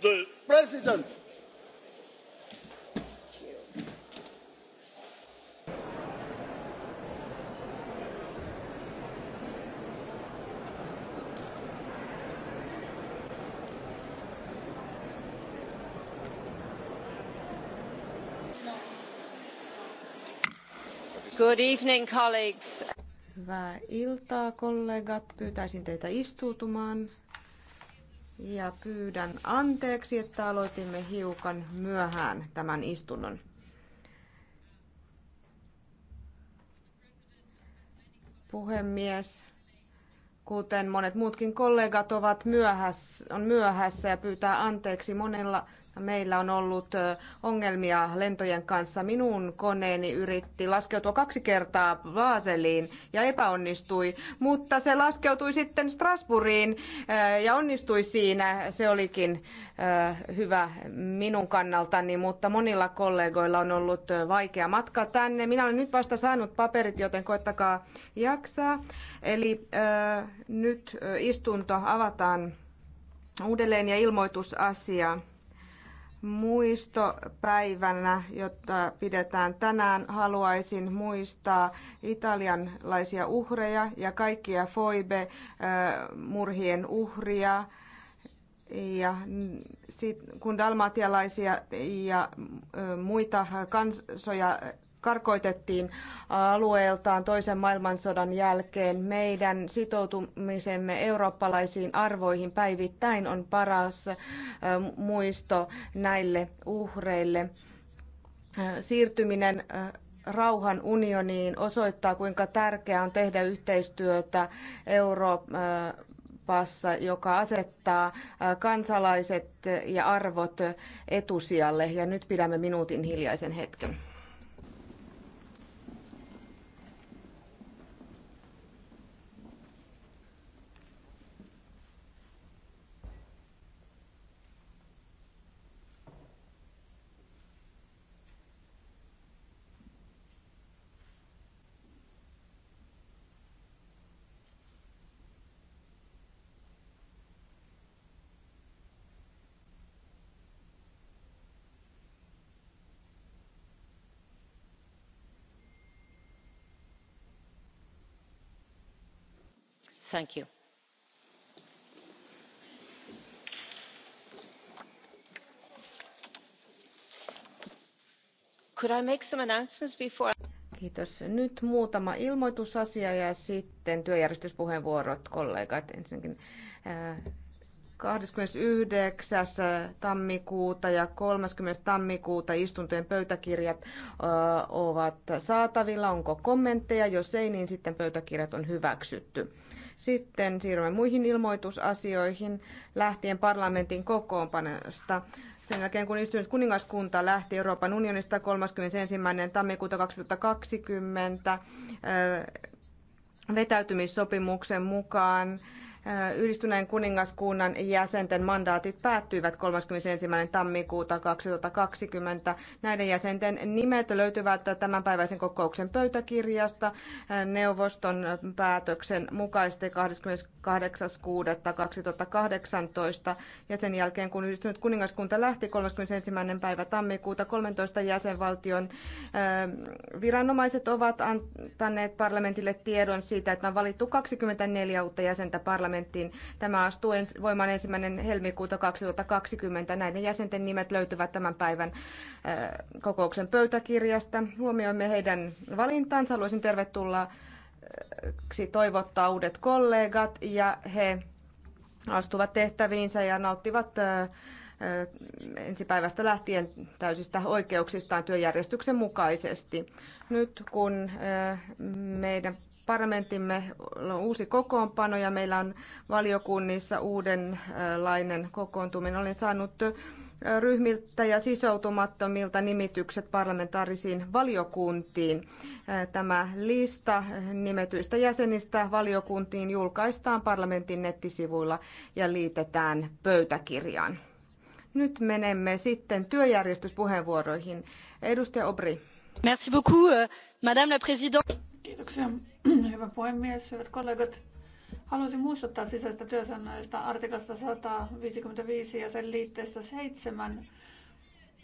the president. Good evening, colleagues. Hyvää iltaa, kollegat. Pyytäisin teitä istuutumaan. Ja pyydän anteeksi, että aloitimme hiukan myöhään tämän istunnon. Puhemies, kuten monet muutkin kollegat ovat myöhässä, on myöhässä ja pyytää anteeksi monella Meillä on ollut ongelmia lentojen kanssa. Minun koneeni yritti laskeutua kaksi kertaa Vaaseliin ja epäonnistui, mutta se laskeutui sitten Strasbourgiin ja onnistui siinä. Se olikin hyvä minun kannaltani, mutta monilla kollegoilla on ollut vaikea matka tänne. Minä olen nyt vasta saanut paperit, joten koettakaa jaksaa. Eli nyt istunto avataan uudelleen ja ilmoitusasia muistopäivänä, jota pidetään tänään, haluaisin muistaa italianlaisia uhreja ja kaikkia Foibe-murhien uhria. Ja sit, kun dalmatialaisia ja muita kansoja karkoitettiin alueeltaan toisen maailmansodan jälkeen. Meidän sitoutumisemme eurooppalaisiin arvoihin päivittäin on paras äh, muisto näille uhreille. Äh, siirtyminen äh, rauhan unioniin osoittaa, kuinka tärkeää on tehdä yhteistyötä Euroopassa, joka asettaa kansalaiset ja arvot etusijalle. Ja nyt pidämme minuutin hiljaisen hetken. Kiitos. Nyt muutama ilmoitusasia ja sitten työjärjestyspuheenvuorot kollegat ensinnäkin. 29. Äh, äh, tammikuuta ja 30. tammikuuta istuntojen pöytäkirjat äh, ovat saatavilla. Onko kommentteja? Jos ei, niin sitten pöytäkirjat on hyväksytty. Sitten siirrymme muihin ilmoitusasioihin lähtien parlamentin kokoonpanosta. Sen jälkeen kun istunut kuningaskunta lähti Euroopan unionista 31. tammikuuta 2020 vetäytymissopimuksen mukaan Yhdistyneen kuningaskunnan jäsenten mandaatit päättyivät 31. tammikuuta 2020. Näiden jäsenten nimet löytyvät tämänpäiväisen kokouksen pöytäkirjasta neuvoston päätöksen mukaisesti 28.6.2018 ja sen jälkeen kun yhdistynyt kuningaskunta lähti 31. päivä tammikuuta 13 jäsenvaltion viranomaiset ovat antaneet parlamentille tiedon siitä, että on valittu 24 uutta jäsentä parlamentille parlamenttiin. Tämä astuu voimaan ensimmäinen helmikuuta 2020. Näiden jäsenten nimet löytyvät tämän päivän äh, kokouksen pöytäkirjasta. Huomioimme heidän valintaansa. Haluaisin tervetulla äh, toivottaa uudet kollegat ja he astuvat tehtäviinsä ja nauttivat äh, ensi päivästä lähtien täysistä oikeuksistaan työjärjestyksen mukaisesti. Nyt kun meidän Parlamenttimme on uusi kokoonpano ja meillä on valiokunnissa uudenlainen kokoontuminen. Olen saanut ryhmiltä ja sisoutumattomilta nimitykset parlamentaarisiin valiokuntiin. Tämä lista nimetyistä jäsenistä valiokuntiin julkaistaan parlamentin nettisivuilla ja liitetään pöytäkirjaan. Nyt menemme sitten työjärjestyspuheenvuoroihin. Edustaja Obri. Merci beaucoup, euh, madame la présidente. Kiitoksia Hyvä puhemies, hyvät kollegat. Haluaisin muistuttaa sisäistä työsäännöistä artiklasta 155 ja sen liitteestä 7.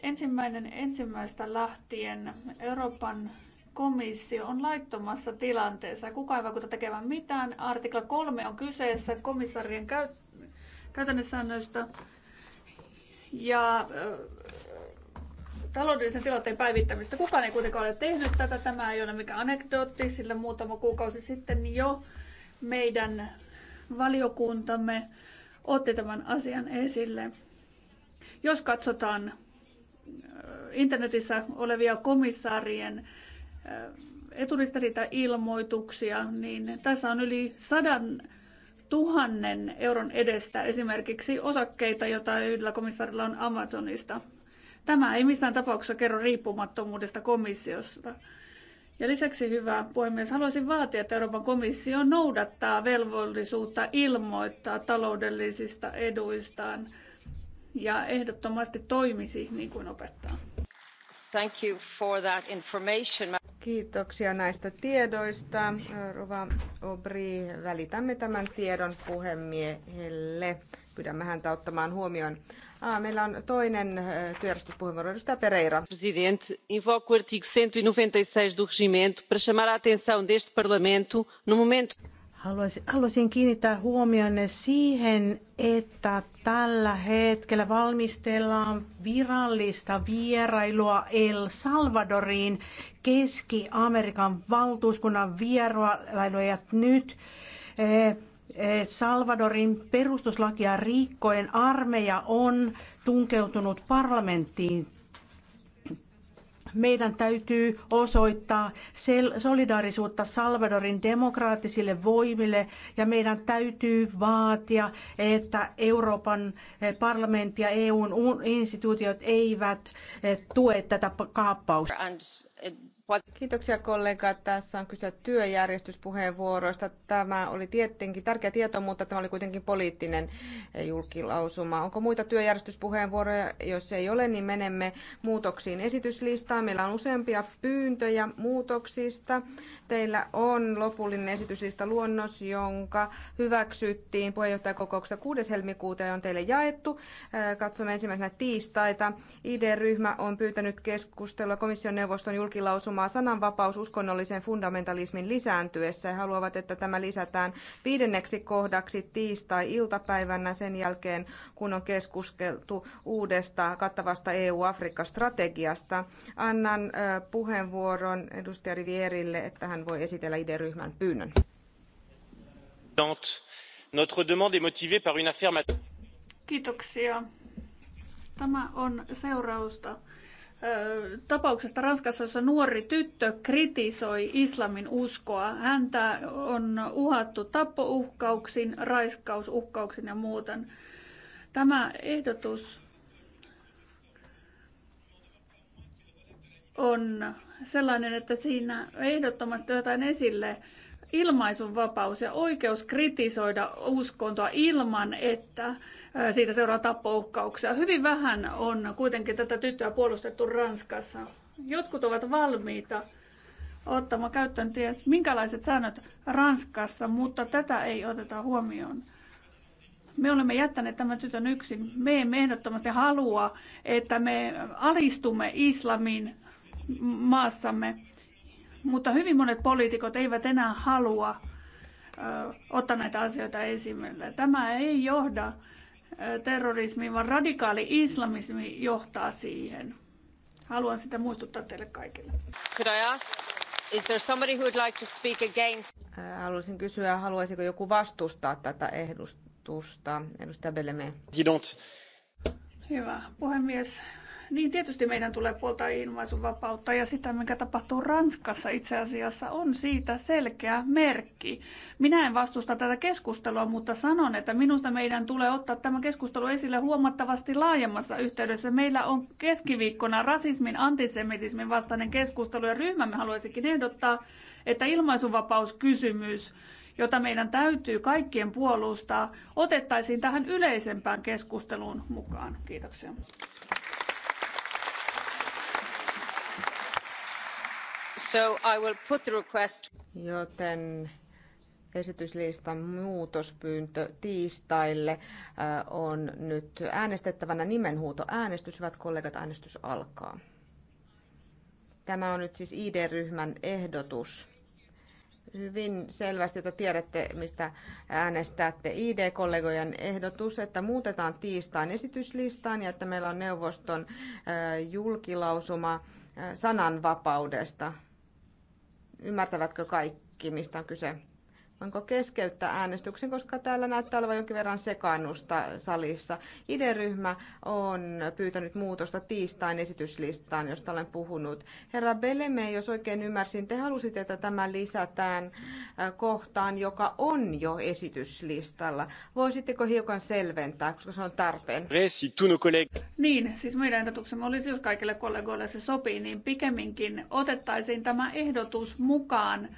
Ensimmäinen ensimmäistä lähtien Euroopan komissio on laittomassa tilanteessa. Kukaan ei vaikuta tekevän mitään. Artikla 3 on kyseessä komissarien käy- käytännössäännöistä. Ja taloudellisen tilanteen päivittämistä. Kukaan ei kuitenkaan ole tehnyt tätä. Tämä ei ole mikään anekdootti, sillä muutama kuukausi sitten jo meidän valiokuntamme otti tämän asian esille. Jos katsotaan äh, internetissä olevia komissaarien äh, eturistiriita-ilmoituksia, niin tässä on yli sadan tuhannen euron edestä esimerkiksi osakkeita, joita yhdellä komissaarilla on Amazonista. Tämä ei missään tapauksessa kerro riippumattomuudesta komissiosta. Ja lisäksi, hyvä puhemies, haluaisin vaatia, että Euroopan komissio noudattaa velvollisuutta ilmoittaa taloudellisista eduistaan ja ehdottomasti toimisi niin kuin opettaa. Thank you for that information. Kiitoksia näistä tiedoista. Rova Obri, välitämme tämän tiedon puhemiehelle. Pyydämme häntä ottamaan huomioon. Ah, meillä on toinen työjärjestyspuheenvuoro, edustaja Pereira. Presidente, invoco artigo 196 e e do regimento para chamar a atenção deste parlamento no momento... Haluaisin, haluaisin kiinnittää huomionne siihen, että tällä hetkellä valmistellaan virallista vierailua El Salvadoriin, Keski-Amerikan valtuuskunnan vierailua, ja nyt eh, Eh, Salvadorin perustuslakia riikkoen armeija on tunkeutunut parlamenttiin. Meidän täytyy osoittaa solidaarisuutta Salvadorin demokraattisille voimille ja meidän täytyy vaatia, että Euroopan eh, parlamentti ja EUn instituutiot eivät eh, tue tätä kaappausta. Kiitoksia kollega. Tässä on kyse työjärjestyspuheenvuoroista. Tämä oli tietenkin tärkeä tieto, mutta tämä oli kuitenkin poliittinen julkilausuma. Onko muita työjärjestyspuheenvuoroja? Jos ei ole, niin menemme muutoksiin esityslistaan. Meillä on useampia pyyntöjä muutoksista. Teillä on lopullinen esityslista luonnos, jonka hyväksyttiin puheenjohtajakokouksessa 6. helmikuuta ja on teille jaettu. Katsomme ensimmäisenä tiistaita. ID-ryhmä on pyytänyt keskustelua komission neuvoston julkilausumaa sananvapaus uskonnollisen fundamentalismin lisääntyessä. He haluavat, että tämä lisätään viidenneksi kohdaksi tiistai-iltapäivänä sen jälkeen, kun on keskusteltu uudesta kattavasta EU-Afrikka-strategiasta. Annan puheenvuoron edustaja Rivierille, että hän hän voi esitellä ID-ryhmän pyynnön. Notre demande est motivée par une affaire... Kiitoksia. Tämä on seurausta tapauksesta Ranskassa, jossa nuori tyttö kritisoi islamin uskoa. Häntä on uhattu tappouhkauksin, raiskausuhkauksin ja muuten. Tämä ehdotus on sellainen, että siinä ehdottomasti jotain esille ilmaisunvapaus ja oikeus kritisoida uskontoa ilman, että siitä seuraa tappouhkauksia. Hyvin vähän on kuitenkin tätä tyttöä puolustettu Ranskassa. Jotkut ovat valmiita ottamaan käyttöön ties minkälaiset säännöt Ranskassa, mutta tätä ei oteta huomioon. Me olemme jättäneet tämän tytön yksin. Me emme ehdottomasti halua, että me alistumme islamin maassamme. Mutta hyvin monet poliitikot eivät enää halua ottaa näitä asioita esille. Tämä ei johda terrorismiin, vaan radikaali islamismi johtaa siihen. Haluan sitä muistuttaa teille kaikille. Haluaisin kysyä, haluaisiko joku vastustaa tätä ehdotusta? Edustaja Belleme. Hyvä puhemies. Niin tietysti meidän tulee puoltaa ilmaisuvapautta ja sitä, mikä tapahtuu Ranskassa itse asiassa, on siitä selkeä merkki. Minä en vastusta tätä keskustelua, mutta sanon, että minusta meidän tulee ottaa tämä keskustelu esille huomattavasti laajemmassa yhteydessä. Meillä on keskiviikkona rasismin, antisemitismin vastainen keskustelu ja ryhmämme haluaisikin ehdottaa, että ilmaisuvapauskysymys jota meidän täytyy kaikkien puolustaa, otettaisiin tähän yleisempään keskusteluun mukaan. Kiitoksia. Joten esityslistan muutospyyntö tiistaille äh, on nyt äänestettävänä nimenhuuto Hyvät kollegat, äänestys alkaa. Tämä on nyt siis ID-ryhmän ehdotus. Hyvin selvästi, että tiedätte, mistä äänestätte ID-kollegojen ehdotus, että muutetaan tiistain esityslistaan ja että meillä on neuvoston äh, julkilausuma äh, sananvapaudesta. Ymmärtävätkö kaikki, mistä on kyse? Voinko keskeyttää äänestyksen, koska täällä näyttää olevan jonkin verran sekaannusta salissa. Ideryhmä ryhmä on pyytänyt muutosta tiistain esityslistaan, josta olen puhunut. Herra Beleme, jos oikein ymmärsin, te halusitte, että tämä lisätään äh, kohtaan, joka on jo esityslistalla. Voisitteko hiukan selventää, koska se on tarpeen? Niin, siis meidän ehdotuksemme olisi, jos kaikille kollegoille se sopii, niin pikemminkin otettaisiin tämä ehdotus mukaan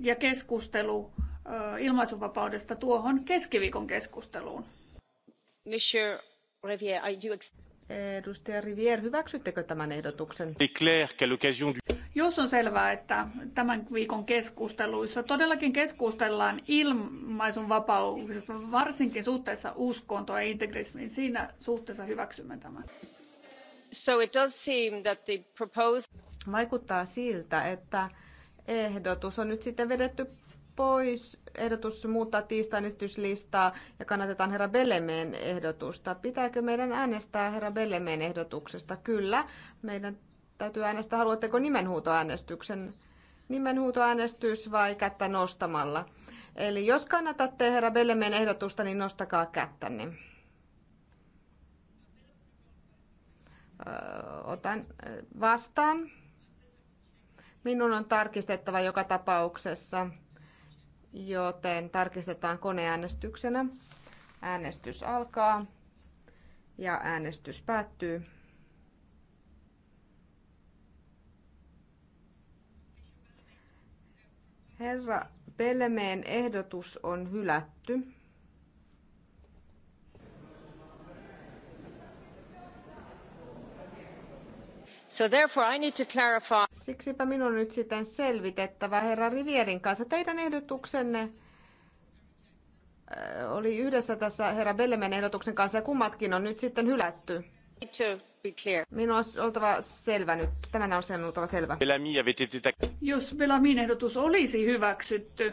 ja keskustelu ilmaisuvapaudesta tuohon keskiviikon keskusteluun. Monsieur Rivière, I do Edustaja Rivière, hyväksyttekö tämän ehdotuksen? Jos on selvää, että tämän viikon keskusteluissa todellakin keskustellaan ilmaisun vapaudesta, varsinkin suhteessa uskontoon ja integrismiin, siinä suhteessa hyväksymme tämän. So it does seem that the proposed... Vaikuttaa siltä, että ehdotus on nyt sitten vedetty pois. Ehdotus muuttaa tiistainestyslistaa ja kannatetaan herra Bellemeen ehdotusta. Pitääkö meidän äänestää herra Bellemeen ehdotuksesta? Kyllä. Meidän täytyy äänestää, haluatteko nimenhuutoäänestyksen? Nimenhuutoäänestys vai kättä nostamalla? Eli jos kannatatte herra Bellemeen ehdotusta, niin nostakaa kättänne. Öö, otan vastaan. Minun on tarkistettava joka tapauksessa, joten tarkistetaan koneäänestyksenä. Äänestys alkaa ja äänestys päättyy. Herra Pelmeen ehdotus on hylätty. So therefore I need to clarify. Siksipä minun nyt sitten selvitettävä herra Rivierin kanssa. Teidän ehdotuksenne oli yhdessä tässä herra Bellemen ehdotuksen kanssa ja kummatkin on nyt sitten hylätty. Minun olisi oltava selvä nyt. Tämän on sen oltava selvä. Jos Belamin ehdotus olisi hyväksytty,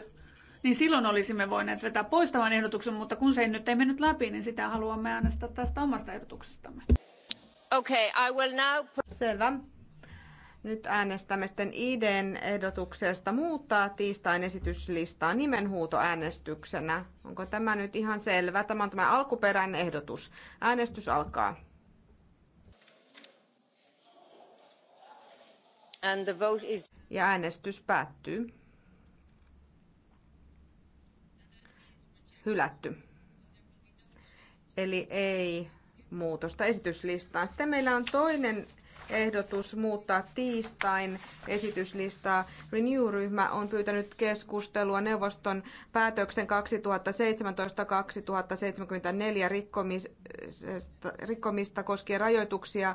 niin silloin olisimme voineet vetää poistavan ehdotuksen, mutta kun se ei nyt ei mennyt läpi, niin sitä haluamme äänestää tästä omasta ehdotuksestamme. Okay, I will now... Selvä. Nyt äänestämme sitten IDn ehdotuksesta muuttaa tiistain esityslistaa nimenhuutoäänestyksenä. Onko tämä nyt ihan selvä? Tämä on tämä alkuperäinen ehdotus. Äänestys alkaa. And the vote is... Ja äänestys päättyy. Hylätty. Eli ei muutosta esityslistaan. Sitten meillä on toinen ehdotus muuttaa tiistain esityslistaa. Renew-ryhmä on pyytänyt keskustelua neuvoston päätöksen 2017-2074 rikkomista, rikkomista koskien rajoituksia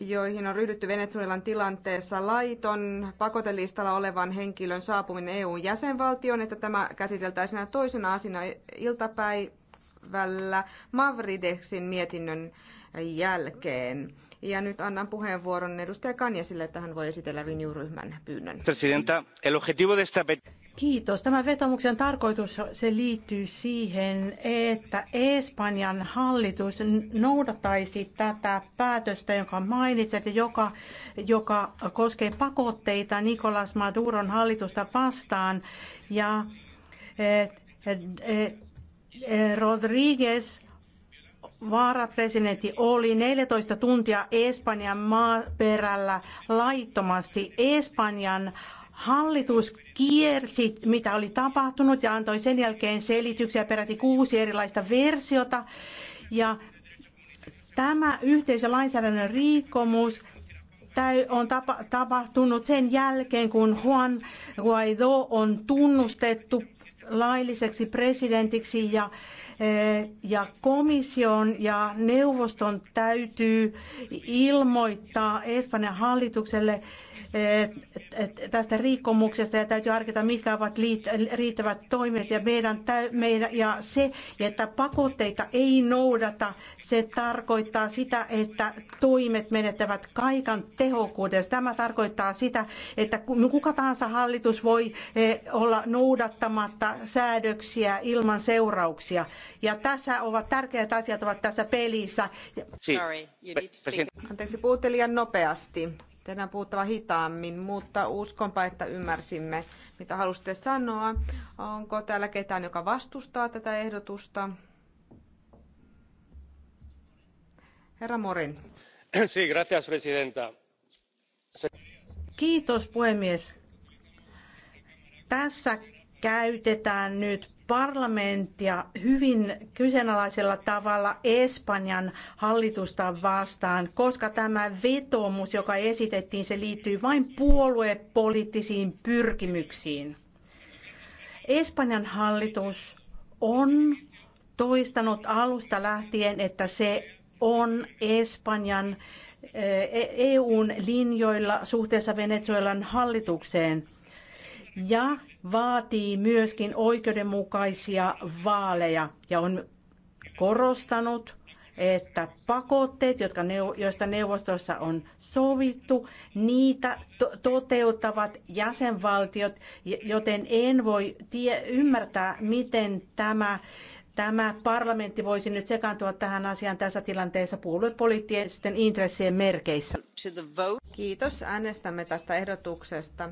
joihin on ryhdytty Venezuelan tilanteessa laiton pakotelistalla olevan henkilön saapuminen EU jäsenvaltioon, että tämä käsiteltäisiin toisena asiana iltapäivänä välillä Mavridexin mietinnön jälkeen. Ja nyt annan puheenvuoron edustaja Kanjasille, että hän voi esitellä Renew-ryhmän pyynnön. Presidenta, el objetivo de esta... Kiitos. Tämän vetomuksen tarkoitus se liittyy siihen, että Espanjan hallitus noudattaisi tätä päätöstä, jonka mainitsit, joka, joka koskee pakotteita Nicolas Maduron hallitusta vastaan. Ja et, eh, et, eh, Eh, Rodriguez vaarapresidentti oli 14 tuntia Espanjan maaperällä laittomasti. Espanjan hallitus kiersi, mitä oli tapahtunut ja antoi sen jälkeen selityksiä peräti kuusi erilaista versiota. Ja tämä yhteisölainsäädännön riikkomus on tapahtunut sen jälkeen, kun Juan Guaido on tunnustettu lailliseksi presidentiksi ja, eh, ja komission ja neuvoston täytyy ilmoittaa Espanjan hallitukselle tästä rikkomuksesta ja täytyy harkita, mitkä ovat riittävät toimet ja, meidän, meidän, ja se, että pakotteita ei noudata, se tarkoittaa sitä, että toimet menettävät kaikan tehokkuudessa. Tämä tarkoittaa sitä, että no kuka tahansa hallitus voi e, olla noudattamatta säädöksiä ilman seurauksia. Ja tässä ovat tärkeät asiat ovat tässä pelissä. Anteeksi, puhutte liian nopeasti. Teidän puhuttava hitaammin, mutta uskonpa, että ymmärsimme, mitä halusitte sanoa. Onko täällä ketään, joka vastustaa tätä ehdotusta? Herra Morin. Sí, gracias, presidenta. Kiitos puhemies. Tässä käytetään nyt parlamenttia hyvin kyseenalaisella tavalla Espanjan hallitusta vastaan, koska tämä vetoomus, joka esitettiin, se liittyy vain puoluepoliittisiin pyrkimyksiin. Espanjan hallitus on toistanut alusta lähtien, että se on Espanjan EUn eh, e linjoilla suhteessa Venezuelan hallitukseen. Ja vaatii myöskin oikeudenmukaisia vaaleja ja on korostanut, että pakotteet, jotka joista neuvostossa on sovittu, niitä to- toteuttavat jäsenvaltiot, joten en voi tie- ymmärtää, miten tämä tämä parlamentti voisi nyt sekaantua tähän asiaan tässä tilanteessa puoluepoliittisten intressien merkeissä. Kiitos. Äänestämme tästä ehdotuksesta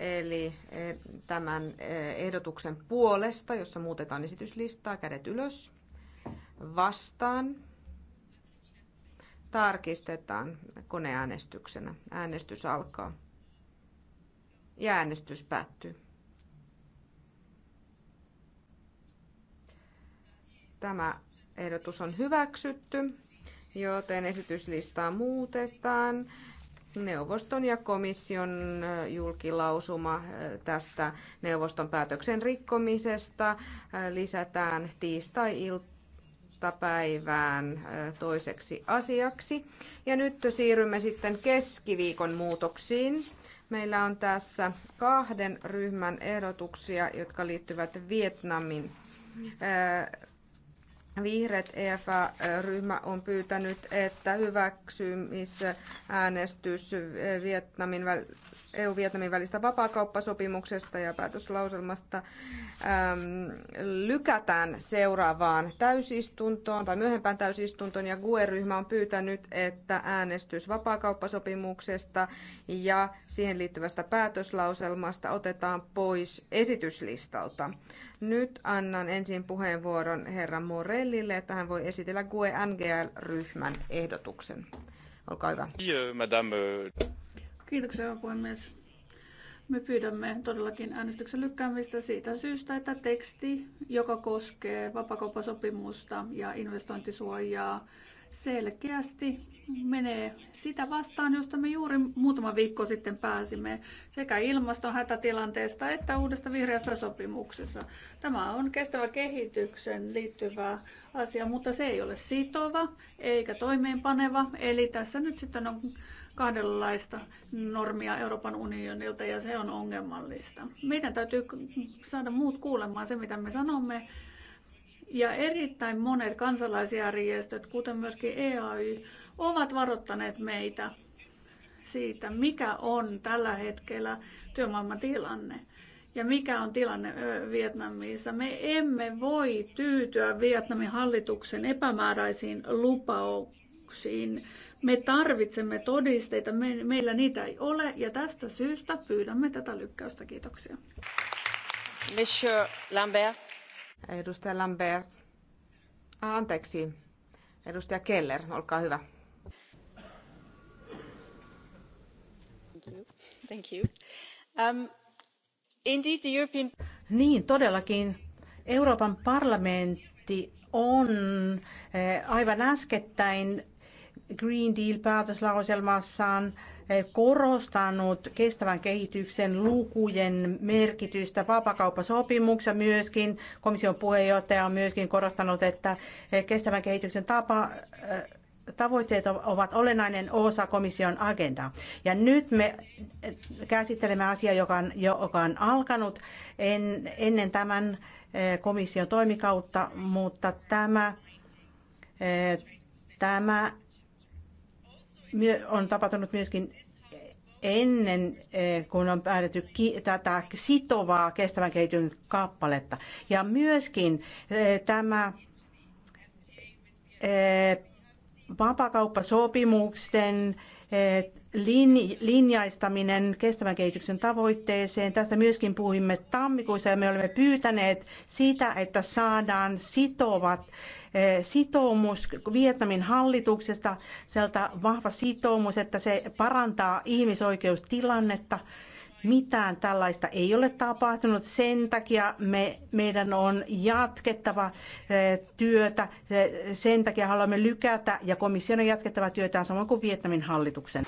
eli eh, tämän eh, ehdotuksen puolesta, jossa muutetaan esityslistaa, kädet ylös, vastaan, tarkistetaan koneäänestyksenä. Äänestys alkaa ja äänestys päättyy. Tämä ehdotus on hyväksytty, joten esityslistaa muutetaan neuvoston ja komission julkilausuma tästä neuvoston päätöksen rikkomisesta lisätään tiistai-iltapäivään toiseksi asiaksi. Ja nyt siirrymme sitten keskiviikon muutoksiin. Meillä on tässä kahden ryhmän ehdotuksia, jotka liittyvät Vietnamin Vihreät EFA-ryhmä on pyytänyt, että hyväksymisäänestys Vietnamin väl- EU-Vietnamin välistä vapaakauppasopimuksesta ja päätöslauselmasta äm, lykätään seuraavaan täysistuntoon tai myöhempään täysistuntoon ja GUE-ryhmä on pyytänyt, että äänestys vapaakauppasopimuksesta ja siihen liittyvästä päätöslauselmasta otetaan pois esityslistalta. Nyt annan ensin puheenvuoron herra Morellille, että hän voi esitellä GUE-NGL-ryhmän ehdotuksen. Olkaa hyvä. Madame. Kiitoksia, puhemies. Me pyydämme todellakin äänestyksen lykkäämistä siitä syystä, että teksti, joka koskee vapakauppasopimusta ja investointisuojaa, selkeästi menee sitä vastaan, josta me juuri muutama viikko sitten pääsimme sekä ilmaston hätätilanteesta että uudesta vihreästä sopimuksessa. Tämä on kestävä kehityksen liittyvä asia, mutta se ei ole sitova eikä toimeenpaneva. Eli tässä nyt sitten on kahdenlaista normia Euroopan unionilta ja se on ongelmallista. Meidän täytyy saada muut kuulemaan se, mitä me sanomme. Ja erittäin monet kansalaisjärjestöt, kuten myöskin EAY, ovat varoittaneet meitä siitä, mikä on tällä hetkellä työmaailman tilanne ja mikä on tilanne Vietnamissa. Me emme voi tyytyä Vietnamin hallituksen epämääräisiin lupauksiin me tarvitsemme todisteita, me, meillä niitä ei ole ja tästä syystä pyydämme tätä lykkäystä. Kiitoksia. Monsieur Lambert. Edustaja Lambert. Anteeksi. Edustaja Keller, olkaa hyvä. Thank you. Thank you. Um, indeed the European... Niin, todellakin. Euroopan parlamentti on eh, aivan äskettäin Green Deal-päätöslauselmassaan eh, korostanut kestävän kehityksen lukujen merkitystä vapakauppasopimuksessa myöskin. Komission puheenjohtaja on myöskin korostanut, että eh, kestävän kehityksen tapa, eh, tavoitteet ovat olennainen osa komission agendaa. Ja nyt me käsittelemme asiaa, joka on, joka on alkanut en, ennen tämän komission toimikautta, mutta tämä, tämä on tapahtunut myöskin ennen eh, kuin on päätetty tätä sitovaa kestävän kehityksen kappaletta. Ja myöskin eh, tämä eh, vapakauppasopimusten linjaistaminen kestävän kehityksen tavoitteeseen. Tästä myöskin puhuimme tammikuussa ja me olemme pyytäneet sitä, että saadaan sitovat eh, sitoumus Vietnamin hallituksesta, sieltä vahva sitoumus, että se parantaa ihmisoikeustilannetta. Mitään tällaista ei ole tapahtunut. Sen takia me, meidän on jatkettava eh, työtä. Eh, sen takia haluamme lykätä ja komission on jatkettava työtään samoin kuin Vietnamin hallituksen.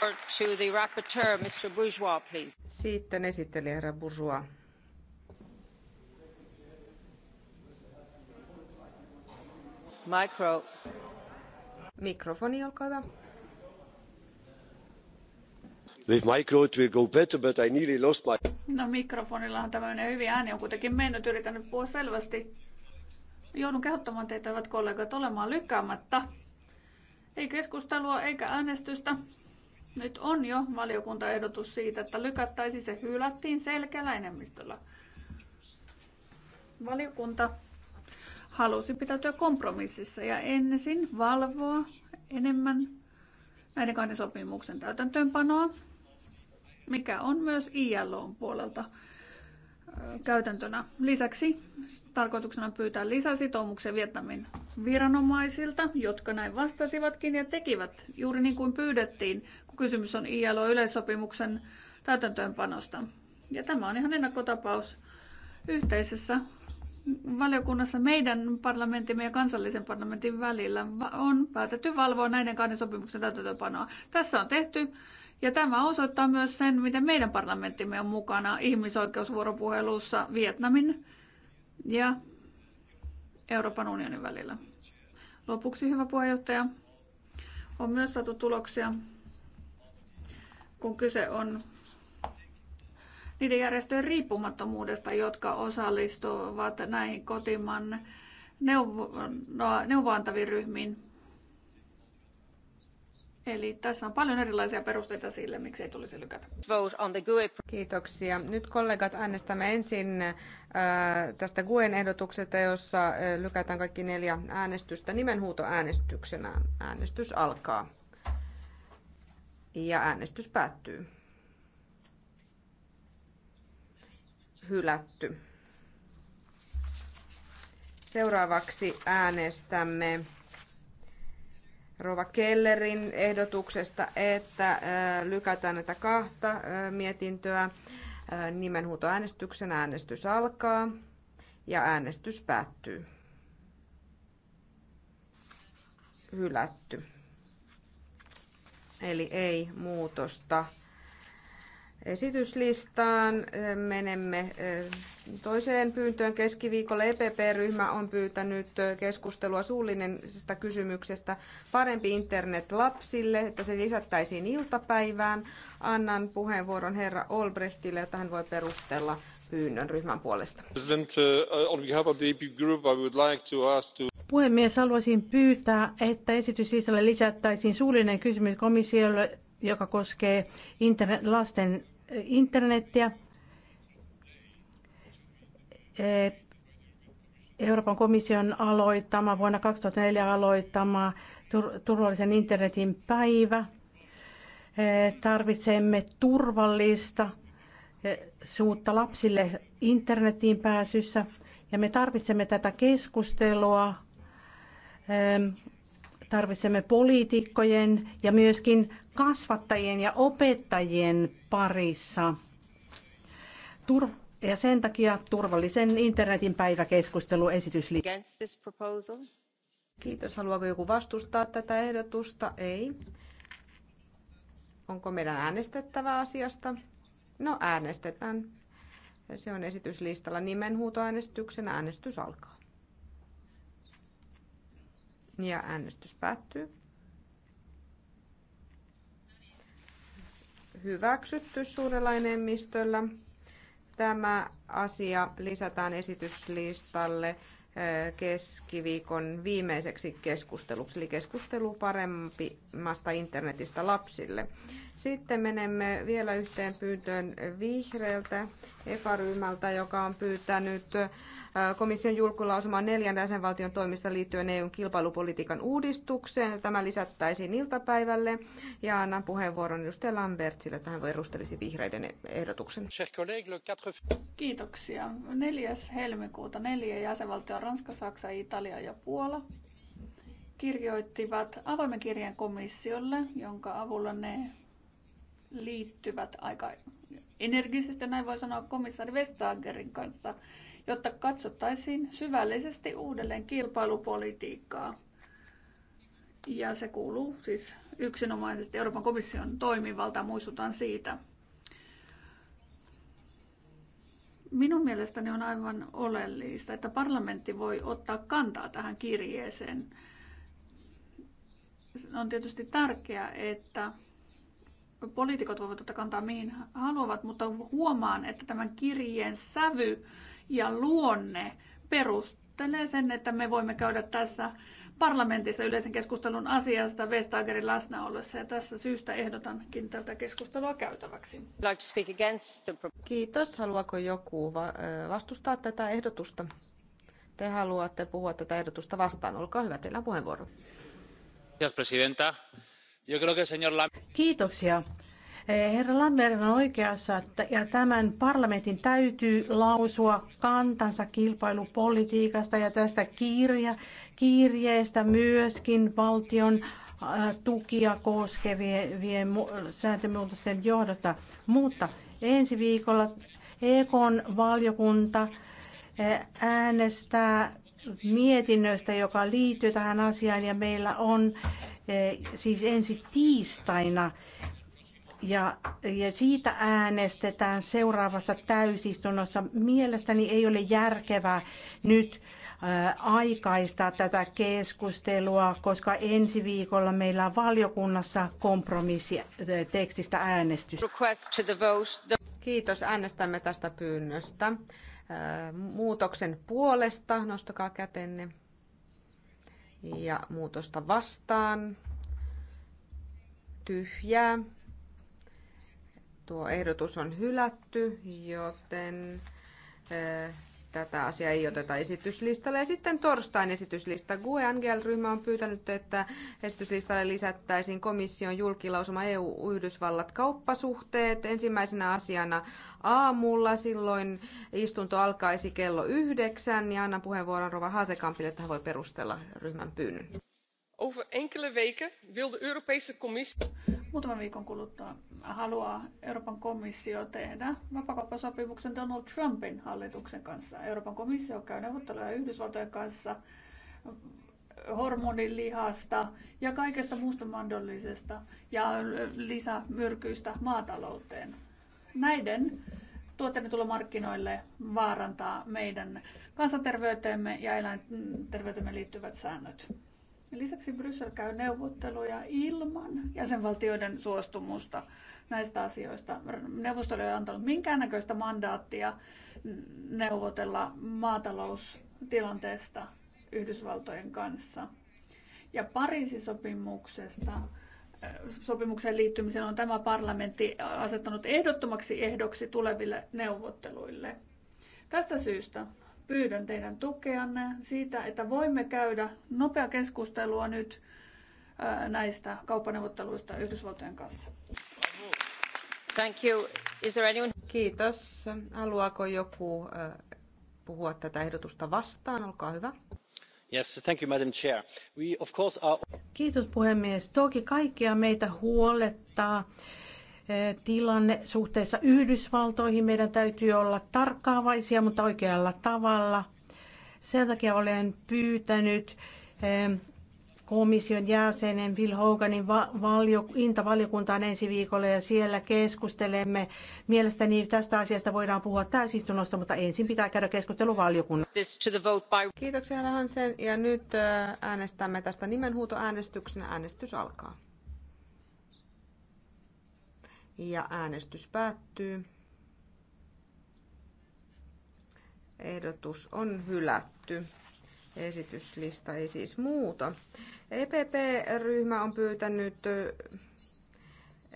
To the Sitten esittelijä herra Bourgeois. Mikro, Mikrofoni, olkaa hyvä. With micro it will go better, but I nearly lost my... No mikrofonillahan tämä menee hyvin. Ääni on kuitenkin mennyt. Yritän nyt puhua selvästi. Joudun kehottamaan teitä, hyvät kollegat, olemaan lykkäämättä. Ei keskustelua eikä äänestystä. Nyt on jo valiokuntaehdotus siitä, että lykättäisiin se hylättiin selkeällä enemmistöllä. Valiokunta halusi pitäytyä kompromississa ja ensin valvoa enemmän näiden kahden sopimuksen täytäntöönpanoa, mikä on myös ILOn puolelta käytäntönä. Lisäksi tarkoituksena pyytää lisäsitoumuksia Vietnamin viranomaisilta, jotka näin vastasivatkin ja tekivät juuri niin kuin pyydettiin, kun kysymys on ILO-yleissopimuksen täytäntöönpanosta. Ja tämä on ihan ennakkotapaus yhteisessä valiokunnassa meidän parlamentimme ja kansallisen parlamentin välillä on päätetty valvoa näiden kahden sopimuksen täytäntöönpanoa. Tässä on tehty ja tämä osoittaa myös sen, miten meidän parlamenttimme on mukana ihmisoikeusvuoropuhelussa Vietnamin ja Euroopan unionin välillä. Lopuksi, hyvä puheenjohtaja, on myös saatu tuloksia, kun kyse on niiden järjestöjen riippumattomuudesta, jotka osallistuvat näihin kotimaan neuvo- no, neuvoantaviin ryhmiin. Eli tässä on paljon erilaisia perusteita sille, miksi ei tulisi lykätä. Kiitoksia. Nyt kollegat äänestämme ensin äh, tästä GUEn ehdotuksesta, jossa äh, lykätään kaikki neljä äänestystä nimenhuutoäänestyksenä. Äänestys alkaa ja äänestys päättyy. Hylätty. Seuraavaksi äänestämme Rova Kellerin ehdotuksesta, että lykätään näitä kahta mietintöä. Nimenhuutoäänestyksen äänestys alkaa ja äänestys päättyy. Hylätty. Eli ei muutosta esityslistaan. Menemme eh, toiseen pyyntöön. Keskiviikolla EPP-ryhmä on pyytänyt eh, keskustelua suullisesta kysymyksestä parempi internet lapsille, että se lisättäisiin iltapäivään. Annan puheenvuoron herra Olbrechtille, jota hän voi perustella pyynnön ryhmän puolesta. Puhemies, haluaisin pyytää, että esityslistalle lisättäisiin suullinen kysymys komissiolle joka koskee internet, lasten internettiä. E, Euroopan komission aloittama, vuonna 2004 aloittama turvallisen internetin päivä. E, tarvitsemme turvallista e, suutta lapsille internetiin pääsyssä ja me tarvitsemme tätä keskustelua tarvitsemme poliitikkojen ja myöskin kasvattajien ja opettajien parissa. Tur- ja sen takia turvallisen internetin päiväkeskustelu esitys Kiitos. Haluaako joku vastustaa tätä ehdotusta? Ei. Onko meidän äänestettävä asiasta? No äänestetään. Se on esityslistalla nimenhuutoäänestyksen. Äänestys alkaa. Ja äänestys päättyy. Hyväksytty suurella enemmistöllä. Tämä asia lisätään esityslistalle eh, keskiviikon viimeiseksi keskusteluksi, eli keskustelu paremmasta internetistä lapsille. Sitten menemme vielä yhteen pyyntöön vihreältä epäryhmältä, joka on pyytänyt eh, komission julkulausumaan neljän jäsenvaltion toimista liittyen EUn kilpailupolitiikan uudistukseen. Tämä lisättäisiin iltapäivälle ja annan puheenvuoron edustaja Lambertsille, että hän perustelisi vihreiden ehdotuksen. Kiitoksia. 4. helmikuuta neljä jäsenvaltioa Ranska, Saksa, Italia ja Puola kirjoittivat avoimen kirjeen komissiolle, jonka avulla ne liittyvät aika energisesti, näin voi sanoa komissaari Vestagerin kanssa jotta katsottaisiin syvällisesti uudelleen kilpailupolitiikkaa. Ja se kuuluu siis yksinomaisesti Euroopan komission toimivaltaan, muistutan siitä. Minun mielestäni on aivan oleellista, että parlamentti voi ottaa kantaa tähän kirjeeseen. On tietysti tärkeää, että poliitikot voivat ottaa kantaa mihin haluavat, mutta huomaan, että tämän kirjeen sävy ja luonne perustelee sen, että me voimme käydä tässä parlamentissa yleisen keskustelun asiasta Vestagerin läsnä ollessa ja tässä syystä ehdotankin tätä keskustelua käytäväksi. Kiitos. Haluaako joku vastustaa tätä ehdotusta? Te haluatte puhua tätä ehdotusta vastaan. Olkaa hyvä, teillä on puheenvuoro. Kiitos, Kiitoksia. Herra Lambert on oikeassa, että ja tämän parlamentin täytyy lausua kantansa kilpailupolitiikasta ja tästä kirja, kirjeestä myöskin valtion äh, tukia koskevien sääntömuutosten johdosta. Mutta ensi viikolla EKn valiokunta äh, äänestää mietinnöstä, joka liittyy tähän asiaan ja meillä on äh, siis ensi tiistaina ja, ja siitä äänestetään seuraavassa täysistunnossa. Mielestäni ei ole järkevää nyt aikaistaa tätä keskustelua, koska ensi viikolla meillä on valiokunnassa kompromissitekstistä äänestys. Kiitos, äänestämme tästä pyynnöstä. Muutoksen puolesta, nostakaa kätenne. Ja muutosta vastaan. Tyhjää. Tuo ehdotus on hylätty, joten eh, tätä asiaa ei oteta esityslistalle. Ja sitten torstain esityslista. GUE Angel-ryhmä on pyytänyt, että esityslistalle lisättäisiin komission julkilausuma EU-Yhdysvallat kauppasuhteet ensimmäisenä asiana aamulla. Silloin istunto alkaisi kello yhdeksän ja annan puheenvuoron Rova Haasekampille, että hän voi perustella ryhmän pyynnön. Over enkele weken wil de Europese commissie muutaman viikon kuluttua haluaa Euroopan komissio tehdä vapakauppasopimuksen Donald Trumpin hallituksen kanssa. Euroopan komissio käy neuvotteluja Yhdysvaltojen kanssa hormonilihasta ja kaikesta muusta mahdollisesta ja lisämyrkyistä maatalouteen. Näiden tuotteiden tulo markkinoille vaarantaa meidän kansanterveyteemme ja eläinterveyteemme liittyvät säännöt. Lisäksi Bryssel käy neuvotteluja ilman jäsenvaltioiden suostumusta näistä asioista. Neuvosto ei ole antanut minkäännäköistä mandaattia neuvotella maataloustilanteesta Yhdysvaltojen kanssa. Ja Pariisin sopimuksesta sopimukseen liittymisen on tämä parlamentti asettanut ehdottomaksi ehdoksi tuleville neuvotteluille. Tästä syystä Pyydän teidän tukeanne siitä, että voimme käydä nopea keskustelua nyt näistä kauppaneuvotteluista Yhdysvaltojen kanssa. Thank you. Is there anyone... Kiitos. Haluaako joku puhua tätä ehdotusta vastaan? Olkaa hyvä. Yes, thank you, Madam Chair. We, of course, are... Kiitos puhemies. Toki kaikkia meitä huolettaa tilanne suhteessa Yhdysvaltoihin. Meidän täytyy olla tarkkaavaisia, mutta oikealla tavalla. Sen takia olen pyytänyt komission jäsenen Bill Hoganin intavaliokuntaan ensi viikolla ja siellä keskustelemme. Mielestäni tästä asiasta voidaan puhua täysistunnossa, mutta ensin pitää käydä keskustelu valiokunnassa. Kiitoksia Hansen ja nyt äänestämme tästä nimenhuutoäänestyksenä. Äänestys alkaa. Ja äänestys päättyy. Ehdotus on hylätty. Esityslista ei siis muuta. EPP-ryhmä on pyytänyt,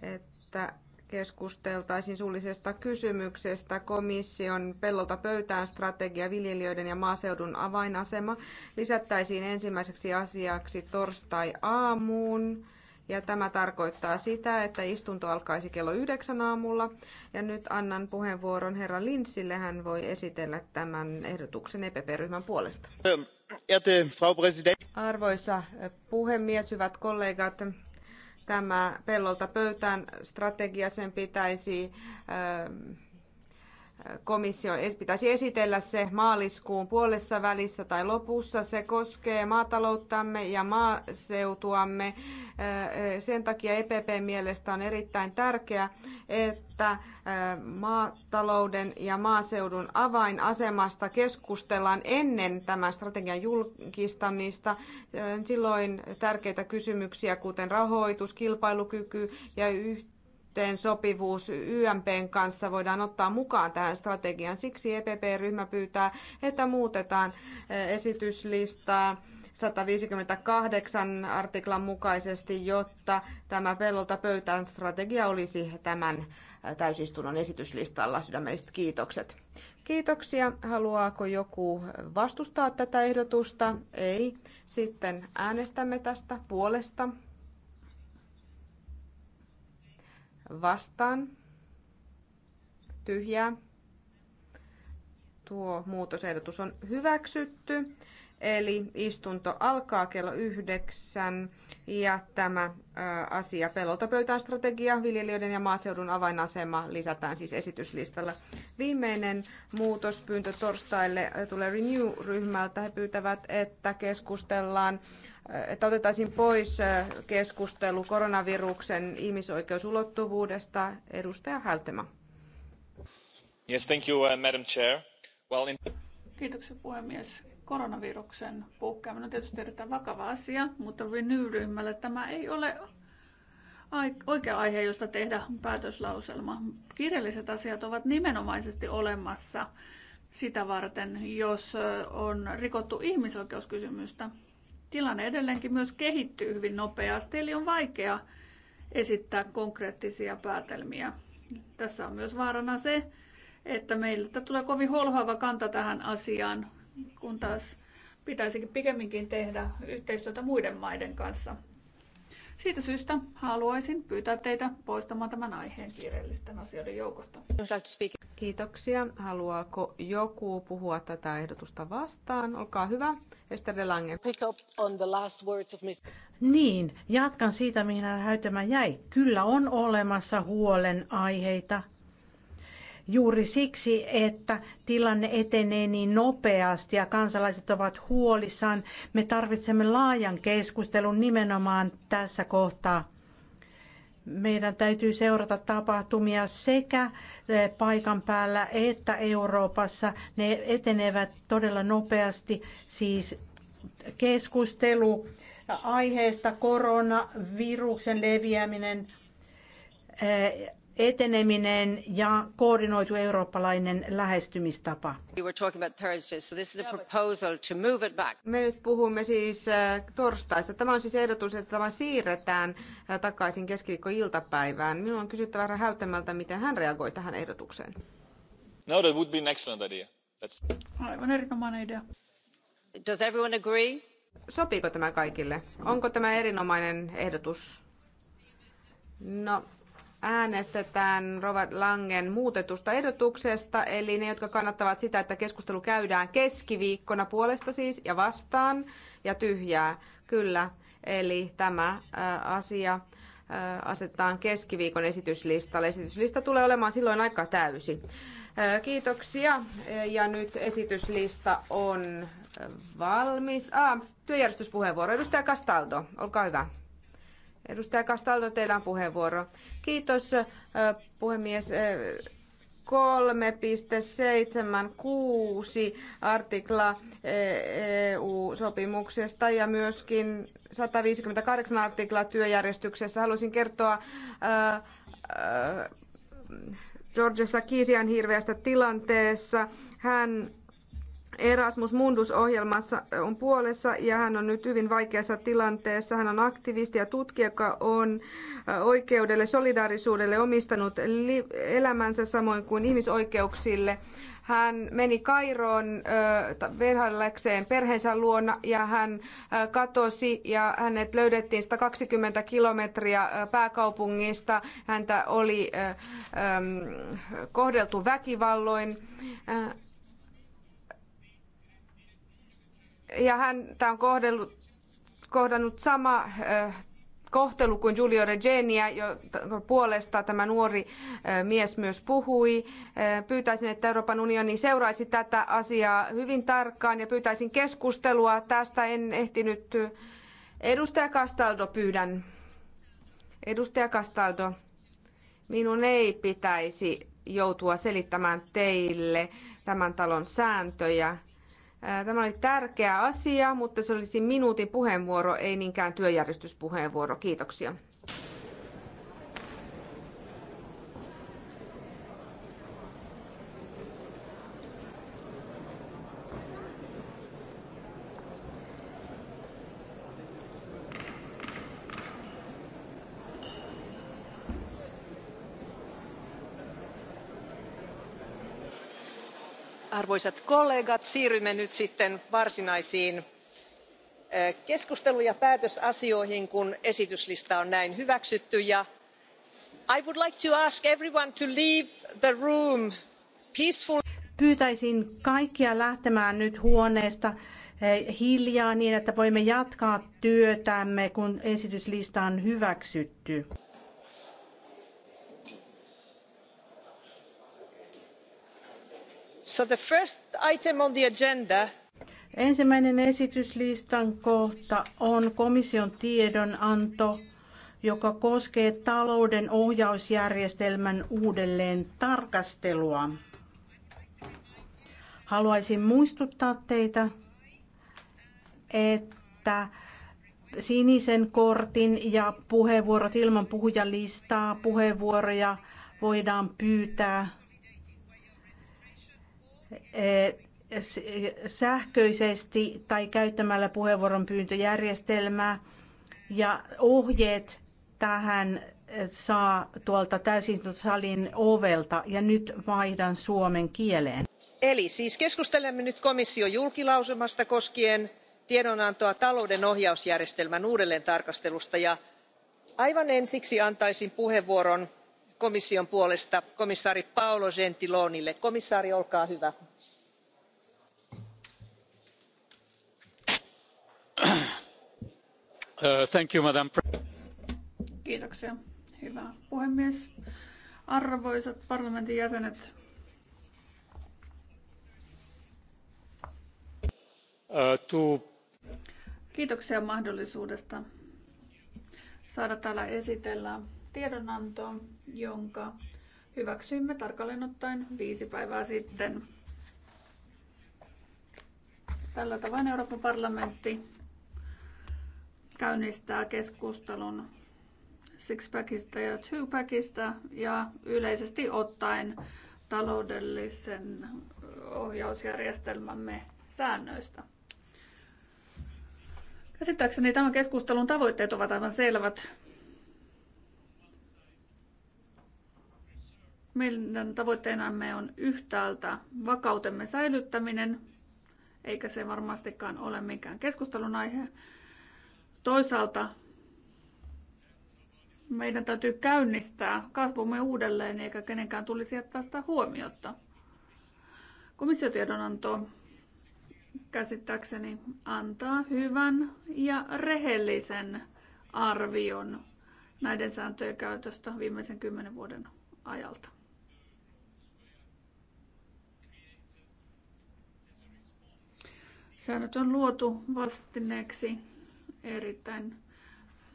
että keskusteltaisiin suullisesta kysymyksestä komission pellolta pöytään strategia viljelijöiden ja maaseudun avainasema lisättäisiin ensimmäiseksi asiaksi torstai aamuun. Ja tämä tarkoittaa sitä, että istunto alkaisi kello yhdeksän aamulla. Ja nyt annan puheenvuoron herra Linssille. Hän voi esitellä tämän ehdotuksen EPP-ryhmän puolesta. Arvoisa puhemies, hyvät kollegat, tämä pellolta pöytään strategia sen pitäisi ähm, komissio pitäisi esitellä se maaliskuun puolessa välissä tai lopussa. Se koskee maatalouttamme ja maaseutuamme. Sen takia EPP mielestä on erittäin tärkeää, että maatalouden ja maaseudun avainasemasta keskustellaan ennen tämän strategian julkistamista. Silloin tärkeitä kysymyksiä, kuten rahoitus, kilpailukyky ja yhteistyö yhteen sopivuus YMPn kanssa voidaan ottaa mukaan tähän strategiaan. Siksi EPP-ryhmä pyytää, että muutetaan eh, esityslistaa 158 artiklan mukaisesti, jotta tämä pellolta pöytään strategia olisi tämän eh, täysistunnon esityslistalla. Sydämelliset kiitokset. Kiitoksia. Haluaako joku vastustaa tätä ehdotusta? Ei. Sitten äänestämme tästä puolesta. vastaan. Tyhjää. Tuo muutosehdotus on hyväksytty. Eli istunto alkaa kello yhdeksän ja tämä asia pelolta pöytään strategia, viljelijöiden ja maaseudun avainasema lisätään siis esityslistalla. Viimeinen muutospyyntö torstaille tulee Renew-ryhmältä. He pyytävät, että keskustellaan että otettaisiin pois keskustelu koronaviruksen ihmisoikeusulottuvuudesta. Edustaja Häytemä. Yes, thank you, uh, Madam Chair. Well, in... Kiitoksia puhemies. Koronaviruksen puhkeaminen on tietysti erittäin vakava asia, mutta Renew-ryhmälle tämä ei ole oikea aihe, josta tehdä päätöslauselma. Kirjalliset asiat ovat nimenomaisesti olemassa sitä varten, jos on rikottu ihmisoikeuskysymystä tilanne edelleenkin myös kehittyy hyvin nopeasti, eli on vaikea esittää konkreettisia päätelmiä. Tässä on myös vaarana se, että meiltä tulee kovin holhoava kanta tähän asiaan, kun taas pitäisikin pikemminkin tehdä yhteistyötä muiden maiden kanssa. Siitä syystä haluaisin pyytää teitä poistamaan tämän aiheen kiireellisten asioiden joukosta. Kiitoksia. Haluaako joku puhua tätä ehdotusta vastaan? Olkaa hyvä. Esther de Lange. Pick up on the last words of Ms. Niin, jatkan siitä, mihin hän jäi. Kyllä on olemassa huolenaiheita, juuri siksi, että tilanne etenee niin nopeasti ja kansalaiset ovat huolissaan. Me tarvitsemme laajan keskustelun nimenomaan tässä kohtaa. Meidän täytyy seurata tapahtumia sekä eh, paikan päällä että Euroopassa. Ne etenevät todella nopeasti, siis keskustelu aiheesta koronaviruksen leviäminen eh, eteneminen ja koordinoitu eurooppalainen lähestymistapa. Me nyt puhumme siis äh, torstaista. Tämä on siis ehdotus, että tämä siirretään äh, takaisin keskiviikkoiltapäivään. Minun on kysyttävä herra häyttämältä, miten hän reagoi tähän ehdotukseen. No, that would be an excellent idea. That's... Aivan erinomainen idea. Does everyone agree? Sopiiko tämä kaikille? Onko tämä erinomainen ehdotus? No, äänestetään Robert Langen muutetusta ehdotuksesta, eli ne, jotka kannattavat sitä, että keskustelu käydään keskiviikkona puolesta siis ja vastaan ja tyhjää. Kyllä, eli tämä äh, asia äh, asetetaan keskiviikon esityslistalle. Esityslista tulee olemaan silloin aika täysi. Äh, kiitoksia. Ja nyt esityslista on valmis. Ah, työjärjestyspuheenvuoro. Edustaja Castaldo, olkaa hyvä. Edustaja Kastaldo, teillä on puheenvuoro. Kiitos puhemies. 3.76 artikla EU-sopimuksesta ja myöskin 158 artikla työjärjestyksessä. Haluaisin kertoa ää, ää, Georgessa Kiisian hirveästä tilanteessa. Hän Erasmus Mundus-ohjelmassa on puolessa ja hän on nyt hyvin vaikeassa tilanteessa. Hän on aktivisti ja tutkija, joka on oikeudelle, solidaarisuudelle omistanut elämänsä samoin kuin ihmisoikeuksille. Hän meni Kairoon verhallekseen perheensä luona ja hän katosi ja hänet löydettiin 120 kilometriä pääkaupungista. Häntä oli kohdeltu väkivalloin. ja häntä on kohdellut, kohdannut sama kohtelu kuin Giulio Regenia, jonka puolesta tämä nuori mies myös puhui. Pyytäisin, että Euroopan unioni seuraisi tätä asiaa hyvin tarkkaan ja pyytäisin keskustelua. Tästä en ehtinyt. Edustaja Castaldo pyydän. Edustaja Castaldo, minun ei pitäisi joutua selittämään teille tämän talon sääntöjä Tämä oli tärkeä asia, mutta se olisi minuutin puheenvuoro, ei niinkään työjärjestyspuheenvuoro. Kiitoksia. arvoisat kollegat siirrymme nyt sitten varsinaisiin eh, keskustelu ja päätösasioihin kun esityslista on näin hyväksytty i would like to ask everyone to leave the room peacefully. Pyytäisin kaikkia lähtemään nyt huoneesta eh, hiljaa niin, että voimme jatkaa työtämme, kun esityslista on hyväksytty. Ensimmäinen esityslistan kohta on komission tiedonanto, joka koskee talouden ohjausjärjestelmän uudelleen tarkastelua. Haluaisin muistuttaa teitä, että sinisen kortin ja puheenvuorot ilman puhujalistaa puheenvuoroja voidaan pyytää Eh, sähköisesti tai käyttämällä puheenvuoron pyyntöjärjestelmää. Ja ohjeet tähän eh, saa tuolta salin ovelta ja nyt vaihdan suomen kieleen. Eli siis keskustelemme nyt komission julkilausumasta koskien tiedonantoa talouden ohjausjärjestelmän tarkastelusta ja aivan ensiksi antaisin puheenvuoron komission puolesta komissaari paolo gentilonille. komissaari olkaa hyvä. Uh, Kiitoksia. Hyvä puhemies. Arvoisat parlamentin jäsenet. Uh, Kiitoksia mahdollisuudesta saada täällä esitellä tiedonanto, jonka hyväksyimme tarkalleen ottaen viisi päivää sitten. Tällä tavoin Euroopan parlamentti käynnistää keskustelun sixpackista ja twopackista ja yleisesti ottaen taloudellisen ohjausjärjestelmämme säännöistä. Käsittääkseni tämän keskustelun tavoitteet ovat aivan selvät. Meidän tavoitteenamme on yhtäältä vakautemme säilyttäminen, eikä se varmastikaan ole mikään keskustelun aihe. Toisaalta meidän täytyy käynnistää kasvumme uudelleen, eikä kenenkään tulisi jättää sitä huomiota. Komissiotiedonanto käsittääkseni antaa hyvän ja rehellisen arvion näiden sääntöjen käytöstä viimeisen kymmenen vuoden ajalta. Säännöt on luotu vastineeksi erittäin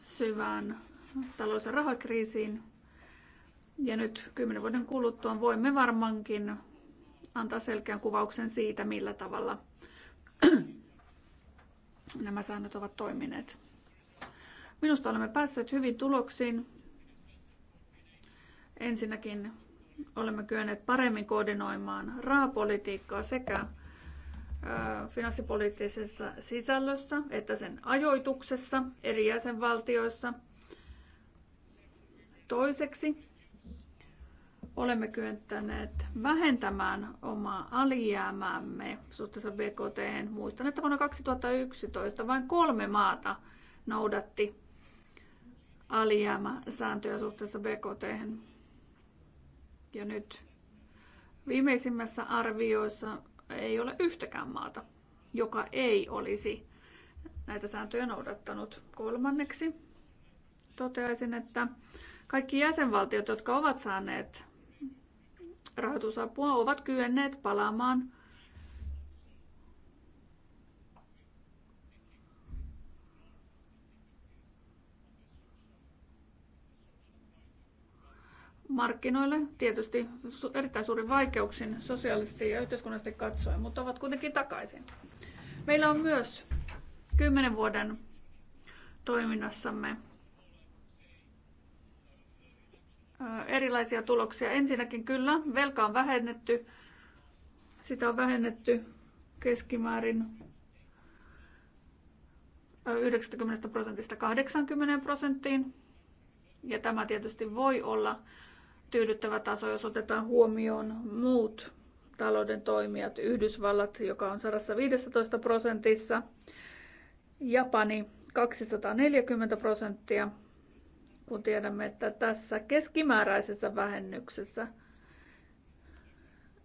syvään talous- ja rahakriisiin. Ja nyt kymmenen vuoden kuluttua voimme varmaankin antaa selkeän kuvauksen siitä, millä tavalla nämä säännöt ovat toimineet. Minusta olemme päässeet hyvin tuloksiin. Ensinnäkin olemme kyenneet paremmin koordinoimaan rahapolitiikkaa sekä finanssipoliittisessa sisällössä että sen ajoituksessa eri jäsenvaltioissa. Toiseksi olemme kyentäneet vähentämään omaa alijäämäämme suhteessa BKT. Muistan, että vuonna 2011 vain kolme maata noudatti alijäämäsääntöjä suhteessa BKT. Ja nyt viimeisimmässä arvioissa ei ole yhtäkään maata, joka ei olisi näitä sääntöjä noudattanut. Kolmanneksi toteaisin, että kaikki jäsenvaltiot, jotka ovat saaneet rahoitusapua, ovat kyenneet palaamaan markkinoille, tietysti erittäin suurin vaikeuksin sosiaalisesti ja yhteiskunnallisesti katsoen, mutta ovat kuitenkin takaisin. Meillä on myös kymmenen vuoden toiminnassamme erilaisia tuloksia. Ensinnäkin kyllä, velka on vähennetty, sitä on vähennetty keskimäärin 90 prosentista 80 prosenttiin. Ja tämä tietysti voi olla tyydyttävä taso, jos otetaan huomioon muut talouden toimijat, Yhdysvallat, joka on 115 prosentissa, Japani 240 prosenttia, kun tiedämme, että tässä keskimääräisessä vähennyksessä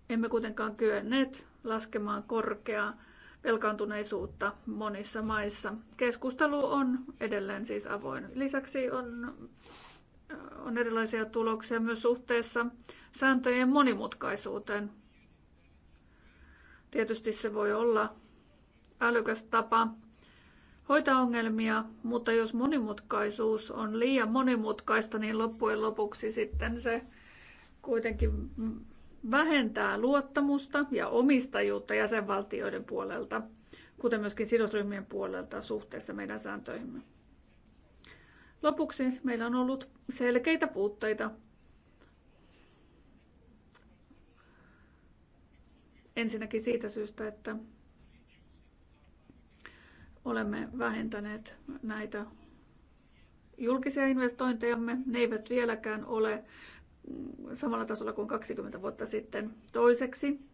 emme kuitenkaan kyenneet laskemaan korkeaa velkaantuneisuutta monissa maissa. Keskustelu on edelleen siis avoin. Lisäksi on on erilaisia tuloksia myös suhteessa sääntöjen monimutkaisuuteen. Tietysti se voi olla älykäs tapa hoitaa ongelmia, mutta jos monimutkaisuus on liian monimutkaista, niin loppujen lopuksi sitten se kuitenkin vähentää luottamusta ja omistajuutta jäsenvaltioiden puolelta, kuten myöskin sidosryhmien puolelta suhteessa meidän sääntöihimme. Lopuksi meillä on ollut selkeitä puutteita. Ensinnäkin siitä syystä, että olemme vähentäneet näitä julkisia investointejamme. Ne eivät vieläkään ole samalla tasolla kuin 20 vuotta sitten. Toiseksi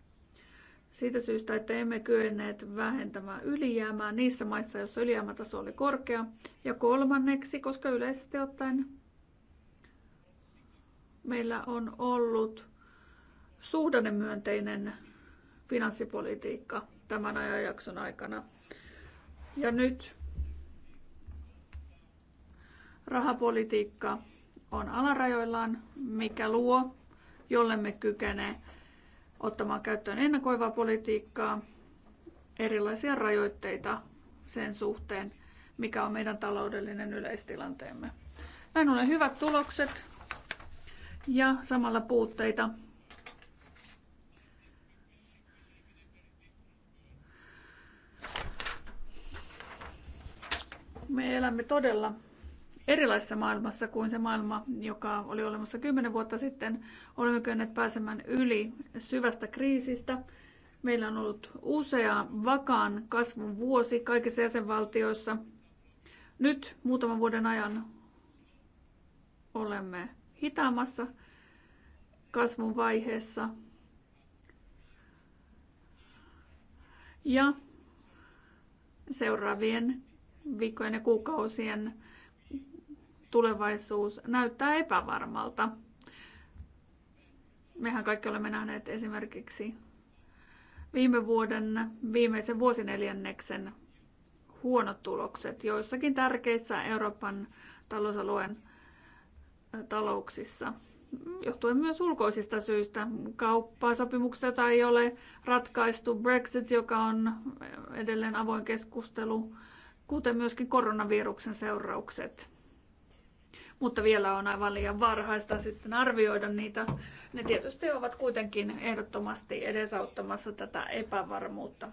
siitä syystä, että emme kyenneet vähentämään ylijäämää niissä maissa, joissa ylijäämätaso oli korkea. Ja kolmanneksi, koska yleisesti ottaen meillä on ollut suhdannemyönteinen finanssipolitiikka tämän ajanjakson aikana. Ja nyt rahapolitiikka on alarajoillaan, mikä luo, jolle me kykenee ottamaan käyttöön ennakoivaa politiikkaa, erilaisia rajoitteita sen suhteen, mikä on meidän taloudellinen yleistilanteemme. Näin ollen hyvät tulokset ja samalla puutteita. Me elämme todella erilaisessa maailmassa kuin se maailma, joka oli olemassa kymmenen vuotta sitten. Olemme kyenneet pääsemään yli syvästä kriisistä. Meillä on ollut usea vakaan kasvun vuosi kaikissa jäsenvaltioissa. Nyt muutaman vuoden ajan olemme hitaamassa kasvun vaiheessa. Ja seuraavien viikkojen ja kuukausien tulevaisuus näyttää epävarmalta. Mehän kaikki olemme nähneet esimerkiksi viime vuoden, viimeisen vuosineljänneksen huonot tulokset joissakin tärkeissä Euroopan talousalueen talouksissa. Johtuen myös ulkoisista syistä. Kauppasopimuksista, joita ei ole ratkaistu, Brexit, joka on edelleen avoin keskustelu, kuten myöskin koronaviruksen seuraukset mutta vielä on aivan liian varhaista sitten arvioida niitä. Ne tietysti ovat kuitenkin ehdottomasti edesauttamassa tätä epävarmuutta.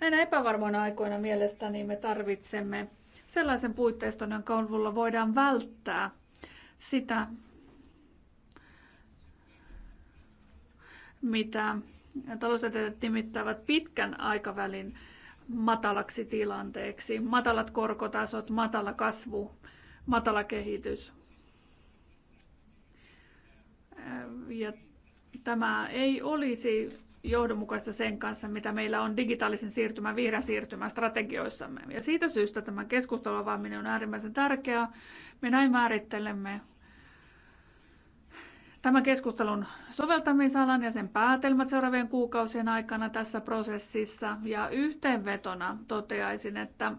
Näinä epävarmoina aikoina mielestäni me tarvitsemme sellaisen puitteiston, jonka avulla voidaan välttää sitä, mitä taloustieteilijät nimittävät pitkän aikavälin matalaksi tilanteeksi. Matalat korkotasot, matala kasvu, matala kehitys. Ja tämä ei olisi johdonmukaista sen kanssa, mitä meillä on digitaalisen siirtymän, vihreän siirtymän strategioissamme. Ja siitä syystä tämä keskustelu on äärimmäisen tärkeää. Me näin määrittelemme tämän keskustelun soveltamisalan ja sen päätelmät seuraavien kuukausien aikana tässä prosessissa. Ja yhteenvetona toteaisin, että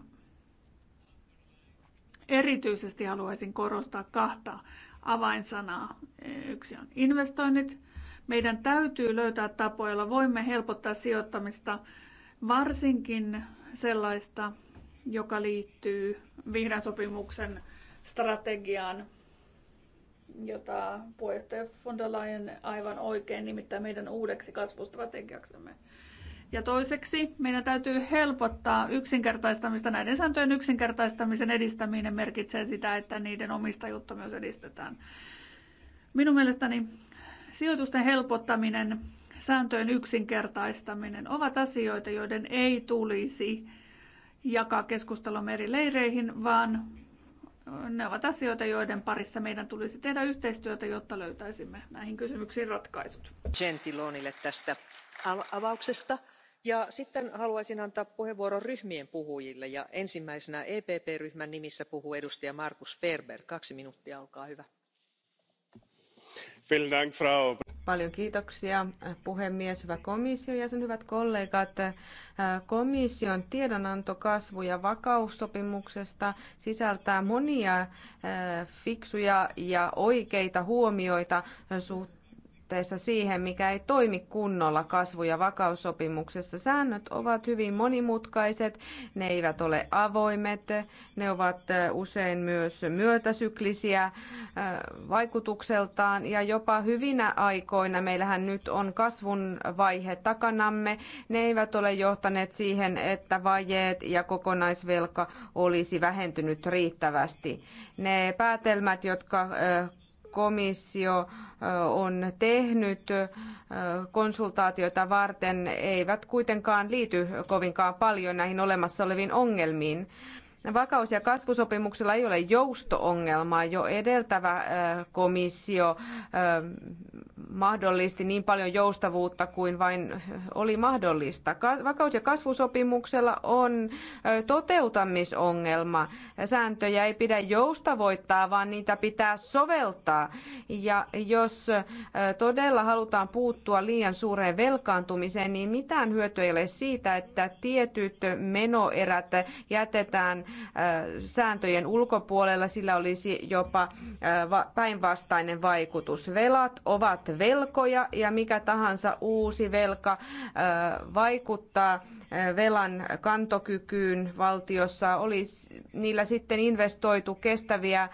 Erityisesti haluaisin korostaa kahta avainsanaa. Yksi on investoinnit. Meidän täytyy löytää tapoja, joilla voimme helpottaa sijoittamista, varsinkin sellaista, joka liittyy vihreän sopimuksen strategiaan, jota puheenjohtaja von der Leyen aivan oikein nimittää meidän uudeksi kasvustrategiaksemme. Ja toiseksi meidän täytyy helpottaa yksinkertaistamista. Näiden sääntöjen yksinkertaistamisen edistäminen merkitsee sitä, että niiden omistajuutta myös edistetään. Minun mielestäni sijoitusten helpottaminen, sääntöjen yksinkertaistaminen ovat asioita, joiden ei tulisi jakaa keskustelua eri leireihin, vaan ne ovat asioita, joiden parissa meidän tulisi tehdä yhteistyötä, jotta löytäisimme näihin kysymyksiin ratkaisut. Gentilonille tästä avauksesta ja sitten haluaisin antaa puheenvuoron ryhmien puhujille ja ensimmäisenä epp ryhmän nimissä puhuu edustaja Markus Ferber. Kaksi minuuttia, olkaa hyvä. Paljon kiitoksia puhemies, hyvä komission jäsen, hyvät kollegat. Komission tiedonanto kasvu- ja vakaussopimuksesta sisältää monia eh, fiksuja ja oikeita huomioita suhteen suhteessa siihen, mikä ei toimi kunnolla kasvu- ja vakaussopimuksessa. Säännöt ovat hyvin monimutkaiset, ne eivät ole avoimet, ne ovat usein myös myötäsyklisiä vaikutukseltaan ja jopa hyvinä aikoina, meillähän nyt on kasvun vaihe takanamme, ne eivät ole johtaneet siihen, että vajeet ja kokonaisvelka olisi vähentynyt riittävästi. Ne päätelmät, jotka komissio on tehnyt konsultaatiota varten, eivät kuitenkaan liity kovinkaan paljon näihin olemassa oleviin ongelmiin. Vakaus- ja kasvusopimuksella ei ole joustoongelmaa. Jo edeltävä komissio mahdollisti niin paljon joustavuutta kuin vain oli mahdollista. Vakaus- ja kasvusopimuksella on toteutamisongelma. Sääntöjä ei pidä joustavoittaa, vaan niitä pitää soveltaa. Ja jos todella halutaan puuttua liian suureen velkaantumiseen, niin mitään hyötyä ei ole siitä, että tietyt menoerät jätetään sääntöjen ulkopuolella, sillä olisi jopa päinvastainen vaikutus. Velat ovat velkoja ja mikä tahansa uusi velka vaikuttaa velan kantokykyyn valtiossa. Oli niillä sitten investoitu kestäviä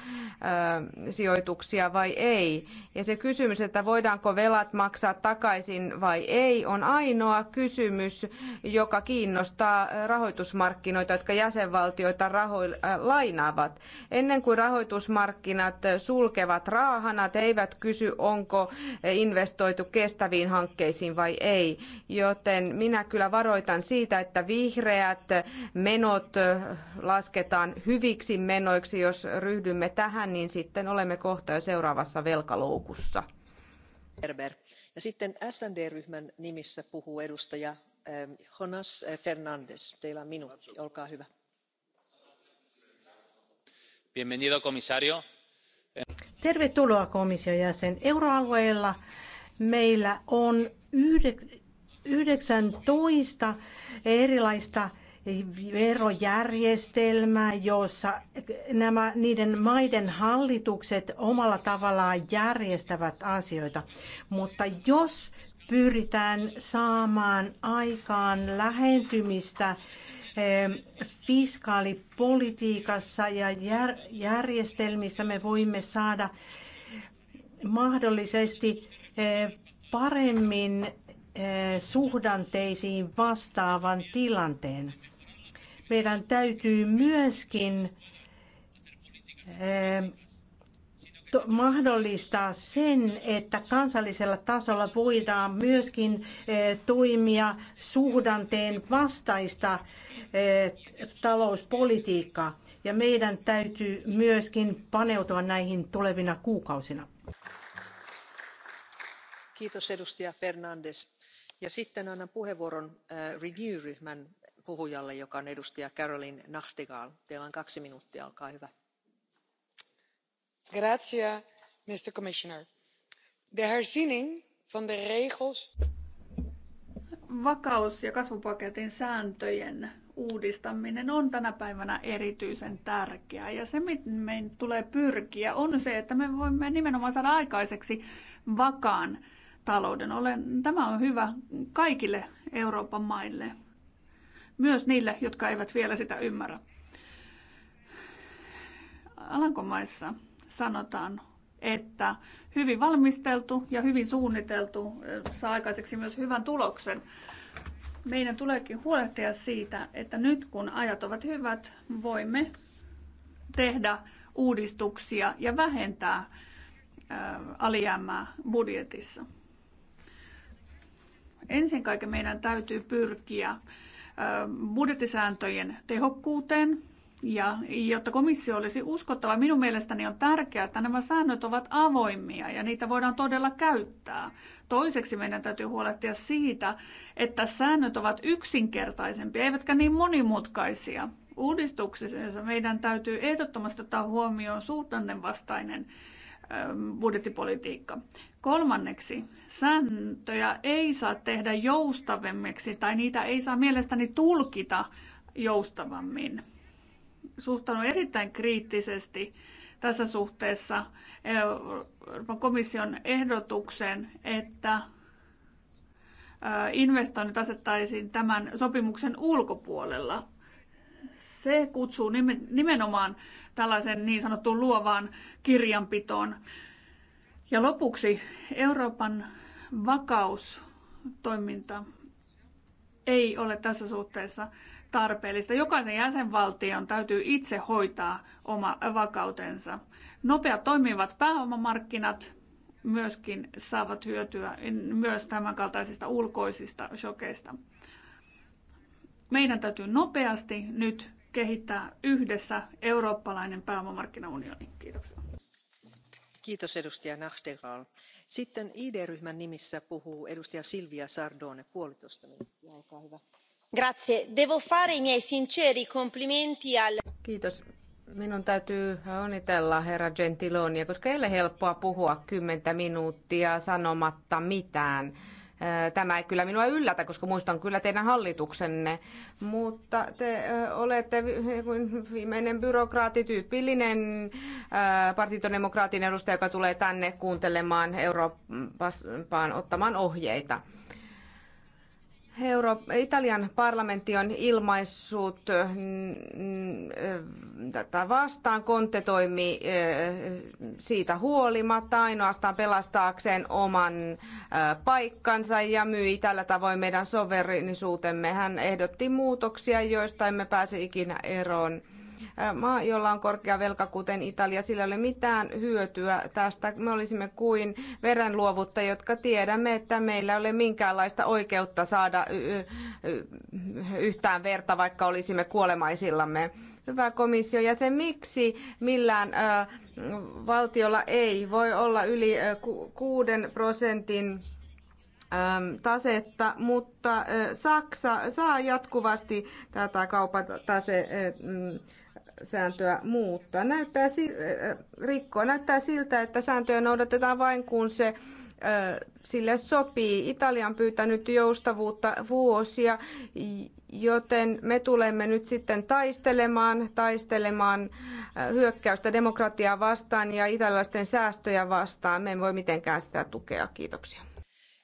sijoituksia vai ei? Ja se kysymys, että voidaanko velat maksaa takaisin vai ei, on ainoa kysymys, joka kiinnostaa rahoitusmarkkinoita, jotka jäsenvaltioita Rahoil äh, lainaavat. Ennen kuin rahoitusmarkkinat sulkevat raahanat, eivät kysy, onko investoitu kestäviin hankkeisiin vai ei. Joten minä kyllä varoitan siitä, että vihreät menot äh, lasketaan hyviksi menoiksi. Jos ryhdymme tähän, niin sitten olemme kohta jo seuraavassa velkaloukussa. Ferber. Ja sitten sd ryhmän nimissä puhuu edustaja ähm, jonas äh, fernandes teillä on minuutti olkaa hyvä. Bienvenido, Tervetuloa komission jäsen. Euroalueella meillä on 19 erilaista verojärjestelmää, jossa nämä, niiden maiden hallitukset omalla tavallaan järjestävät asioita. Mutta jos pyritään saamaan aikaan lähentymistä fiskaalipolitiikassa ja järjestelmissä me voimme saada mahdollisesti eh, paremmin eh, suhdanteisiin vastaavan tilanteen. Meidän täytyy myöskin eh, mahdollistaa sen, että kansallisella tasolla voidaan myöskin eh, toimia suhdanteen vastaista eh, talouspolitiikkaa. Ja meidän täytyy myöskin paneutua näihin tulevina kuukausina. Kiitos edustaja Fernandes. Ja sitten annan puheenvuoron eh, Renew-ryhmän puhujalle, joka on edustaja Caroline Nachtigal. Teillä on kaksi minuuttia, olkaa hyvä commissioner de herziening van de regels. vakaus ja kasvupaketin sääntöjen uudistaminen on tänä päivänä erityisen tärkeää ja se, mihin meidän tulee pyrkiä, on se, että me voimme nimenomaan saada aikaiseksi vakaan talouden. Olen, tämä on hyvä kaikille Euroopan maille, myös niille, jotka eivät vielä sitä ymmärrä. Alankomaissa sanotaan, että hyvin valmisteltu ja hyvin suunniteltu eh, saa aikaiseksi myös hyvän tuloksen. Meidän tuleekin huolehtia siitä, että nyt kun ajat ovat hyvät, voimme tehdä uudistuksia ja vähentää eh, alijäämää budjetissa. Ensin kaiken meidän täytyy pyrkiä eh, budjettisääntöjen tehokkuuteen ja jotta komissio olisi uskottava, minun mielestäni on tärkeää, että nämä säännöt ovat avoimia ja niitä voidaan todella käyttää. Toiseksi meidän täytyy huolehtia siitä, että säännöt ovat yksinkertaisempia, eivätkä niin monimutkaisia. Uudistuksessa meidän täytyy ehdottomasti ottaa huomioon suhtannen vastainen ähm, budjettipolitiikka. Kolmanneksi, sääntöjä ei saa tehdä joustavemmiksi tai niitä ei saa mielestäni tulkita joustavammin suhtaudun erittäin kriittisesti tässä suhteessa Euroopan komission ehdotuksen, että investoinnit asettaisiin tämän sopimuksen ulkopuolella. Se kutsuu nimenomaan tällaisen niin sanottuun luovaan kirjanpitoon. Ja lopuksi Euroopan vakaustoiminta ei ole tässä suhteessa tarpeellista. Jokaisen jäsenvaltion täytyy itse hoitaa oma vakautensa. Nopeat toimivat pääomamarkkinat myöskin saavat hyötyä myös tämänkaltaisista ulkoisista shokeista. Meidän täytyy nopeasti nyt kehittää yhdessä eurooppalainen pääomamarkkinaunioni. Kiitoksia. Kiitos edustaja Nachtegaal. Sitten ID-ryhmän nimissä puhuu edustaja Silvia Sardone puolitoista minuuttia. Olkaa hyvä. Kiitos. Minun täytyy onnitella herra Gentilonia, koska ei ole helppoa puhua kymmentä minuuttia sanomatta mitään. Tämä ei kyllä minua yllätä, koska muistan kyllä teidän hallituksenne, mutta te olette viimeinen byrokraatti, tyypillinen partitodemokraatin edustaja, joka tulee tänne kuuntelemaan Eurooppaan ottamaan ohjeita. Euro- Italian parlamentti on ilmaissut äh, mm, äh, tätä vastaan. Conte toimii äh, siitä huolimatta ainoastaan pelastaakseen oman paikkansa ja myi tällä tavoin meidän soverenisuutemme. Hän ehdotti muutoksia, joista emme pääse ikinä eroon Äh, maa, jolla on korkea velka, kuten Italia, sillä ei ole mitään hyötyä tästä. Me olisimme kuin verenluovutta, jotka tiedämme, että meillä ei ole minkäänlaista oikeutta saada yhtään verta, vaikka olisimme kuolemaisillamme hyvä komissio. Ja se miksi millään valtiolla ei voi olla yli kuuden prosentin tasetta, mutta Saksa saa jatkuvasti tätä kaupan sääntöä muuttaa. Näyttää, äh, rikkoa. Näyttää siltä, että sääntöjä noudatetaan vain kun se äh, sille sopii. Italia on pyytänyt joustavuutta vuosia, joten me tulemme nyt sitten taistelemaan, taistelemaan äh, hyökkäystä demokratiaa vastaan ja italialaisten säästöjä vastaan. Me emme voi mitenkään sitä tukea. Kiitoksia.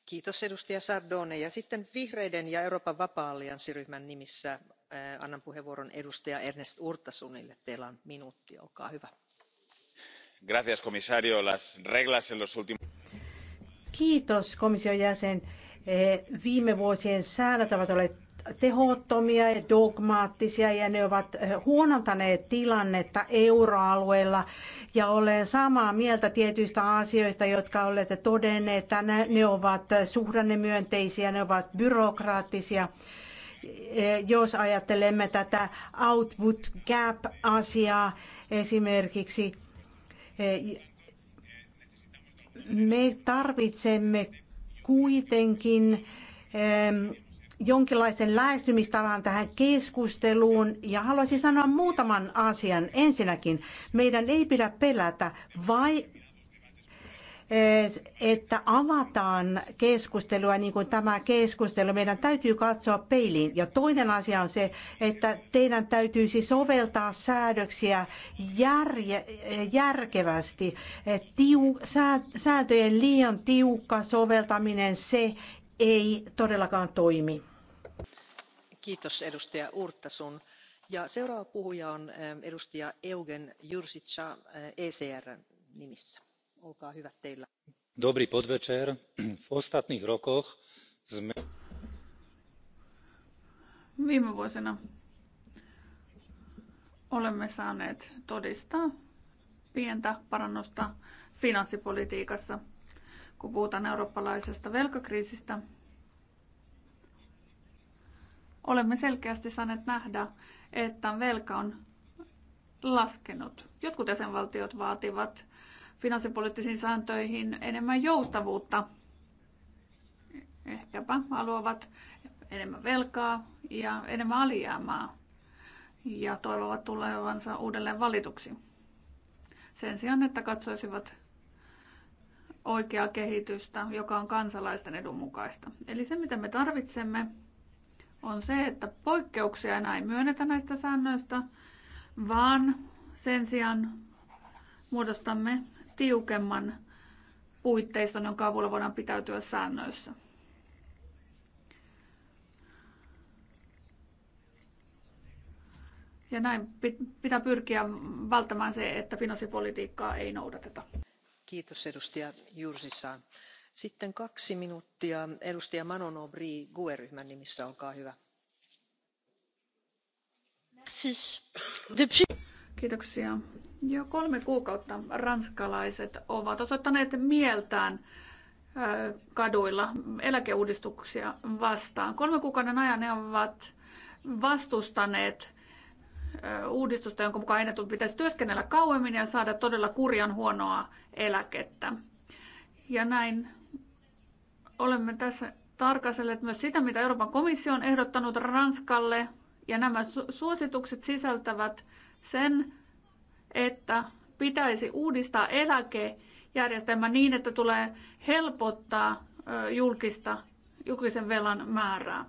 Kiitos edustaja Sardone. Ja sitten vihreiden ja Euroopan vapaa-allianssiryhmän nimissä Äh, annan puheenvuoron edustaja Ernest Urtasunille. Teillä on minuutti, olkaa hyvä. Gracias, Las reglas en los últimos... Kiitos, komission jäsen. Eh, viime vuosien säännöt ovat olleet tehottomia ja dogmaattisia ja ne ovat eh, huonontaneet tilannetta euroalueella ja olen samaa mieltä tietyistä asioista, jotka olette todenneet, että ne ovat suhdannemyönteisiä, ne ovat byrokraattisia Eh, jos ajattelemme tätä output gap-asiaa esimerkiksi, eh, me tarvitsemme kuitenkin jonkinlaisen lähestymistavan tähän keskusteluun ja haluaisin sanoa muutaman asian. Ensinnäkin, meidän ei pidä pelätä, vai Eh, että avataan keskustelua niin kuin tämä keskustelu. Meidän täytyy katsoa peiliin. Ja toinen asia on se, että teidän täytyisi soveltaa säädöksiä järje, järkevästi. Eh, tiu, sääntöjen liian tiukka soveltaminen, se ei todellakaan toimi. Kiitos edustaja Urttasun. Ja seuraava puhuja on eh, edustaja Eugen Jursitsa ECR e nimissä dobrý podvečer v ostatných rokoch sme. viime vuosina olemme saaneet todistaa pientä parannusta finanssipolitiikassa kun puhutaan eurooppalaisesta velkakriisistä. Olemme selkeästi saaneet nähdä, että velka on laskenut. Jotkut jäsenvaltiot vaativat finanssipoliittisiin sääntöihin enemmän joustavuutta. Ehkäpä haluavat enemmän velkaa ja enemmän alijäämää ja toivovat tulevansa uudelleen valituksi. Sen sijaan, että katsoisivat oikeaa kehitystä, joka on kansalaisten edun mukaista. Eli se, mitä me tarvitsemme, on se, että poikkeuksia enää ei myönnetä näistä säännöistä, vaan sen sijaan muodostamme tiukemman puitteiston, jonka avulla voidaan pitäytyä säännöissä. Ja näin pitää pyrkiä välttämään se, että finanssipolitiikkaa ei noudateta. Kiitos edustaja Jursissa. Sitten kaksi minuuttia. Edustaja Manon Obri GUE-ryhmän nimissä, olkaa hyvä. Kiitoksia. Jo kolme kuukautta ranskalaiset ovat osoittaneet mieltään kaduilla eläkeuudistuksia vastaan. Kolme kuukauden ajan ne ovat vastustaneet uudistusta, jonka mukaan enetun pitäisi työskennellä kauemmin ja saada todella kurjan huonoa eläkettä. Ja näin olemme tässä tarkastelleet myös sitä, mitä Euroopan komissio on ehdottanut Ranskalle. Ja nämä suositukset sisältävät sen, että pitäisi uudistaa eläkejärjestelmä niin, että tulee helpottaa julkista, julkisen velan määrää.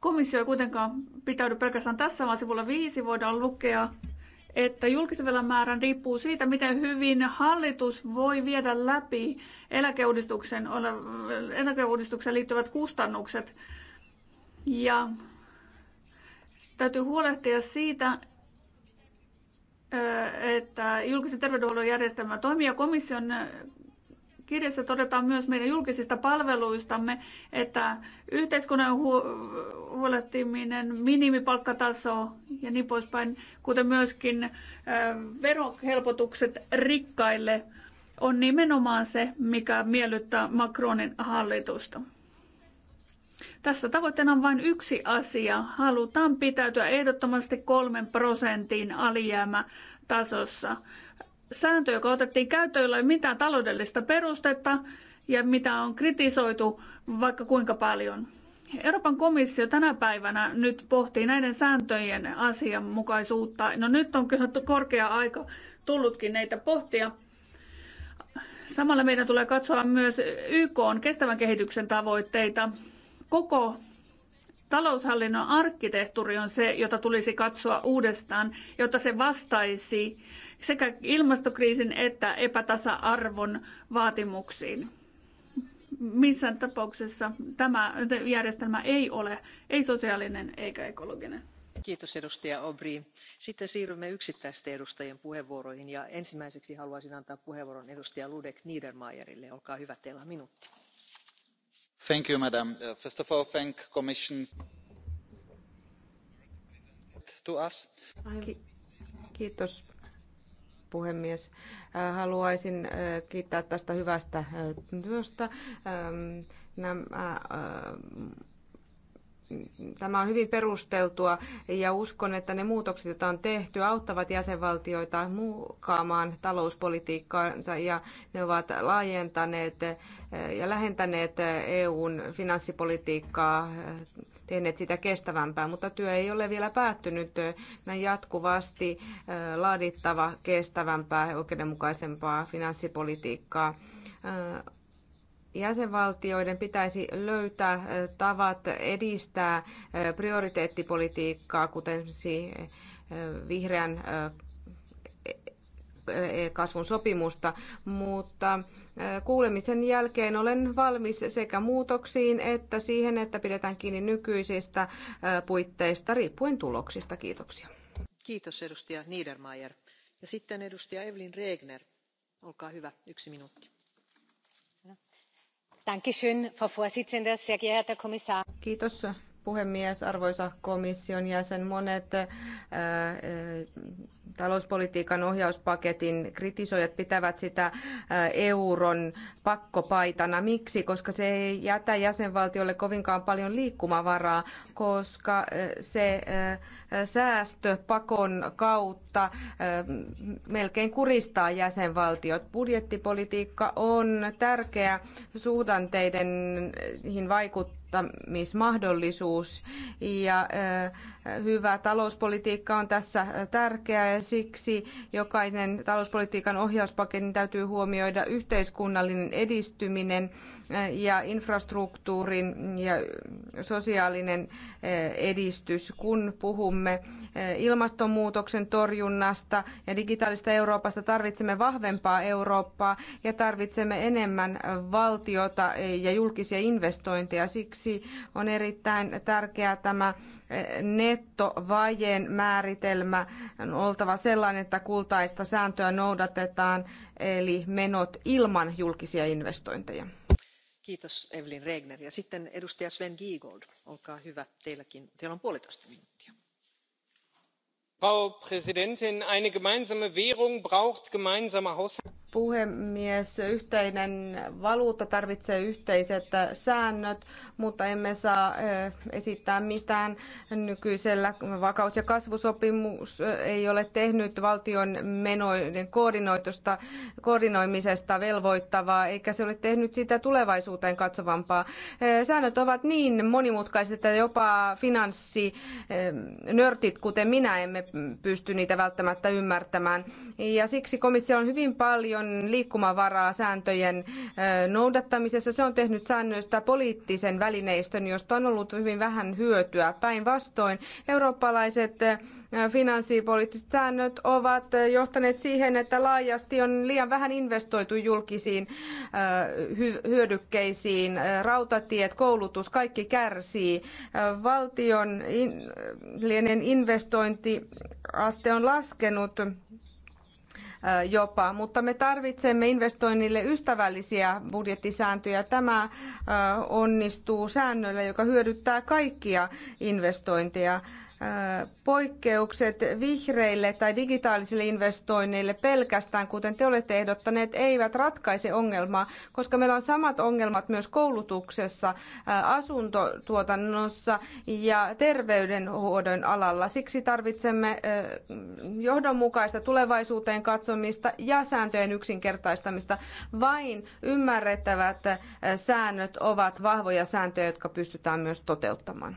Komissio ei kuitenkaan pitäydy pelkästään tässä, vaan sivulla viisi voidaan lukea, että julkisen velan määrän riippuu siitä, miten hyvin hallitus voi viedä läpi eläkeuudistuksen, eläkeuudistukseen liittyvät kustannukset. Ja täytyy huolehtia siitä, että julkisen terveydenhuollon järjestelmä toimii ja komission kirjassa todetaan myös meidän julkisista palveluistamme, että yhteiskunnan hu- huolehtiminen, minimipalkkataso ja niin poispäin, kuten myöskin verohelpotukset rikkaille, on nimenomaan se, mikä miellyttää Macronin hallitusta. Tässä tavoitteena on vain yksi asia. Halutaan pitäytyä ehdottomasti kolmen prosentin alijäämätasossa. Sääntö, joka otettiin käyttöön, jolla ei ole mitään taloudellista perustetta ja mitä on kritisoitu vaikka kuinka paljon. Euroopan komissio tänä päivänä nyt pohtii näiden sääntöjen asianmukaisuutta. No nyt on kyllä korkea aika tullutkin näitä pohtia. Samalla meidän tulee katsoa myös YK on kestävän kehityksen tavoitteita koko taloushallinnon arkkitehtuuri on se, jota tulisi katsoa uudestaan, jotta se vastaisi sekä ilmastokriisin että epätasa-arvon vaatimuksiin. Missään tapauksessa tämä järjestelmä ei ole ei sosiaalinen eikä ekologinen. Kiitos edustaja Obri. Sitten siirrymme yksittäisten edustajien puheenvuoroihin ja ensimmäiseksi haluaisin antaa puheenvuoron edustaja Ludek Niedermayerille. Olkaa hyvä, teillä on minuutti madam president uh, first of all thank the commission to us. Kiitos puhemies. Äh, haluaisin äh, kiittää tästä hyvästä äh, työstä. Ähm, nämä tämä on hyvin perusteltua ja uskon, että ne muutokset, joita on tehty, auttavat jäsenvaltioita muukaamaan talouspolitiikkaansa ja ne ovat laajentaneet eh, ja lähentäneet eh, EUn finanssipolitiikkaa eh, tehneet sitä kestävämpää, mutta työ ei ole vielä päättynyt. näin jatkuvasti laadittava kestävämpää ja oikeudenmukaisempaa finanssipolitiikkaa jäsenvaltioiden pitäisi löytää tavat edistää prioriteettipolitiikkaa, kuten vihreän e-, e-, kasvun sopimusta, mutta kuulemisen jälkeen olen valmis sekä muutoksiin että siihen, että pidetään kiinni nykyisistä puitteista riippuen tuloksista. Kiitoksia. Kiitos edustaja Niedermayer. Ja sitten edustaja Evelyn Regner. Olkaa hyvä, yksi minuutti Kiitos puhemies, arvoisa komission jäsen, monet ää, äh, ää, äh, talouspolitiikan ohjauspaketin kritisoijat pitävät sitä ää, äh, euron pakkopaitana. Miksi? Koska se ei jätä jäsenvaltiolle kovinkaan paljon liikkumavaraa, koska ää, se ää, säästöpakon kautta ää, melkein kuristaa jäsenvaltiot. Budjettipolitiikka on tärkeä suhdanteiden vaikuttaa vaikuttamismahdollisuus. Ja hyvä talouspolitiikka on tässä tärkeää ja siksi jokainen talouspolitiikan ohjauspaketin täytyy huomioida yhteiskunnallinen edistyminen ja infrastruktuurin ja sosiaalinen eh, edistys, kun puhumme eh, ilmastonmuutoksen torjunnasta ja digitaalista Euroopasta. Tarvitsemme vahvempaa Eurooppaa ja tarvitsemme enemmän valtiota eh, ja julkisia investointeja. Siksi on erittäin tärkeää tämä nettovajeen määritelmä on oltava sellainen, että kultaista sääntöä noudatetaan, eli menot ilman julkisia investointeja kiitos evelyn regner ja sitten edustaja sven giegold olkaa hyvä teilläkin on minuuttia frau präsidentin! eine gemeinsame währung braucht gemeinsame puhemies yhteinen valuutta tarvitsee yhteiset säännöt mutta emme saa esittää mitään nykyisellä vakaus ja kasvusopimus ei ole tehnyt valtion menojen koordinoitusta koordinoimisesta velvoittavaa eikä se ole tehnyt sitä tulevaisuuteen katsovampaa. säännöt ovat niin monimutkaiset että jopa finanssinörtit kuten minä emme pysty niitä välttämättä ymmärtämään. Ja siksi komissiolla on hyvin paljon liikkumavaraa sääntöjen noudattamisessa. Se on tehnyt säännöistä poliittisen välineistön, josta on ollut hyvin vähän hyötyä. Päinvastoin eurooppalaiset finanssipoliittiset säännöt ovat johtaneet siihen, että laajasti on liian vähän investoitu julkisiin hyödykkeisiin. Rautatiet, koulutus, kaikki kärsii. Valtion investointiaste on laskenut jopa, mutta me tarvitsemme investoinnille ystävällisiä budjettisääntöjä. Tämä onnistuu säännöllä, joka hyödyttää kaikkia investointeja poikkeukset vihreille tai digitaalisille investoinneille pelkästään, kuten te olette ehdottaneet, eivät ratkaise ongelmaa, koska meillä on samat ongelmat myös koulutuksessa, asuntotuotannossa ja terveydenhuollon alalla. Siksi tarvitsemme johdonmukaista tulevaisuuteen katsomista ja sääntöjen yksinkertaistamista. Vain ymmärrettävät säännöt ovat vahvoja sääntöjä, jotka pystytään myös toteuttamaan.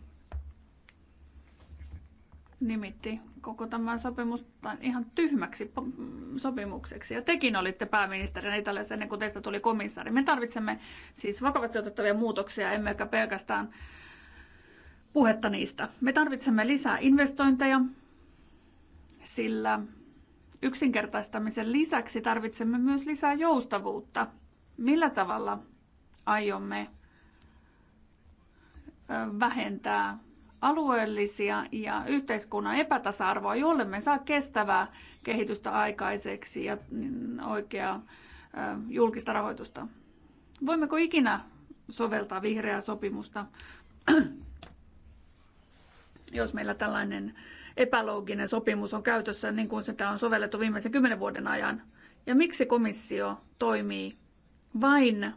nimitti koko tämän sopimustan ihan tyhmäksi sopimukseksi. Ja tekin olitte pääministerinä Italiassa ennen kuin teistä tuli komissaari. Me tarvitsemme siis vakavasti otettavia muutoksia, emmekä pelkästään puhetta niistä. Me tarvitsemme lisää investointeja, sillä yksinkertaistamisen lisäksi tarvitsemme myös lisää joustavuutta. Millä tavalla aiomme vähentää alueellisia ja yhteiskunnan epätasa-arvoa, jolle me saa kestävää kehitystä aikaiseksi ja mm, oikeaa julkista rahoitusta. Voimmeko ikinä soveltaa vihreää sopimusta, jos meillä tällainen epälooginen sopimus on käytössä, niin kuin sitä on sovellettu viimeisen kymmenen vuoden ajan? Ja miksi komissio toimii vain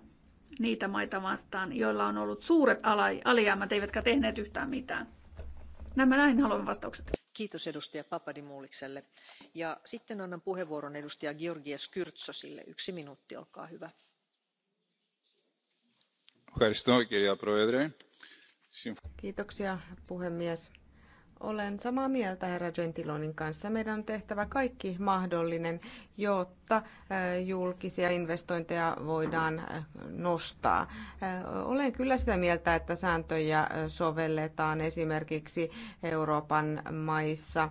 niitä maita vastaan, joilla on ollut suuret alijäämät eivätkä tehneet yhtään mitään. Nämä näin haluan vastaukset. Kiitos edustaja Papadimoulikselle. Ja sitten annan puheenvuoron edustaja Georgios Kyrtsosille. Yksi minuutti, olkaa hyvä. Kiitoksia puhemies. Olen samaa mieltä herra Gentilonin kanssa. Meidän on tehtävä kaikki mahdollinen, jotta äh, julkisia investointeja voidaan äh, nostaa. Äh, olen kyllä sitä mieltä, että sääntöjä sovelletaan esimerkiksi Euroopan maissa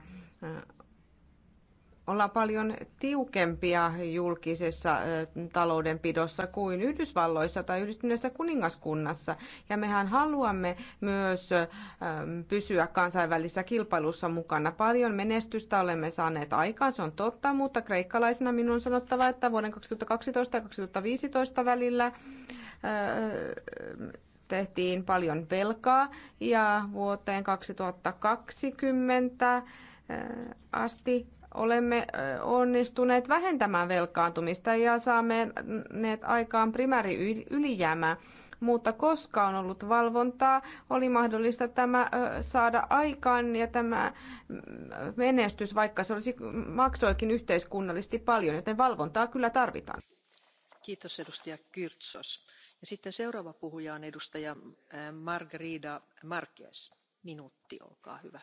olla paljon tiukempia julkisessa taloudenpidossa kuin Yhdysvalloissa tai yhdistyneessä kuningaskunnassa. Ja mehän haluamme myös pysyä kansainvälisessä kilpailussa mukana. Paljon menestystä olemme saaneet aikaan, se on totta, mutta kreikkalaisena minun on sanottava, että vuoden 2012 ja 2015 välillä tehtiin paljon velkaa ja vuoteen 2020 asti olemme onnistuneet vähentämään velkaantumista ja saamme aikaan primäri ylijäämää. Mutta koska on ollut valvontaa, oli mahdollista tämä saada aikaan ja tämä menestys, vaikka se olisi, maksoikin yhteiskunnallisesti paljon, joten valvontaa kyllä tarvitaan. Kiitos edustaja Kyrtsos. Ja sitten seuraava puhuja on edustaja Margarida Marquez. Minuutti, olkaa hyvä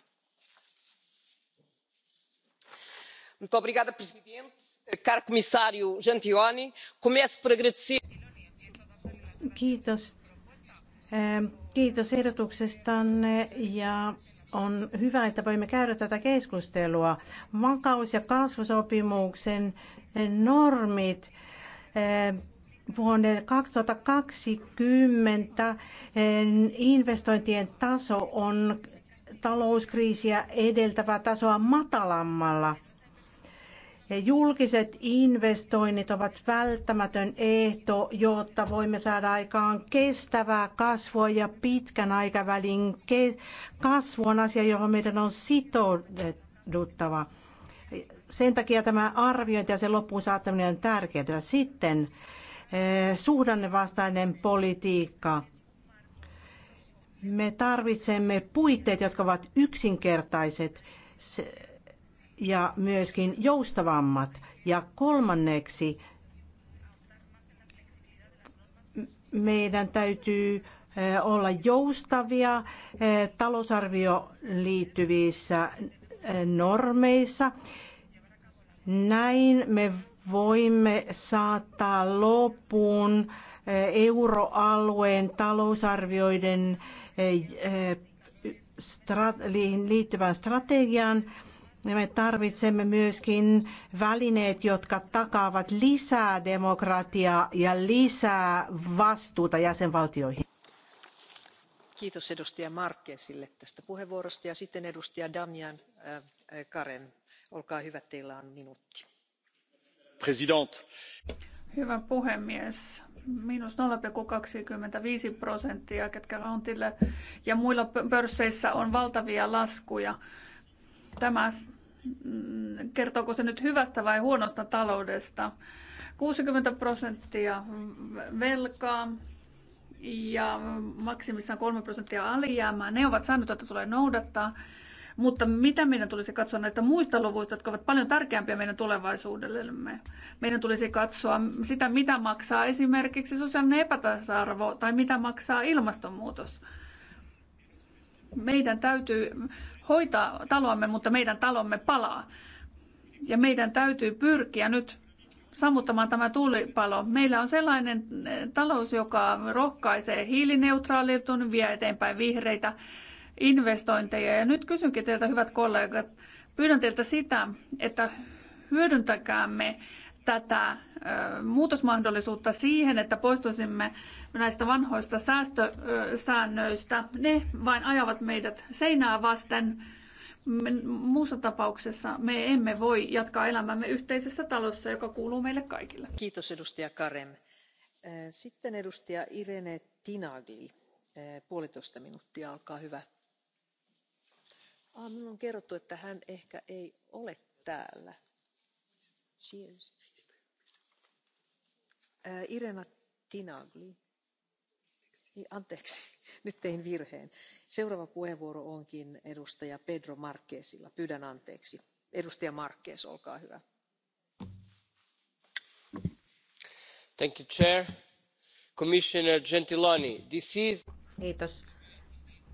arvoisa puhemies kiitos. Ehm, kiitos ehdotuksestanne ja on hyvä että voimme käydä tätä keskustelua. vakaus ja kasvusopimuksen normit ehm, vuonna 2020 ehm, investointien taso on talouskriisiä edeltävää tasoa matalammalla. Julkiset investoinnit ovat välttämätön ehto, jotta voimme saada aikaan kestävää kasvua ja pitkän aikavälin kasvu on asia, johon meidän on sitouduttava. Sen takia tämä arviointi ja sen loppuun saattaminen on tärkeää. Sitten eh, suhdannevastainen politiikka. Me tarvitsemme puitteet, jotka ovat yksinkertaiset. Se, ja myöskin joustavammat. Ja kolmanneksi meidän täytyy eh, olla joustavia eh, talousarvio liittyvissä eh, normeissa. Näin me voimme saattaa loppuun euroalueen talousarvioiden liittyvän strategian me tarvitsemme myöskin välineet, jotka takaavat lisää demokratiaa ja lisää vastuuta jäsenvaltioihin. Kiitos edustaja Markkeesille tästä puheenvuorosta ja sitten edustaja Damian äh, Karen. Olkaa hyvä, teillä on minuutti. President. Hyvä puhemies. Miinus 0,25 prosenttia, ketkä on ja muilla pörsseissä on valtavia laskuja Tämä mm, kertooko se nyt hyvästä vai huonosta taloudesta. 60 prosenttia velkaa ja maksimissaan 3 prosenttia alijäämää. Ne ovat säännöt, joita tulee noudattaa. Mutta mitä meidän tulisi katsoa näistä muista luvuista, jotka ovat paljon tärkeämpiä meidän tulevaisuudellemme? Meidän tulisi katsoa sitä, mitä maksaa esimerkiksi sosiaalinen epätasa-arvo tai mitä maksaa ilmastonmuutos. Meidän täytyy hoitaa taloamme, mutta meidän talomme palaa. Ja meidän täytyy pyrkiä nyt sammuttamaan tämä tulipalo. Meillä on sellainen eh, talous, joka rohkaisee hiilineutraaliutun, vie eteenpäin vihreitä investointeja. Ja nyt kysynkin teiltä, hyvät kollegat, pyydän teiltä sitä, että hyödyntäkäämme tätä muutosmahdollisuutta siihen, että poistuisimme näistä vanhoista säästösäännöistä. Ne vain ajavat meidät seinää vasten. Muussa tapauksessa me emme voi jatkaa elämämme yhteisessä talossa, joka kuuluu meille kaikille. Kiitos edustaja Karem. Sitten edustaja Irene Tinagli. Puolitoista minuuttia, alkaa hyvä. Ah, minun on kerrottu, että hän ehkä ei ole täällä. Cheers. Äh, Irena Tinagli. Niin, anteeksi, virheen. Seuraava onkin edustaja Pedro anteeksi. Edustaja olkaa hyvä. Thank you, Chair. Commissioner Gentiloni, this is...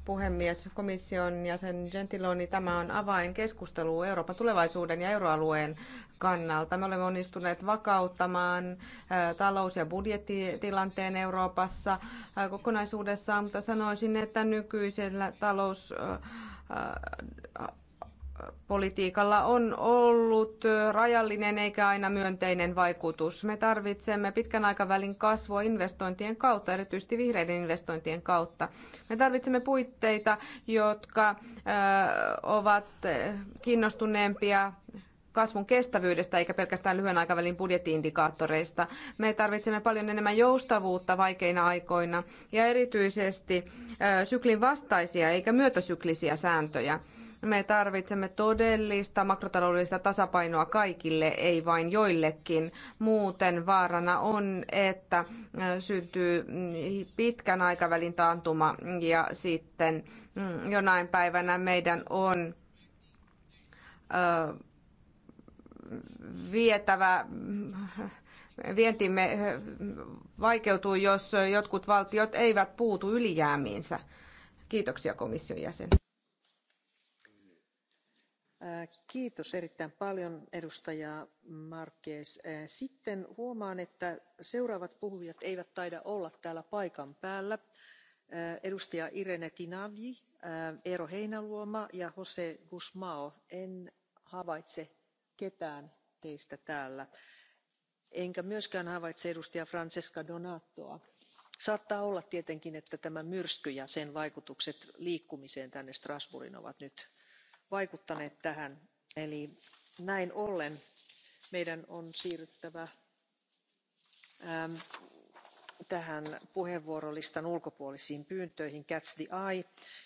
puhemies, komission jäsen Gentiloni, tämä on avain keskusteluun Euroopan tulevaisuuden ja euroalueen kannalta. Me olemme onnistuneet vakauttamaan talous- ja budjettitilanteen Euroopassa kokonaisuudessaan, mutta sanoisin, että nykyisellä talous politiikalla on ollut rajallinen eikä aina myönteinen vaikutus. Me tarvitsemme pitkän aikavälin kasvua investointien kautta, erityisesti vihreiden investointien kautta. Me tarvitsemme puitteita, jotka ovat kiinnostuneempia kasvun kestävyydestä eikä pelkästään lyhyen aikavälin budjettiindikaattoreista. Me tarvitsemme paljon enemmän joustavuutta vaikeina aikoina ja erityisesti syklin vastaisia eikä myötäsyklisiä sääntöjä. Me tarvitsemme todellista makrotaloudellista tasapainoa kaikille, ei vain joillekin. Muuten vaarana on, että syntyy mm, pitkän aikavälin taantuma ja sitten mm, jonain päivänä meidän on ö, vietävä vientimme vaikeutuu, jos jotkut valtiot eivät puutu ylijäämiinsä. Kiitoksia komission jäsen. Kiitos erittäin paljon edustaja Marques. Sitten huomaan, että seuraavat puhujat eivät taida olla täällä paikan päällä. Edustaja Irene Tinavi, Eero Heinaluoma ja Jose Gusmao. En havaitse ketään teistä täällä enkä myöskään havaitse edustaja francesca donatoa. saattaa olla tietenkin että tämä myrsky ja sen vaikutukset liikkumiseen tänne strasbourgiin ovat nyt vaikuttaneet tähän eli näin ollen meidän on siirryttävä ähm, tähän puheenvuorolistan ulkopuolisiin pyyntöihin catch the eye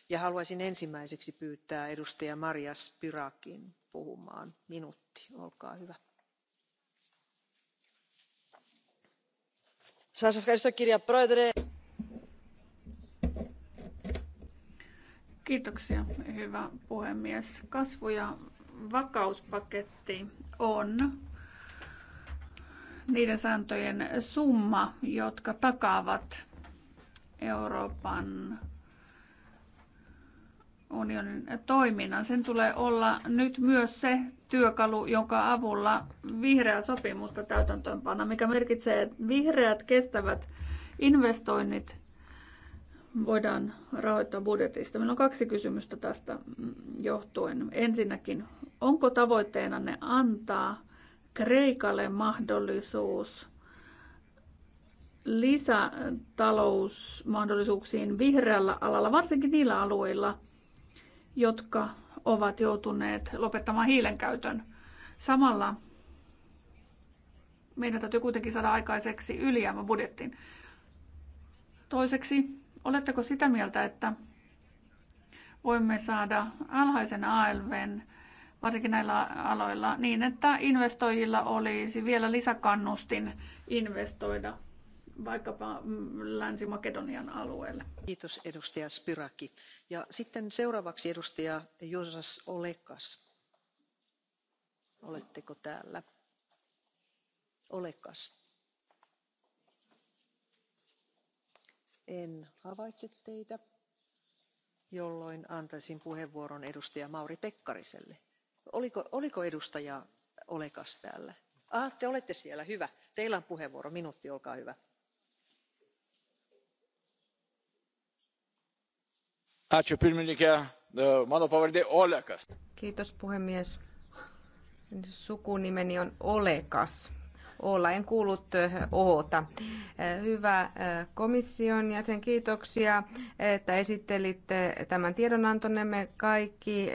ja haluaisin ensimmäiseksi pyytää edustaja marias pyrakin puhumaan minuutti. Olkaa hyvä. Kiitoksia, hyvä puhemies. Kasvu- ja vakauspaketti on niiden sääntöjen summa, jotka takaavat Euroopan unionin toiminnan. Sen tulee olla nyt myös se työkalu, jonka avulla vihreää sopimusta täytäntöönpanna, mikä merkitsee, että vihreät kestävät investoinnit voidaan rahoittaa budjetista. Meillä on kaksi kysymystä tästä johtuen. Ensinnäkin, onko tavoitteena ne antaa Kreikalle mahdollisuus lisätalousmahdollisuuksiin vihreällä alalla, varsinkin niillä alueilla, jotka ovat joutuneet lopettamaan hiilen käytön. Samalla meidän täytyy kuitenkin saada aikaiseksi budjettiin. Toiseksi, oletteko sitä mieltä, että voimme saada alhaisen ALVn, varsinkin näillä aloilla, niin että investoijilla olisi vielä lisäkannustin investoida vaikkapa mm, Länsi-Makedonian alueelle. Kiitos edustaja Spyraki. Ja sitten seuraavaksi edustaja Josas Olekas. Oletteko täällä? Olekas. En havaitse teitä, jolloin antaisin puheenvuoron edustaja Mauri Pekkariselle. Oliko, oliko edustaja Olekas täällä? Ah, te olette siellä, hyvä. Teillä on puheenvuoro, minuutti, olkaa hyvä. E, mano pavardė Olekas. Kiitos puhemies. Sukunimeni on Olekas. Olla en kuullut e, oota. E, hyvä komission ja sen kiitoksia, että esittelitte tämän tiedonantonne. Me kaikki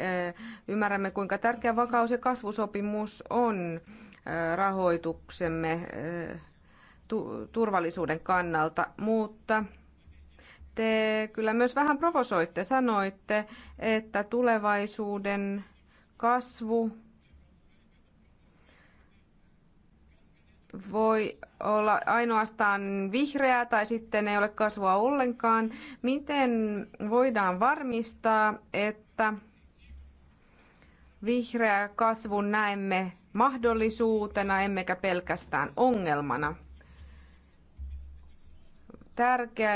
ymmärrämme, kuinka tärkeä vakaus- ja kasvusopimus on rahoituksemme turvallisuuden kannalta, mutta te kyllä myös vähän provosoitte. Sanoitte, että tulevaisuuden kasvu voi olla ainoastaan vihreää tai sitten ei ole kasvua ollenkaan. Miten voidaan varmistaa, että vihreä kasvu näemme mahdollisuutena emmekä pelkästään ongelmana? Tärkeä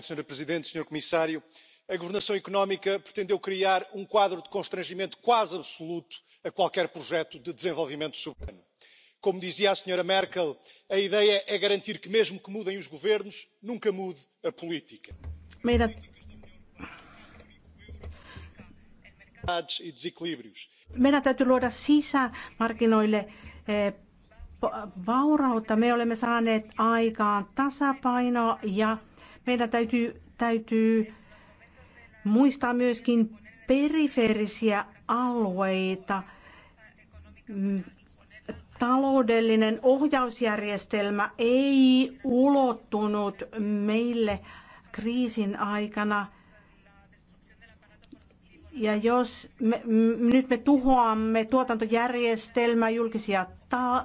senhora presidente senhor comissário a governação económica pretendeu criar um quadro de constrangimento quase absoluto a qualquer projeto de desenvolvimento soberano. como dizia a senhora merkel a ideia é garantir que mesmo que mudem os governos nunca mude a política. meidän E meidän täytyy luoda sisämarkkinoille eh, vaurautta. Me olemme saaneet aikaan tasapainoa ja meidän täytyy, täytyy muistaa myöskin periferisiä alueita. Taloudellinen ohjausjärjestelmä ei ulottunut meille kriisin aikana ja jos me, m, nyt me tuhoamme tuotantojärjestelmää, julkisia ta, äh,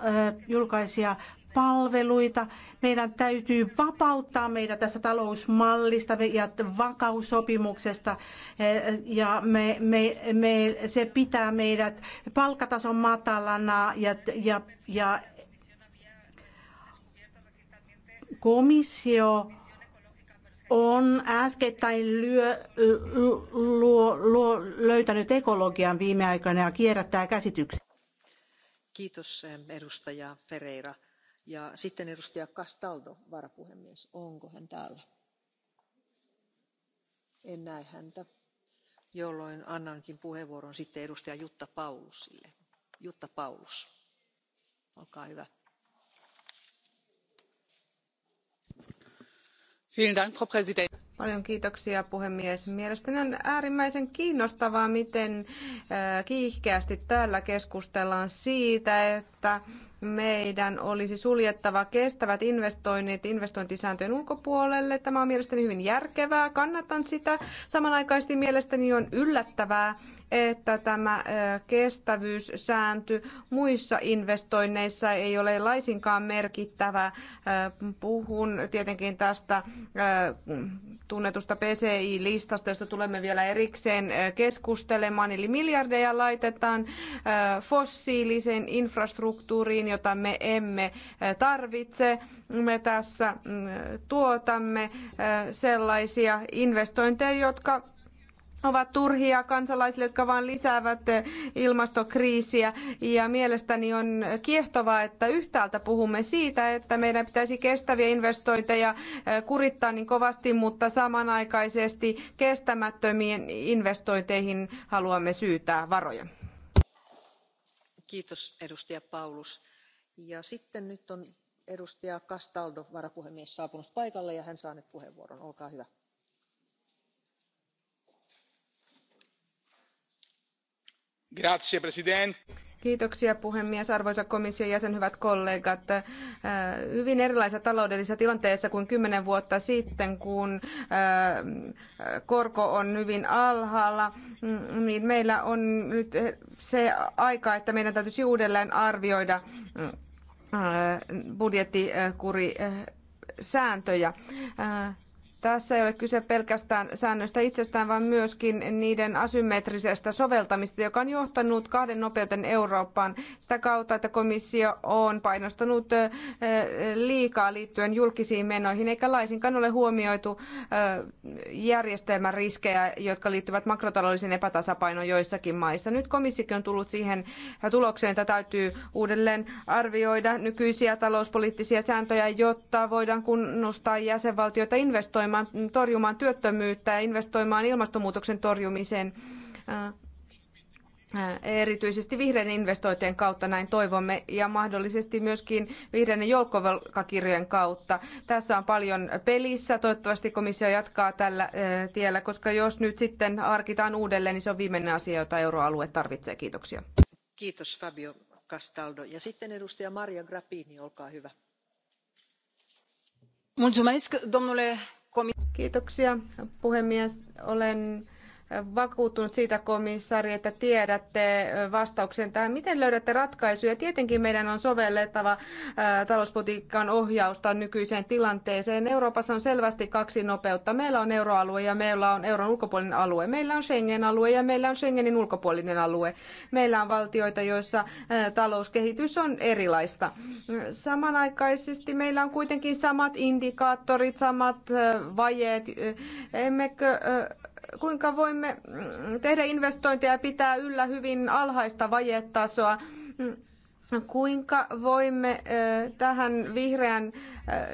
julkaisia palveluita, meidän täytyy vapauttaa meidän tästä talousmallista ja vakaussopimuksesta ja me, me, me, se pitää meidät palkkatason matalana ja, ja, ja komissio on äskettäin lyö, luo, luo, löytänyt ekologian viime aikoina ja kierrättää käsityksiä. Kiitos eh, edustaja Ferreira. Ja sitten edustaja Castaldo, varapuhemies. Onko hän täällä? En näe häntä, jolloin annankin puheenvuoron sitten edustaja Jutta Paulusille. Jutta Paulus, olkaa hyvä. Paljon kiitoksia puhemies. Mielestäni on äärimmäisen kiinnostavaa, miten äh, kiihkeästi täällä keskustellaan siitä, että meidän olisi suljettava kestävät investoinnit investointisääntöjen ulkopuolelle. Tämä on mielestäni hyvin järkevää, kannatan sitä. Samanaikaisesti mielestäni on yllättävää, että tämä kestävyyssääntö muissa investoinneissa ei ole laisinkaan merkittävä. Puhun tietenkin tästä tunnetusta PCI-listasta, josta tulemme vielä erikseen keskustelemaan. Eli miljardeja laitetaan fossiilisen infrastruktuuriin jotakin, jota me emme tarvitse. Me tässä mm, tuotamme sellaisia investointeja, jotka ovat turhia kansalaisille, jotka vain lisäävät ilmastokriisiä. Ja mielestäni on kiehtovaa, että yhtäältä puhumme siitä, että meidän pitäisi kestäviä investointeja kurittaa niin kovasti, mutta samanaikaisesti kestämättömiin investointeihin haluamme syytää varoja. Kiitos edustaja Paulus ja sitten nyt on edustaja Castaldo, varapuhemies, saapunut paikalle ja hän saa nyt puheenvuoron. Olkaa hyvä. Kiitoksia puhemies, arvoisa komission jäsen, hyvät kollegat. Äh, hyvin erilaisessa taloudellisessa tilanteessa kuin kymmenen vuotta sitten, kun äh, korko on hyvin alhaalla, mm, niin meillä on nyt se aika, että meidän täytyisi uudelleen arvioida mm, Äh, budjettikurisääntöjä. Äh, sääntöjä. Äh, tässä ei ole kyse pelkästään säännöistä itsestään, vaan myöskin niiden asymmetrisestä soveltamista, joka on johtanut kahden nopeuden Eurooppaan sitä kautta, että komissio on painostanut liikaa liittyen julkisiin menoihin, eikä laisinkaan ole huomioitu järjestelmän riskejä, jotka liittyvät makrotaloudellisen epätasapainoon joissakin maissa. Nyt komissikin on tullut siihen tulokseen, että täytyy uudelleen arvioida nykyisiä talouspoliittisia sääntöjä, jotta voidaan kunnostaa jäsenvaltioita investoimaan investoimaan torjumaan työttömyyttä ja investoimaan ilmastonmuutoksen torjumiseen erityisesti vihreiden investointien kautta näin toivomme ja mahdollisesti myöskin vihreiden joukkovelkakirjojen kautta. Tässä on paljon pelissä. Toivottavasti komissio jatkaa tällä tiellä, koska jos nyt sitten arkitaan uudelleen, niin se on viimeinen asia, jota euroalue tarvitsee. Kiitoksia. Kiitos Fabio Castaldo. Ja sitten edustaja Maria Grappini, olkaa hyvä. Mulțumesc, domnule Kiitoksia puhemies. Olen vakuuttunut siitä, komissaari, että tiedätte vastauksen tähän. Miten löydätte ratkaisuja? Tietenkin meidän on sovellettava talouspolitiikan ohjausta nykyiseen tilanteeseen. Euroopassa on selvästi kaksi nopeutta. Meillä on euroalue ja meillä on euron ulkopuolinen alue. Meillä on Schengen-alue ja meillä on Schengenin ulkopuolinen alue. Meillä on valtioita, joissa talouskehitys on erilaista. Samanaikaisesti meillä on kuitenkin samat indikaattorit, samat vajeet. Emmekö kuinka voimme mm, tehdä investointeja ja pitää yllä hyvin alhaista vajetasoa. Mm, kuinka voimme tähän vihreän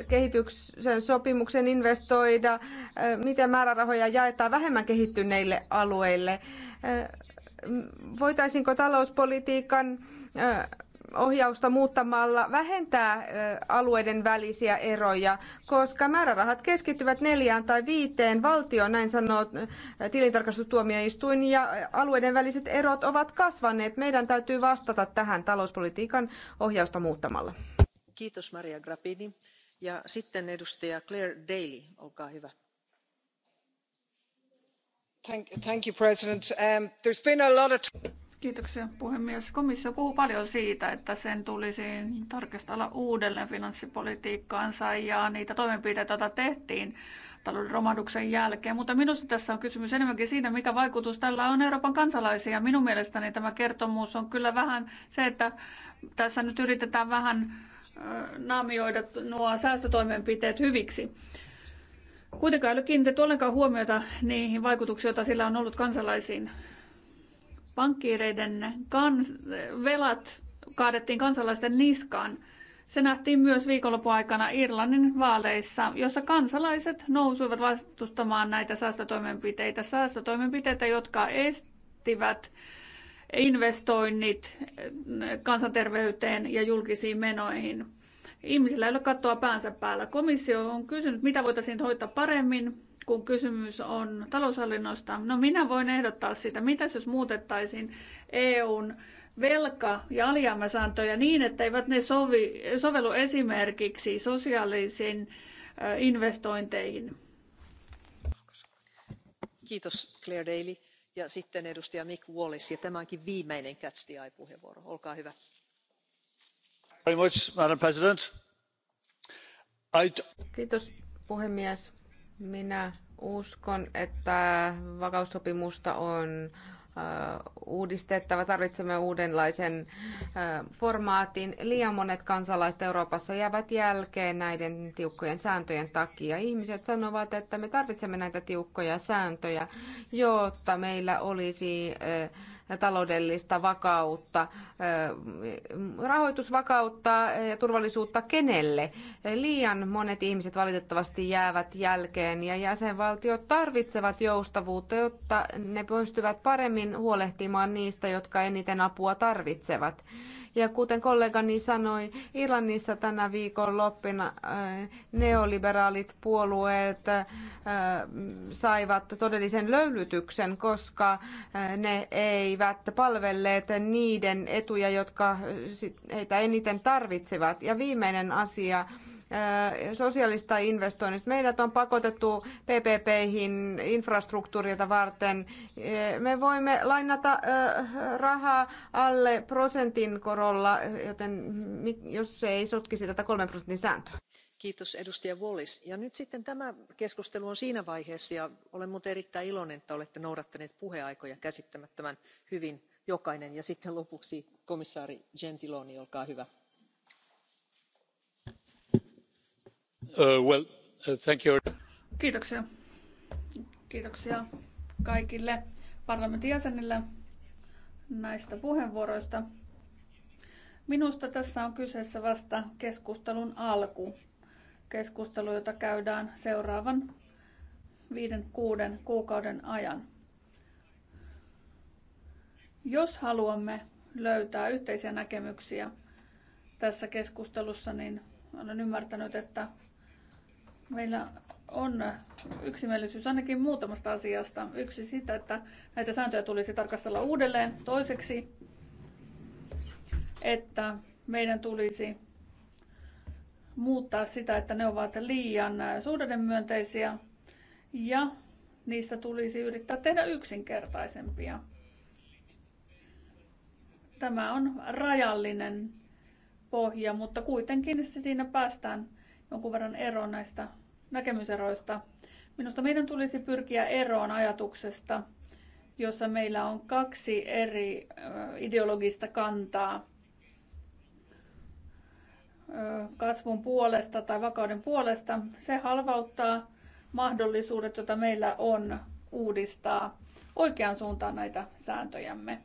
kehityksen sopimuksen investoida? Miten määrärahoja jaetaan vähemmän kehittyneille alueille? Voitaisinko talouspolitiikan ohjausta muuttamalla vähentää alueiden välisiä eroja, koska määrärahat keskittyvät neljään tai viiteen valtioon, näin sanoo tilintarkastustuomioistuin, ja alueiden väliset erot ovat kasvaneet. Meidän täytyy vastata tähän talouspolitiikan ohjausta muuttamalla. Kiitos Maria Grappini. Ja sitten edustaja Claire Daly, olkaa hyvä president um, there's been a lot of. Kiitoksia puhemies. Komissio puhuu paljon siitä, että sen tulisi tarkastella uudelleen finanssipolitiikkaansa ja niitä toimenpiteitä, joita tehtiin talouden romahduksen jälkeen. Mutta minusta tässä on kysymys enemmänkin siinä, mikä vaikutus tällä on Euroopan kansalaisia. Minun mielestäni tämä kertomus on kyllä vähän se, että tässä nyt yritetään vähän naamioida nuo säästötoimenpiteet hyviksi. Kuitenkaan ei ole kiinnitetty ollenkaan huomiota niihin vaikutuksiin, joita sillä on ollut kansalaisiin pankkiireiden kans- velat kaadettiin kansalaisten niskaan. Se nähtiin myös viikonlopun aikana Irlannin vaaleissa, jossa kansalaiset nousuivat vastustamaan näitä säästötoimenpiteitä. Säästötoimenpiteitä, jotka estivät investoinnit kansanterveyteen ja julkisiin menoihin. Ihmisillä ei ole kattoa päänsä päällä. Komissio on kysynyt, mitä voitaisiin hoitaa paremmin, kun kysymys on taloushallinnosta. No minä voin ehdottaa sitä, mitä jos muutettaisiin EUn velka- ja alijäämäsääntöjä niin, että eivät ne sovi, sovellu esimerkiksi sosiaalisiin investointeihin. Kiitos Claire Daly ja sitten edustaja Mick Wallis ja tämä onkin viimeinen Catch the puheenvuoro Olkaa hyvä. Very much, Madam President. Kiitos puhemies minä uskon, että vakaussopimusta on äh, uudistettava. Tarvitsemme uudenlaisen äh, formaatin. Liian monet kansalaiset Euroopassa jäävät jälkeen näiden tiukkojen sääntöjen takia. Ihmiset sanovat, että me tarvitsemme näitä tiukkoja sääntöjä, jotta meillä olisi äh, taloudellista vakautta. rahoitusvakautta ja turvallisuutta kenelle? Liian monet ihmiset valitettavasti jäävät jälkeen ja jäsenvaltiot tarvitsevat joustavuutta, jotta ne pystyvät paremmin huolehtimaan niistä, jotka eniten apua tarvitsevat. Ja kuten kollegani sanoi, Irlannissa tänä viikon loppina äh, neoliberaalit puolueet äh, saivat todellisen löylytyksen, koska äh, ne eivät palvelleet niiden etuja, jotka heitä eniten tarvitsevat. Ja viimeinen asia, sosiaalista investoinnista. Meidät on pakotettu PPP-ihin infrastruktuurilta varten. Me voimme lainata rahaa alle prosentin korolla, joten jos se ei sotkisi tätä kolmen prosentin sääntöä. Kiitos edustaja Wallis. Ja nyt sitten tämä keskustelu on siinä vaiheessa ja olen muuten erittäin iloinen, että olette noudattaneet puheaikoja käsittämättömän hyvin jokainen. Ja sitten lopuksi komissaari Gentiloni, olkaa hyvä Uh, uh, Kiitoksia. Kiitoksia kaikille parlamentin jäsenille näistä puheenvuoroista. Minusta tässä on kyseessä vasta keskustelun alku. Keskustelu, jota käydään seuraavan viiden, kuuden kuukauden ajan. Jos haluamme löytää yhteisiä näkemyksiä tässä keskustelussa, niin olen ymmärtänyt, että meillä on yksimielisyys ainakin muutamasta asiasta. Yksi sitä, että näitä sääntöjä tulisi tarkastella uudelleen. Toiseksi, että meidän tulisi muuttaa sitä, että ne ovat liian suhdannemyönteisiä ja niistä tulisi yrittää tehdä yksinkertaisempia. Tämä on rajallinen pohja, mutta kuitenkin siinä päästään jonkun verran eroon näistä näkemyseroista. Minusta meidän tulisi pyrkiä eroon ajatuksesta, jossa meillä on kaksi eri ideologista kantaa kasvun puolesta tai vakauden puolesta. Se halvauttaa mahdollisuudet, joita meillä on uudistaa oikeaan suuntaan näitä sääntöjämme.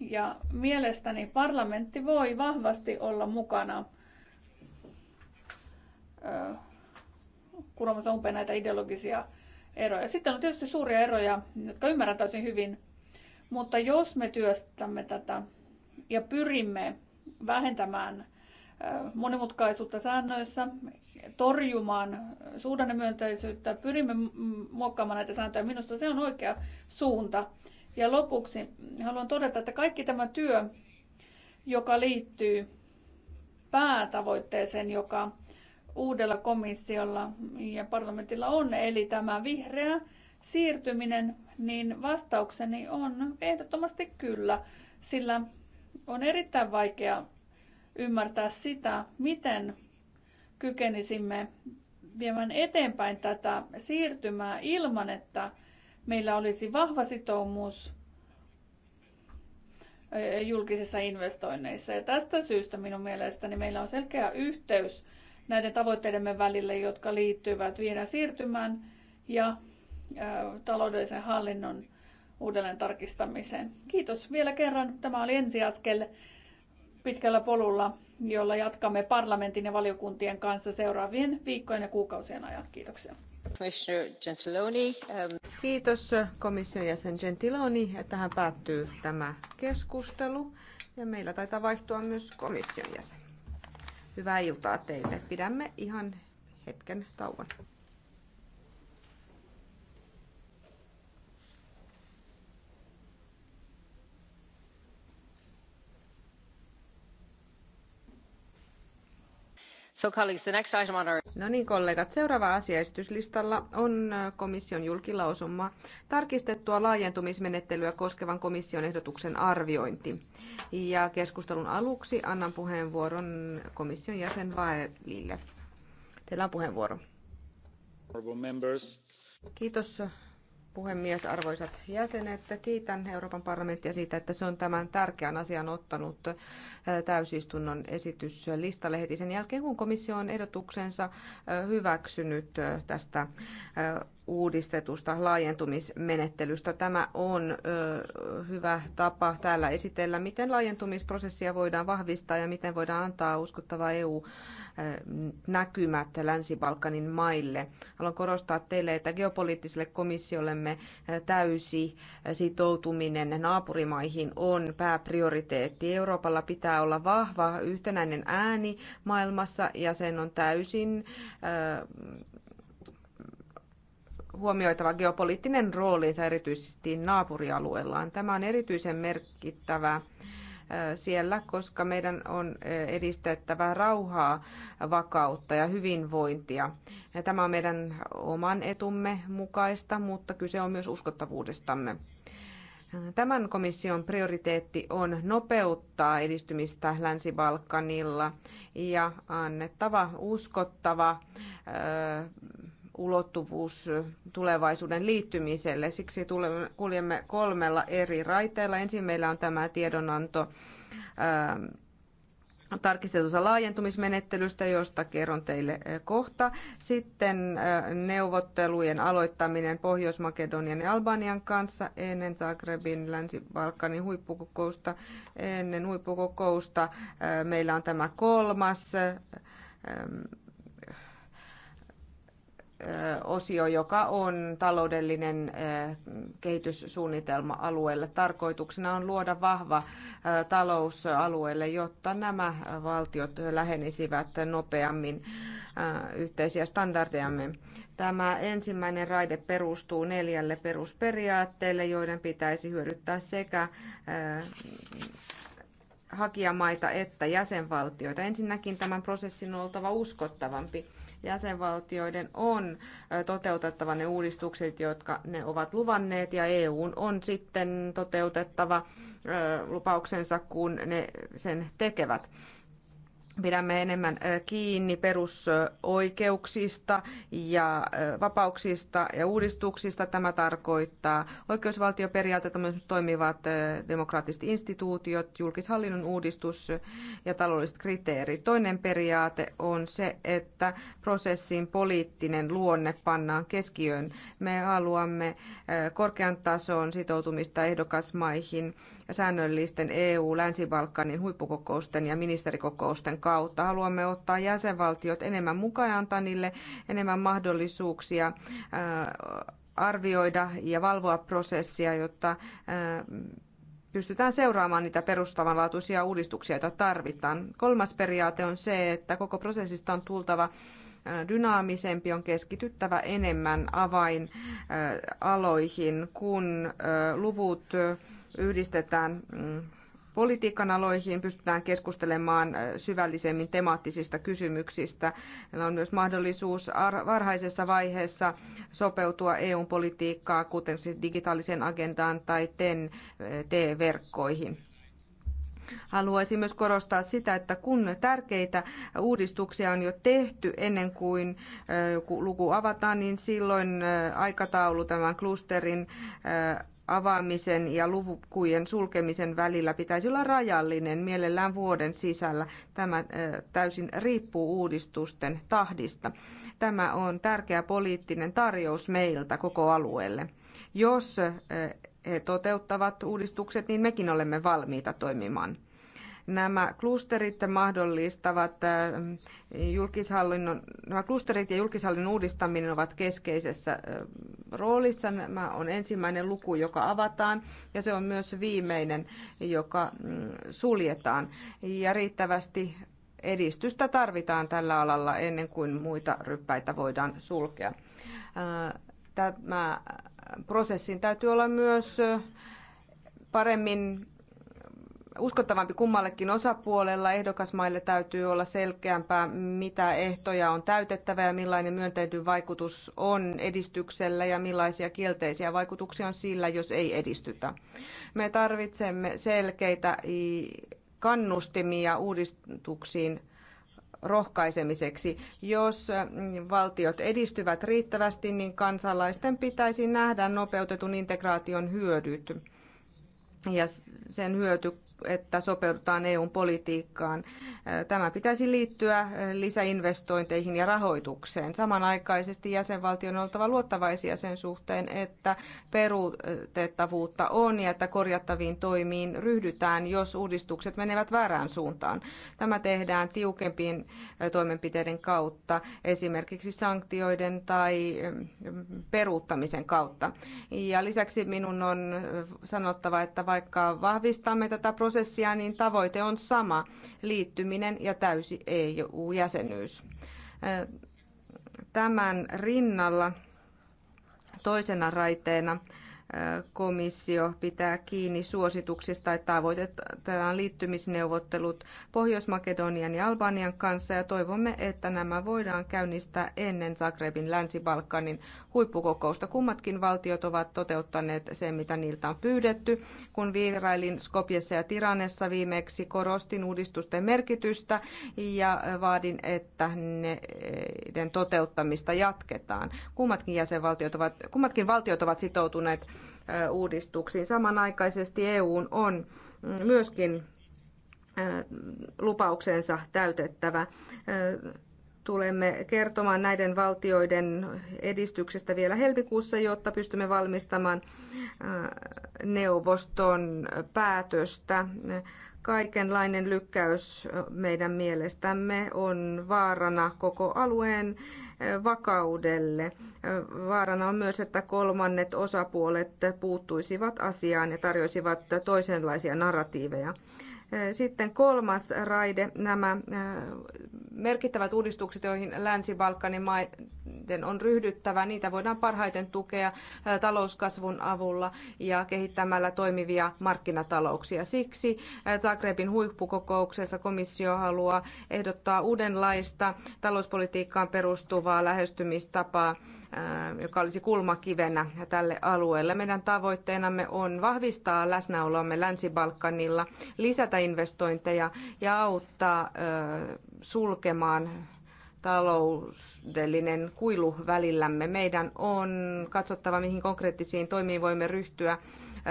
Ja mielestäni parlamentti voi vahvasti olla mukana kuromassa umpeen näitä ideologisia eroja. Sitten on tietysti suuria eroja, jotka ymmärrän täysin hyvin, mutta jos me työstämme tätä ja pyrimme vähentämään monimutkaisuutta säännöissä, torjumaan suhdannemyönteisyyttä, pyrimme muokkaamaan näitä sääntöjä. Minusta se on oikea suunta. Ja lopuksi haluan todeta, että kaikki tämä työ, joka liittyy päätavoitteeseen, joka uudella komissiolla ja parlamentilla on, eli tämä vihreä siirtyminen, niin vastaukseni on ehdottomasti kyllä, sillä on erittäin vaikea ymmärtää sitä, miten kykenisimme viemään eteenpäin tätä siirtymää ilman, että meillä olisi vahva sitoumus eh, julkisissa investoinneissa. Ja tästä syystä minun mielestäni meillä on selkeä yhteys näiden tavoitteidemme välille, jotka liittyvät vihreän siirtymään ja äh, taloudellisen hallinnon uudelleen tarkistamiseen. Kiitos vielä kerran. Tämä oli ensiaskel pitkällä polulla, jolla jatkamme parlamentin ja valiokuntien kanssa seuraavien viikkojen ja kuukausien ajan. Kiitoksia. Um, Kiitos komission jäsen Gentiloni. Tähän päättyy tämä keskustelu ja meillä taitaa vaihtua myös komission jäsen. Hyvää iltaa teille. Pidämme ihan hetken tauon. So colleagues, the next item on our... No niin, kollegat. Seuraava asiaistyslistalla on komission julkilausuma tarkistettua laajentumismenettelyä koskevan komission ehdotuksen arviointi. Ja keskustelun aluksi annan puheenvuoron komission jäsen Vaelille. Teillä on puheenvuoro. Kiitos puhemies, arvoisat jäsenet. Kiitän Euroopan parlamenttia siitä, että se on tämän tärkeän asian ottanut täysistunnon esityslistalle heti sen jälkeen, kun komissio on ehdotuksensa hyväksynyt tästä uudistetusta laajentumismenettelystä. Tämä on hyvä tapa täällä esitellä, miten laajentumisprosessia voidaan vahvistaa ja miten voidaan antaa uskottava EU näkymät Länsi-Balkanin maille. Haluan korostaa teille, että geopoliittiselle komissiollemme täysi sitoutuminen naapurimaihin on pääprioriteetti. Euroopalla pitää pitää olla vahva yhtenäinen ääni maailmassa ja sen on täysin huomioitava geopoliittinen roolinsa erityisesti naapurialueellaan. Tämä on erityisen merkittävä siellä, koska meidän on edistettävä rauhaa, vakautta ja hyvinvointia. Ja tämä on meidän oman etumme mukaista, mutta kyse on myös uskottavuudestamme. Tämän komission prioriteetti on nopeuttaa edistymistä Länsi-Balkanilla ja annettava uskottava ulottuvuus tulevaisuuden liittymiselle. Siksi kuljemme kolmella eri raiteella. Ensin meillä on tämä tiedonanto tarkistetusta laajentumismenettelystä, josta kerron teille eh, kohta. Sitten eh, neuvottelujen aloittaminen Pohjois-Makedonian ja Albanian kanssa ennen Zagrebin Länsi-Balkanin huippukokousta. Ennen huippukokousta eh, meillä on tämä kolmas osio, joka on taloudellinen kehityssuunnitelma alueelle. Tarkoituksena on luoda vahva talous alueelle, jotta nämä valtiot lähenisivät nopeammin yhteisiä standardejamme. Tämä ensimmäinen raide perustuu neljälle perusperiaatteelle, joiden pitäisi hyödyttää sekä hakijamaita että jäsenvaltioita. Ensinnäkin tämän prosessin on oltava uskottavampi Jäsenvaltioiden on toteutettava ne uudistukset, jotka ne ovat luvanneet, ja EU on sitten toteutettava lupauksensa, kun ne sen tekevät pidämme enemmän kiinni perusoikeuksista ja vapauksista ja uudistuksista. Tämä tarkoittaa oikeusvaltioperiaatetta, myös toimivat demokraattiset instituutiot, julkishallinnon uudistus ja taloudelliset kriteerit. Toinen periaate on se, että prosessin poliittinen luonne pannaan keskiöön. Me haluamme korkean tason sitoutumista ehdokasmaihin ja säännöllisten EU-Länsi-Balkanin huippukokousten ja ministerikokousten kautta. Haluamme ottaa jäsenvaltiot enemmän mukaan ja antaa niille enemmän mahdollisuuksia äh, arvioida ja valvoa prosessia, jotta äh, pystytään seuraamaan niitä perustavanlaatuisia uudistuksia, joita tarvitaan. Kolmas periaate on se, että koko prosessista on tultava äh, dynaamisempi, on keskityttävä enemmän avainaloihin, kun luvut yhdistetään mm, politiikan aloihin, pystytään keskustelemaan äh, syvällisemmin temaattisista kysymyksistä. Meillä on myös mahdollisuus varhaisessa vaiheessa sopeutua EU-politiikkaa, kuten siis digitaaliseen agendaan tai ten verkkoihin Haluaisin myös korostaa sitä, että kun tärkeitä uudistuksia on jo tehty ennen kuin äh, luku avataan, niin silloin äh, aikataulu tämän klusterin avaamisen ja luvukujen sulkemisen välillä pitäisi olla rajallinen mielellään vuoden sisällä. Tämä täysin riippuu uudistusten tahdista. Tämä on tärkeä poliittinen tarjous meiltä koko alueelle. Jos he toteuttavat uudistukset, niin mekin olemme valmiita toimimaan. Nämä klusterit mahdollistavat äh, julkishallinnon, nämä klusterit ja julkishallinnon uudistaminen ovat keskeisessä äh, roolissa. Nämä on ensimmäinen luku, joka avataan ja se on myös viimeinen, joka mm, suljetaan. Ja riittävästi edistystä tarvitaan tällä alalla ennen kuin muita ryppäitä voidaan sulkea. Äh, tämä prosessin täytyy olla myös paremmin uskottavampi kummallekin osapuolella. Ehdokasmaille täytyy olla selkeämpää, mitä ehtoja on täytettävä ja millainen myönteinen vaikutus on edistyksellä ja millaisia kielteisiä vaikutuksia on sillä, jos ei edistytä. Me tarvitsemme selkeitä kannustimia uudistuksiin rohkaisemiseksi. Jos mm, valtiot edistyvät riittävästi, niin kansalaisten pitäisi nähdä nopeutetun integraation hyödyt ja sen hyöty että sopeudutaan eu politiikkaan. Tämä pitäisi liittyä lisäinvestointeihin ja rahoitukseen. Samanaikaisesti jäsenvaltion on oltava luottavaisia sen suhteen, että peruutettavuutta on ja että korjattaviin toimiin ryhdytään, jos uudistukset menevät väärään suuntaan. Tämä tehdään tiukempien toimenpiteiden kautta, esimerkiksi sanktioiden tai peruuttamisen kautta. Ja lisäksi minun on sanottava, että vaikka vahvistamme tätä prosessia, prosessia, niin tavoite on sama, liittyminen ja täysi EU-jäsenyys. Tämän rinnalla toisena raiteena komissio pitää kiinni suosituksista, että tavoitetaan liittymisneuvottelut Pohjois-Makedonian ja Albanian kanssa ja toivomme, että nämä voidaan käynnistää ennen Zagrebin Länsi-Balkanin huippukokousta. Kummatkin valtiot ovat toteuttaneet sen, mitä niiltä on pyydetty. Kun vierailin Skopjessa ja Tiranessa viimeksi korostin uudistusten merkitystä ja vaadin, että ne toteuttamista jatketaan. Kummatkin, jäsenvaltiot ovat, kummatkin valtiot ovat sitoutuneet uudistuksiin. Samanaikaisesti EU on myöskin lupauksensa täytettävä. Tulemme kertomaan näiden valtioiden edistyksestä vielä helmikuussa, jotta pystymme valmistamaan neuvoston päätöstä. Kaikenlainen lykkäys meidän mielestämme on vaarana koko alueen vakaudelle. Vaarana on myös, että kolmannet osapuolet puuttuisivat asiaan ja tarjoisivat toisenlaisia narratiiveja. Sitten kolmas raide, nämä merkittävät uudistukset, joihin Länsi-Balkanin maat niiden on ryhdyttävä. Niitä voidaan parhaiten tukea talouskasvun avulla ja kehittämällä toimivia markkinatalouksia. Siksi Zagrebin huippukokouksessa komissio haluaa ehdottaa uudenlaista talouspolitiikkaan perustuvaa lähestymistapaa joka olisi kulmakivenä tälle alueelle. Meidän tavoitteenamme on vahvistaa läsnäoloamme Länsi-Balkanilla, lisätä investointeja ja auttaa sulkemaan taloudellinen kuilu välillämme. Meidän on katsottava, mihin konkreettisiin toimiin voimme ryhtyä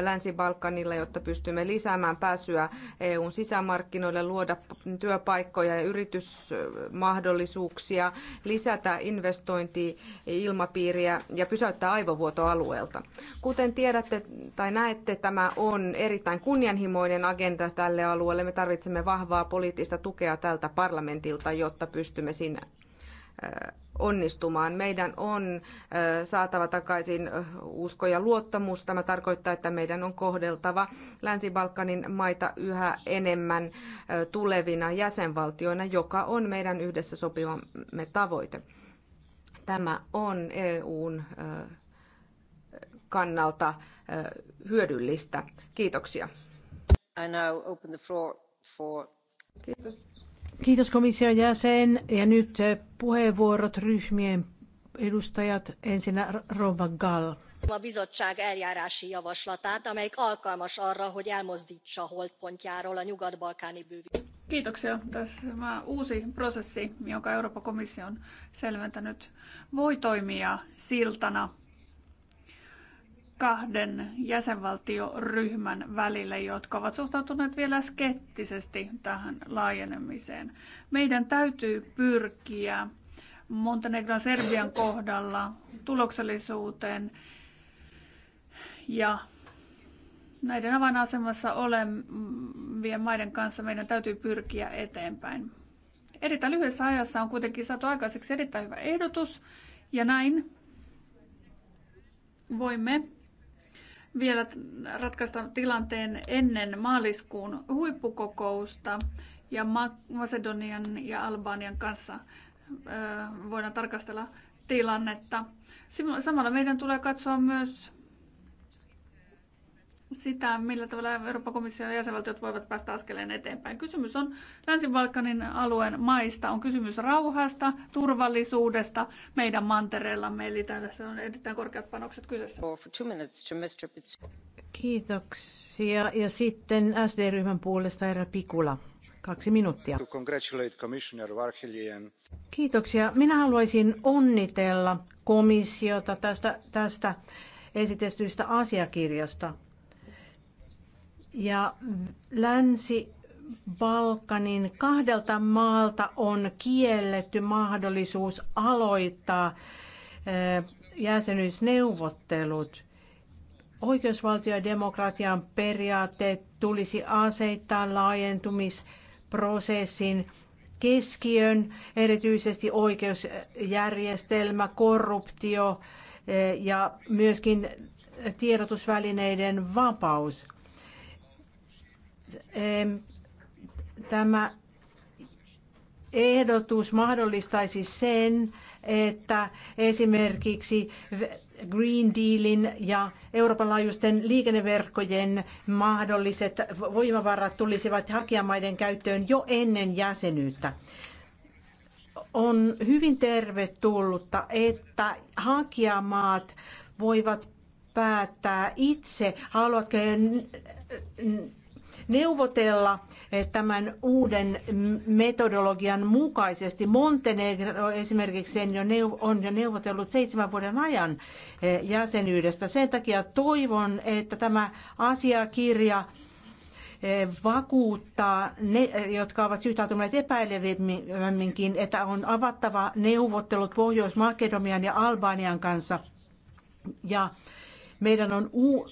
Länsi-Balkanilla, jotta pystymme lisäämään pääsyä EUn sisämarkkinoille, luoda työpaikkoja ja yritysmahdollisuuksia, lisätä investointi-ilmapiiriä ja pysäyttää aivovuotoalueelta. Kuten tiedätte tai näette, tämä on erittäin kunnianhimoinen agenda tälle alueelle. Me tarvitsemme vahvaa poliittista tukea tältä parlamentilta, jotta pystymme sinne onnistumaan. Meidän on saatava takaisin usko ja luottamus. Tämä tarkoittaa, että meidän on kohdeltava Länsi-Balkanin maita yhä enemmän tulevina jäsenvaltioina, joka on meidän yhdessä sopivamme tavoite. Tämä on EUn kannalta hyödyllistä. Kiitoksia. I now open the floor for... Kiitos. Kiitos komission jäsen. Ja nyt eh, puheenvuorot ryhmien edustajat. Ensinnä Rova Gall. A bizottság eljárási javaslatát, amelyik alkalmas arra, hogy elmozdítsa holdpontjáról a nyugat-balkáni bővítést. Kiitoksia. Tämä uusi prosessi, jonka Euroopan komissio on selventänyt, voi toimia siltana kahden jäsenvaltioryhmän välille, jotka ovat suhtautuneet vielä skeptisesti tähän laajenemiseen. Meidän täytyy pyrkiä Montenegron Serbian kohdalla tuloksellisuuteen ja näiden avainasemassa olevien maiden kanssa meidän täytyy pyrkiä eteenpäin. Erittäin lyhyessä ajassa on kuitenkin saatu aikaiseksi erittäin hyvä ehdotus ja näin voimme vielä ratkaista tilanteen ennen maaliskuun huippukokousta ja Macedonian ja Albanian kanssa voidaan tarkastella tilannetta. Samalla meidän tulee katsoa myös sitä, millä tavalla Euroopan komission ja jäsenvaltiot voivat päästä askeleen eteenpäin. Kysymys on Länsi-Balkanin alueen maista, on kysymys rauhasta, turvallisuudesta meidän mantereellamme, eli tässä on erittäin korkeat panokset kyseessä. Kiitoksia. Ja sitten SD-ryhmän puolesta herra Pikula. Kaksi minuuttia. Kiitoksia. Minä haluaisin onnitella komissiota tästä, tästä esitetystä asiakirjasta. Ja Länsi-Balkanin kahdelta maalta on kielletty mahdollisuus aloittaa eh, jäsenyysneuvottelut. Oikeusvaltio- ja demokratian periaatteet tulisi asettaa laajentumisprosessin keskiön, erityisesti oikeusjärjestelmä, korruptio eh, ja myöskin tiedotusvälineiden vapaus. Tämä ehdotus mahdollistaisi sen, että esimerkiksi Green Dealin ja Euroopan laajuisten liikenneverkkojen mahdolliset voimavarat tulisivat hakijamaiden käyttöön jo ennen jäsenyyttä. On hyvin tervetullutta, että hakijamaat voivat päättää itse, haluatko neuvotella eh, tämän uuden metodologian mukaisesti. Montenegro esimerkiksi on jo neuvotellut seitsemän vuoden ajan eh, jäsenyydestä. Sen takia toivon, että tämä asiakirja eh, vakuuttaa ne, jotka ovat suhtautuneet epäilevimminkin, että on avattava neuvottelut Pohjois-Makedonian ja Albanian kanssa. Ja meidän on u-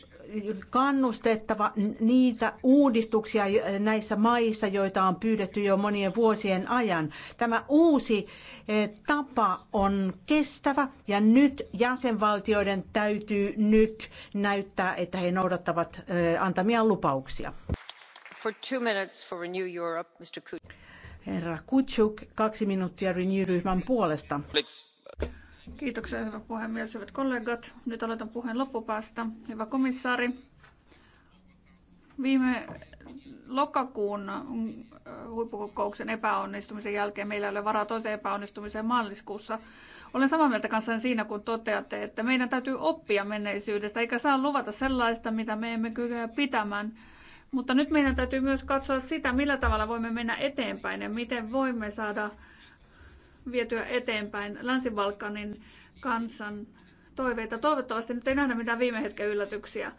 kannustettava niitä uudistuksia näissä maissa, joita on pyydetty jo monien vuosien ajan. Tämä uusi eh, tapa on kestävä ja nyt jäsenvaltioiden täytyy nyt näyttää, että he noudattavat eh, antamia lupauksia. For two minutes for Renew Europe, Mr. Herra Kutsuk, kaksi minuuttia Renew-ryhmän puolesta. Please Kiitoksia, hyvä puhemies, hyvät kollegat. Nyt aloitan puheen loppupäästä. Hyvä komissaari, viime lokakuun äh, huippukokouksen epäonnistumisen jälkeen meillä oli varaa toiseen epäonnistumiseen maaliskuussa. Olen samaa mieltä kanssani siinä, kun toteatte, että meidän täytyy oppia menneisyydestä, eikä saa luvata sellaista, mitä me emme kykene pitämään. Mutta nyt meidän täytyy myös katsoa sitä, millä tavalla voimme mennä eteenpäin ja miten voimme saada vietyä eteenpäin Länsi-Balkanin kansan toiveita. Toivottavasti nyt ei nähdä mitään viime hetken yllätyksiä.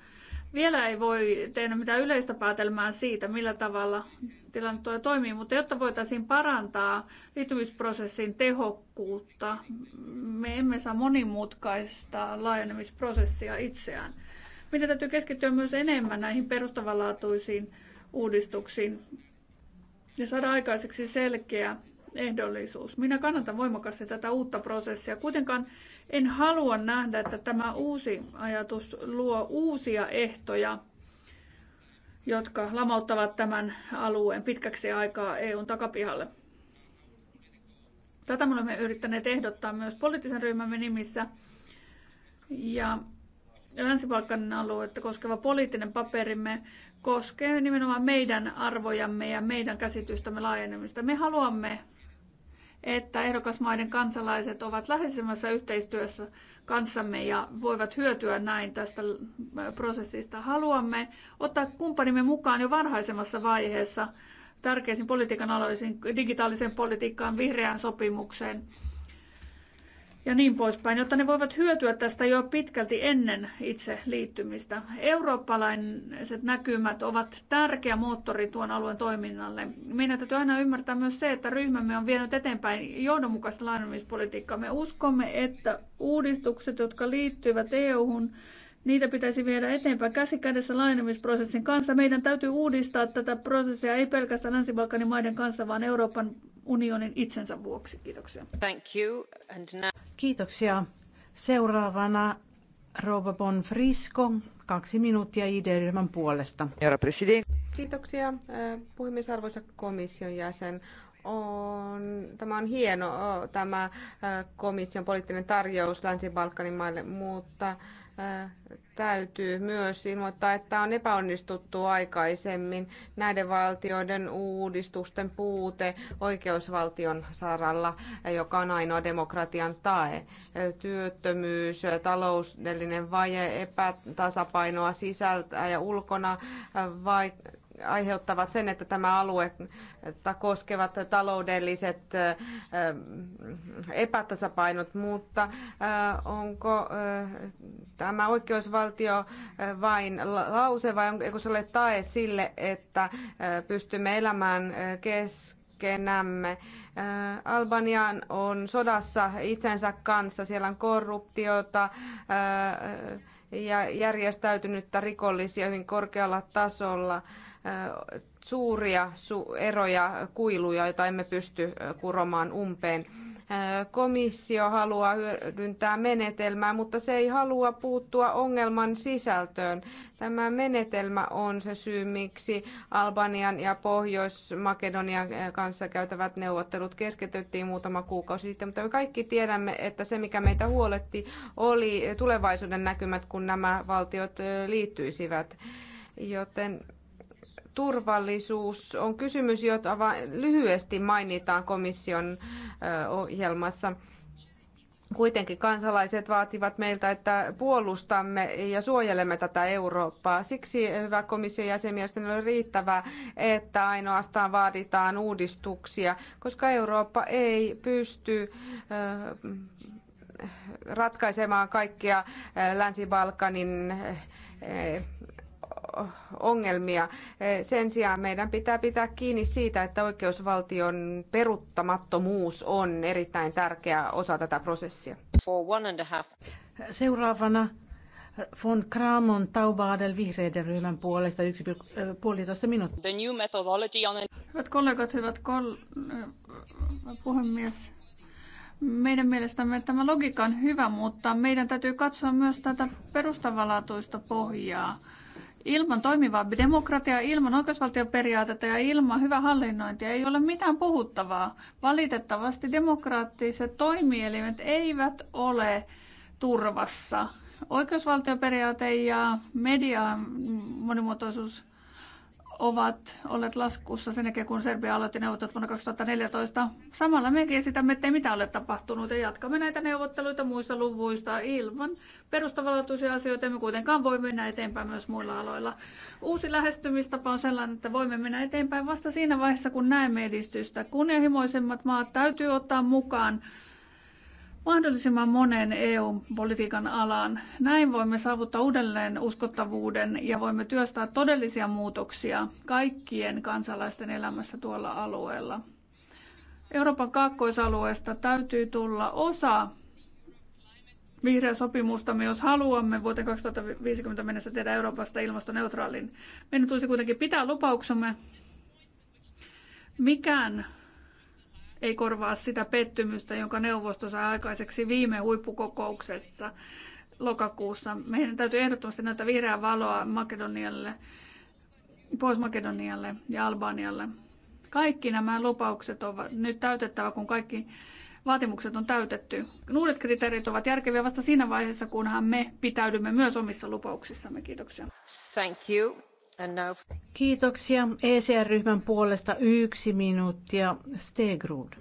Vielä ei voi tehdä mitään yleistä päätelmää siitä, millä tavalla tilanne tuo toimii, mutta jotta voitaisiin parantaa liittymisprosessin tehokkuutta, me emme saa monimutkaista laajenemisprosessia itseään. Meidän täytyy keskittyä myös enemmän näihin perustavanlaatuisiin uudistuksiin ja saada aikaiseksi selkeä ehdollisuus. Minä kannatan voimakkaasti tätä uutta prosessia. Kuitenkaan en halua nähdä, että tämä uusi ajatus luo uusia ehtoja, jotka lamauttavat tämän alueen pitkäksi aikaa EUn takapihalle. Tätä me olemme yrittäneet ehdottaa myös poliittisen ryhmämme nimissä. Ja länsi aluetta koskeva poliittinen paperimme koskee nimenomaan meidän arvojamme ja meidän käsitystämme laajenemista. Me haluamme että ehdokasmaiden kansalaiset ovat läheisemmässä yhteistyössä kanssamme ja voivat hyötyä näin tästä äh, prosessista. Haluamme ottaa kumppanimme mukaan jo varhaisemmassa vaiheessa tärkeisiin politiikan aloisiin, digitaaliseen politiikkaan, vihreään sopimukseen ja niin poispäin, jotta ne voivat hyötyä tästä jo pitkälti ennen itse liittymistä. Eurooppalaiset näkymät ovat tärkeä moottori tuon alueen toiminnalle. Meidän täytyy aina ymmärtää myös se, että ryhmämme on vienyt eteenpäin johdonmukaista lainamispolitiikkaa. Me uskomme, että uudistukset, jotka liittyvät EU-hun, Niitä pitäisi viedä eteenpäin käsi kädessä laajenemisprosessin kanssa. Meidän täytyy uudistaa tätä prosessia ei pelkästään Länsi-Balkanin maiden kanssa, vaan Euroopan unionin itsensä vuoksi. Kiitoksia. Thank you. And now... Kiitoksia. Seuraavana Rouva Frisco, kaksi minuuttia ID-ryhmän puolesta. Herra presidentti. Kiitoksia äh, puhemies arvoisa komission jäsen. On, tämä on hieno äh, tämä äh, komission poliittinen tarjous Länsi-Balkanin maille, mutta täytyy myös ilmoittaa, että on epäonnistuttu aikaisemmin näiden valtioiden uudistusten puute oikeusvaltion saralla, joka on ainoa demokratian tae. Työttömyys, taloudellinen vaje, epätasapainoa sisältä ja ulkona, vaikka aiheuttavat sen, että tämä alue koskevat taloudelliset epätasapainot, mutta onko tämä oikeusvaltio vain lause vai onko se ole tae sille, että pystymme elämään keskenämme. Albanian on sodassa itsensä kanssa, siellä on korruptiota ja järjestäytynyttä rikollisia hyvin korkealla tasolla suuria eroja, kuiluja, joita emme pysty kuromaan umpeen. Komissio haluaa hyödyntää menetelmää, mutta se ei halua puuttua ongelman sisältöön. Tämä menetelmä on se syy, miksi Albanian ja Pohjois-Makedonian kanssa käytävät neuvottelut keskeytettiin muutama kuukausi sitten, mutta me kaikki tiedämme, että se mikä meitä huoletti oli tulevaisuuden näkymät, kun nämä valtiot liittyisivät. Joten turvallisuus on kysymys, jota vain lyhyesti mainitaan komission ohjelmassa. Kuitenkin kansalaiset vaativat meiltä, että puolustamme ja suojelemme tätä Eurooppaa. Siksi, hyvä komission jäsen, on riittävää, että ainoastaan vaaditaan uudistuksia, koska Eurooppa ei pysty ratkaisemaan kaikkia Länsi-Balkanin ongelmia. Sen sijaan meidän pitää pitää kiinni siitä, että oikeusvaltion peruttamattomuus on erittäin tärkeä osa tätä prosessia. Seuraavana von Kramon Taubadel vihreiden ryhmän puolesta yksi äh, puolitoista minuuttia. on... Hyvät kollegat, hyvät kol... Äh, puhemies. Meidän mielestämme tämä logiikka on hyvä, mutta meidän täytyy katsoa myös tätä perustavanlaatuista pohjaa. Ilman toimivaa demokratiaa, ilman oikeusvaltioperiaatetta ja ilman hyvää hallinnointia ei ole mitään puhuttavaa. Valitettavasti demokraattiset toimielimet eivät ole turvassa. Oikeusvaltioperiaate ja median monimuotoisuus ovat olleet laskussa sen jälkeen, kun Serbia aloitti neuvottelut vuonna 2014. Samalla mekin esitämme, että mitä ole tapahtunut ja jatkamme näitä neuvotteluita muista luvuista ilman perustavanlaatuisia asioita. Me kuitenkaan voi mennä eteenpäin myös muilla aloilla. Uusi lähestymistapa on sellainen, että voimme mennä eteenpäin vasta siinä vaiheessa, kun näemme edistystä. Kunnianhimoisemmat maat täytyy ottaa mukaan mahdollisimman monen EU-politiikan alaan. Näin voimme saavuttaa uudelleen uskottavuuden ja voimme työstää todellisia muutoksia kaikkien kansalaisten elämässä tuolla alueella. Euroopan kaakkoisalueesta täytyy tulla osa vihreä me jos haluamme vuoteen 2050 mennessä tehdä Euroopasta ilmastoneutraalin. Meidän tulisi kuitenkin pitää lupauksemme. Mikään ei korvaa sitä pettymystä, jonka neuvosto sai aikaiseksi viime huippukokouksessa lokakuussa. Meidän täytyy ehdottomasti näyttää vihreää valoa Makedonialle, Pohjois-Makedonialle ja Albanialle. Kaikki nämä lupaukset ovat nyt täytettävä, kun kaikki vaatimukset on täytetty. Uudet kriteerit ovat järkeviä vasta siinä vaiheessa, kunhan me pitäydymme myös omissa lupauksissamme. Kiitoksia. Thank you. Kiitoksia. ECR-ryhmän puolesta yksi minuuttia. Stegrud.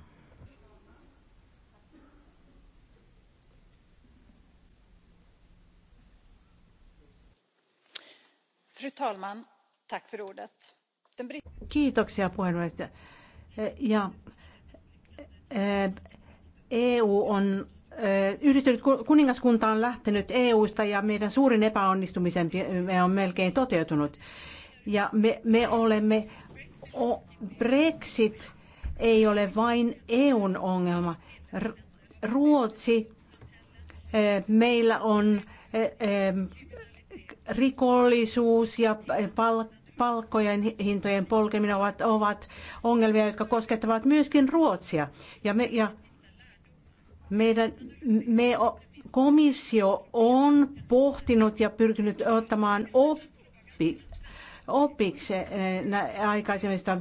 Fru talman, tack för ordet. Den... Kiitoksia puhemies. Ja, EU eh, e on Yhdistynyt kuningaskunta on lähtenyt EU-sta ja meidän suurin epäonnistumisemme on melkein toteutunut. Ja me, me olemme, Brexit ei ole vain EUn ongelma. Ruotsi, meillä on rikollisuus ja palkkojen hintojen polkeminen ovat, ovat ongelmia, jotka koskettavat myöskin Ruotsia. Ja, me, ja meidän, me, komissio on pohtinut ja pyrkinyt ottamaan oppi, opiksi eh, aikaisemmista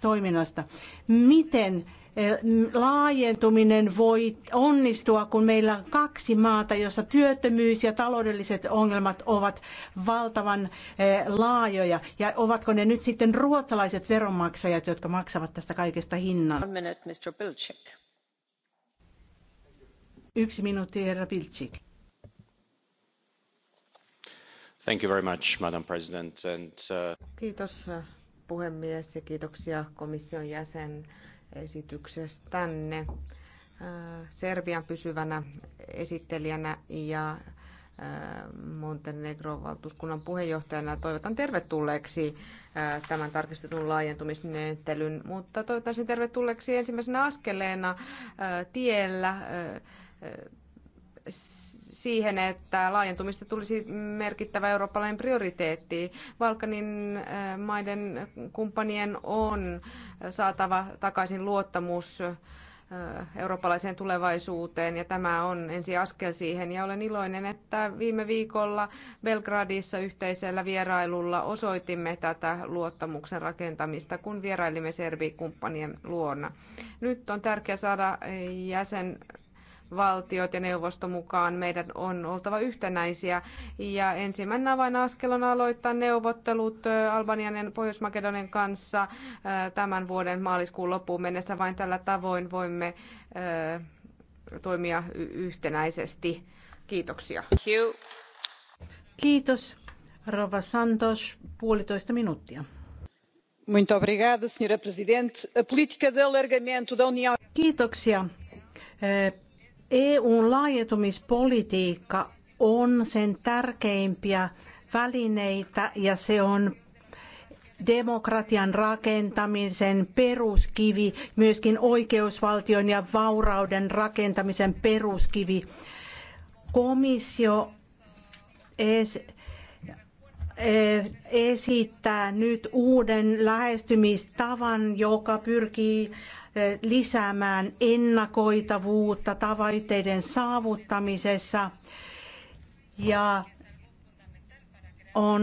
toiminnasta. Miten eh, laajentuminen voi onnistua, kun meillä on kaksi maata, jossa työttömyys ja taloudelliset ongelmat ovat valtavan eh, laajoja. Ja ovatko ne nyt sitten ruotsalaiset veronmaksajat, jotka maksavat tästä kaikesta hinnan? One minute, Mr. Yksi minuutti, herra Piltsik. Thank you very much, Madam President. And, uh... Kiitos äh, puhemies ja kiitoksia komission jäsen esityksestänne. Äh, Serbian pysyvänä esittelijänä ja äh, Montenegron valtuuskunnan puheenjohtajana toivotan tervetulleeksi tämän tarkistetun laajentumismenettelyn, mutta toivotan sen tervetulleeksi ensimmäisenä askeleena tiellä siihen, että laajentumista tulisi merkittävä eurooppalainen prioriteetti. Balkanin maiden kumppanien on saatava takaisin luottamus eurooppalaiseen tulevaisuuteen ja tämä on ensi askel siihen. Ja olen iloinen, että viime viikolla Belgradissa yhteisellä vierailulla osoitimme tätä luottamuksen rakentamista, kun vierailimme Serbi-kumppanien luona. Nyt on tärkeää saada jäsen valtiot ja neuvosto mukaan. Meidän on oltava yhtenäisiä. Ja ensimmäinen avainaskel on aloittaa neuvottelut Albanian ja Pohjois-Makedonian kanssa tämän vuoden maaliskuun loppuun mennessä. Vain tällä tavoin voimme toimia yhtenäisesti. Kiitoksia. Kiitos. Rova Santos, puolitoista minuuttia. Muito obrigada, senhora Presidente. A política de alargamento da União... Kiitoksia, EUn laajentumispolitiikka on sen tärkeimpiä välineitä ja se on demokratian rakentamisen peruskivi, myöskin oikeusvaltion ja vaurauden rakentamisen peruskivi. Komissio e, esittää nyt uuden lähestymistavan, joka pyrkii lisäämään ennakoitavuutta tavoitteiden saavuttamisessa ja on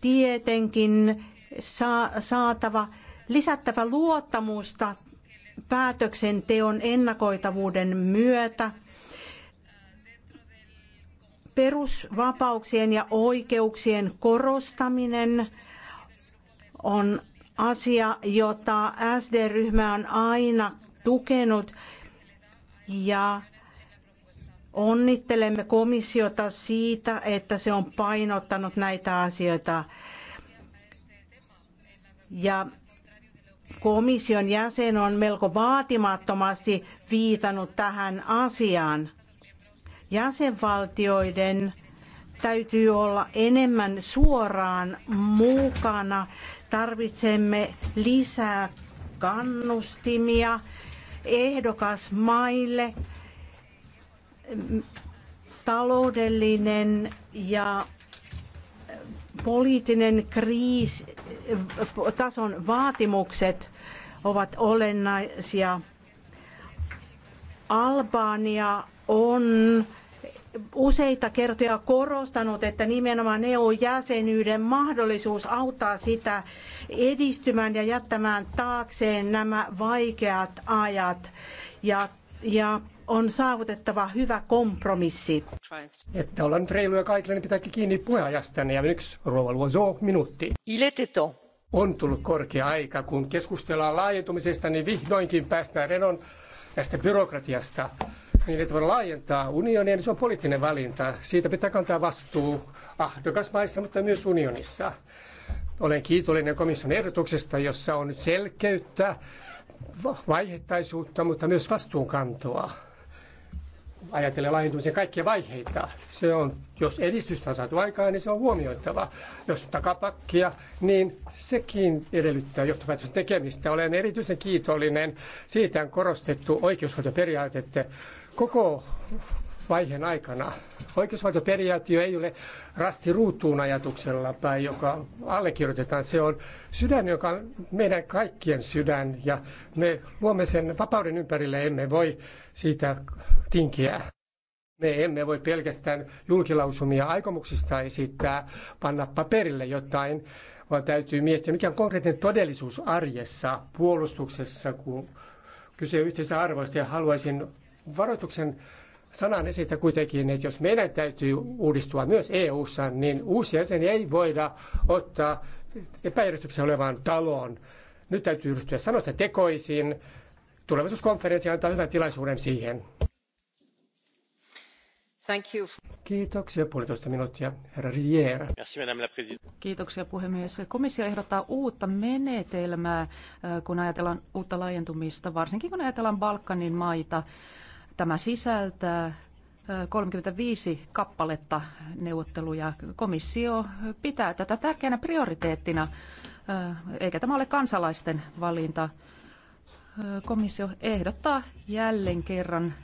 tietenkin saatava lisättävä luottamusta päätöksenteon ennakoitavuuden myötä perusvapauksien ja oikeuksien korostaminen on asia, jota SD-ryhmä on aina tukenut ja onnittelemme komissiota siitä, että se on painottanut näitä asioita. Ja komission jäsen on melko vaatimattomasti viitannut tähän asiaan. Jäsenvaltioiden täytyy olla enemmän suoraan mukana Tarvitsemme lisää kannustimia ehdokasmaille. Taloudellinen ja poliittinen kriisi tason vaatimukset ovat olennaisia. Albania on useita kertoja korostanut, että nimenomaan EU-jäsenyyden mahdollisuus auttaa sitä edistymään ja jättämään taakseen nämä vaikeat ajat. Ja, ja on saavutettava hyvä kompromissi. Että ollaan nyt reiluja kaikille, niin pitääkin kiinni puheajastanne. Ja yksi rouva minuutti. Il On tullut korkea aika, kun keskustellaan laajentumisesta, niin vihdoinkin päästään renon tästä byrokratiasta niin että voi laajentaa unionia, niin se on poliittinen valinta. Siitä pitää kantaa vastuu ahdokasmaissa, mutta myös unionissa. Olen kiitollinen komission ehdotuksesta, jossa on nyt selkeyttä, vaihettaisuutta, mutta myös vastuunkantoa. Ajatellen laajentumisen kaikkia vaiheita. Se on, jos edistystä on saatu aikaan, niin se on huomioitava. Jos takapakkia, niin sekin edellyttää johtopäätösten tekemistä. Olen erityisen kiitollinen. Siitä on korostettu oikeusvaltioperiaatetta koko vaiheen aikana. Oikeusvaltioperiaatio ei ole rasti ruutuun ajatuksella joka allekirjoitetaan. Se on sydän, joka on meidän kaikkien sydän ja me luomme sen vapauden ympärille, emme voi siitä tinkiä. Me emme voi pelkästään julkilausumia aikomuksista esittää, panna paperille jotain, vaan täytyy miettiä, mikä on konkreettinen todellisuus arjessa, puolustuksessa, kun kyse on yhteisistä arvoista ja haluaisin varoituksen sanan esitä kuitenkin, että jos meidän täytyy uudistua myös EU-ssa, niin uusia sen ei voida ottaa epäjärjestyksessä olevaan taloon. Nyt täytyy ryhtyä sanoista tekoisiin. Tulevaisuuskonferenssi antaa hyvän tilaisuuden siihen. Thank you. Kiitoksia. Puolitoista minuuttia, herra Riviera. Kiitoksia puhemies. Komissio ehdottaa uutta menetelmää, äh, kun ajatellaan uutta laajentumista, varsinkin kun ajatellaan Balkanin maita. Tämä sisältää 35 kappaletta neuvotteluja. Komissio pitää tätä tärkeänä prioriteettina, eikä tämä ole kansalaisten valinta. Komissio ehdottaa jälleen kerran,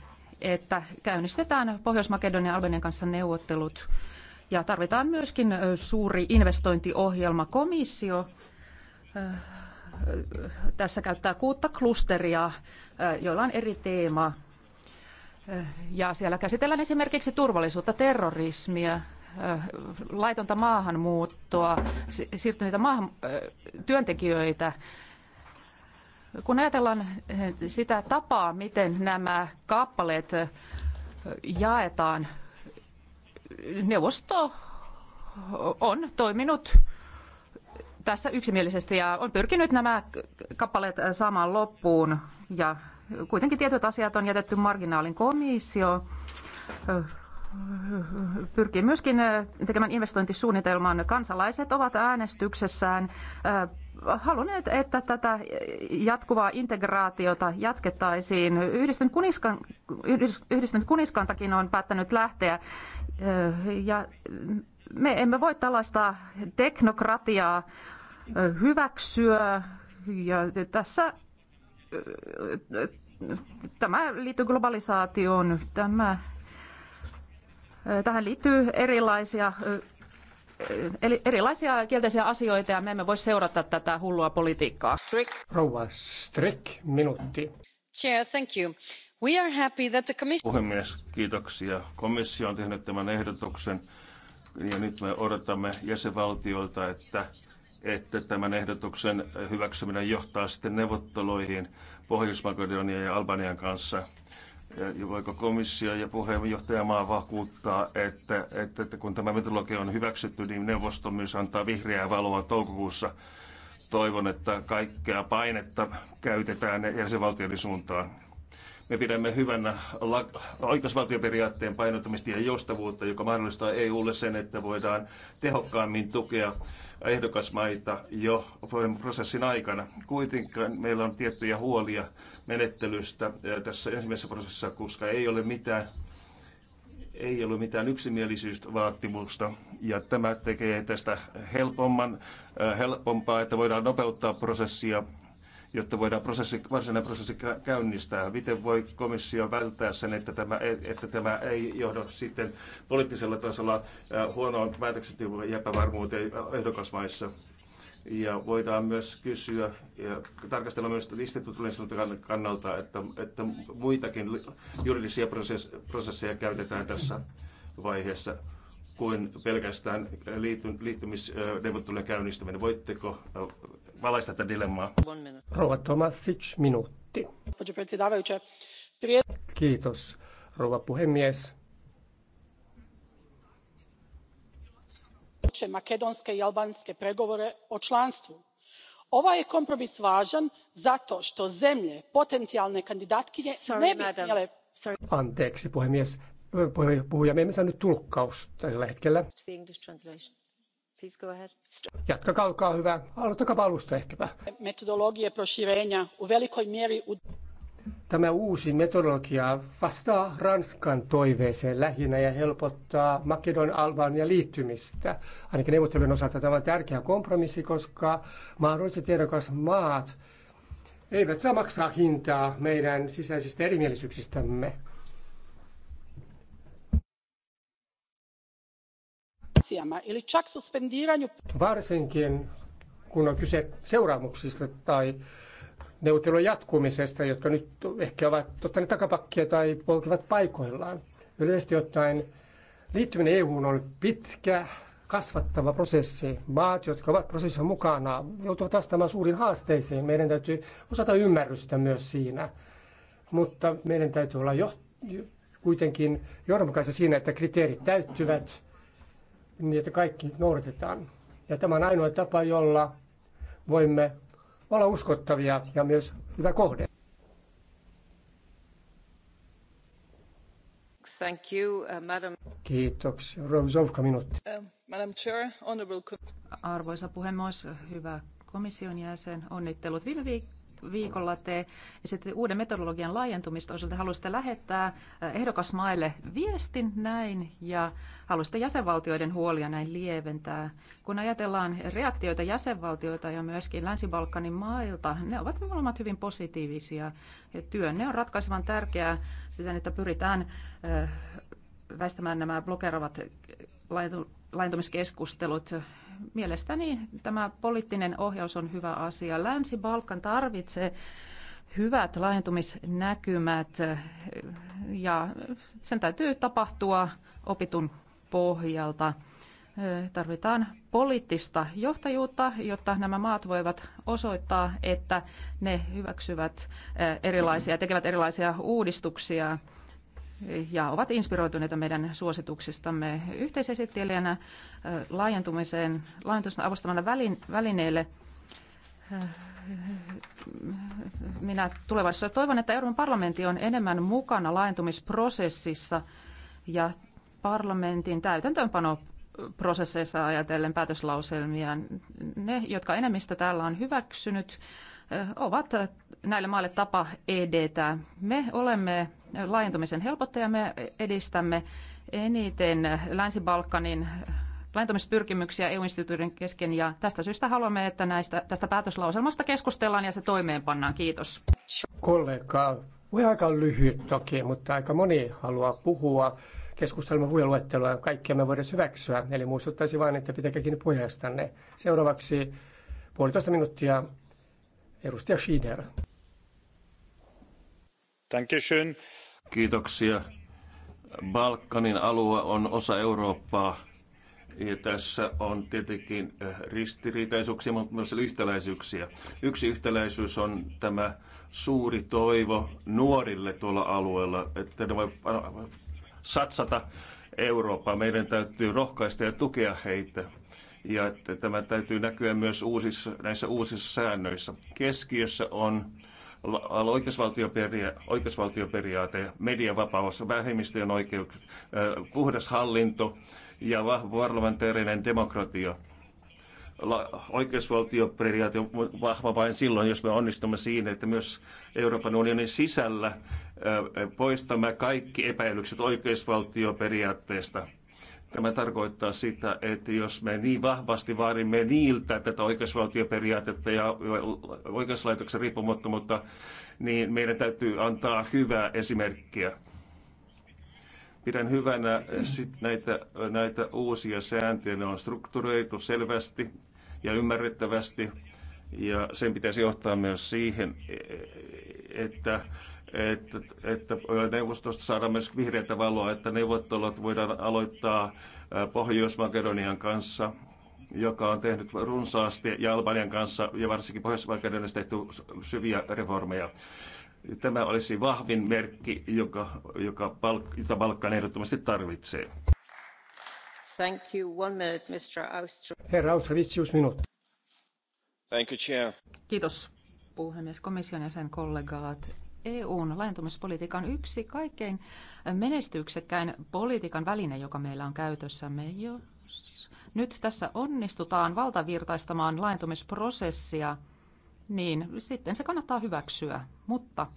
että käynnistetään Pohjois-Makedonian ja Albanian kanssa neuvottelut. Ja tarvitaan myöskin suuri investointiohjelma. Komissio tässä käyttää kuutta klusteria, joilla on eri teemaa ja siellä käsitellään esimerkiksi turvallisuutta, terrorismia, laitonta maahanmuuttoa, siirtyneitä maahan, työntekijöitä. Kun ajatellaan sitä tapaa, miten nämä kappaleet jaetaan, neuvosto on toiminut tässä yksimielisesti ja on pyrkinyt nämä kappaleet saamaan loppuun ja kuitenkin tietyt asiat on jätetty marginaalin komissio pyrkii myöskin tekemään investointisuunnitelman. Kansalaiset ovat äänestyksessään halunneet, että tätä jatkuvaa integraatiota jatkettaisiin. Yhdistynyt, kuniskan, yhdistynyt kuniskantakin on päättänyt lähteä ja me emme voi tällaista teknokratiaa hyväksyä ja tässä tämä liittyy globalisaatioon. Tämä, tähän liittyy erilaisia Eli erilaisia kielteisiä asioita ja me emme voi seurata tätä hullua politiikkaa. Strick. Rouva Strick, minuutti. Chair, thank you. We are happy that the commission... Puhemies, kiitoksia. Komissio on tehnyt tämän ehdotuksen ja nyt me odotamme jäsenvaltioilta, että että tämän ehdotuksen hyväksyminen johtaa sitten neuvotteluihin Pohjois-Makedonian ja Albanian kanssa. Ja voiko komissio ja puheenjohtajamaa vakuuttaa, että, että, että kun tämä metodologia on hyväksytty, niin neuvosto myös antaa vihreää valoa toukokuussa. Toivon, että kaikkea painetta käytetään jäsenvaltioiden suuntaan. Me pidämme hyvänä oikeusvaltioperiaatteen painottamista ja joustavuutta, joka mahdollistaa EUlle sen, että voidaan tehokkaammin tukea ehdokasmaita jo prosessin aikana. Kuitenkin meillä on tiettyjä huolia menettelystä tässä ensimmäisessä prosessissa, koska ei ole mitään ei ollut mitään yksimielisyysvaatimusta ja tämä tekee tästä helpomman, helpompaa, että voidaan nopeuttaa prosessia jotta voidaan prosessi, varsinainen prosessi käynnistää. Miten voi komissio välttää sen, että tämä, e-, että tämä ei johda sitten poliittisella tasolla äh, huonoon päätöksentekoon ja epävarmuuteen ehdokasmaissa? Ja voidaan myös kysyä ja tarkastella myös instituutioiden kannalta, että, että muitakin juridisia prosesseja käytetään tässä vaiheessa kuin pelkästään liittymisneuvottelujen käynnistäminen. Voitteko äh, valaista tätä dilemmaa. Rouva Tomasic, minuutti. Kiitos, rouva puhemies. makedonske i albanske pregovore o članstvu. ovaj je kompromis važan zato što zemlje potencijalne kandidatkinje ne bi smjele... Anteeksi puhemies, puhuja, me emme saa nyt tulkkausta tällä hetkellä. Please Jatkakaa, olkaa hyvä. Aloittakaa alusta ehkäpä. Metodologia proširenja u velikoj mjeri... U... Tämä uusi metodologia vastaa Ranskan toiveeseen lähinnä ja helpottaa Makedon Albanian liittymistä. Ainakin neuvottelujen osalta tämä on tärkeä kompromissi, koska mahdolliset maat. eivät saa maksaa hintaa meidän sisäisistä erimielisyyksistämme. sankcijama ili čak suspendiranju... Varsinkin kun on kyse seuraamuksista tai neuvottelujen jatkumisesta, jotka nyt ehkä ovat ottaneet takapakkia tai polkivat paikoillaan. Yleisesti ottaen liittyminen EU on pitkä, kasvattava prosessi. Maat, jotka ovat prosessissa mukana, joutuvat vastaamaan suuriin haasteisiin. Meidän täytyy osata ymmärrystä myös siinä. Mutta meidän täytyy olla jo, kuitenkin johdonmukaisia siinä, että kriteerit täyttyvät niin että kaikki noudatetaan. Ja tämä on ainoa tapa, jolla voimme olla uskottavia ja myös hyvä kohde. Thank you, uh, madam. Kiitoksia. Rovzovka minuutti. Uh, madam Chair, Arvoisa puhemies, hyvä komission jäsen, onnittelut. Viime viikko viikolla te sitten uuden metodologian laajentumista osalta. Haluaisitte lähettää äh, ehdokasmaille viestin näin ja haluaisitte jäsenvaltioiden huolia näin lieventää. Kun ajatellaan reaktioita jäsenvaltioita ja myöskin Länsi-Balkanin mailta, ne ovat molemmat hyvin positiivisia. Ja työnne on ratkaisevan tärkeää sitä, että pyritään äh, väistämään nämä blokeravat laajentumiskeskustelut mielestäni tämä poliittinen ohjaus on hyvä asia. Länsi-Balkan tarvitsee hyvät laajentumisnäkymät eh, ja sen täytyy tapahtua opitun pohjalta. Eh, tarvitaan poliittista johtajuutta, jotta nämä maat voivat osoittaa, että ne hyväksyvät eh, erilaisia, tekevät erilaisia uudistuksia ja ovat inspiroituneita meidän suosituksistamme yhteisesittelijänä laajentumiseen, laajentumisen avustamana välin, välineelle. Minä tulevaisuudessa toivon, että Euroopan parlamentti on enemmän mukana laajentumisprosessissa ja parlamentin täytäntöönpano prosesseissa ajatellen päätöslauselmia. Ne, jotka enemmistö täällä on hyväksynyt, ovat näille maille tapa edetä. Me olemme laajentumisen helpottaja, me edistämme eniten Länsi-Balkanin laajentumispyrkimyksiä EU-instituutioiden kesken ja tästä syystä haluamme, että näistä, tästä päätöslauselmasta keskustellaan ja se toimeenpannaan. Kiitos. Kollega, voi aika lyhyt toki, mutta aika moni haluaa puhua keskustelma keskustelman ja Kaikkea me voidaan hyväksyä, eli muistuttaisin vain, että pitäkää kiinni puheestanne. Seuraavaksi puolitoista minuuttia Edustaja Schieder. Kiitoksia. Balkanin alue on osa Eurooppaa. Ja tässä on tietenkin eh, ristiriitaisuuksia, mutta myös yhtäläisyyksiä. Yksi yhtäläisyys on tämä suuri toivo nuorille tuolla alueella, että ne voi satsata Eurooppaa. Meidän täytyy rohkaista ja tukea heitä ja että tämä täytyy näkyä myös uusissa, näissä uusissa säännöissä. Keskiössä on oikeusvaltioperiaate, oikeusvaltioperiaate mediavapaus, vähemmistöjen oikeudet, puhdas hallinto ja vahva parlamentaarinen demokratia oikeusvaltioperiaate on vahva vain silloin, jos me onnistumme siinä, että myös Euroopan unionin sisällä poistamme kaikki epäilykset oikeusvaltioperiaatteesta. Tämä tarkoittaa sitä, että jos me niin vahvasti vaadimme niiltä tätä oikeusvaltioperiaatetta ja oikeuslaitoksen riippumattomuutta, niin meidän täytyy antaa hyvää esimerkkiä. Pidän hyvänä sit näitä, näitä uusia sääntöjä. Ne on strukturoitu selvästi ja ymmärrettävästi. Ja sen pitäisi johtaa myös siihen, että että, että neuvostosta saadaan myös vihreätä valoa, että neuvottelut voidaan aloittaa Pohjois-Makedonian kanssa, joka on tehnyt runsaasti, ja Albanian kanssa, ja varsinkin Pohjois-Makedoniassa tehty syviä reformeja. Tämä olisi vahvin merkki, joka, joka Balk- jota Balkan ehdottomasti tarvitsee. Thank you. One minute, Mr. Austr- Herra Austrovicius, minuutti. Thank you, Chair. Kiitos, puhemies, komission jäsen, kollegaat. EUn laajentumispolitiikan yksi kaikkein menestyksekkäin politiikan väline, joka meillä on käytössämme. Jos nyt tässä onnistutaan valtavirtaistamaan laajentumisprosessia, niin sitten se kannattaa hyväksyä. Mutta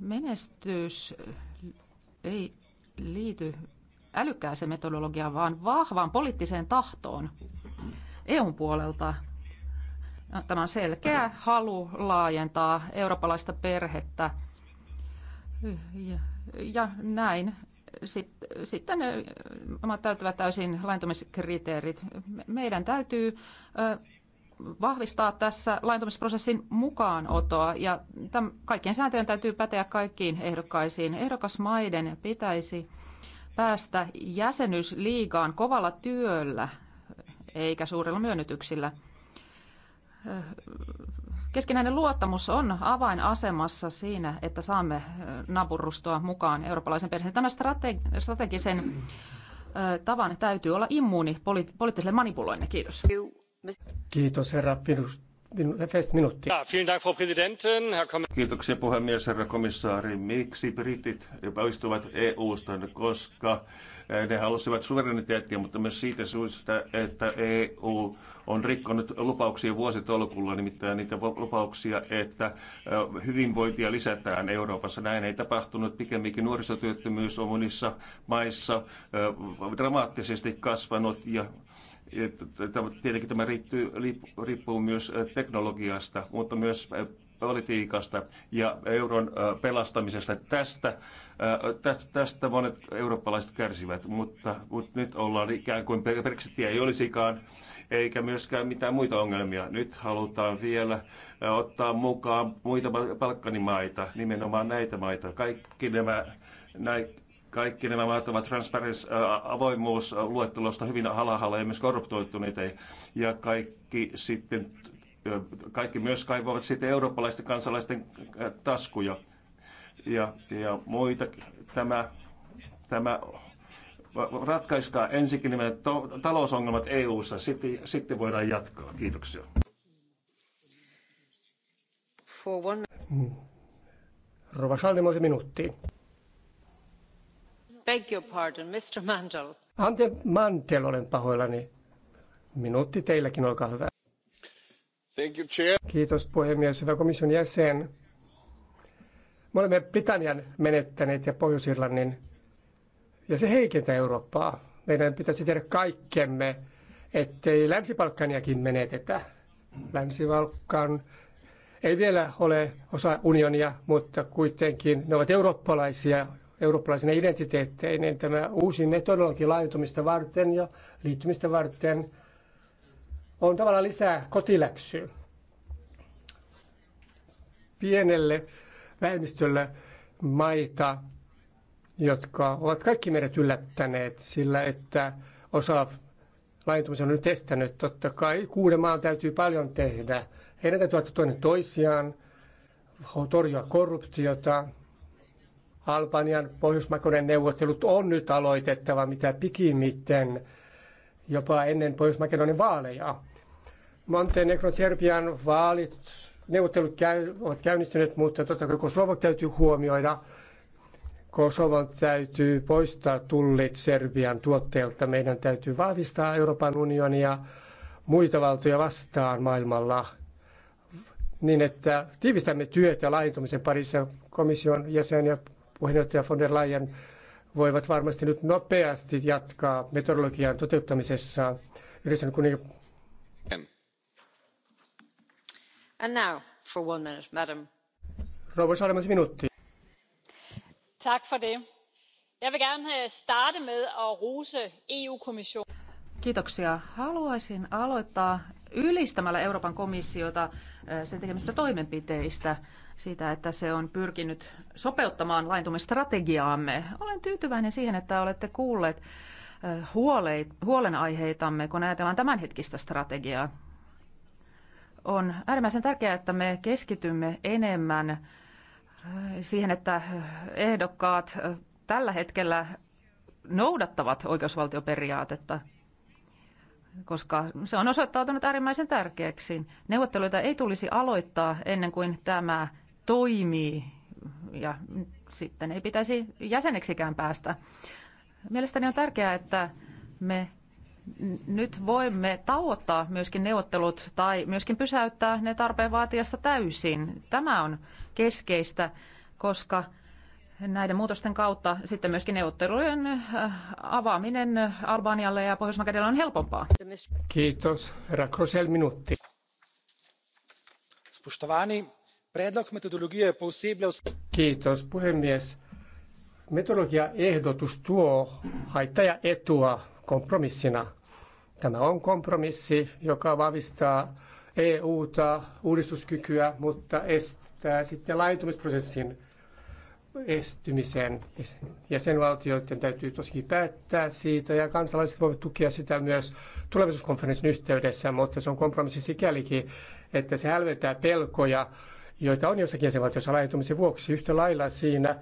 menestys ei liity älykkääseen metodologiaan, vaan vahvaan poliittiseen tahtoon EUn puolelta No, tämä on selkeä halu laajentaa eurooppalaista perhettä. Ja, ja näin sitten, ne täyttävät täysin laintumiskriteerit. Meidän täytyy vahvistaa tässä laintumisprosessin mukaanotoa ja kaikkien sääntöjen täytyy päteä kaikkiin ehdokkaisiin. Ehdokasmaiden pitäisi päästä jäsenyysliigaan kovalla työllä eikä suurella myönnytyksillä – keskinäinen luottamus on avainasemassa siinä, että saamme äh, naapurustoa mukaan eurooppalaisen perheen. Tämä strategi strategisen äh, tavan täytyy olla immuuni poli- poliittiselle manipuloinnille. Kiitos. Kiitos herra Pirust. Kiitoksia puhemies, herra komissaari. Miksi britit poistuvat EU-sta? Koska eh, ne halusivat suvereniteettia, mutta myös siitä syystä, että EU on rikkonut lupauksia vuositolkulla, nimittäin niitä lupauksia, että eh, hyvinvointia lisätään Euroopassa. Näin ei tapahtunut. Pikemminkin nuorisotyöttömyys on monissa maissa eh, dramaattisesti kasvanut ja Tietenkin tämä riittyy, riippuu myös teknologiasta, mutta myös politiikasta ja euron pelastamisesta. Tästä, tästä monet eurooppalaiset kärsivät, mutta, mutta nyt ollaan ikään kuin Brexitia ei olisikaan, eikä myöskään mitään muita ongelmia. Nyt halutaan vielä ottaa mukaan muita palkkanimaita, nimenomaan näitä maita. Kaikki nämä, näitä kaikki nämä maat ovat transparency, avoimuusluettelosta hyvin alhaalla ja myös korruptoituneita. Ja kaikki sitten kaikki myös kaivavat sitten eurooppalaisten kansalaisten taskuja ja, ja muita. Tämä, tämä ratkaiskaa ensinnäkin nimenomaan talousongelmat EU-ssa, sitten, sitten voidaan jatkaa. Kiitoksia. For one... Rova Schaldemose minuutti. Beg your pardon, Mr. Mandel. Ante Mantel, olen pahoillani. Minuutti teilläkin, olkaa hyvä. Thank you, chair. Kiitos puhemies, hyvä komission jäsen. Me olemme Britannian menettäneet ja Pohjois-Irlannin, ja se heikentää Eurooppaa. Meidän pitäisi tehdä kaikkemme, ettei Länsi-Balkaniakin menetetä. Länsi-Balkan ei vielä ole osa unionia, mutta kuitenkin ne ovat eurooppalaisia eurooppalaisena identiteetteineen tämä uusi metodologi laajentumista varten ja liittymistä varten on tavallaan lisää kotiläksyä. Pienelle vähemmistölle maita, jotka ovat kaikki meidät yllättäneet sillä, että osa laajentumisen on nyt estänyt. Totta kai kuuden maan täytyy paljon tehdä. Heidän täytyy ottaa toinen toisiaan, torjua korruptiota, Albanian pohjoismakonen neuvottelut on nyt aloitettava mitä pikimmiten, jopa ennen pohjois vaaleja. Montenegron Serbian vaalit, neuvottelut käy, ovat käynnistyneet, mutta totta kai Kosovo täytyy huomioida. Kosovan täytyy poistaa tullit Serbian tuotteelta. Meidän täytyy vahvistaa Euroopan unionia muita valtoja vastaan maailmalla niin, että tiivistämme työtä laajentumisen parissa komission jäsen ja puheenjohtaja von der Leyen voivat varmasti nyt nopeasti jatkaa metodologian toteuttamisessa Yritän kuitenkin... And now for one minute, madam. Rouva minuutti. det. Øh, med rose EU-kommissionen. Kiitoksia. Haluaisin aloittaa ylistämällä Euroopan komissiota sen tekemistä toimenpiteistä, siitä, että se on pyrkinyt sopeuttamaan laajentumistrategiaamme. Olen tyytyväinen siihen, että olette kuulleet huolenaiheitamme, kun ajatellaan tämänhetkistä strategiaa. On äärimmäisen tärkeää, että me keskitymme enemmän siihen, että ehdokkaat tällä hetkellä noudattavat oikeusvaltioperiaatetta – koska se on osoittautunut äärimmäisen tärkeäksi. Neuvotteluita ei tulisi aloittaa ennen kuin tämä toimii ja sitten ei pitäisi jäseneksikään päästä. Mielestäni on tärkeää, että me nyt voimme tauottaa myöskin neuvottelut tai myöskin pysäyttää ne tarpeen vaatiessa täysin. Tämä on keskeistä, koska näiden muutosten kautta sitten myöskin neuvottelujen äh, avaaminen Albanialle ja pohjois on helpompaa. Kiitos. Herra Krosel, minuutti. Spoštovani, predlog metodologije posebno... Kiitos, puhemies. Metodologiaehdotus tuo haittaa ja etua kompromissina. Tämä on kompromissi, joka vahvistaa EUta, uudistuskykyä, mutta estää sitten laajentumisprosessin estymisen. Jäsenvaltioiden täytyy tosikin päättää siitä ja kansalaiset voivat tukea sitä myös tulevaisuuskonferenssin yhteydessä, mutta se on kompromissi sikälikin, että se hälventää pelkoja, joita on jossakin jäsenvaltiossa laajentumisen vuoksi. Yhtä lailla siinä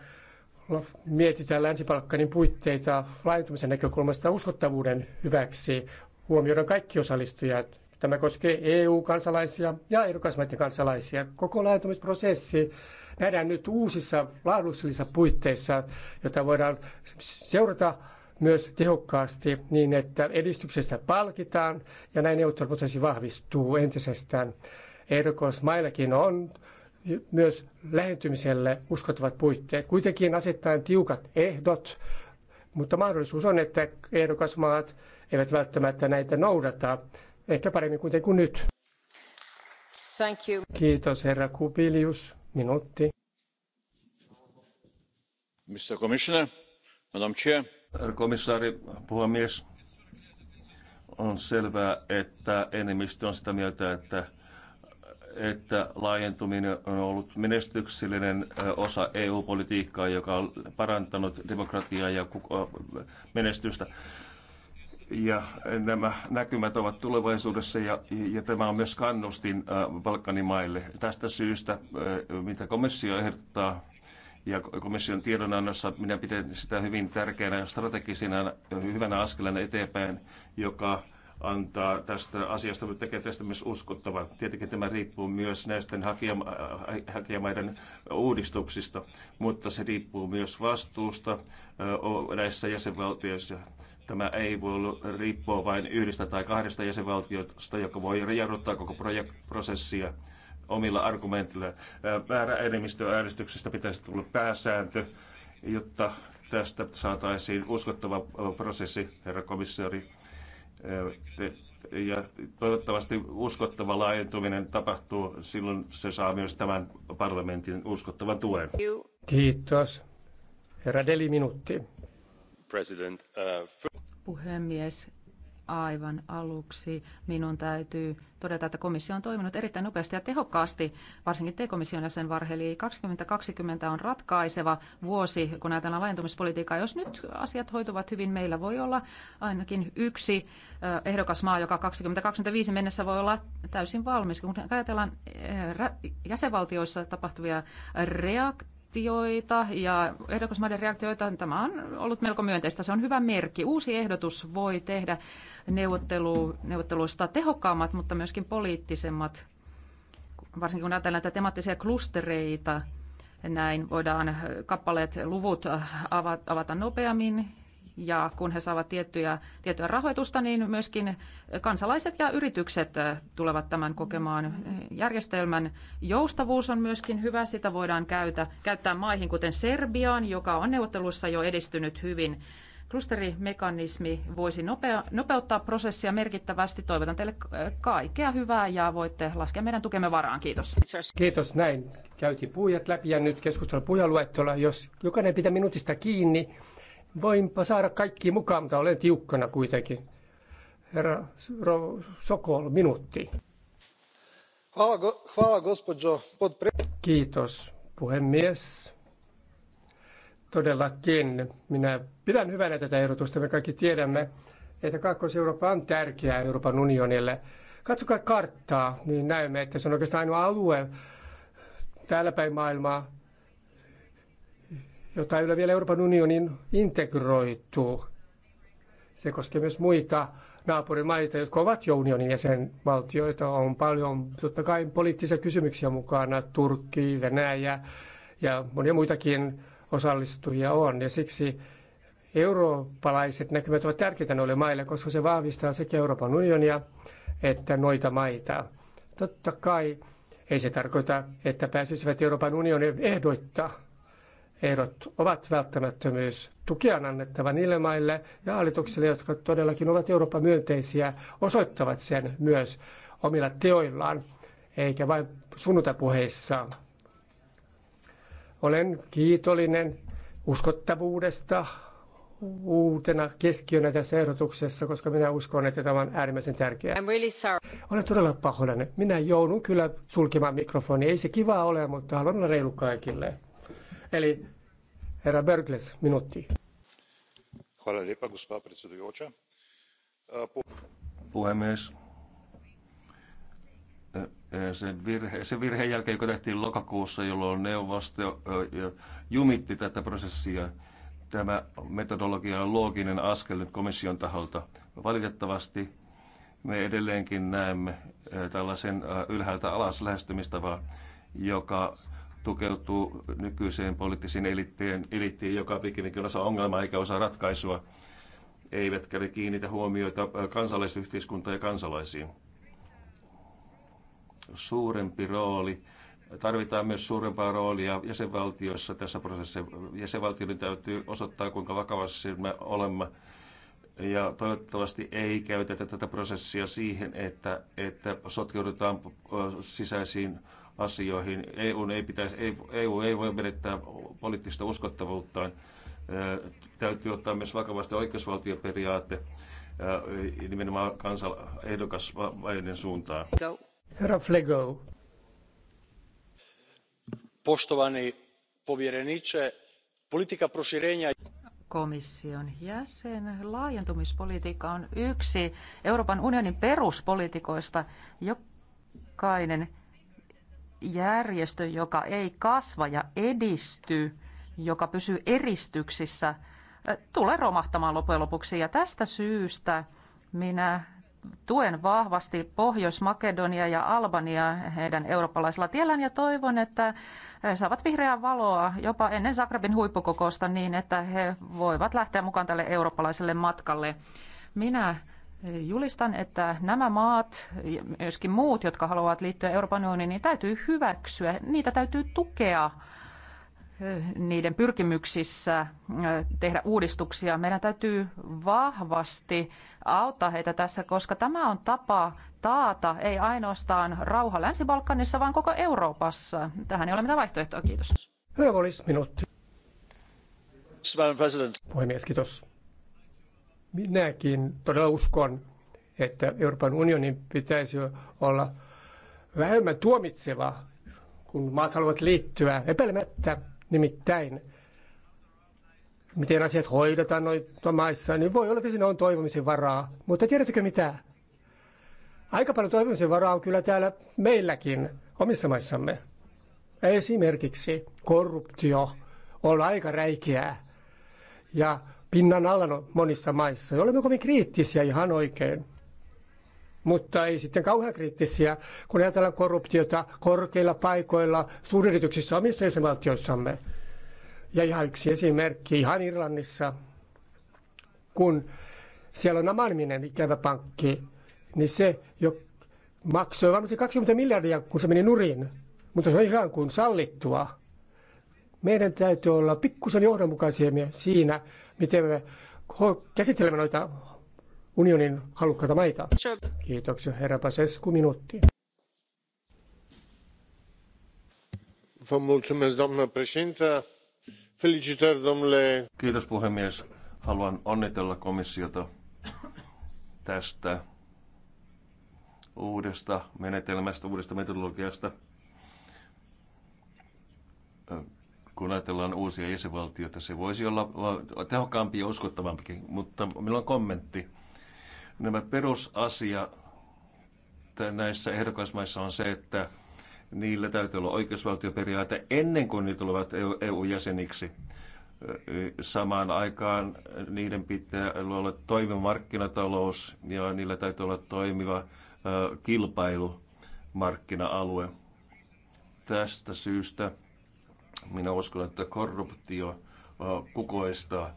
mietitään länsipalkkanin puitteita laajentumisen näkökulmasta uskottavuuden hyväksi, huomioidaan kaikki osallistujat. Tämä koskee EU-kansalaisia ja ehdokasmaiden kansalaisia. Koko laajentumisprosessi nähdään nyt uusissa laadullisissa puitteissa, jota voidaan seurata myös tehokkaasti niin, että edistyksestä palkitaan ja näin neuvotteluprosessi vahvistuu entisestään. maillakin on myös lähentymiselle uskottavat puitteet, kuitenkin asettaen tiukat ehdot, mutta mahdollisuus on, että ehdokasmaat eivät välttämättä näitä noudata, ehkä paremmin kuitenkin kuin nyt. Thank you. Kiitos herra Kubilius arvoisa Mr. Komissaari, puhemies, on selvää, että enemmistö on sitä mieltä, että että laajentuminen on ollut menestyksellinen osa EU-politiikkaa, joka on parantanut demokratiaa ja menestystä ja nämä näkymät ovat tulevaisuudessa ja, ja tämä on myös kannustin äh, Balkanimaille. Tästä syystä, äh, mitä komissio ehdottaa ja komission tiedonannossa, minä pidän sitä hyvin tärkeänä ja strategisena hyvänä askelena eteenpäin, joka antaa tästä asiasta, mutta tekee tästä myös uskottavan. Tietenkin tämä riippuu myös näisten hakijama- äh, hakijamaiden uudistuksista, mutta se riippuu myös vastuusta näissä jäsenvaltioissa. Tämä ei voi riippua vain yhdestä tai kahdesta jäsenvaltiosta, joka voi jarruttaa koko prosessia omilla argumentilla. Määrä enemmistöäänestyksestä pitäisi tulla pääsääntö, jotta tästä saataisiin uskottava prosessi, herra komissaari. Ja toivottavasti uskottava laajentuminen tapahtuu, silloin se saa myös tämän parlamentin uskottavan tuen. Kiitos. Herra Deli, minuutti. President, uh, puhemies. Aivan aluksi minun täytyy todeta, että komissio on toiminut erittäin nopeasti ja tehokkaasti, varsinkin te-komission jäsen Eli 2020 on ratkaiseva vuosi, kun ajatellaan laajentumispolitiikkaa. Jos nyt asiat hoituvat hyvin, meillä voi olla ainakin yksi eh, ehdokas maa, joka 2025 mennessä voi olla täysin valmis. Kun ajatellaan eh, jäsenvaltioissa tapahtuvia reaktioita, reaktioita ja ehdokasmaiden reaktioita. Tämä on ollut melko myönteistä. Se on hyvä merkki. Uusi ehdotus voi tehdä neuvottelu, neuvotteluista tehokkaammat, mutta myöskin poliittisemmat. Varsinkin kun ajatellaan näitä temaattisia klustereita, näin voidaan kappaleet, luvut avata nopeammin ja kun he saavat tiettyjä, tiettyä rahoitusta, niin myöskin kansalaiset ja yritykset tulevat tämän kokemaan. Järjestelmän joustavuus on myöskin hyvä. Sitä voidaan käytä, käyttää maihin, kuten Serbiaan, joka on neuvottelussa jo edistynyt hyvin. Klusterimekanismi voisi nopea, nopeuttaa prosessia merkittävästi. Toivotan teille kaikkea hyvää ja voitte laskea meidän tukemme varaan. Kiitos. Kiitos näin. Käytiin puhujat läpi ja nyt keskustelun puhujaluettola. Jos jokainen pitää minuutista kiinni, Voinpa saada kaikki mukaan, mutta olen tiukkana kuitenkin. Herra Sokol, minuutti. Kiitos, puhemies. Todellakin. Minä pidän hyvänä tätä ehdotusta. Me kaikki tiedämme, että Kaakkois-Eurooppa on tärkeää Euroopan unionille. Katsokaa karttaa, niin näemme, että se on oikeastaan ainoa alue täällä päin maailmaa, jota ei ole vielä Euroopan unionin integroitu. Se koskee myös muita naapurimaita, jotka ovat jo unionin jäsenvaltioita. On paljon totta kai poliittisia kysymyksiä mukana, Turkki, Venäjä ja monia muitakin osallistujia on. Ja siksi eurooppalaiset näkymät ovat tärkeitä noille maille, koska se vahvistaa sekä Euroopan unionia että noita maita. Totta kai ei se tarkoita, että pääsisivät Euroopan unionin ehdoittaa ehdot ovat välttämättömyys. Tukea on annettava niille maille ja hallituksille, jotka todellakin ovat Euroopan myönteisiä, osoittavat sen myös omilla teoillaan, eikä vain sunnuntapuheissa. Olen kiitollinen uskottavuudesta uutena keskiönä tässä ehdotuksessa, koska minä uskon, että tämä on äärimmäisen tärkeää. really Olen todella pahoillani. Minä joudun kyllä sulkemaan mikrofoni. Ei se kivaa ole, mutta haluan olla reilu kaikille. Eli herra Bergles, minuutti. Hvala lepa, gospa predsedujoča. Eh, Puhemies, eh, eh, sen, virhe, se virheen jälkeen, joka tehtiin lokakuussa, jolloin neuvosto jumitti tätä prosessia, tämä metodologia on looginen askel nyt komission taholta. Valitettavasti me edelleenkin näemme tällaisen ylhäältä alas lähestymistavaa, joka tukeutuu nykyiseen poliittisiin elittiin, elittiin joka pikemminkin osaa ongelmaa eikä osaa ratkaisua, eivätkä ne kiinnitä huomioita kansalaisyhteiskuntaan ja kansalaisiin. Suurempi rooli tarvitaan myös suurempaa roolia jäsenvaltioissa tässä prosessissa. Jäsenvaltioiden täytyy osoittaa, kuinka vakavassa me olemme ja toivottavasti ei käytetä tätä prosessia siihen, että, että sotkeudutaan sisäisiin asioihin. EU ei, pitäisi, EU ei voi menettää poliittista uskottavuuttaan. Täytyy ottaa myös vakavasti oikeusvaltioperiaate nimenomaan kansan ehdokasmaiden suuntaan. Herra Flego. Poštovani povjereniče, politika proširenja komission jäsen. Laajentumispolitiikka on yksi Euroopan unionin peruspolitiikoista. Jokainen järjestö, joka ei kasva ja edisty, joka pysyy eristyksissä, tulee romahtamaan loppujen lopuksi. Ja tästä syystä minä tuen vahvasti Pohjois-Makedonia ja Albania heidän eurooppalaisella tiellään ja toivon, että he saavat vihreää valoa jopa ennen Zagrebin huippukokousta niin, että he voivat lähteä mukaan tälle eurooppalaiselle matkalle. Minä julistan, että nämä maat ja myöskin muut, jotka haluavat liittyä Euroopan unioniin, niin täytyy hyväksyä, niitä täytyy tukea niiden pyrkimyksissä tehdä uudistuksia. Meidän täytyy vahvasti auttaa heitä tässä, koska tämä on tapa taata ei ainoastaan rauha Länsi-Balkanissa, vaan koko Euroopassa. Tähän ei ole mitään vaihtoehtoa. Kiitos. Hyvä olisi minuutti. Puhemies, kiitos. Minäkin todella uskon, että Euroopan unionin pitäisi olla vähemmän tuomitseva, kun maat haluavat liittyä. Epäilemättä Nimittäin, miten asiat hoidetaan noita maissa, niin voi olla, että siinä on toivomisen varaa. Mutta tiedättekö mitä? Aika paljon toivomisen varaa on kyllä täällä meilläkin, omissa maissamme. Esimerkiksi korruptio on aika räikeää ja pinnan alla monissa maissa. Olemme kovin kriittisiä ihan oikein mutta ei sitten kauhean kriittisiä, kun ajatellaan korruptiota korkeilla paikoilla suuryrityksissä omissa jäsenvaltioissamme. Ja ihan yksi esimerkki ihan Irlannissa, kun siellä on Amalminen ikävä pankki, niin se jo maksoi varmasti 20 miljardia, kun se meni nurin. Mutta se on ihan kuin sallittua. Meidän täytyy olla pikkusen johdonmukaisia siinä, miten me käsittelemme noita unionin halukkaita maita. Kiitoksia, herra Pasescu, minuutti. Kiitos, puhemies. Haluan onnitella komissiota tästä uudesta menetelmästä, uudesta metodologiasta. Kun ajatellaan uusia jäsenvaltioita, se voisi olla tehokkaampi ja uskottavampikin, mutta minulla on kommentti Nämä perusasia näissä ehdokasmaissa on se, että niillä täytyy olla oikeusvaltioperiaate ennen kuin ne tulevat EU-jäseniksi. E samaan aikaan niiden pitää olla toimiva markkinatalous ja niillä täytyy olla toimiva kilpailumarkkina-alue. Tästä syystä minä uskon, että korruptio kukoistaa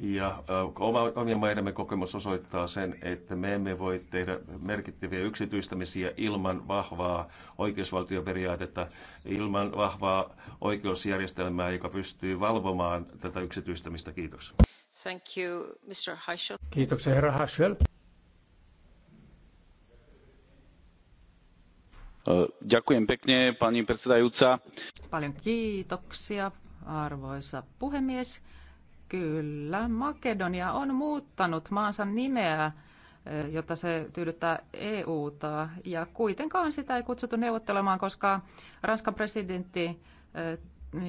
ja oma, omien maidemme kokemus osoittaa sen, että me emme voi tehdä merkittäviä yksityistämisiä ilman vahvaa oikeusvaltioperiaatetta, ilman vahvaa oikeusjärjestelmää, joka pystyy valvomaan tätä yksityistämistä. Kiitos. Thank you, Mr. Haschel. Kiitoksia, herra Haschel. Paljon kiitoksia, arvoisa puhemies. Kyllä, Makedonia on muuttanut maansa nimeä, eh, jotta se tyydyttää EUta. Ja kuitenkaan sitä ei kutsuttu neuvottelemaan, koska Ranskan presidentti eh,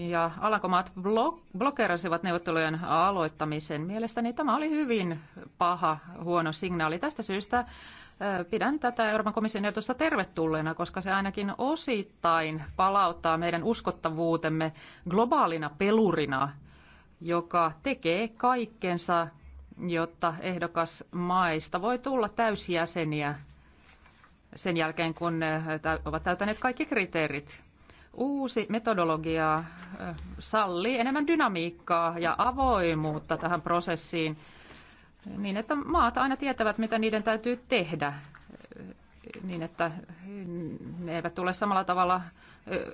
ja Alankomaat blok- blokerasivat neuvottelujen aloittamisen. Mielestäni tämä oli hyvin paha, huono signaali. Tästä syystä eh, pidän tätä Euroopan komission ehdotusta tervetulleena, koska se ainakin osittain palauttaa meidän uskottavuutemme globaalina pelurina – joka tekee kaikkensa, jotta ehdokas maista voi tulla täysjäseniä sen jälkeen, kun ne ovat täyttäneet kaikki kriteerit. Uusi metodologia sallii enemmän dynamiikkaa ja avoimuutta tähän prosessiin niin, että maat aina tietävät, mitä niiden täytyy tehdä, niin että ne eivät tule samalla tavalla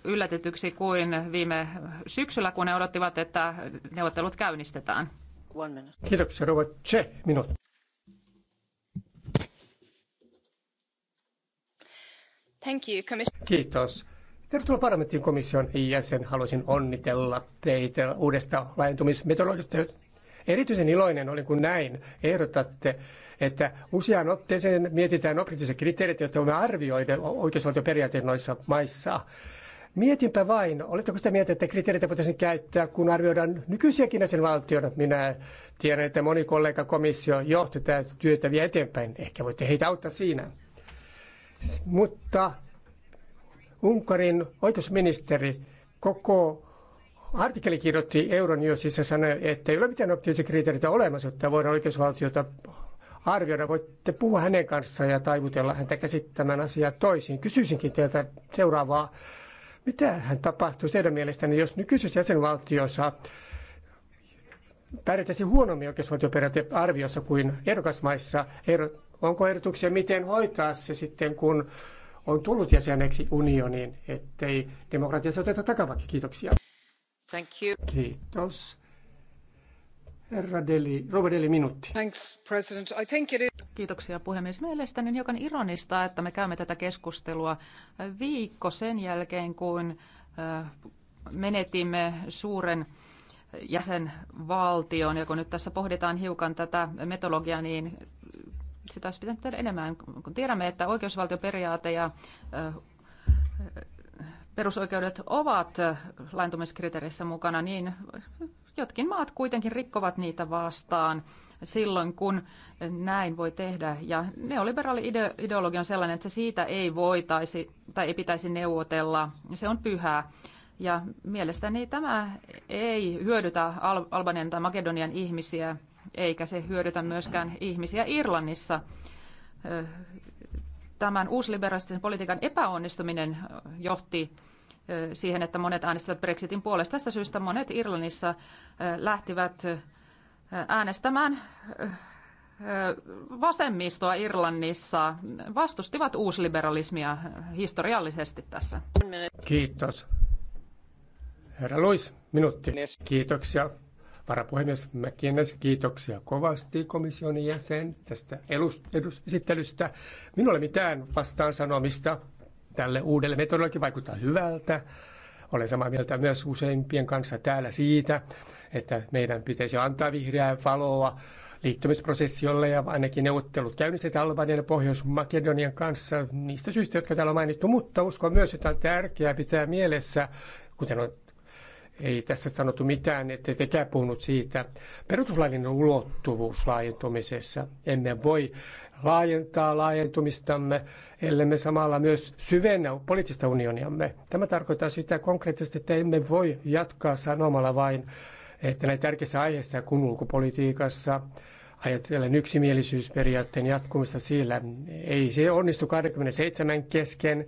yllätetyksi kuin viime syksyllä, kun ne odottivat, että neuvottelut käynnistetään. Kiitoksia, Rova Tse, minuutti. Thank you, Kiitos. Tervetuloa parlamentin komission jäsen. Haluaisin onnitella teitä uudesta laajentumismetodologista. Erityisen iloinen oli, kun näin ehdotatte, että useaan otteeseen mietitään objektiiviset kriteerit, joita me arvioida oikeusvaltioperiaatteen noissa maissa. Mietinpä vain, oletteko sitä mieltä, että kriteereitä voitaisiin käyttää, kun arvioidaan nykyisiäkin valtion? Minä tiedän, että moni kollega komissio johti tätä työtä vielä eteenpäin. Ehkä voitte heitä auttaa siinä. Mutta Unkarin oikeusministeri koko artikkeli kirjoitti Euronewsissa sanoi, että ei ole mitään optiivisia kriteereitä olemassa, että voidaan oikeusvaltiota arvioida. Voitte puhua hänen kanssaan ja taivutella häntä käsittämään asiaa toisin. Kysyisinkin teiltä seuraavaa. Mitä hän tapahtuisi teidän mielestänne, jos nykyisessä jäsenvaltiossa pärjätäisi huonommin oikeusvaltioperiaatteen arviossa kuin ehdokasmaissa? Onko ehdotuksia, miten hoitaa se sitten, kun on tullut jäseneksi unioniin, ettei demokratiassa oteta takavaksi? Kiitoksia. Thank you. Kiitos. Herra Deli, Robert Deli, minuutti. Thanks, President. I think it is... Kiitoksia puhemies. Mielestäni on hiukan ironista, että me käymme tätä keskustelua viikko sen jälkeen, kun menetimme suuren jäsenvaltion. Ja kun nyt tässä pohditaan hiukan tätä metodologiaa, niin sitä olisi pitänyt tehdä enemmän. Kun tiedämme, että oikeusvaltioperiaate ja perusoikeudet ovat laintumiskriteerissä mukana, niin jotkin maat kuitenkin rikkovat niitä vastaan – silloin, kun näin voi tehdä. Ja neoliberaali ideologia on sellainen, että se siitä ei voitaisi tai ei pitäisi neuvotella. Se on pyhää. Ja mielestäni tämä ei hyödytä Al- Albanian tai Makedonian ihmisiä, eikä se hyödytä myöskään ihmisiä Irlannissa. Tämän uusliberalistisen politiikan epäonnistuminen johti siihen, että monet äänestivät Brexitin puolesta. Tästä syystä monet Irlannissa lähtivät äänestämään vasemmistoa Irlannissa vastustivat uusliberalismia historiallisesti tässä. Kiitos. Herra Luis, minuutti. Kiitoksia. Varapuhemies Mäkinäs, kiitoksia kovasti komission jäsen tästä esittelystä. Minulla ei mitään vastaan sanomista tälle uudelle metodologi vaikuttaa hyvältä. Olen samaa mieltä myös useimpien kanssa täällä siitä, että meidän pitäisi antaa vihreää valoa liittymisprosessiolle ja ainakin neuvottelut käynnistetään Albanian ja Pohjois-Makedonian kanssa niistä syistä, jotka täällä on mainittu, mutta uskon myös, että on tärkeää pitää mielessä, kuten on ei tässä sanottu mitään, että tekää puhunut siitä. Perustuslaillinen ulottuvuus laajentumisessa. Emme voi laajentaa laajentumistamme, ellei me samalla myös syvennä poliittista unioniamme. Tämä tarkoittaa sitä konkreettisesti, että emme voi jatkaa sanomalla vain, että näin tärkeissä aiheissa kuin ulkopolitiikassa, ajatellen yksimielisyysperiaatteen jatkumista siellä, ei se onnistu 27 kesken,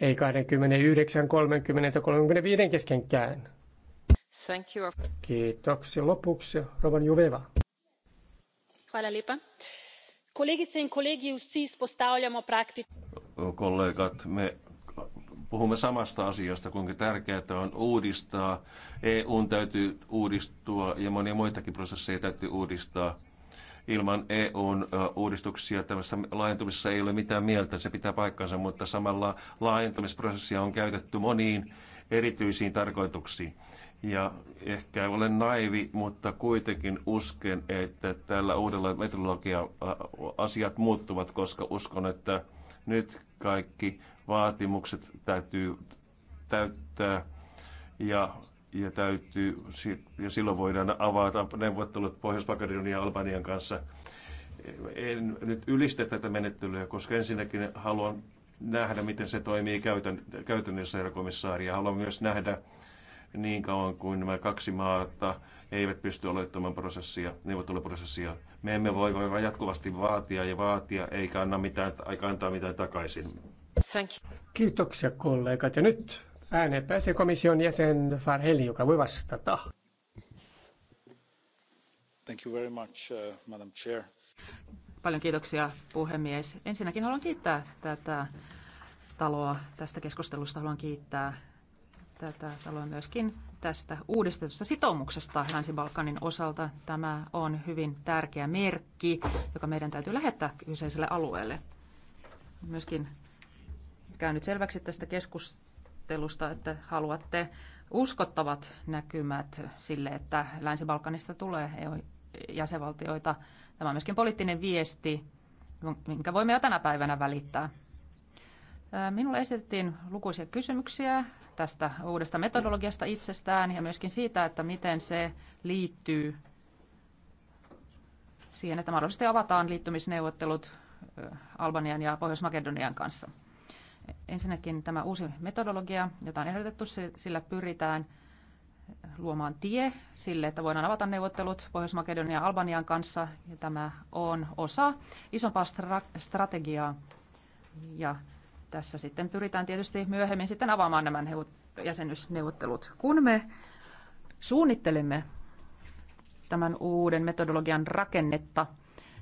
ei 29, 30, 35 keskenkään. Thank you. Kiitoksia. Lopuksi Rovan Juveva. Hvala lipa. kollegit in kollegi, vsi spostavljamo praktik. Kollegat, me puhumme samasta asiasta, kuinka tärkeää on uudistaa. EUn täytyy uudistua ja monia muitakin prosesseja täytyy uudistaa. Ilman EUn uudistuksia tämmöisessä laajentumisessa ei ole mitään mieltä, se pitää paikkansa, mutta samalla laajentumisprosessia on käytetty moniin erityisiin tarkoituksiin. Ja ehkä olen naivi, mutta kuitenkin usken, että tällä uudella metodologia asiat muuttuvat, koska uskon, että nyt kaikki vaatimukset täytyy täyttää ja, ja, täytyy, ja silloin voidaan avata neuvottelut pohjois ja Albanian kanssa. En nyt ylistä tätä menettelyä, koska ensinnäkin haluan nähdä, miten se toimii käytän, käytännössä, herra komissaari, ja haluan myös nähdä, niin kauan kuin nämä kaksi maata eivät pysty aloittamaan prosessia, neuvotteluprosessia. Me emme voi, voi jatkuvasti vaatia ja vaatia, eikä anna mitään, eikä antaa mitään takaisin. Thank you. Kiitoksia kollegat. Ja nyt ääneen pääsee komission jäsen Farheli, joka voi vastata. Thank you very much, uh, Madam Chair. Paljon kiitoksia puhemies. Ensinnäkin haluan kiittää tätä taloa tästä keskustelusta. Haluan kiittää tätä taloa myöskin tästä uudistetusta sitoumuksesta Länsi-Balkanin osalta. Tämä on hyvin tärkeä merkki, joka meidän täytyy lähettää kyseiselle alueelle. Myöskin käynyt selväksi tästä keskustelusta, että haluatte uskottavat näkymät sille, että Länsi-Balkanista tulee e jäsenvaltioita. Tämä on myöskin poliittinen viesti, minkä voimme jo tänä päivänä välittää. Minulle esitettiin lukuisia kysymyksiä tästä uudesta metodologiasta itsestään ja myöskin siitä, että miten se liittyy siihen, että mahdollisesti avataan liittymisneuvottelut Albanian ja Pohjois-Makedonian kanssa. Ensinnäkin tämä uusi metodologia, jota on ehdotettu, sillä pyritään luomaan tie sille, että voidaan avata neuvottelut Pohjois-Makedonian ja Albanian kanssa. Ja tämä on osa isompaa stra- strategiaa. Ja tässä sitten pyritään tietysti myöhemmin sitten avaamaan nämä jäsenyysneuvottelut. Kun me suunnittelimme tämän uuden metodologian rakennetta,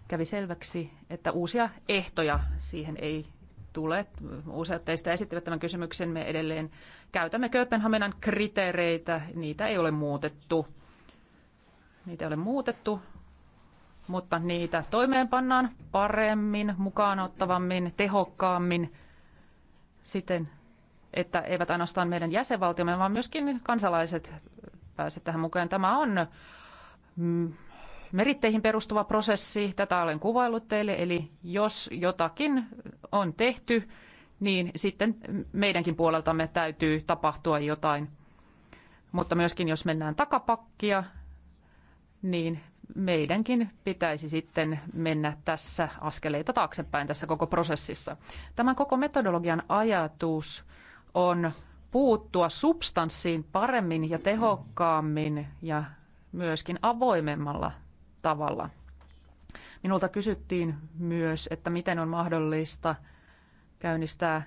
kävi selväksi, että uusia ehtoja siihen ei tule. Useat teistä esittivät tämän kysymyksen. Me edelleen käytämme Kööpenhaminan kriteereitä. Niitä ei ole muutettu. Niitä ei ole muutettu, mutta niitä toimeenpannaan paremmin, mukaanottavammin, tehokkaammin siten, että eivät ainoastaan meidän jäsenvaltiomme, vaan myöskin kansalaiset pääse tähän mukaan. Tämä on mm, meritteihin perustuva prosessi. Tätä olen kuvaillut teille, eli jos jotakin on tehty, niin sitten meidänkin puoleltamme täytyy tapahtua jotain. Mutta myöskin jos mennään takapakkia, niin meidänkin pitäisi sitten mennä tässä askeleita taaksepäin tässä koko prosessissa. Tämän koko metodologian ajatus on puuttua substanssiin paremmin ja tehokkaammin ja myöskin avoimemmalla tavalla. Minulta kysyttiin myös, että miten on mahdollista käynnistää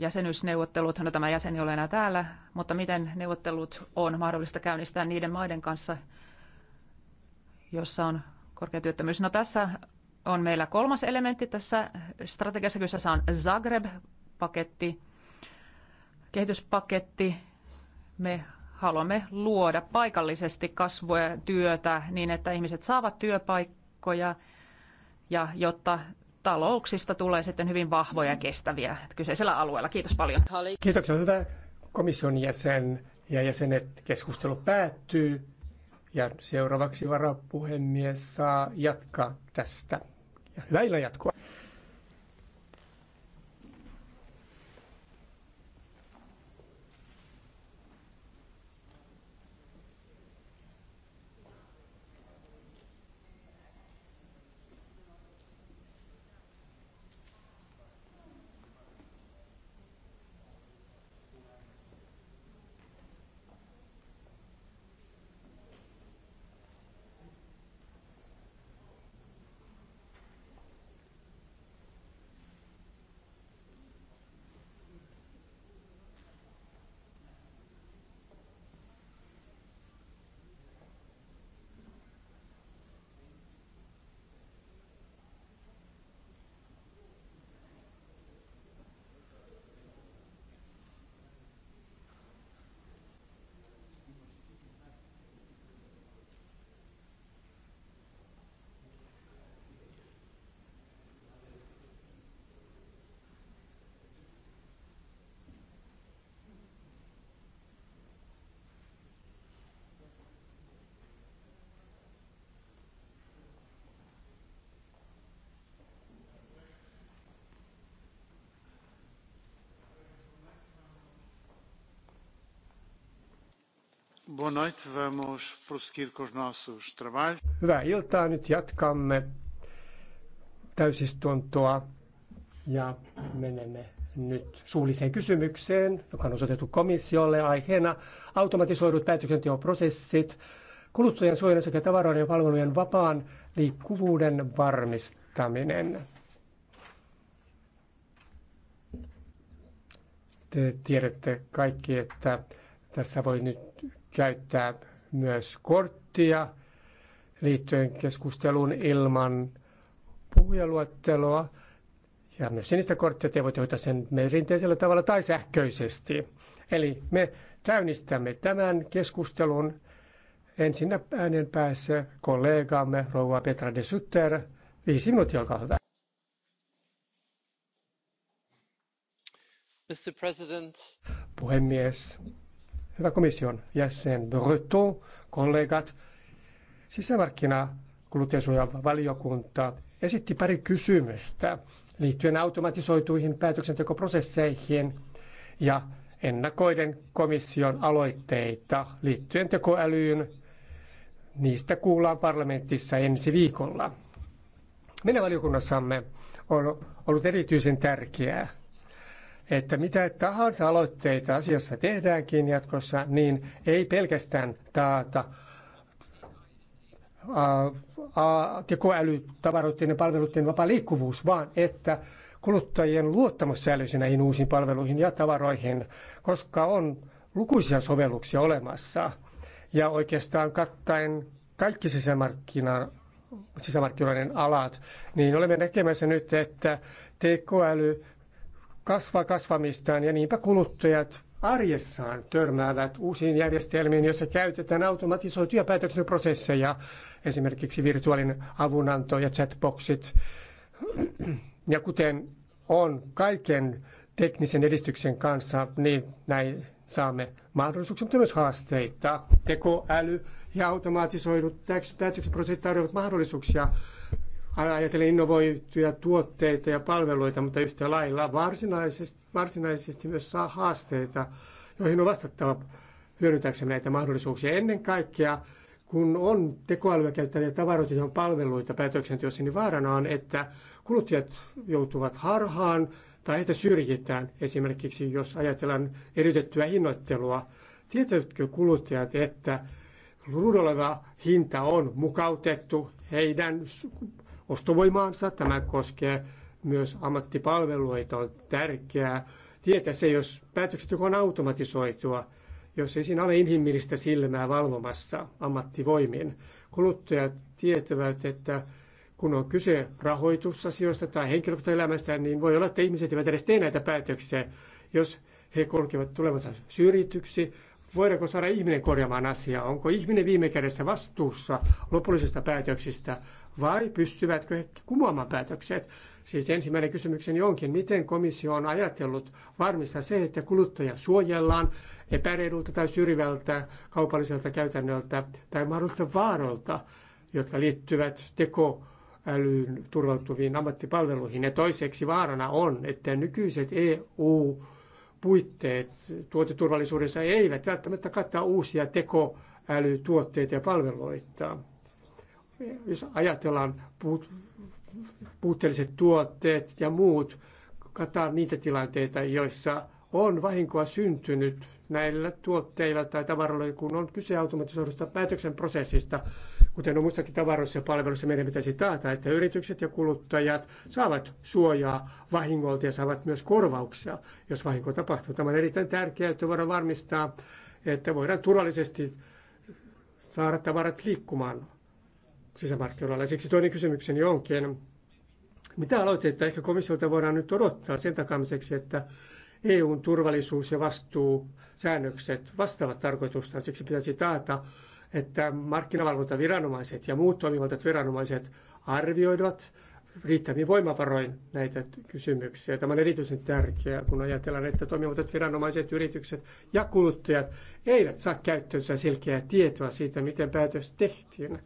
jäsenyysneuvottelut, no tämä jäseni ei ole enää täällä, mutta miten neuvottelut on mahdollista käynnistää niiden maiden kanssa, jossa on korkea työttömyys. No tässä on meillä kolmas elementti tässä strategiassa. Kyseessä on Zagreb-paketti, kehityspaketti. Me Haluamme luoda paikallisesti kasvua ja työtä niin, että ihmiset saavat työpaikkoja ja jotta talouksista tulee sitten hyvin vahvoja ja kestäviä kyseisellä alueella. Kiitos paljon. Kiitoksia hyvä komission jäsen ja jäsenet. Keskustelu päättyy ja seuraavaksi varapuhemies saa jatkaa tästä. Ja hyvää illan jatkoa. Boa noite, vamos prosseguir com os nossos trabalhos. Hyvää iltaa, nyt jatkamme täysistuntoa ja menemme nyt suulliseen kysymykseen, joka on osoitettu komissiolle aiheena automatisoidut päätöksenteoprosessit, kuluttajan suojelu sekä tavaroiden ja palvelujen vapaan liikkuvuuden varmistaminen. Te tiedätte kaikki, että tässä voi nyt käyttää myös korttia liittyen keskusteluun ilman puhujaluetteloa. Ja myös sinistä korttia te voitte hoitaa sen merinteisellä tavalla tai sähköisesti. Eli me käynnistämme tämän keskustelun ensin äänen päässä kollegaamme rouva Petra de Sutter. Viisi minuuttia, olkaa hyvä. Mr. President. Puhemies, hyvä komission jäsen Breton, kollegat, sisämarkkina valiokunta esitti pari kysymystä liittyen automatisoituihin päätöksentekoprosesseihin ja ennakoiden komission aloitteita liittyen tekoälyyn. Niistä kuullaan parlamentissa ensi viikolla. Meidän valiokunnassamme on ollut erityisen tärkeää, että mitä tahansa aloitteita asiassa tehdäänkin jatkossa, niin ei pelkästään taata tekoälytavaroiden tavaroiden ja palveluiden vapaa liikkuvuus, vaan että kuluttajien luottamus säilyisi näihin uusiin palveluihin ja tavaroihin, koska on lukuisia sovelluksia olemassa. Ja oikeastaan kattaen kaikki sisämarkkinoiden alat, niin olemme näkemässä nyt, että tekoäly kasvaa kasvamistaan ja niinpä kuluttajat arjessaan törmäävät uusiin järjestelmiin, joissa käytetään automatisoituja päätöksentekoprosesseja, esimerkiksi virtuaalinen avunanto ja chatboxit. Ja kuten on kaiken teknisen edistyksen kanssa, niin näin saamme mahdollisuuksia, mutta myös haasteita. Tekoäly ja automatisoidut päätöksentekoprosessit tarjoavat mahdollisuuksia ajatellen innovoituja tuotteita ja palveluita, mutta yhtä lailla varsinaisesti, varsinaisesti myös saa haasteita, joihin on vastattava hyödyntääksemme näitä mahdollisuuksia. Ennen kaikkea, kun on tekoälyä käyttäviä tavaroita ja palveluita päätöksenteossa, niin vaarana on, että kuluttajat joutuvat harhaan tai heitä syrjitään. Esimerkiksi jos ajatellaan eriytettyä hinnoittelua, tietävätkö kuluttajat, että ruudulla hinta on mukautettu heidän ostovoimaansa. Tämä koskee myös ammattipalveluita. On tärkeää tietää se, jos päätökset on automatisoitua, jos ei siinä ole inhimillistä silmää valvomassa ammattivoimin. Kuluttajat tietävät, että kun on kyse rahoitusasioista tai henkilökohtaiselämästä, niin voi olla, että ihmiset eivät edes tee näitä päätöksiä, jos he kulkevat tulevansa syrjityksi. Voidaanko saada ihminen korjaamaan asiaa? Onko ihminen viime kädessä vastuussa lopullisista päätöksistä vai pystyvätkö he kumoamaan päätökset? Siis ensimmäinen kysymykseni onkin, miten komissio on ajatellut varmistaa se, että kuluttaja suojellaan epäreilulta tai syrjivältä kaupalliselta käytännöltä tai mahdollisilta vaaroilta, jotka liittyvät teko älyyn turvautuviin ammattipalveluihin. Ja toiseksi vaarana on, että nykyiset EU-puitteet tuoteturvallisuudessa eivät välttämättä kattaa uusia tekoälytuotteita ja palveluita jos ajatellaan puut, puutteelliset tuotteet ja muut, kattaa niitä tilanteita, joissa on vahinkoa syntynyt näillä tuotteilla tai tavaroilla, kun on kyse automatisoidusta päätöksenprosessista, kuten on muistakin tavaroissa ja palveluissa, meidän pitäisi taata, että yritykset ja kuluttajat saavat suojaa vahingolta ja saavat myös korvauksia, jos vahinko tapahtuu. Tämä on erittäin tärkeää, että voidaan varmistaa, että voidaan turvallisesti saada tavarat liikkumaan sisämarkkinoilla. Siksi toinen kysymykseni onkin, mitä aloitteita ehkä komissiolta voidaan nyt odottaa sen takaamiseksi, että EUn turvallisuus- ja vastuusäännökset vastaavat tarkoitustaan. Siksi pitäisi taata, että markkinavalvontaviranomaiset ja muut toimivaltat viranomaiset arvioivat riittäviin voimavaroin näitä kysymyksiä. Tämä on erityisen tärkeää, kun ajatellaan, että toimivat viranomaiset, yritykset ja kuluttajat eivät saa käyttöönsä selkeää tietoa siitä, miten päätös tehtiin.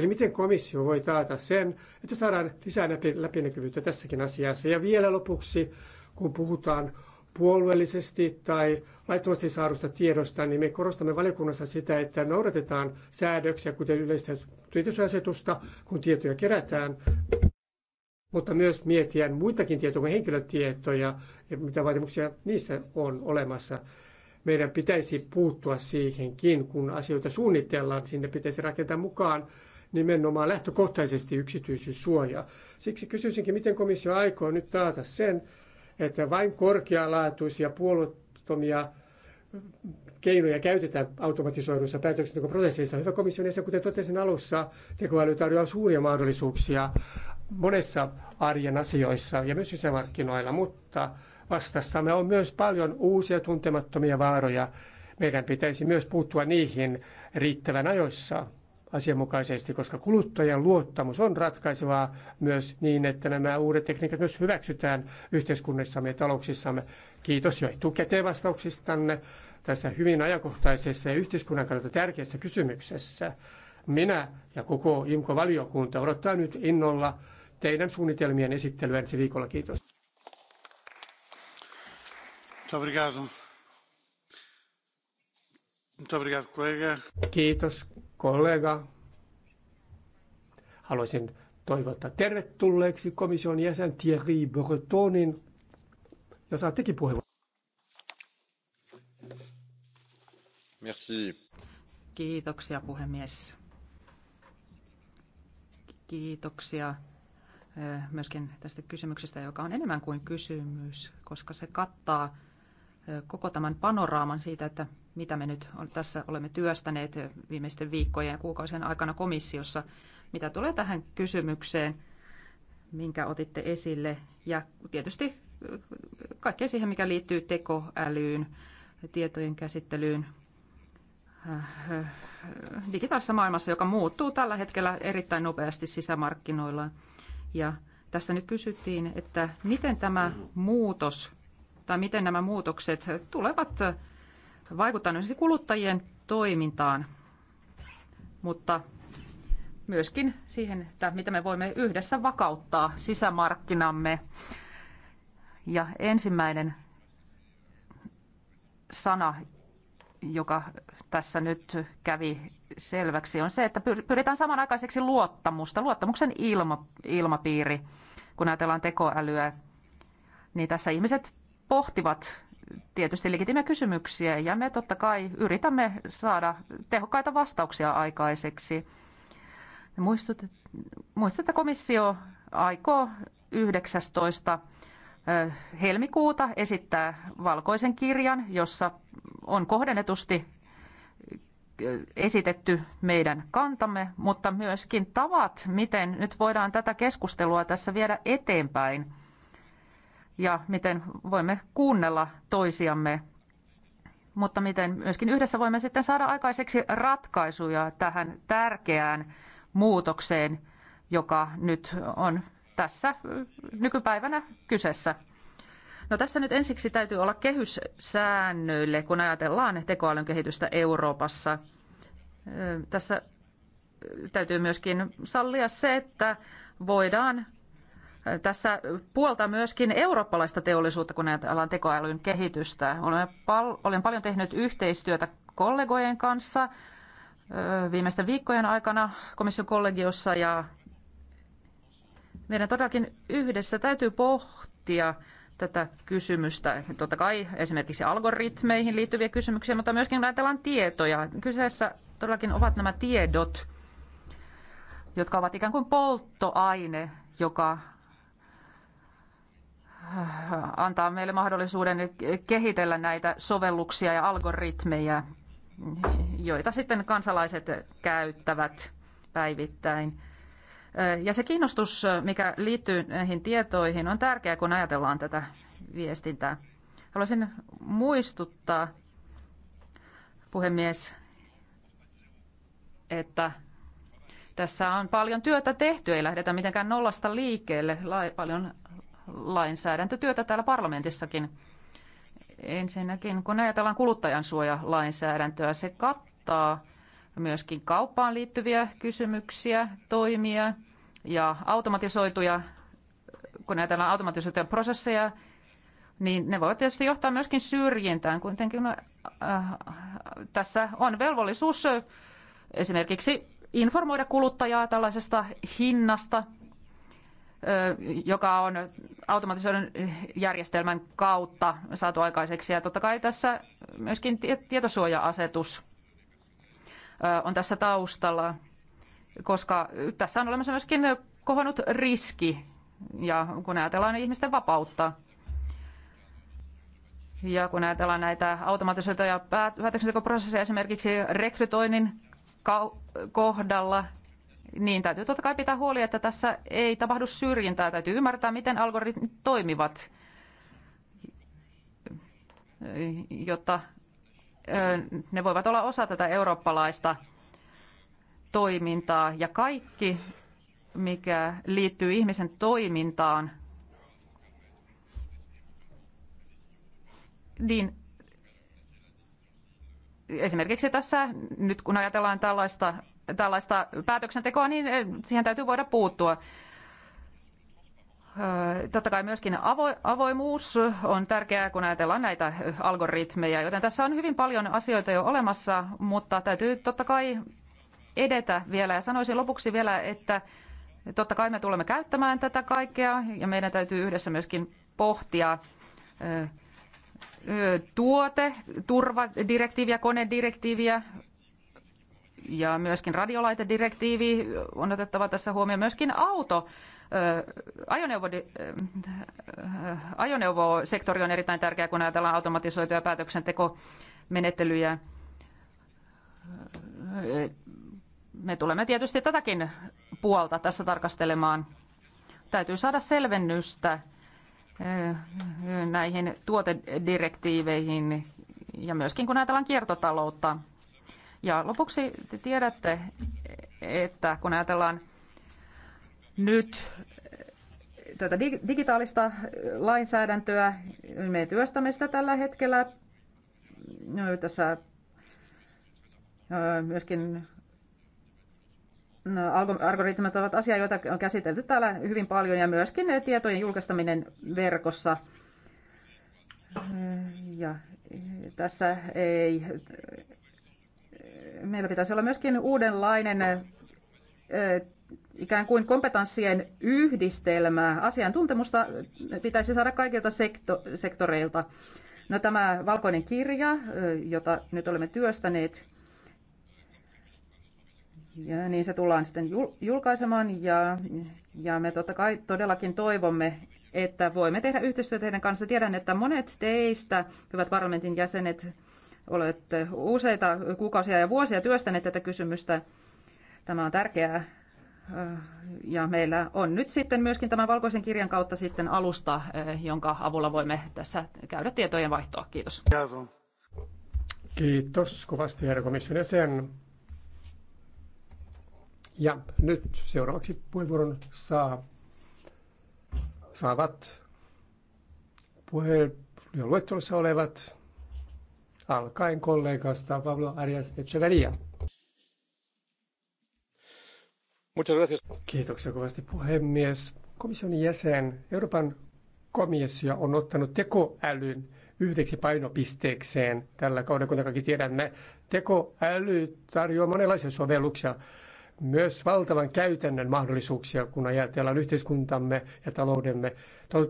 Eli miten komissio voi taata sen, että saadaan lisää läpinäkyvyyttä tässäkin asiassa. Ja vielä lopuksi, kun puhutaan puolueellisesti tai laittomasti saadusta tiedosta, niin me korostamme valiokunnassa sitä, että noudatetaan säädöksiä, kuten yleistä tietosuojasetusta, kun tietoja kerätään, mutta myös mietiä muitakin tietoja kuin henkilötietoja ja mitä vaatimuksia niissä on olemassa. Meidän pitäisi puuttua siihenkin, kun asioita suunnitellaan, sinne pitäisi rakentaa mukaan nimenomaan lähtökohtaisesti yksityisyyssuojaa. Siksi kysyisinkin, miten komissio aikoo nyt taata sen, että vain korkealaatuisia puolueettomia keinoja käytetään automatisoiduissa päätöksentekoprosesseissa. Hyvä komission jäsen, kuten totesin alussa, tekoäly tarjoaa suuria mahdollisuuksia monessa arjen asioissa ja myös sisämarkkinoilla, mutta vastassamme on myös paljon uusia tuntemattomia vaaroja. Meidän pitäisi myös puuttua niihin riittävän ajoissa asianmukaisesti, koska kuluttajan luottamus on ratkaisevaa myös niin, että nämä uudet tekniikat myös hyväksytään yhteiskunnassamme, ja talouksissamme. Kiitos jo etukäteen vastauksistanne tässä hyvin ajankohtaisessa ja yhteiskunnan kannalta tärkeässä kysymyksessä. Minä ja koko IMKO-valiokunta odottaa nyt innolla teidän suunnitelmien esittelyä ensi viikolla. Kiitos. Kiitos, kollega. Kiitos, kollega. Haluaisin toivottaa tervetulleeksi komission jäsen Thierry Bretonin, ja saattekin puheenvuoron. Merci. Kiitoksia puhemies. Kiitoksia eh, myöskin tästä kysymyksestä, joka on enemmän kuin kysymys, koska se kattaa koko tämän panoraaman siitä, että mitä me nyt on, tässä olemme työstäneet viimeisten viikkojen ja kuukausien aikana komissiossa. Mitä tulee tähän kysymykseen, minkä otitte esille, ja tietysti kaikkea siihen, mikä liittyy tekoälyyn, tietojen käsittelyyn, digitaalisessa maailmassa, joka muuttuu tällä hetkellä erittäin nopeasti sisämarkkinoilla. Ja tässä nyt kysyttiin, että miten tämä muutos tai miten nämä muutokset tulevat esimerkiksi kuluttajien toimintaan, mutta myöskin siihen, että mitä me voimme yhdessä vakauttaa sisämarkkinamme. Ja ensimmäinen sana, joka tässä nyt kävi selväksi, on se, että pyritään samanaikaiseksi luottamusta, luottamuksen ilma, ilmapiiri. Kun ajatellaan tekoälyä, niin tässä ihmiset pohtivat tietysti legitimiä kysymyksiä ja me totta kai yritämme saada tehokkaita vastauksia aikaiseksi. Muistut, että komissio aikoo 19. helmikuuta esittää valkoisen kirjan, jossa on kohdennetusti esitetty meidän kantamme, mutta myöskin tavat, miten nyt voidaan tätä keskustelua tässä viedä eteenpäin – ja miten voimme kuunnella toisiamme, mutta miten myöskin yhdessä voimme sitten saada aikaiseksi ratkaisuja tähän tärkeään muutokseen, joka nyt on tässä nykypäivänä kyseessä. No tässä nyt ensiksi täytyy olla kehyssäännöille, kun ajatellaan tekoälyn kehitystä Euroopassa. Tässä täytyy myöskin sallia se, että voidaan tässä puolta myöskin eurooppalaista teollisuutta, kun ajatellaan tekoälyn kehitystä. Olen, pal- olen paljon tehnyt yhteistyötä kollegojen kanssa viimeisten viikkojen aikana komission kollegiossa ja meidän todellakin yhdessä täytyy pohtia tätä kysymystä. Totta kai esimerkiksi algoritmeihin liittyviä kysymyksiä, mutta myöskin ajatellaan tietoja. Kyseessä todellakin ovat nämä tiedot, jotka ovat ikään kuin polttoaine, joka antaa meille mahdollisuuden kehitellä näitä sovelluksia ja algoritmeja, joita sitten kansalaiset käyttävät päivittäin. Ja se kiinnostus, mikä liittyy näihin tietoihin, on tärkeää, kun ajatellaan tätä viestintää. Haluaisin muistuttaa, puhemies, että tässä on paljon työtä tehty, ei lähdetä mitenkään nollasta liikkeelle, paljon lainsäädäntötyötä täällä parlamentissakin. Ensinnäkin, kun ajatellaan kuluttajan se kattaa myöskin kauppaan liittyviä kysymyksiä, toimia ja automatisoituja, kun ajatellaan automatisoituja prosesseja, niin ne voivat tietysti johtaa myöskin syrjintään. Kuitenkin äh, tässä on velvollisuus äh, esimerkiksi informoida kuluttajaa tällaisesta hinnasta – joka on automatisoidun järjestelmän kautta saatu aikaiseksi. Ja totta kai tässä myöskin tietosuoja-asetus on tässä taustalla, koska tässä on olemassa myöskin kohonnut riski, ja kun ajatellaan ihmisten vapautta, ja kun ajatellaan näitä automatisoituja päätöksentekoprosesseja esimerkiksi rekrytoinnin kohdalla, niin täytyy totta kai pitää huoli, että tässä ei tapahdu syrjintää. Täytyy ymmärtää, miten algoritmit toimivat, jotta ne voivat olla osa tätä eurooppalaista toimintaa. Ja kaikki, mikä liittyy ihmisen toimintaan, niin esimerkiksi tässä, nyt kun ajatellaan tällaista tällaista päätöksentekoa, niin eh, siihen täytyy voida puuttua. Totta kai myöskin avoimuus on tärkeää, kun ajatellaan näitä algoritmeja, joten tässä on hyvin paljon asioita jo olemassa, mutta täytyy totta kai edetä vielä. Ja sanoisin lopuksi vielä, että totta kai me tulemme käyttämään tätä kaikkea ja meidän täytyy yhdessä myöskin pohtia tuote, turvadirektiiviä, konedirektiiviä, ja myöskin radiolaitedirektiivi on otettava tässä huomioon. Myöskin auto, ajoneuvo, ajoneuvosektori on erittäin tärkeä, kun ajatellaan automatisoituja päätöksentekomenettelyjä. Me tulemme tietysti tätäkin puolta tässä tarkastelemaan. Täytyy saada selvennystä näihin tuotedirektiiveihin ja myöskin kun ajatellaan kiertotaloutta – ja lopuksi te tiedätte, että kun ajatellaan nyt eh, tätä digitaalista eh, lainsäädäntöä, niin me työstämme sitä tällä hetkellä no, tässä eh, myöskin no, algoritmit ovat asia, joita on käsitelty täällä hyvin paljon ja myöskin tietojen julkaistaminen verkossa. Ja tässä ei meillä pitäisi olla myöskin uudenlainen ikään kuin kompetanssien yhdistelmä. Asiantuntemusta pitäisi saada kaikilta sekto- sektoreilta. No tämä valkoinen kirja, jota nyt olemme työstäneet, ja niin se tullaan sitten julkaisemaan ja, ja me totta kai todellakin toivomme, että voimme tehdä yhteistyötä teidän kanssa. Tiedän, että monet teistä, hyvät parlamentin jäsenet, olette useita kuukausia ja vuosia työstäneet tätä kysymystä. Tämä on tärkeää. Ja meillä on nyt sitten myöskin tämän valkoisen kirjan kautta sitten alusta, jonka avulla voimme tässä käydä tietojen vaihtoa. Kiitos. Kiitos kovasti herra komission jäsen. Ja nyt seuraavaksi puheenvuoron saa, saavat puheenvuorossa olevat alkaen kollegasta Pablo Arias Echeveria. Kiitoksia kovasti puhemies. Komission jäsen Euroopan komissio on ottanut tekoälyn yhdeksi painopisteekseen tällä kaudella, kun kaikki tiedämme. Tekoäly tarjoaa monenlaisia sovelluksia, myös valtavan käytännön mahdollisuuksia, kun ajatellaan yhteiskuntamme ja taloudemme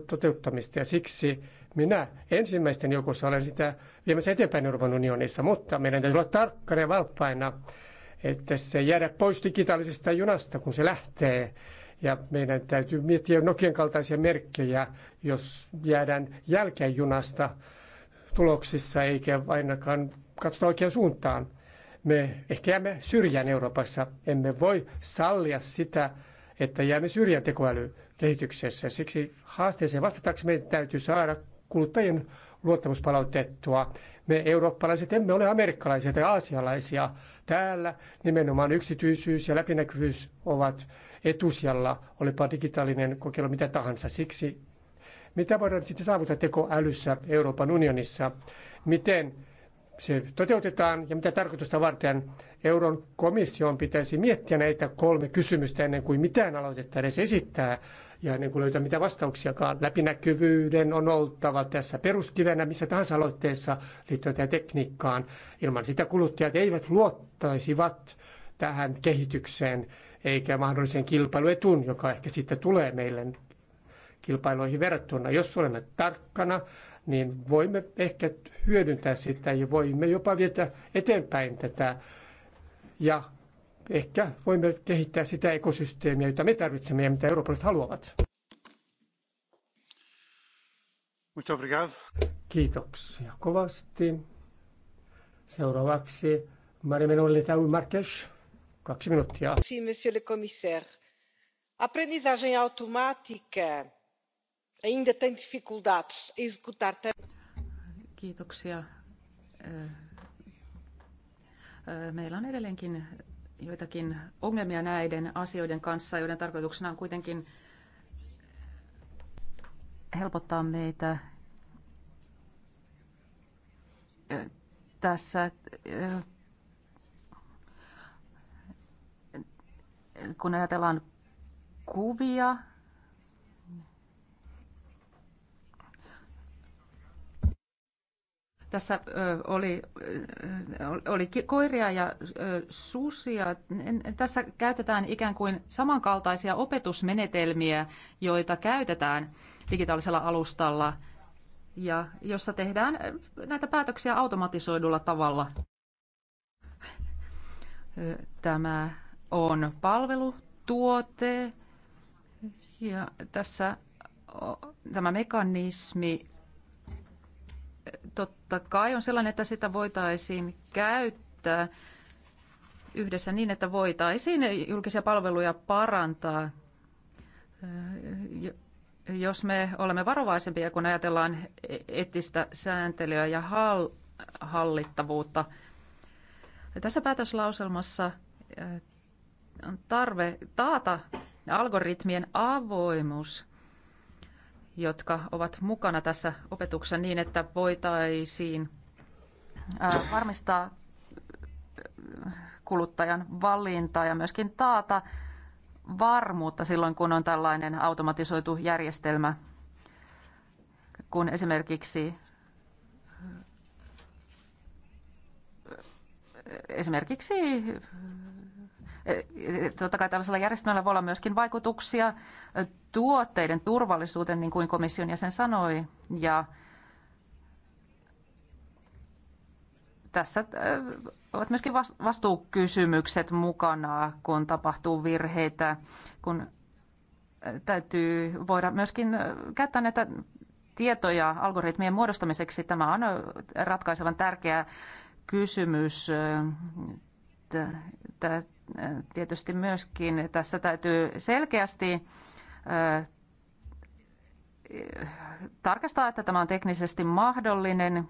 toteuttamista. Ja siksi minä ensimmäisten joukossa olen sitä viemässä eteenpäin Euroopan unionissa, mutta meidän täytyy olla tarkkana ja valppaina, että se jäädä pois digitaalisesta junasta, kun se lähtee. Ja meidän täytyy miettiä Nokian kaltaisia merkkejä, jos jäädään jälkeen junasta tuloksissa, eikä ainakaan katsota oikeaan suuntaan. Me ehkä jäämme syrjään Euroopassa. Emme voi sallia sitä, että jäämme syrjään tekoälykehityksessä. Siksi haasteeseen vastataksemme meidän täytyy saada kuluttajien luottamuspalautettua. palautettua. Me eurooppalaiset emme ole amerikkalaisia tai aasialaisia. Täällä nimenomaan yksityisyys ja läpinäkyvyys ovat etusijalla, olipa digitaalinen kokeilu mitä tahansa. Siksi mitä voidaan sitten saavuttaa tekoälyssä Euroopan unionissa, miten se toteutetaan ja mitä tarkoitusta varten euron komission pitäisi miettiä näitä kolme kysymystä ennen kuin mitään aloitetta edes esittää ja ennen kuin löytää mitä vastauksiakaan, läpinäkyvyyden on oltava tässä peruskivenä missä tahansa aloitteessa liittyen tähän tekniikkaan. Ilman sitä kuluttajat eivät luottaisivat tähän kehitykseen eikä mahdolliseen kilpailuetun, joka ehkä sitten tulee meille kilpailuihin verrattuna. Jos olemme tarkkana, niin voimme ehkä hyödyntää sitä ja voimme jopa viedä eteenpäin tätä ja ehkä voimme kehittää sitä ekosysteemiä, jota me tarvitsemme ja mitä eurooppalaiset haluavat. Muito obrigado. Kiitoksia kovasti. Seuraavaksi marie Menolle Letau Marques, kaksi minuuttia. Si, monsieur le commissaire. Aprendizagem automática ainda tem dificuldades executar... Kiitoksia. Meillä on edelleenkin joitakin ongelmia näiden asioiden kanssa, joiden tarkoituksena on kuitenkin helpottaa meitä tässä, kun ajatellaan kuvia, Tässä oli, oli koiria ja susia. Tässä käytetään ikään kuin samankaltaisia opetusmenetelmiä, joita käytetään digitaalisella alustalla ja jossa tehdään näitä päätöksiä automatisoidulla tavalla. Tämä on palvelutuote ja tässä tämä mekanismi totta kai on sellainen, että sitä voitaisiin käyttää yhdessä niin, että voitaisiin julkisia palveluja parantaa. Jos me olemme varovaisempia, kun ajatellaan etistä sääntelyä ja hallittavuutta, tässä päätöslauselmassa äh, on tarve taata algoritmien avoimuus jotka ovat mukana tässä opetuksessa niin, että voitaisiin varmistaa kuluttajan valintaa ja myöskin taata varmuutta silloin, kun on tällainen automatisoitu järjestelmä, kun esimerkiksi esimerkiksi totta kai tällaisella järjestelmällä voi olla myöskin vaikutuksia tuotteiden turvallisuuteen, niin kuin komission jäsen sanoi. Ja tässä äh, ovat myöskin vastuukysymykset mukana, kun tapahtuu virheitä, kun äh, täytyy voida myöskin äh, käyttää näitä tietoja algoritmien muodostamiseksi. Tämä on ratkaisevan tärkeä kysymys tietysti myöskin tässä täytyy selkeästi tarkastaa, että tämä on teknisesti mahdollinen.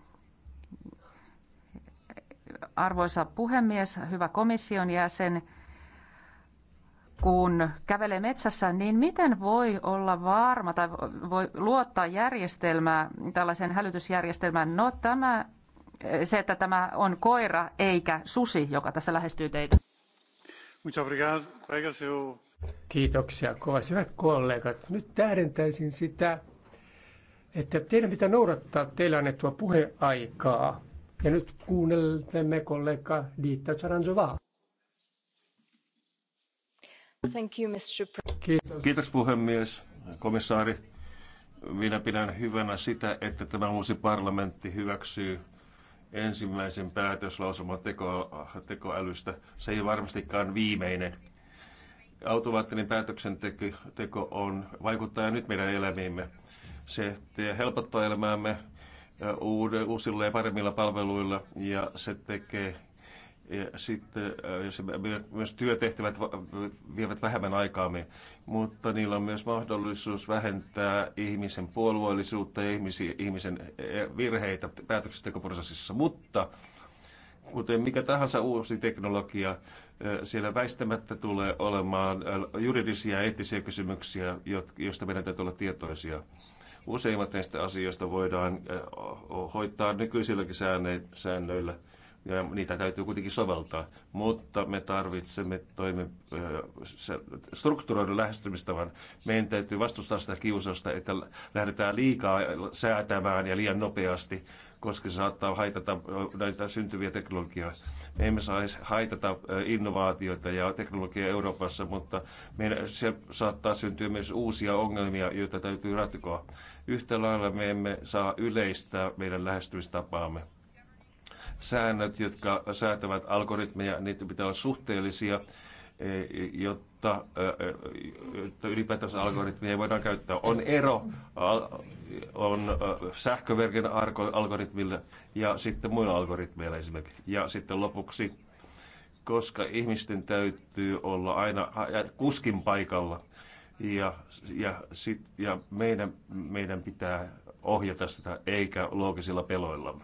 Arvoisa puhemies, hyvä komission jäsen, kun kävelee metsässä, niin miten voi olla varma tai voi luottaa järjestelmää, tällaisen hälytysjärjestelmään? No tämä, se, että tämä on koira eikä susi, joka tässä lähestyy teitä. Kiitoksia kovasti, hyvät kollegat. Nyt tähdentäisin sitä, että teidän pitää noudattaa teille annettua puheaikaa. Ja nyt kuunnelemme kollega Diitta Charanzovaa. Kiitos. Kiitos puhemies, komissaari. Minä pidän hyvänä sitä, että tämä uusi parlamentti hyväksyy ensimmäisen päätöslausuman teko, tekoälystä. Se ei varmastikaan viimeinen. Automaattinen päätöksenteko on, vaikuttaa nyt meidän elämiimme. Se helpottaa elämäämme uusilla ja paremmilla palveluilla ja se tekee ja sitten äh, jos myös työtehtävät vievät vähemmän aikaamme, mutta niillä on myös mahdollisuus vähentää ihmisen puolueellisuutta ja ihmisi, ihmisen äh, virheitä päätöksentekoprosessissa. Mutta kuten mikä tahansa uusi teknologia, äh, siellä väistämättä tulee olemaan juridisia ja eettisiä kysymyksiä, joista meidän täytyy olla tietoisia useimmat näistä asioista voidaan hoitaa nykyisilläkin säännöillä ja niitä täytyy kuitenkin soveltaa. Mutta me tarvitsemme toimi, strukturoidun lähestymistavan. Meidän täytyy vastustaa sitä kiusausta, että lähdetään liikaa säätämään ja liian nopeasti, koska se saattaa haitata näitä syntyviä teknologioita. Me emme saa haitata innovaatioita ja teknologiaa Euroopassa, mutta meidän, se saattaa syntyä myös uusia ongelmia, joita täytyy ratkoa. Yhtä lailla me emme saa yleistää meidän lähestymistapaamme säännöt, jotka säätävät algoritmeja, niitä pitää olla suhteellisia, e, jotta, e, e, jotta ylipäätänsä algoritmia voidaan käyttää. On ero on sähköverkin algoritmille ja sitten muilla algoritmeilla esimerkiksi. Ja sitten lopuksi, koska ihmisten täytyy olla aina kuskin paikalla, ja, ja, sit, ja meidän, meidän pitää ohjata sitä, eikä loogisilla peloillamme.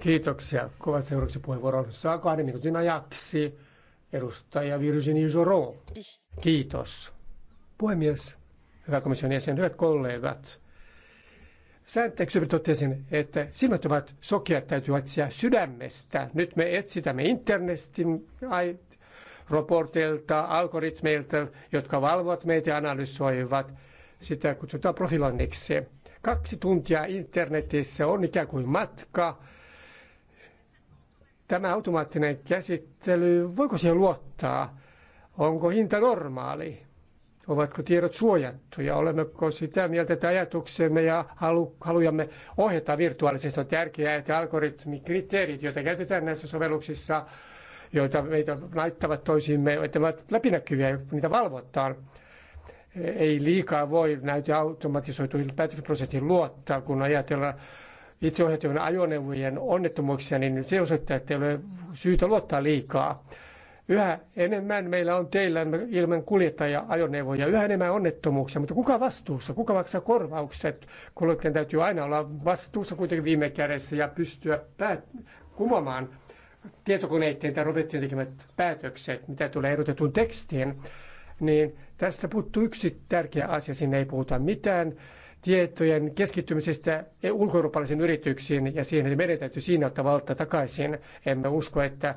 Kiitoksia kovasti seuraavaksi puheenvuoron. Saa kahden minuutin ajaksi edustaja Virginie Joro. Kiitos. Puhemies, hyvä komission jäsen, hyvät kollegat. Säänteeksi totesin, että silmät ovat sokeat, täytyy etsiä sydämestä. Nyt me etsitämme internetin raporteilta, algoritmeilta, jotka valvovat meitä ja analysoivat. Sitä kutsutaan profilonniksi Kaksi tuntia internetissä on ikään kuin matka. Tämä automaattinen käsittely, voiko siihen luottaa? Onko hinta normaali? Ovatko tiedot suojattuja? Olemmeko sitä mieltä, että ajatuksemme ja halu, halujamme ohjata virtuaalisesti on tärkeää, että algoritmikriteerit, joita käytetään näissä sovelluksissa, joita meitä laittavat toisiimme, että ovat läpinäkyviä niitä valvotaan ei liikaa voi näitä automatisoituihin päätösprosessiin luottaa, kun ajatellaan itseohjautuvien ajoneuvojen onnettomuuksia, niin se osoittaa, että ei ole syytä luottaa liikaa. Yhä enemmän meillä on teillä ilman kuljettaja-ajoneuvoja, yhä enemmän onnettomuuksia, mutta kuka vastuussa, kuka maksaa korvaukset? Kuljettajan täytyy aina olla vastuussa kuitenkin viime kädessä ja pystyä päät- kumomaan tietokoneiden tai robottien tekemät päätökset, mitä tulee erotetun tekstiin niin tässä puuttuu yksi tärkeä asia. Siinä ei puhuta mitään tietojen keskittymisestä e- ulkoeurooppalaisiin yrityksiin ja siihen, että meidän täytyy siinä ottaa valta takaisin. Emme usko, että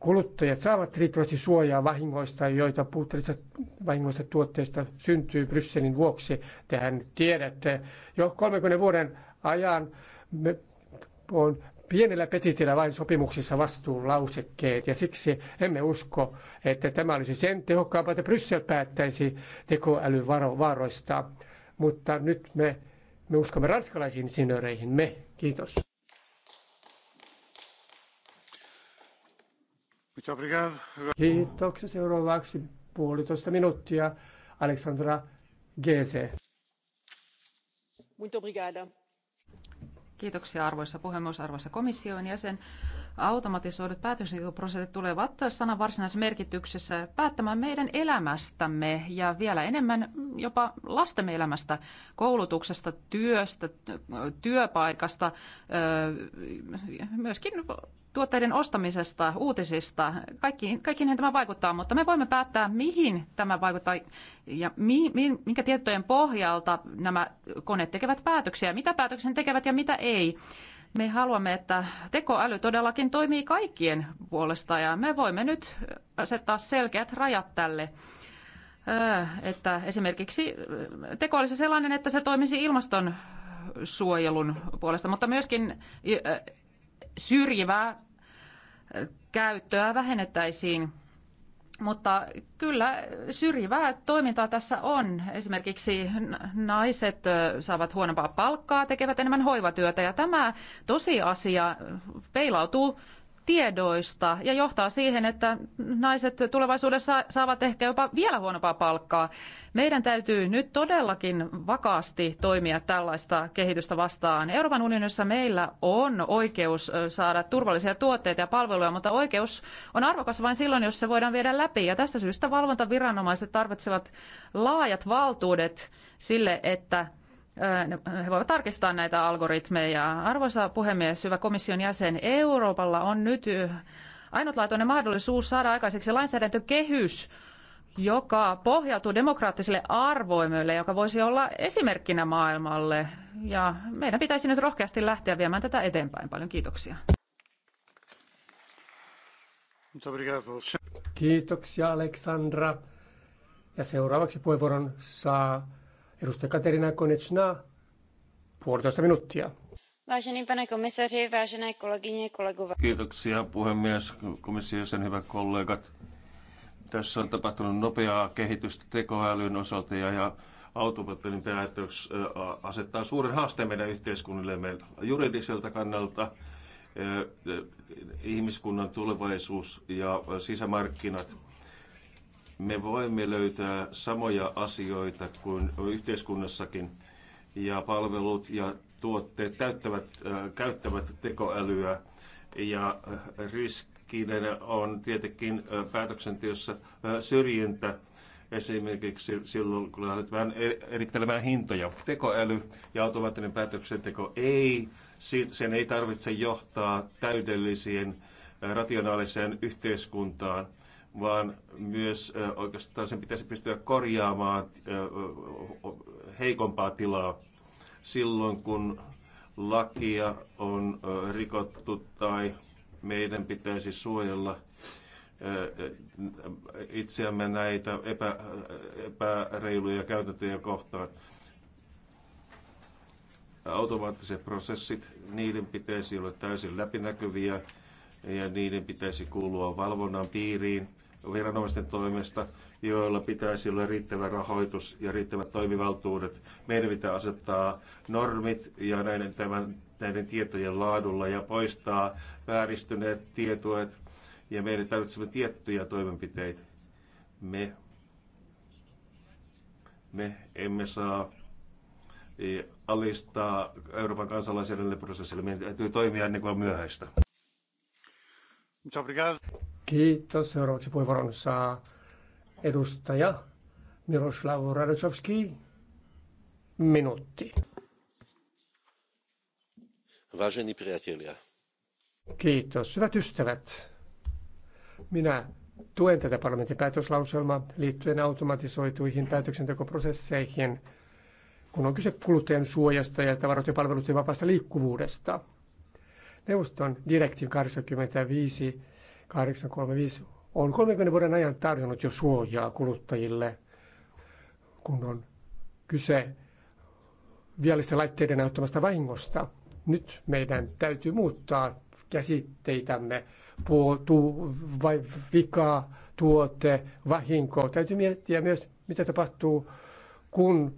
kuluttajat saavat riittävästi suojaa vahingoista, joita puutteellisista vahingoista tuotteista syntyy Brysselin vuoksi. Tehän tiedätte, jo 30 vuoden ajan me on pienellä petitillä vain sopimuksissa vastuulausekkeet ja siksi emme usko, että tämä olisi sen tehokkaampaa, että Bryssel päättäisi tekoälyn vaaroista. Mutta nyt me, me uskomme ranskalaisiin insinööreihin. Me. Kiitos. Kiitoksia. Seuraavaksi puolitoista minuuttia. Alexandra Gese. Muito obrigada. Kiitoksia arvoisa puhemies, arvoisa komission jäsen. Automatisoidut päätöksentekoprosessit tulevat sanan varsinaisessa merkityksessä päättämään meidän elämästämme ja vielä enemmän jopa lastemme elämästä, koulutuksesta, työstä, työpaikasta, myöskin tuotteiden ostamisesta, uutisista. Kaikkiin, kaikkiin tämä vaikuttaa, mutta me voimme päättää, mihin tämä vaikuttaa ja mi, mi, minkä tietojen pohjalta nämä koneet tekevät päätöksiä, mitä päätöksen tekevät ja mitä ei. Me haluamme, että tekoäly todellakin toimii kaikkien puolesta ja me voimme nyt asettaa selkeät rajat tälle öö, että esimerkiksi teko olisi sellainen, että se toimisi ilmaston suojelun puolesta, mutta myöskin syrjivää käyttöä vähennettäisiin. Mutta kyllä syrjivää toimintaa tässä on. Esimerkiksi naiset saavat huonompaa palkkaa, tekevät enemmän hoivatyötä ja tämä tosiasia peilautuu tiedoista ja johtaa siihen, että naiset tulevaisuudessa saavat ehkä jopa vielä huonompaa palkkaa. Meidän täytyy nyt todellakin vakaasti toimia tällaista kehitystä vastaan. Euroopan unionissa meillä on oikeus saada turvallisia tuotteita ja palveluja, mutta oikeus on arvokas vain silloin, jos se voidaan viedä läpi. Ja tästä syystä valvontaviranomaiset tarvitsevat laajat valtuudet sille, että he voivat tarkistaa näitä algoritmeja. Arvoisa puhemies, hyvä komission jäsen, Euroopalla on nyt ainutlaatuinen mahdollisuus saada aikaiseksi lainsäädäntökehys, joka pohjautuu demokraattisille arvoimille, joka voisi olla esimerkkinä maailmalle. Ja meidän pitäisi nyt rohkeasti lähteä viemään tätä eteenpäin. Paljon kiitoksia. Kiitoksia Aleksandra. Ja seuraavaksi puheenvuoron saa Edustaja Katerina Konečná, puolitoista minuuttia. Vážený pane komisaři, vážené kolegyně, kolegové. Kiitoksia puhemies, komission sen hyvät kollegat. Tässä on tapahtunut nopeaa kehitystä tekoälyn osalta ja, ja automattinen päätös asettaa suuren haasteen meidän yhteiskunnillemme juridiselta kannalta ihmiskunnan tulevaisuus ja sisämarkkinat me mm. voimme löytää samoja asioita kuin yhteiskunnassakin, ja palvelut ja tuotteet täyttävät, äh, käyttävät tekoälyä, ja äh, riskinen on tietenkin äh, päätöksenteossa äh, syrjintä, esimerkiksi silloin, kun vähän e-, erittelemään hintoja. Tekoäly ja automaattinen päätöksenteko ei, sen ei tarvitse johtaa täydellisiin rationaaliseen yhteiskuntaan, vaan myös oikeastaan sen pitäisi pystyä korjaamaan heikompaa tilaa silloin, kun lakia on rikottu tai meidän pitäisi suojella itseämme näitä epä, epäreiluja käytäntöjä kohtaan. Automaattiset prosessit, niiden pitäisi olla täysin läpinäkyviä ja niiden pitäisi kuulua valvonnan piiriin viranomaisten toimesta, joilla pitäisi olla riittävä rahoitus ja riittävät toimivaltuudet. Meidän pitää asettaa normit ja näiden, tämän, näiden tietojen laadulla ja poistaa vääristyneet tietoet. Ja meidän tarvitsemme tiettyjä toimenpiteitä. Me, me emme saa e, alistaa Euroopan kansalaisille prosessille. Meidän täytyy toimia ennen kuin on myöhäistä. Kiitos. Seuraavaksi puheenvuoron saa edustaja Miroslav Radosovski. Minuutti. Vážení priatelia. Kiitos. Hyvät ystävät. Minä tuen tätä parlamentin päätöslauselmaa liittyen automatisoituihin päätöksentekoprosesseihin, kun on kyse kuluttajan suojasta ja tavaroiden ja ja vapaasta liikkuvuudesta. Neuvoston direktiivin 85 835 on 30 vuoden ajan tarjonnut jo suojaa kuluttajille, kun on kyse viallisten laitteiden aiheuttamasta vahingosta. Nyt meidän täytyy muuttaa käsitteitämme, puotu, vai vika, tuote, vahinko. Täytyy miettiä myös, mitä tapahtuu, kun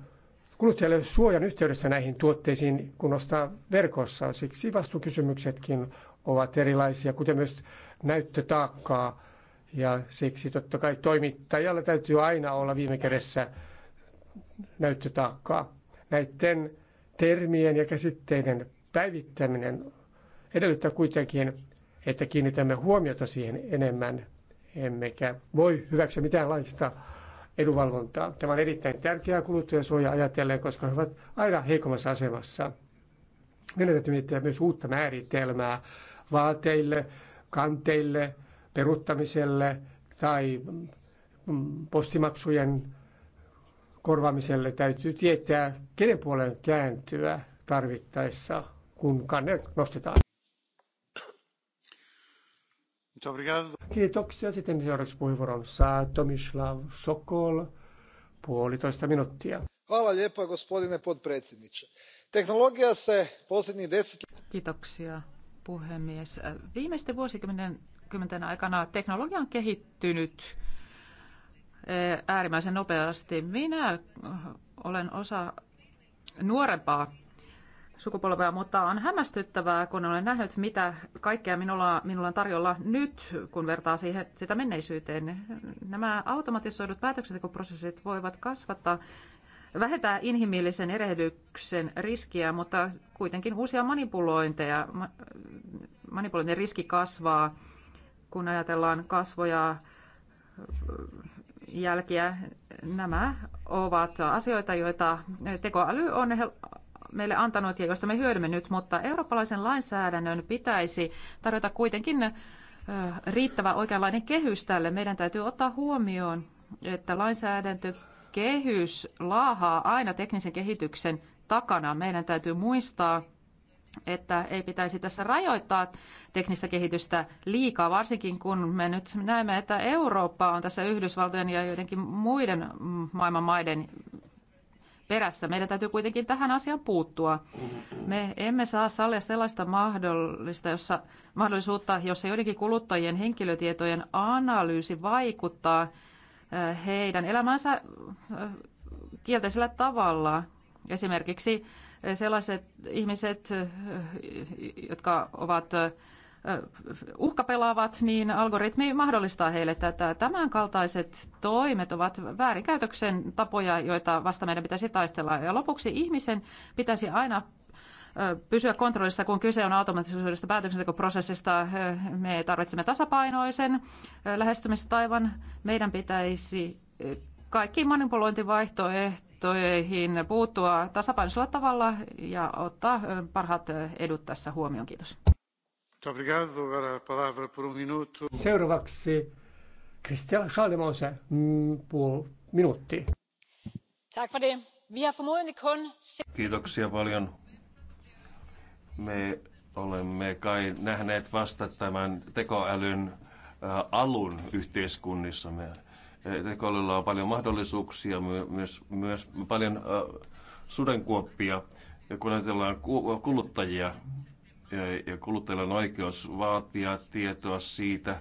kuluttajalle suojan yhteydessä näihin tuotteisiin, kun ostaa verkossa. Siksi vastuukysymyksetkin ovat erilaisia, kuten myös näyttötaakkaa. Ja siksi totta kai toimittajalla täytyy aina olla viime kädessä näyttötaakkaa. Näiden termien ja käsitteiden päivittäminen edellyttää kuitenkin, että kiinnitämme huomiota siihen enemmän, emmekä voi hyväksyä laista edunvalvontaa. Tämä on erittäin tärkeää kuluttajansuojaa ajatellen, koska he ovat aina heikommassa asemassa. Meidän täytyy miettiä myös uutta määritelmää vaateille, kanteille, peruttamiselle tai mm, postimaksujen korvaamiselle täytyy tietää, kenen puolen kääntyä tarvittaessa, kun kanne nostetaan. Kiitoksia. Sitten seuraavaksi puheenvuoron saa Tomislav Sokol, puolitoista minuuttia. Hvala lijepa, gospodine podpredsjedniče. Teknologia se posljednjih deset... Kiitoksia, puhemies. Viimeisten vuosikymmenten aikana teknologia on kehittynyt eh, äärimmäisen nopeasti. Minä olen osa nuorempaa sukupolvea, mutta on hämmästyttävää, kun olen nähnyt, mitä kaikkea minulla, minulla on tarjolla nyt, kun vertaa siihen, sitä menneisyyteen. Nämä automatisoidut päätöksentekoprosessit voivat kasvattaa vähentää inhimillisen erehdyksen riskiä, mutta kuitenkin uusia manipulointeja, manipulointien riski kasvaa, kun ajatellaan kasvoja, jälkiä. Nämä ovat asioita, joita tekoäly on meille antanut ja joista me hyödymme nyt, mutta eurooppalaisen lainsäädännön pitäisi tarjota kuitenkin riittävä oikeanlainen kehys tälle. Meidän täytyy ottaa huomioon, että lainsäädäntö kehys laahaa aina teknisen kehityksen takana. Meidän täytyy muistaa, että ei pitäisi tässä rajoittaa teknistä kehitystä liikaa, varsinkin kun me nyt näemme, että Eurooppa on tässä Yhdysvaltojen ja joidenkin muiden maailman maiden perässä. Meidän täytyy kuitenkin tähän asiaan puuttua. Me emme saa sallia sellaista mahdollista, jossa, mahdollisuutta, jossa joidenkin kuluttajien henkilötietojen analyysi vaikuttaa heidän elämänsä kielteisellä tavalla. Esimerkiksi sellaiset ihmiset, jotka ovat uhkapelaavat, niin algoritmi mahdollistaa heille tätä. Tämän kaltaiset toimet ovat väärinkäytöksen tapoja, joita vasta meidän pitäisi taistella. Ja lopuksi ihmisen pitäisi aina pysyä kontrollissa, kun kyse on automatisoidusta päätöksentekoprosessista. Me tarvitsemme tasapainoisen lähestymistaivan. Meidän pitäisi kaikkiin manipulointivaihtoehtoihin puuttua tasapainoisella tavalla ja ottaa parhaat edut tässä huomioon. Kiitos. Um Seuraavaksi Christian Schaldemose mm, puoli minuuttia. Kiitoksia paljon. Me olemme kai nähneet vasta tämän tekoälyn äh, alun yhteiskunnissamme. Äh, tekoälyllä on paljon mahdollisuuksia, myös, myös paljon äh, sudenkuoppia. Ja kun ajatellaan kuluttajia, ja kuluttajilla on oikeus vaatia tietoa siitä,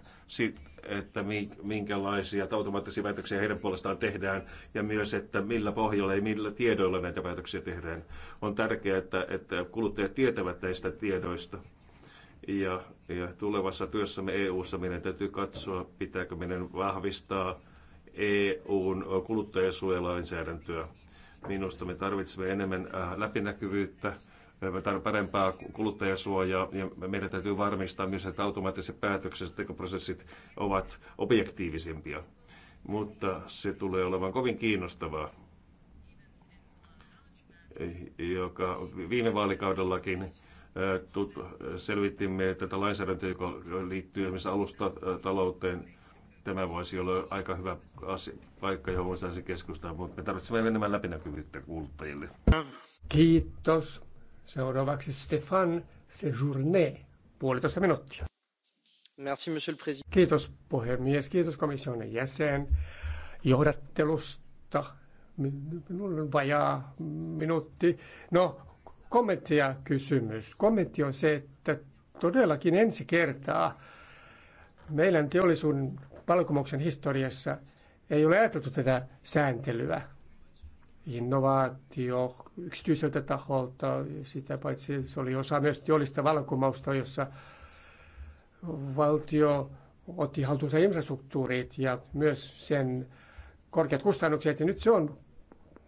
että minkälaisia automaattisia päätöksiä heidän puolestaan tehdään ja myös, että millä pohjalla ja millä tiedoilla näitä päätöksiä tehdään. On tärkeää, että, että kuluttajat tietävät näistä tiedoista. Ja, ja tulevassa työssämme EU-ssa meidän täytyy katsoa, pitääkö meidän vahvistaa EUn kuluttajasuojalainsäädäntöä. Minusta me tarvitsemme enemmän äh, läpinäkyvyyttä parempaa kuluttajasuojaa ja meidän täytyy varmistaa myös, että automaattiset päätöksentekoprosessit ovat objektiivisempia. Mutta se tulee olemaan kovin kiinnostavaa, joka viime vaalikaudellakin selvittimme tätä lainsäädäntöä, joka liittyy esimerkiksi alustatalouteen. Tämä voisi olla aika hyvä asia, paikka, johon voisi keskustella, mutta me tarvitsemme enemmän läpinäkyvyyttä kuluttajille. Kiitos. Seuraavaksi Stefan Sejourné, puolitoista minuuttia. Merci, monsieur le président. Kiitos puhemies, kiitos komission jäsen johdattelusta. Minulla on vajaa minuutti. No, kommentti ja kysymys. Kommentti on se, että todellakin ensi kertaa meidän teollisuuden palkomuksen historiassa ei ole ajateltu tätä sääntelyä innovaatio yksityiseltä taholta. Sitä paitsi se oli osa myös teollista vallankumousta, jossa valtio otti haltuunsa infrastruktuurit ja myös sen korkeat kustannukset. Ja nyt se on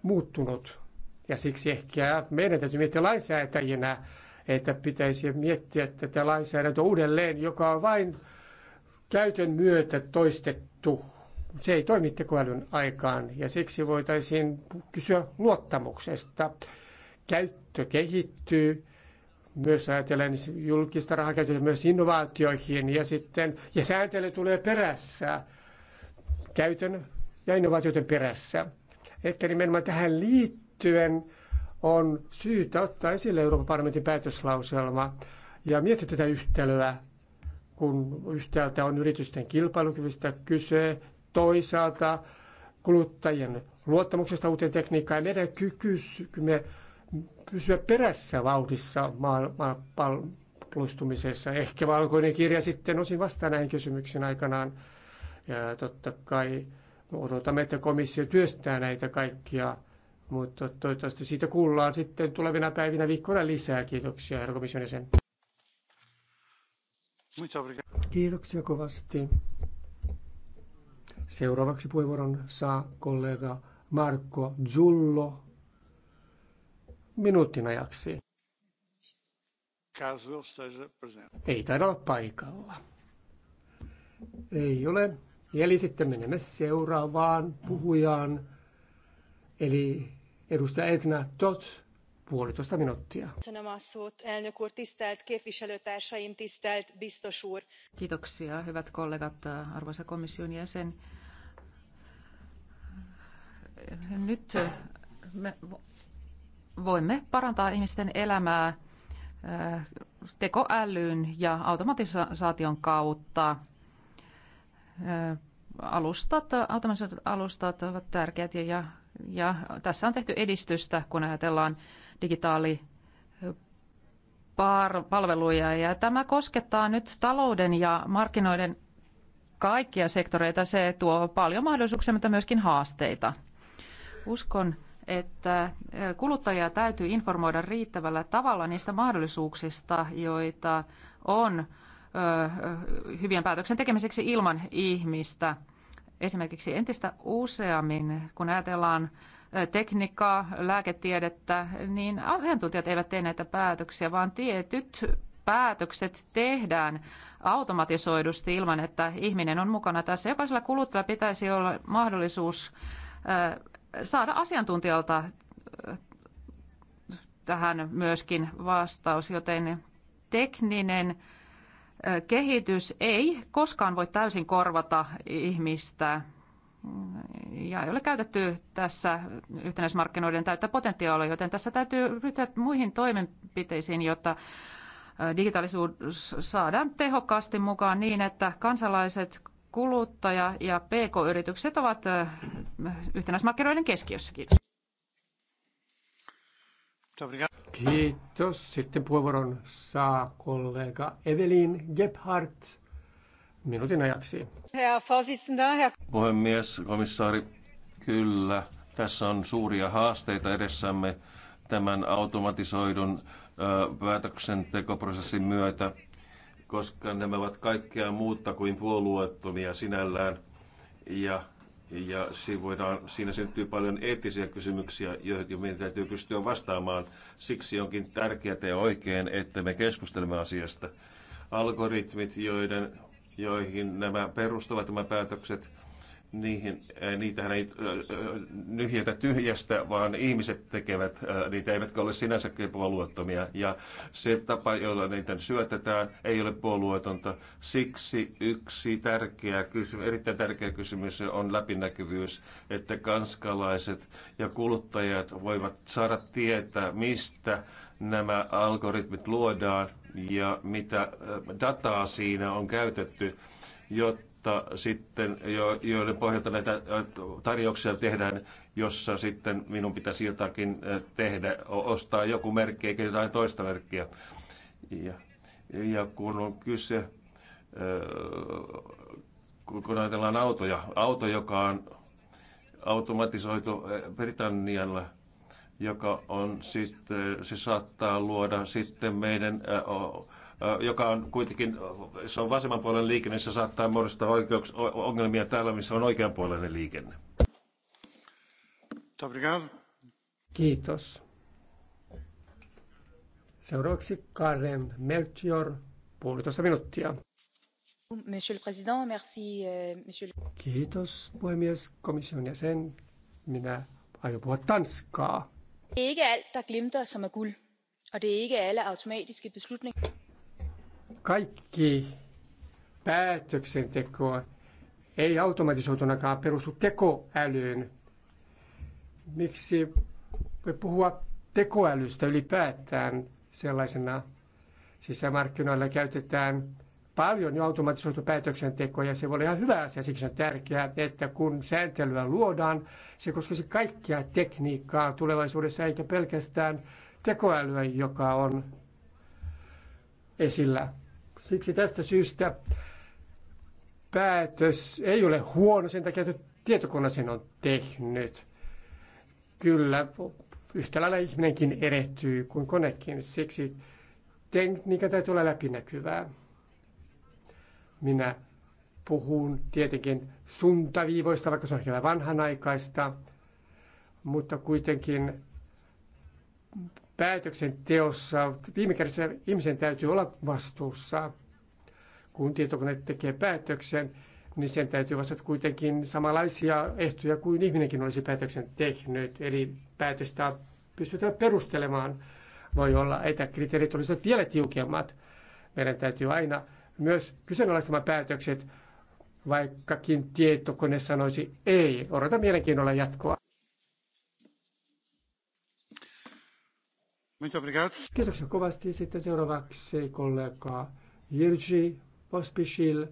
muuttunut. Ja siksi ehkä meidän täytyy miettiä lainsäätäjinä, että pitäisi miettiä tätä lainsäädäntöä uudelleen, joka on vain käytön myötä toistettu se ei toimi tekoälyn aikaan ja siksi voitaisiin kysyä luottamuksesta. Käyttö kehittyy, myös ajatellen julkista rahakäyttöä myös innovaatioihin ja sitten ja sääntely tulee perässä, käytön ja innovaatioiden perässä. Ehkä nimenomaan tähän liittyen on syytä ottaa esille Euroopan parlamentin päätöslauselma ja miettiä tätä yhtälöä kun yhtäältä on yritysten kilpailukyvystä kyse toisaalta kuluttajien luottamuksesta uuteen tekniikkaan ja meidän kykymme pysyä perässä vauhdissa maapalloistumisessa. Ehkä valkoinen kirja sitten osin vastaa näihin kysymyksiin aikanaan. Ja totta kai odotamme, että komissio työstää näitä kaikkia, mutta toivottavasti siitä kuullaan sitten tulevina päivinä viikkoina lisää. Kiitoksia, herra komission jäsen. Kiitoksia kovasti. Seuraavaksi puheenvuoron saa kollega Marko Zullo minuutin ajaksi. Ei taida olla paikalla. Ei ole. Eli sitten menemme seuraavaan puhujaan, eli edustaja Edna Tot, puolitoista minuuttia. Kiitoksia, hyvät kollegat, arvoisa komission jäsen nyt me voimme parantaa ihmisten elämää äh, tekoälyn ja automatisaation kautta. Äh, alustat, automatisoidut alustat ovat tärkeät ja, ja tässä on tehty edistystä, kun ajatellaan digitaali äh, palveluja. Ja tämä koskettaa nyt talouden ja markkinoiden kaikkia sektoreita. Se tuo paljon mahdollisuuksia, mutta myöskin haasteita. Uskon, että kuluttajia täytyy informoida riittävällä tavalla niistä mahdollisuuksista, joita on hyvien päätöksen tekemiseksi ilman ihmistä. Esimerkiksi entistä useammin, kun ajatellaan tekniikkaa, lääketiedettä, niin asiantuntijat eivät tee näitä päätöksiä, vaan tietyt päätökset tehdään automatisoidusti ilman, että ihminen on mukana tässä. Jokaisella kuluttajalla pitäisi olla mahdollisuus saada asiantuntijalta äh, tähän myöskin vastaus, joten tekninen äh, kehitys ei koskaan voi täysin korvata ihmistä ja ei ole käytetty tässä yhtenäismarkkinoiden täyttä potentiaalia, joten tässä täytyy ryhtyä muihin toimenpiteisiin, jotta äh, digitaalisuus saadaan tehokkaasti mukaan niin, että kansalaiset, kuluttaja ja PK-yritykset ovat yhtenäismarkkinoiden keskiössä. Kiitos. Kiitos. Sitten puheenvuoron saa kollega Evelin Gebhardt minuutin ajaksi. Puhemies, komissaari, kyllä. Tässä on suuria haasteita edessämme tämän automatisoidun päätöksentekoprosessin myötä koska nämä ovat kaikkea muuta kuin puolueettomia sinällään. Ja, ja siinä, voidaan, siinä syntyy paljon eettisiä kysymyksiä, joihin meidän täytyy pystyä vastaamaan. Siksi onkin tärkeää ja oikein, että me keskustelemme asiasta. Algoritmit, joiden, joihin nämä perustuvat nämä päätökset, niihin, eh, niitähän ei nyhjätä tyhjästä, vaan ihmiset tekevät, niitä eivätkä ole sinänsä puolueettomia. Ja se tapa, jolla niitä syötetään, ei ole puolueetonta. Siksi yksi tärkeä kysymys, erittäin tärkeä kysymys on läpinäkyvyys, että kanskalaiset ja kuluttajat voivat saada tietää, mistä nämä algoritmit luodaan ja mitä dataa siinä on käytetty, jotta mutta sitten jo, joiden pohjalta näitä tarjouksia tehdään, jossa sitten minun pitäisi jotakin tehdä, ostaa joku merkki eikä jotain toista merkkiä. Ja, ja kun on kyse, kun ajatellaan autoja, auto, joka on automatisoitu Britannialla, joka on sitten, se saattaa luoda sitten meidän joka on kuitenkin, se on vasemman liikenne, niin se saattaa muodostaa oikeuks, ongelmia täällä, missä on oikeanpuoleinen liikenne. Kiitos. Seuraavaksi Karen Melchior, puolitoista minuuttia. Monsieur le Président, merci, euh, monsieur... Kiitos puhemies komission jäsen. Minä aion puhua tanskaa. Det er ikke alt, der glimter, som er guld. Og det er ikke alle automatiske beslutninger kaikki päätöksenteko ei automatisoitunakaan perustu tekoälyyn. Miksi voi puhua tekoälystä ylipäätään sellaisena sisämarkkinoilla käytetään paljon jo automatisoitu päätöksentekoa ja se voi olla ihan hyvä asia. Siksi on tärkeää, että kun sääntelyä luodaan, se koskisi kaikkia tekniikkaa tulevaisuudessa eikä pelkästään tekoälyä, joka on esillä. Siksi tästä syystä päätös ei ole huono, sen takia että tietokone sen on tehnyt. Kyllä, yhtä lailla ihminenkin erehtyy kuin konekin, siksi tekniikka täytyy olla läpinäkyvää. Minä puhun tietenkin suntaviivoista, vaikka se on vielä vanhanaikaista, mutta kuitenkin päätöksenteossa viime kädessä ihmisen täytyy olla vastuussa. Kun tietokone tekee päätöksen, niin sen täytyy vastata kuitenkin samanlaisia ehtoja kuin ihminenkin olisi päätöksen tehnyt. Eli päätöstä pystytään perustelemaan. Voi olla, että kriteerit olisivat vielä tiukemmat. Meidän täytyy aina myös kyseenalaistamaan päätökset, vaikkakin tietokone sanoisi ei. Odota mielenkiinnolla jatkoa. Kiitoksia kovasti. Sitten seuraavaksi kollega Jirji Pospisil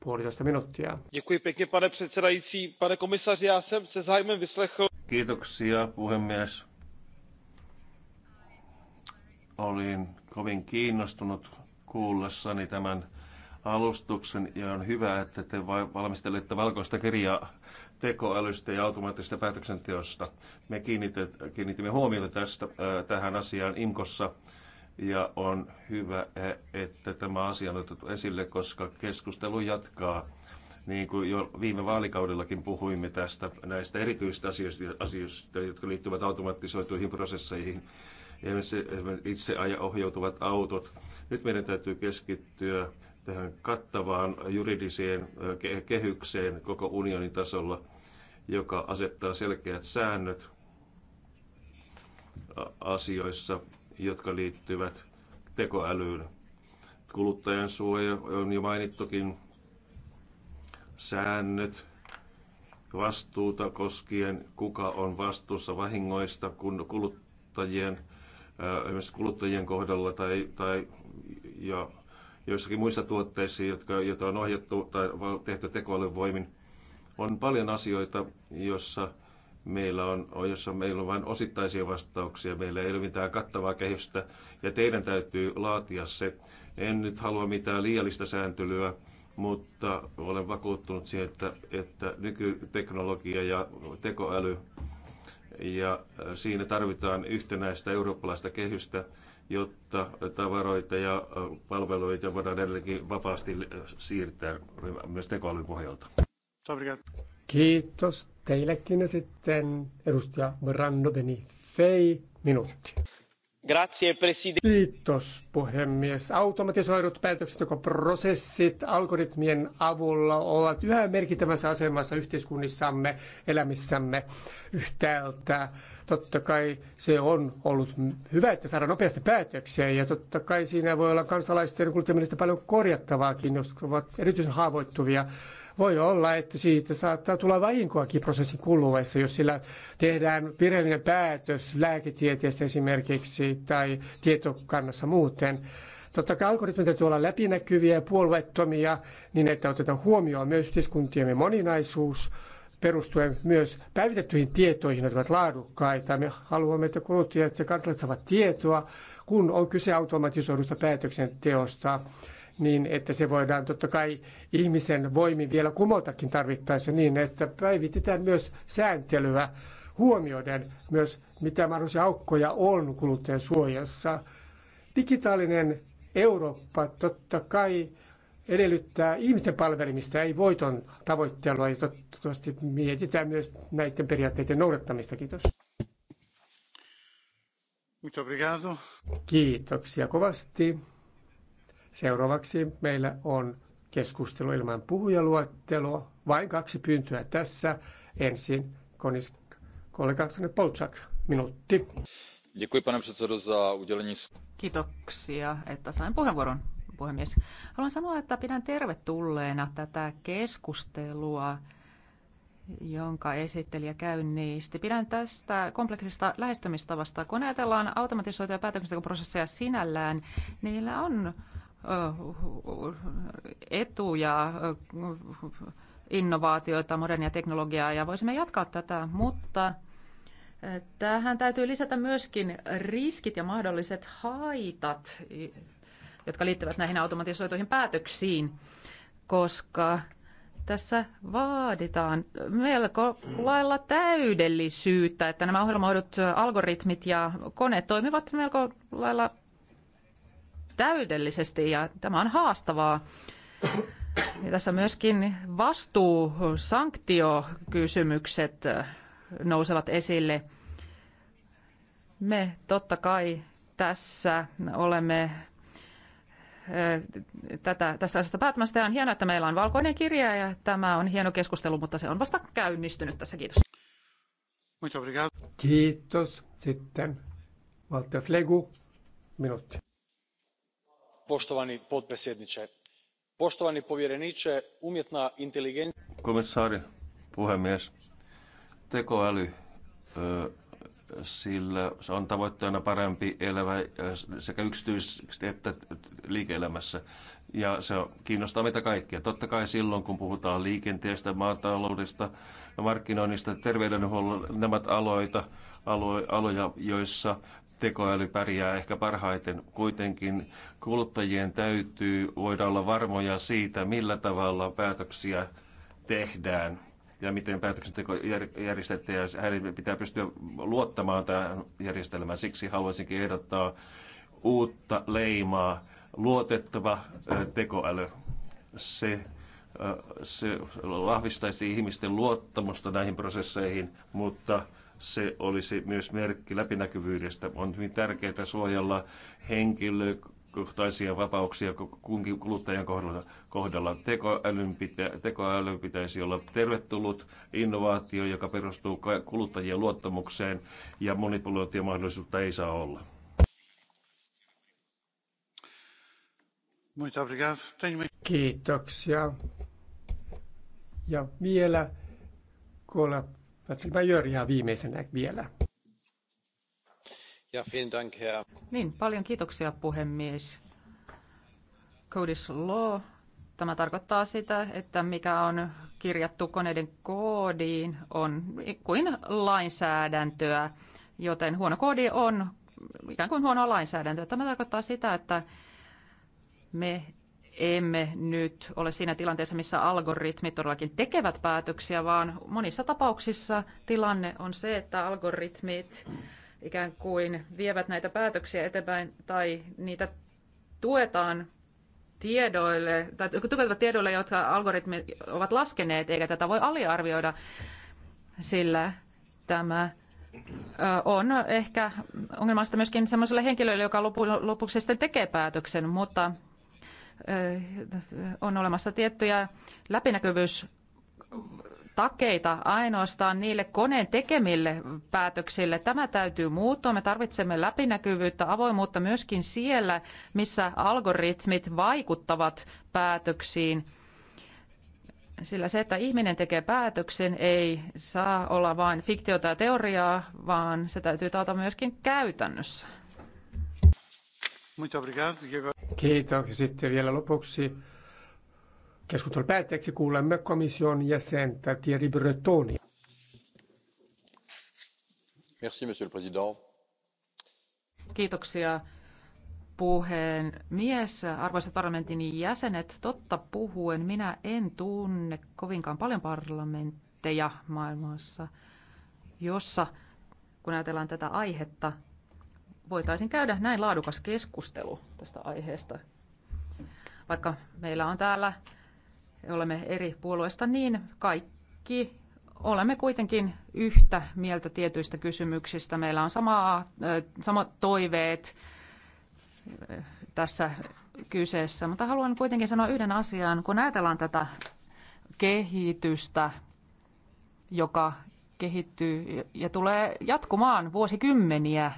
puolitoista minuuttia. Děkuji pěkně, pane předsedající. Pane komisaři, já jsem se zájmem vyslechl. Kiitoksia, puhemies. Olin kovin kiinnostunut kuullessani tämän alustuksen ja on hyvä, että te valmistelette valkoista kirjaa tekoälystä ja automaattisesta päätöksenteosta. Me kiinnitimme huomiota tästä, äh, tähän asiaan IMKossa ja on hyvä, äh, että tämä asia on otettu esille, koska keskustelu jatkaa. Niin kuin jo viime vaalikaudellakin puhuimme tästä näistä erityistä asioista, asioista jotka liittyvät automatisoituihin prosesseihin, ja äh, itse ohjautuvat autot. Nyt meidän täytyy keskittyä tähän kattavaan juridiseen kehykseen koko unionin tasolla, joka asettaa selkeät säännöt asioissa, jotka liittyvät tekoälyyn. Kuluttajan suoja on jo mainittukin säännöt vastuuta koskien, kuka on vastuussa vahingoista, kun kuluttajien, esimerkiksi kuluttajien kohdalla tai, tai ja joissakin muissa tuotteissa, jotka, joita on ohjattu tai tehty tekoälyn voimin. On paljon asioita, joissa meillä on, jossa meillä on vain osittaisia vastauksia, meillä ei ole mitään kattavaa kehystä ja teidän täytyy laatia se. En nyt halua mitään liiallista sääntelyä, mutta olen vakuuttunut siihen, että, että nykyteknologia ja tekoäly ja äh, siinä tarvitaan yhtenäistä eurooppalaista kehystä, jotta tavaroita ja äh, palveluita voidaan edelleenkin vapaasti siirtää myös tekoälyn pohjalta. Kiitos teillekin ja sitten edustaja Brando Fei minuutti. Grazie, presidente. Kiitos puhemies. Automatisoidut päätöksentekoprosessit algoritmien avulla ovat yhä merkittävässä asemassa yhteiskunnissamme, elämissämme yhtäältä Totta kai se on ollut hyvä, että saadaan nopeasti päätöksiä ja totta kai siinä voi olla kansalaisten kuluttajien paljon korjattavaakin, jos ovat erityisen haavoittuvia. Voi olla, että siitä saattaa tulla vahinkoakin prosessin kuluessa, jos sillä tehdään virallinen päätös lääketieteestä esimerkiksi tai tietokannassa muuten. Totta kai algoritmit täytyy olla läpinäkyviä ja puolueettomia niin, että otetaan huomioon myös yhteiskuntiemme moninaisuus – perustuen myös päivitettyihin tietoihin, jotka ovat laadukkaita. Me haluamme, että kuluttajat ja kansalaiset saavat tietoa, kun on kyse automatisoidusta päätöksenteosta, niin että se voidaan totta kai ihmisen voimin vielä kumoltakin tarvittaessa niin, että päivitetään myös sääntelyä huomioiden myös, mitä mahdollisia aukkoja on kuluttajan suojassa. Digitaalinen Eurooppa totta kai edellyttää ihmisten palvelimista, ei voiton tavoittelua. Ja toivottavasti mietitään myös näiden periaatteiden noudattamista. Kiitos. Kiitoksia kovasti. Seuraavaksi meillä on keskustelu ilman puhujaluettelua. Vain kaksi pyyntöä tässä. Ensin konis, kollega Polchak, minuutti. Děkuji, pane předsedo, za udělení. Kiitoksia, että sain puheenvuoron puhemies. Haluan sanoa, että pidän tervetulleena tätä keskustelua jonka esittelijä käynnisti. Pidän tästä kompleksista lähestymistavasta. Kun ajatellaan automatisoituja päätöksentekoprosesseja sinällään, niillä on etuja, innovaatioita, modernia teknologiaa ja voisimme jatkaa tätä, mutta tähän täytyy lisätä myöskin riskit ja mahdolliset haitat, jotka liittyvät näihin automatisoituihin päätöksiin, koska tässä vaaditaan melko lailla täydellisyyttä, että nämä ohjelmoidut algoritmit ja koneet toimivat melko lailla täydellisesti ja tämä on haastavaa. Ja tässä myöskin vastuu, sanktiokysymykset nousevat esille. Me totta kai tässä olemme tätä, tästä asiasta päättämästä. Ja on hienoa, että meillä on valkoinen kirja ja tämä on hieno keskustelu, mutta se on vasta käynnistynyt tässä. Kiitos. Kiitos. Sitten Walter Flegu, minuutti. Poštovani podpesedniče, poštovani povjereniče, umjetna inteligencija... Komissaari, puhemies, tekoäly ö, sillä se on tavoitteena parempi elävä äh, sekä yksityisesti että liike-elämässä. Ja se kiinnostaa meitä kaikkia. Totta kai silloin, kun puhutaan liikenteestä, maataloudesta, markkinoinnista, terveydenhuollon, nämä aloita, alo, aloja, joissa tekoäly pärjää ehkä parhaiten. Kuitenkin kuluttajien täytyy voida olla varmoja siitä, millä tavalla päätöksiä tehdään ja miten päätöksenteko järjestetään ja hänen pitää pystyä luottamaan tähän järjestelmään. Siksi haluaisinkin ehdottaa uutta leimaa, luotettava tekoäly. Se, se vahvistaisi ihmisten luottamusta näihin prosesseihin, mutta se olisi myös merkki läpinäkyvyydestä. On hyvin tärkeää suojella henkilö, kohtaisia vapauksia kunkin kuluttajan kohdalla. kohdalla. Tekoälyn, pitä, tekoälyn pitäisi olla tervetullut innovaatio, joka perustuu kuluttajien luottamukseen ja mahdollisuutta ei saa olla. Kiitoksia. Ja vielä kolme Patrick Major viimeisenä vielä. Ja, dank, herr. Niin, paljon kiitoksia puhemies. Codis Law, tämä tarkoittaa sitä, että mikä on kirjattu koneiden koodiin, on kuin lainsäädäntöä, joten huono koodi on ikään kuin huonoa lainsäädäntöä. Tämä tarkoittaa sitä, että me emme nyt ole siinä tilanteessa, missä algoritmit todellakin tekevät päätöksiä, vaan monissa tapauksissa tilanne on se, että algoritmit ikään kuin vievät näitä päätöksiä eteenpäin tai niitä tuetaan tiedoille, tai tukevat tiedoille, jotka algoritmit ovat laskeneet, eikä tätä voi aliarvioida, sillä tämä on ehkä ongelmasta myöskin sellaiselle henkilölle, joka lopuksi sitten tekee päätöksen, mutta on olemassa tiettyjä läpinäkyvyys takeita ainoastaan niille koneen tekemille päätöksille. Tämä täytyy muuttua. Me tarvitsemme läpinäkyvyyttä, avoimuutta myöskin siellä, missä algoritmit vaikuttavat päätöksiin. Sillä se, että ihminen tekee päätöksen, ei saa olla vain fiktiota ja teoriaa, vaan se täytyy taata myöskin käytännössä. E Kiitos. Sitten vielä lopuksi Keskustelun päätteeksi kuulemme komission jäsentä Thierry Bretonia. Merci, monsieur le président. Kiitoksia puheen mies, arvoisat parlamentin jäsenet. Totta puhuen, minä en tunne kovinkaan paljon parlamentteja maailmassa, jossa, kun ajatellaan tätä aihetta, voitaisiin käydä näin laadukas keskustelu tästä aiheesta. Vaikka meillä on täällä olemme eri puolueista, niin kaikki olemme kuitenkin yhtä mieltä tietyistä kysymyksistä. Meillä on samaa, samat toiveet tässä kyseessä, mutta haluan kuitenkin sanoa yhden asian. Kun ajatellaan tätä kehitystä, joka kehittyy ja tulee jatkumaan vuosikymmeniä,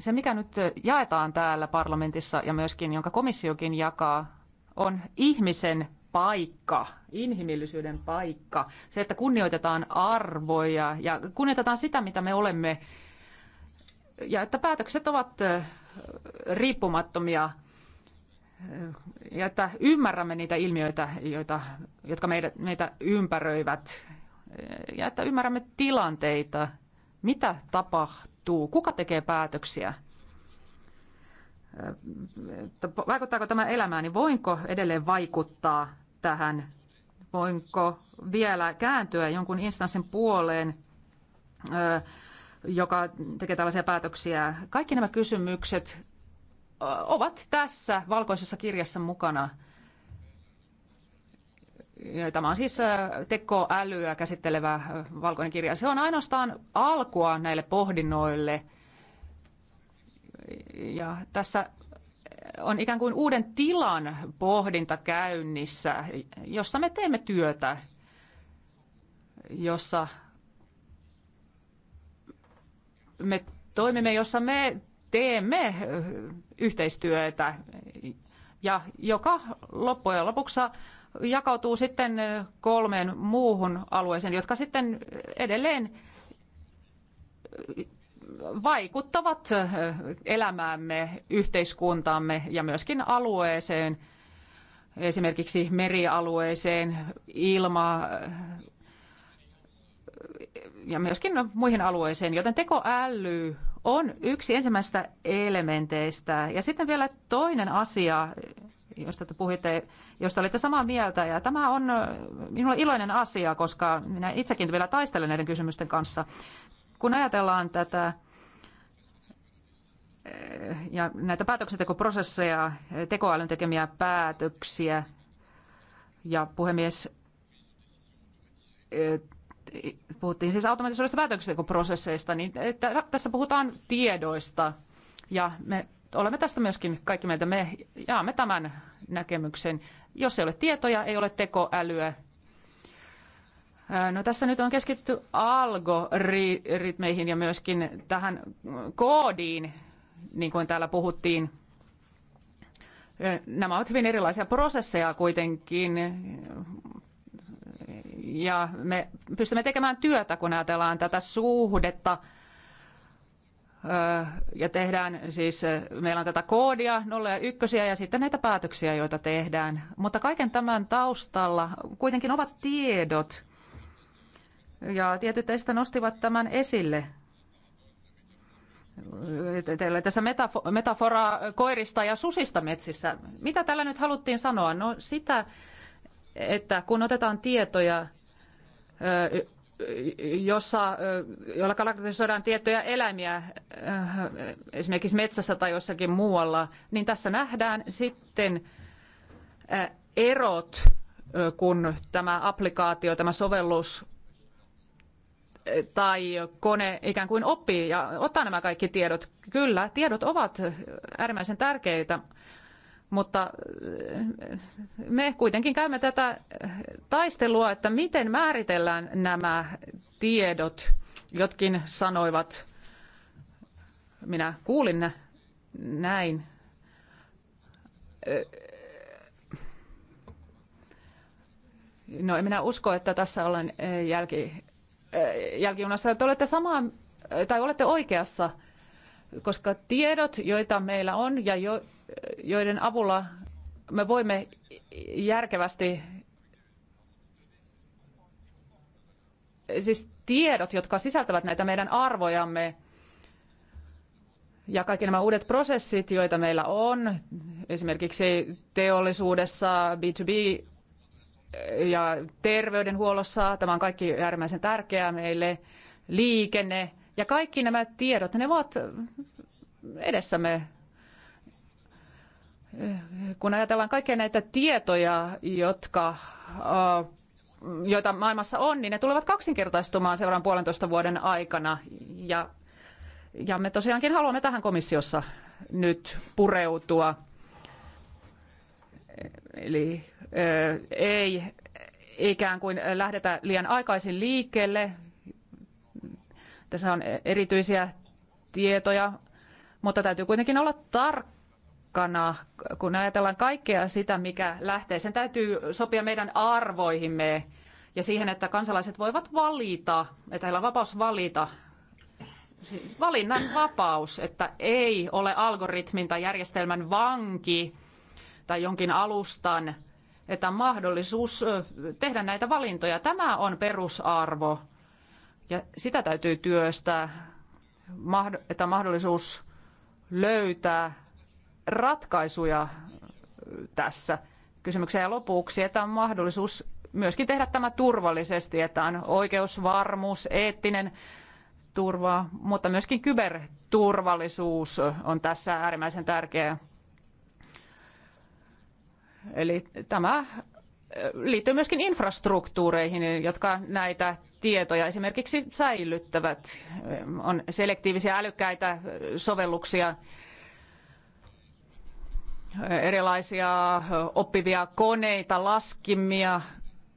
se, mikä nyt jaetaan täällä parlamentissa ja myöskin jonka komissiokin jakaa, on ihmisen paikka, inhimillisyyden paikka. Se, että kunnioitetaan arvoja ja kunnioitetaan sitä, mitä me olemme. Ja että päätökset ovat riippumattomia ja että ymmärrämme niitä ilmiöitä, joita, jotka meitä, meitä ympäröivät. Ja että ymmärrämme tilanteita, mitä tapahtuu muuttuu? kuka tekee päätöksiä, vaikuttaako tämä elämään, niin voinko edelleen vaikuttaa tähän, voinko vielä kääntyä jonkun instanssin puoleen, joka tekee tällaisia päätöksiä. Kaikki nämä kysymykset ovat tässä valkoisessa kirjassa mukana. Tämä on siis äh, tekoälyä käsittelevä äh, valkoinen kirja. Se on ainoastaan alkua näille pohdinnoille. Ja tässä äh, on ikään kuin uuden tilan pohdinta käynnissä, jossa me teemme työtä, jossa me toimimme, jossa me teemme yhteistyötä ja joka loppujen lopuksi jakautuu sitten kolmeen muuhun alueeseen, jotka sitten edelleen vaikuttavat elämäämme, yhteiskuntaamme ja myöskin alueeseen, esimerkiksi merialueeseen, ilma ja myöskin muihin alueisiin, joten tekoäly on yksi ensimmäistä elementeistä. Ja sitten vielä toinen asia, josta te puhuitte, josta olitte samaa mieltä. Ja tämä on minulle iloinen asia, koska minä itsekin vielä taistelen näiden kysymysten kanssa. Kun ajatellaan tätä ja näitä päätöksentekoprosesseja, tekoälyn tekemiä päätöksiä ja puhemies puhuttiin siis automatisoidusta päätöksentekoprosesseista, niin tässä puhutaan tiedoista ja me olemme tästä myöskin kaikki meiltä, me jaamme tämän näkemyksen. Jos ei ole tietoja, ei ole tekoälyä. No tässä nyt on keskitytty algoritmeihin ja myöskin tähän koodiin, niin kuin täällä puhuttiin. Nämä ovat hyvin erilaisia prosesseja kuitenkin, ja me pystymme tekemään työtä, kun ajatellaan tätä suhdetta – ja tehdään siis, meillä on tätä koodia, nolla ja ykkösiä ja sitten näitä päätöksiä, joita tehdään. Mutta kaiken tämän taustalla kuitenkin ovat tiedot. Ja tietyt teistä nostivat tämän esille. Teillä oli tässä metafo- metafora koirista ja susista metsissä. Mitä tällä nyt haluttiin sanoa? No sitä, että kun otetaan tietoja jossa, jolla kalastetaan tiettyjä eläimiä esimerkiksi metsässä tai jossakin muualla, niin tässä nähdään sitten erot, kun tämä applikaatio, tämä sovellus tai kone ikään kuin oppii ja ottaa nämä kaikki tiedot. Kyllä, tiedot ovat äärimmäisen tärkeitä, mutta eh, me kuitenkin käymme tätä taistelua, että miten määritellään nämä tiedot. Jotkin sanoivat, minä kuulin näin, eh, No en minä usko, että tässä olen eh, jälki, jälkijunassa. että olette samaa, tai olette oikeassa, koska tiedot, joita meillä on ja jo, joiden avulla me voimme järkevästi siis tiedot, jotka sisältävät näitä meidän arvojamme ja kaikki nämä uudet prosessit, joita meillä on, esimerkiksi teollisuudessa, B2B ja terveydenhuollossa, tämä on kaikki äärimmäisen tärkeää meille, liikenne ja kaikki nämä tiedot, ne ovat edessämme kun ajatellaan kaikkia näitä tietoja, jotka, joita maailmassa on, niin ne tulevat kaksinkertaistumaan seuraavan puolentoista vuoden aikana. Ja, ja me tosiaankin haluamme tähän komissiossa nyt pureutua. Eli ei ikään kuin lähdetä liian aikaisin liikkeelle. Tässä on e-, erityisiä tietoja, mutta täytyy kuitenkin olla tarkka takana, kun ajatellaan kaikkea sitä, mikä lähtee. Sen täytyy sopia meidän arvoihimme ja siihen, että kansalaiset voivat valita, että heillä on vapaus valita, siis valinnan vapaus, että ei ole algoritmin tai järjestelmän vanki tai jonkin alustan, että on mahdollisuus tehdä näitä valintoja. Tämä on perusarvo ja sitä täytyy työstää, että on mahdollisuus löytää ratkaisuja tässä kysymykseen. Ja lopuksi, että on mahdollisuus myöskin tehdä tämä turvallisesti, että on oikeusvarmuus, eettinen turva, mutta myöskin kyberturvallisuus on tässä äärimmäisen tärkeää. Eli tämä liittyy myöskin infrastruktuureihin, jotka näitä tietoja esimerkiksi säilyttävät. On selektiivisiä älykkäitä sovelluksia, erilaisia oppivia koneita, laskimia,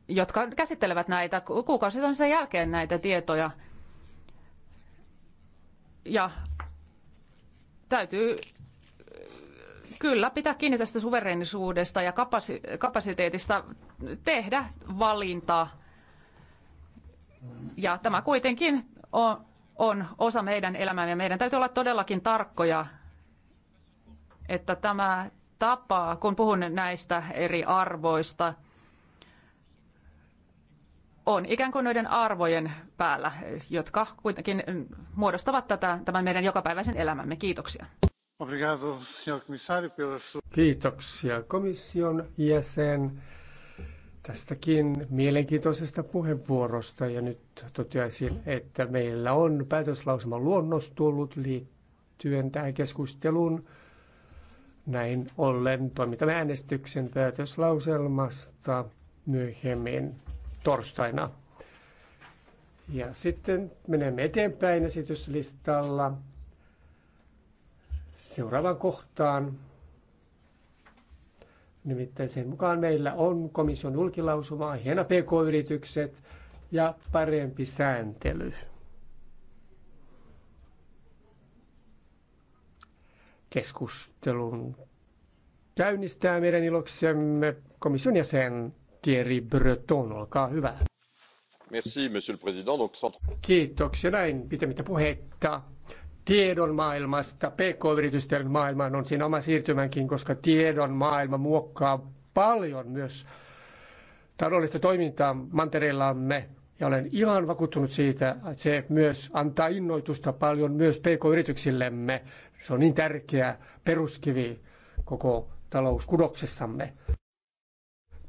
jotka käsittelevät näitä kuukausi sen jälkeen näitä tietoja. Ja täytyy kyllä pitää kiinni tästä suvereenisuudesta ja kapasiteetista tehdä valinta. Ja tämä kuitenkin on, on osa meidän elämäämme. Meidän täytyy olla todellakin tarkkoja, että tämä tapaa, kun puhun näistä eri arvoista, on ikään kuin noiden arvojen päällä, jotka kuitenkin muodostavat tätä, tämän meidän jokapäiväisen elämämme. Kiitoksia. Kiitoksia komission jäsen tästäkin mielenkiintoisesta puheenvuorosta ja nyt toteaisin, että meillä on päätöslauselman luonnos tullut liittyen tähän keskusteluun. Näin ollen toimitamme äänestyksen päätöslauselmasta myöhemmin torstaina. Ja sitten menemme eteenpäin esityslistalla seuraavaan kohtaan. Nimittäin sen mukaan meillä on komission julkilausuma aiheena pk-yritykset ja parempi sääntely. keskustelun käynnistää meidän iloksemme komission jäsen Thierry Breton. Olkaa hyvä. Merci, monsieur le président. Donc, sans... Kiitoksia näin pitämättä puhetta. Tiedon maailmasta, pk-yritysten maailmaan on siinä oma siirtymänkin, koska tiedon maailma muokkaa paljon myös taloudellista toimintaa mantereillamme ja olen ihan vakuuttunut siitä, että se myös antaa innoitusta paljon myös pk-yrityksillemme. Se on niin tärkeä peruskivi koko talouskudoksessamme.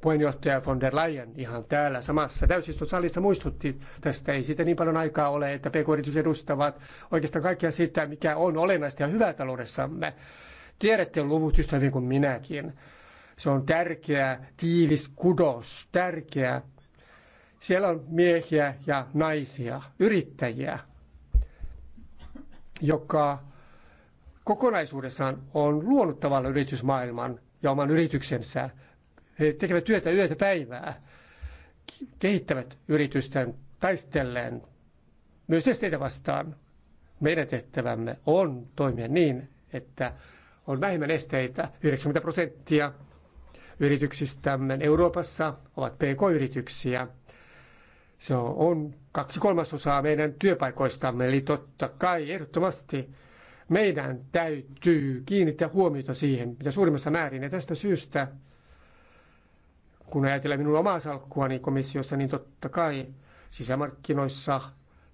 Puheenjohtaja von der Leyen ihan täällä samassa täysistuntosalissa muistutti tästä. Ei siitä niin paljon aikaa ole, että pk-yritykset edustavat oikeastaan kaikkea sitä, mikä on olennaista ja hyvää taloudessamme. Tiedätte luvut yhtä hyvin kuin minäkin. Se on tärkeä, tiivis kudos, tärkeä siellä on miehiä ja naisia, yrittäjiä, joka kokonaisuudessaan on luonut tavallaan yritysmaailman ja oman yrityksensä. He tekevät työtä yötä päivää, kehittävät yritysten taistelleen myös esteitä vastaan. Meidän tehtävämme on toimia niin, että on vähemmän esteitä. 90 prosenttia yrityksistämme Euroopassa ovat pk-yrityksiä. Se on kaksi kolmasosaa meidän työpaikoistamme, eli totta kai ehdottomasti meidän täytyy kiinnittää huomiota siihen, mitä suurimmassa määrin. Ja tästä syystä, kun ajatellaan minun omaa salkkuani komissiossa, niin totta kai sisämarkkinoissa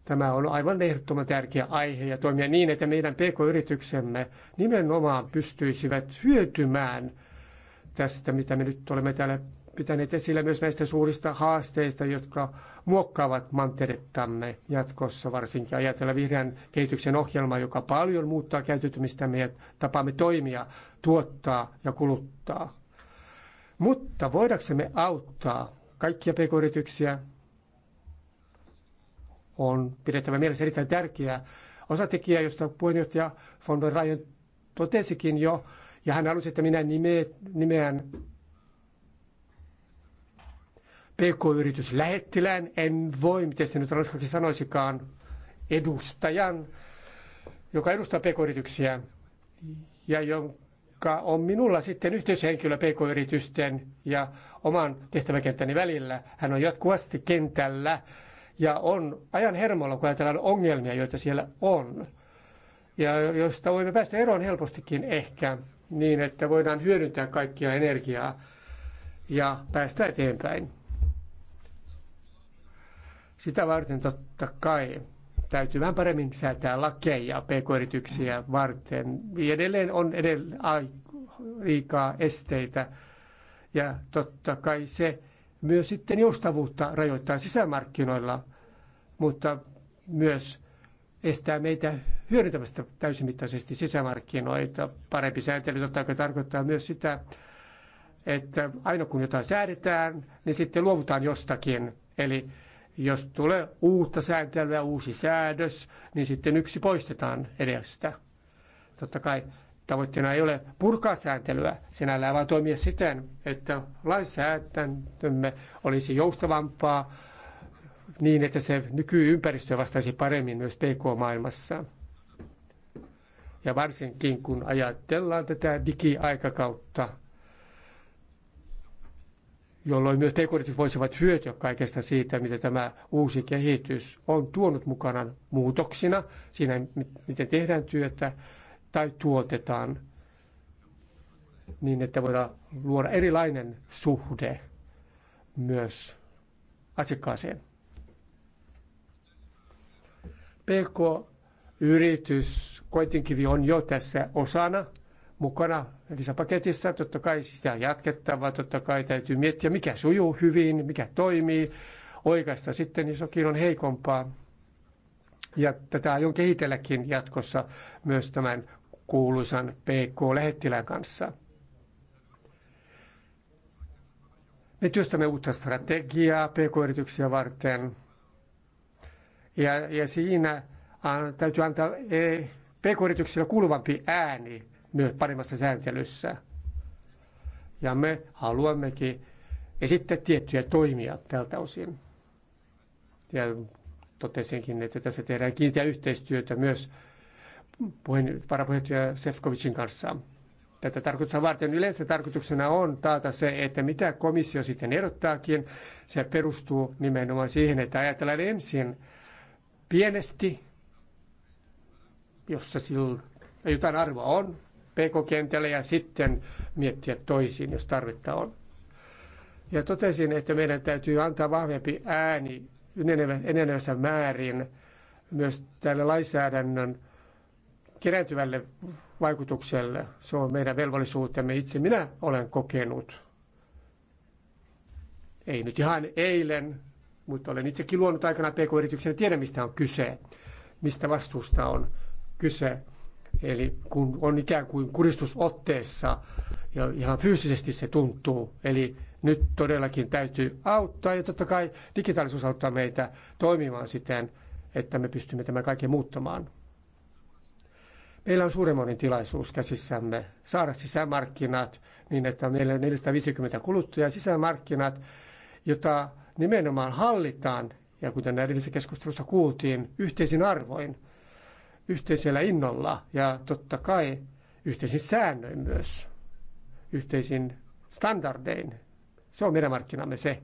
tämä on aivan ehdottoman tärkeä aihe ja toimia niin, että meidän pk-yrityksemme nimenomaan pystyisivät hyötymään tästä, mitä me nyt olemme täällä pitäneet esillä myös näistä suurista haasteista, jotka muokkaavat manterettamme jatkossa, varsinkin ajatella vihreän kehityksen ohjelmaa, joka paljon muuttaa käytetymistämme ja tapaamme toimia, tuottaa ja kuluttaa. Mutta voidaksemme auttaa kaikkia pk-yrityksiä, on pidettävä mielessä erittäin tärkeä osatekijä, josta puheenjohtaja von der Leyen totesikin jo, ja hän halusi, että minä nimeän PK-yritys lähettilään, en voi, miten se nyt ranskaksi sanoisikaan, edustajan, joka edustaa PK-yrityksiä ja jonka on minulla sitten yhteyshenkilö PK-yritysten ja oman tehtäväkenttäni välillä. Hän on jatkuvasti kentällä ja on ajan hermolla, kun ajatellaan ongelmia, joita siellä on. Ja josta voimme päästä eroon helpostikin ehkä niin, että voidaan hyödyntää kaikkia energiaa ja päästä eteenpäin. Sitä varten totta kai täytyy vähän paremmin säätää lakeja pk-yrityksiä varten. Edelleen on edelleen liikaa esteitä ja totta kai se myös sitten joustavuutta rajoittaa sisämarkkinoilla, mutta myös estää meitä hyödyntämästä täysimittaisesti sisämarkkinoita. Parempi sääntely totta kai tarkoittaa myös sitä, että aina kun jotain säädetään, niin sitten luovutaan jostakin. Eli jos tulee uutta sääntelyä, uusi säädös, niin sitten yksi poistetaan edestä. Totta kai tavoitteena ei ole purkaa sääntelyä sinällään, vaan toimia siten, että lainsäädäntömme olisi joustavampaa niin, että se nykyympäristö vastaisi paremmin myös PK-maailmassa. Ja varsinkin kun ajatellaan tätä digiaikakautta, jolloin myös pk voisivat hyötyä kaikesta siitä, mitä tämä uusi kehitys on tuonut mukanaan muutoksina siinä, miten tehdään työtä tai tuotetaan, niin että voidaan luoda erilainen suhde myös asiakkaaseen. PK-yritys Koitinkivi on jo tässä osana – mukana lisäpaketissa. Totta kai sitä jatkettava, totta kai täytyy miettiä, mikä sujuu hyvin, mikä toimii, Oikeastaan sitten, jos niin on heikompaa. Ja tätä aion kehitelläkin jatkossa myös tämän kuuluisan PK-lähettilän kanssa. Me työstämme uutta strategiaa PK-yrityksiä varten. Ja, ja siinä täytyy antaa eh, PK-yrityksille kuuluvampi ääni myös paremmassa sääntelyssä. Ja me haluammekin esittää tiettyjä toimia tältä osin. Ja totesinkin, että tässä tehdään kiinteä yhteistyötä myös varapuheenjohtaja Sefkovicin kanssa. Tätä tarkoitusta varten yleensä tarkoituksena on taata se, että mitä komissio sitten erottaakin, se perustuu nimenomaan siihen, että ajatellaan ensin pienesti, jossa sillä jotain arvoa on, PK-kentällä ja sitten miettiä toisiin, jos tarvetta on. Ja totesin, että meidän täytyy antaa vahvempi ääni enenevässä määrin myös tälle lainsäädännön kerääntyvälle vaikutukselle. Se on meidän velvollisuutemme. Itse minä olen kokenut. Ei nyt ihan eilen, mutta olen itsekin luonut aikana PK-yrityksen ja tiedän, mistä on kyse, mistä vastuusta on kyse. Eli kun on ikään kuin kuristusotteessa ja ihan fyysisesti se tuntuu. Eli nyt todellakin täytyy auttaa ja totta kai digitaalisuus auttaa meitä toimimaan siten, että me pystymme tämän kaiken muuttamaan. Meillä on suuremmoinen tilaisuus käsissämme saada sisämarkkinat niin, että meillä on 450 kuluttajaa sisämarkkinat, jota nimenomaan hallitaan ja kuten edellisessä keskustelussa kuultiin, yhteisin arvoin – yhteisellä innolla ja totta kai yhteisin säännöin myös, yhteisin standardein. Se on meidän markkinamme se.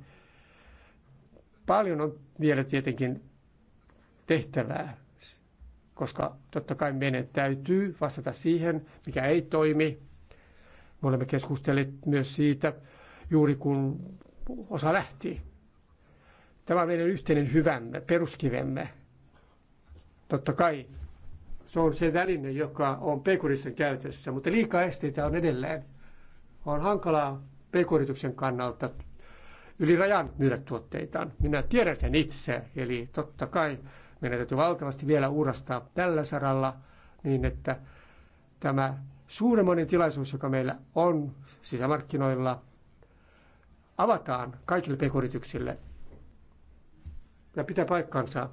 Paljon on vielä tietenkin tehtävää, koska totta kai meidän täytyy vastata siihen, mikä ei toimi. Me olemme keskustelleet myös siitä juuri kun osa lähti. Tämä on meidän yhteinen hyvämme, peruskivemme. Totta kai se on se väline, joka on pk käytössä, mutta liikaa esteitä on edelleen. On hankalaa pekurituksen kannalta yli rajan myydä tuotteitaan. Minä tiedän sen itse, eli totta kai meidän täytyy valtavasti vielä uurastaa tällä saralla niin, että tämä suuremmoinen tilaisuus, joka meillä on sisämarkkinoilla, avataan kaikille pekurityksille Ja pitää paikkansa,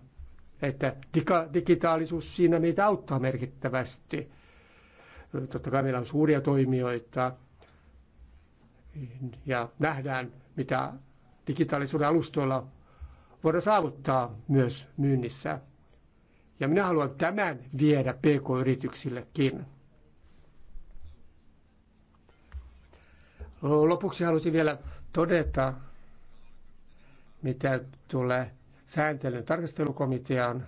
että digitaalisuus siinä meitä auttaa merkittävästi. Totta kai meillä on suuria toimijoita ja nähdään, mitä digitaalisuuden alustoilla voidaan saavuttaa myös myynnissä. Ja minä haluan tämän viedä pk-yrityksillekin. Lopuksi halusin vielä todeta, mitä tulee sääntelyn tarkastelukomiteaan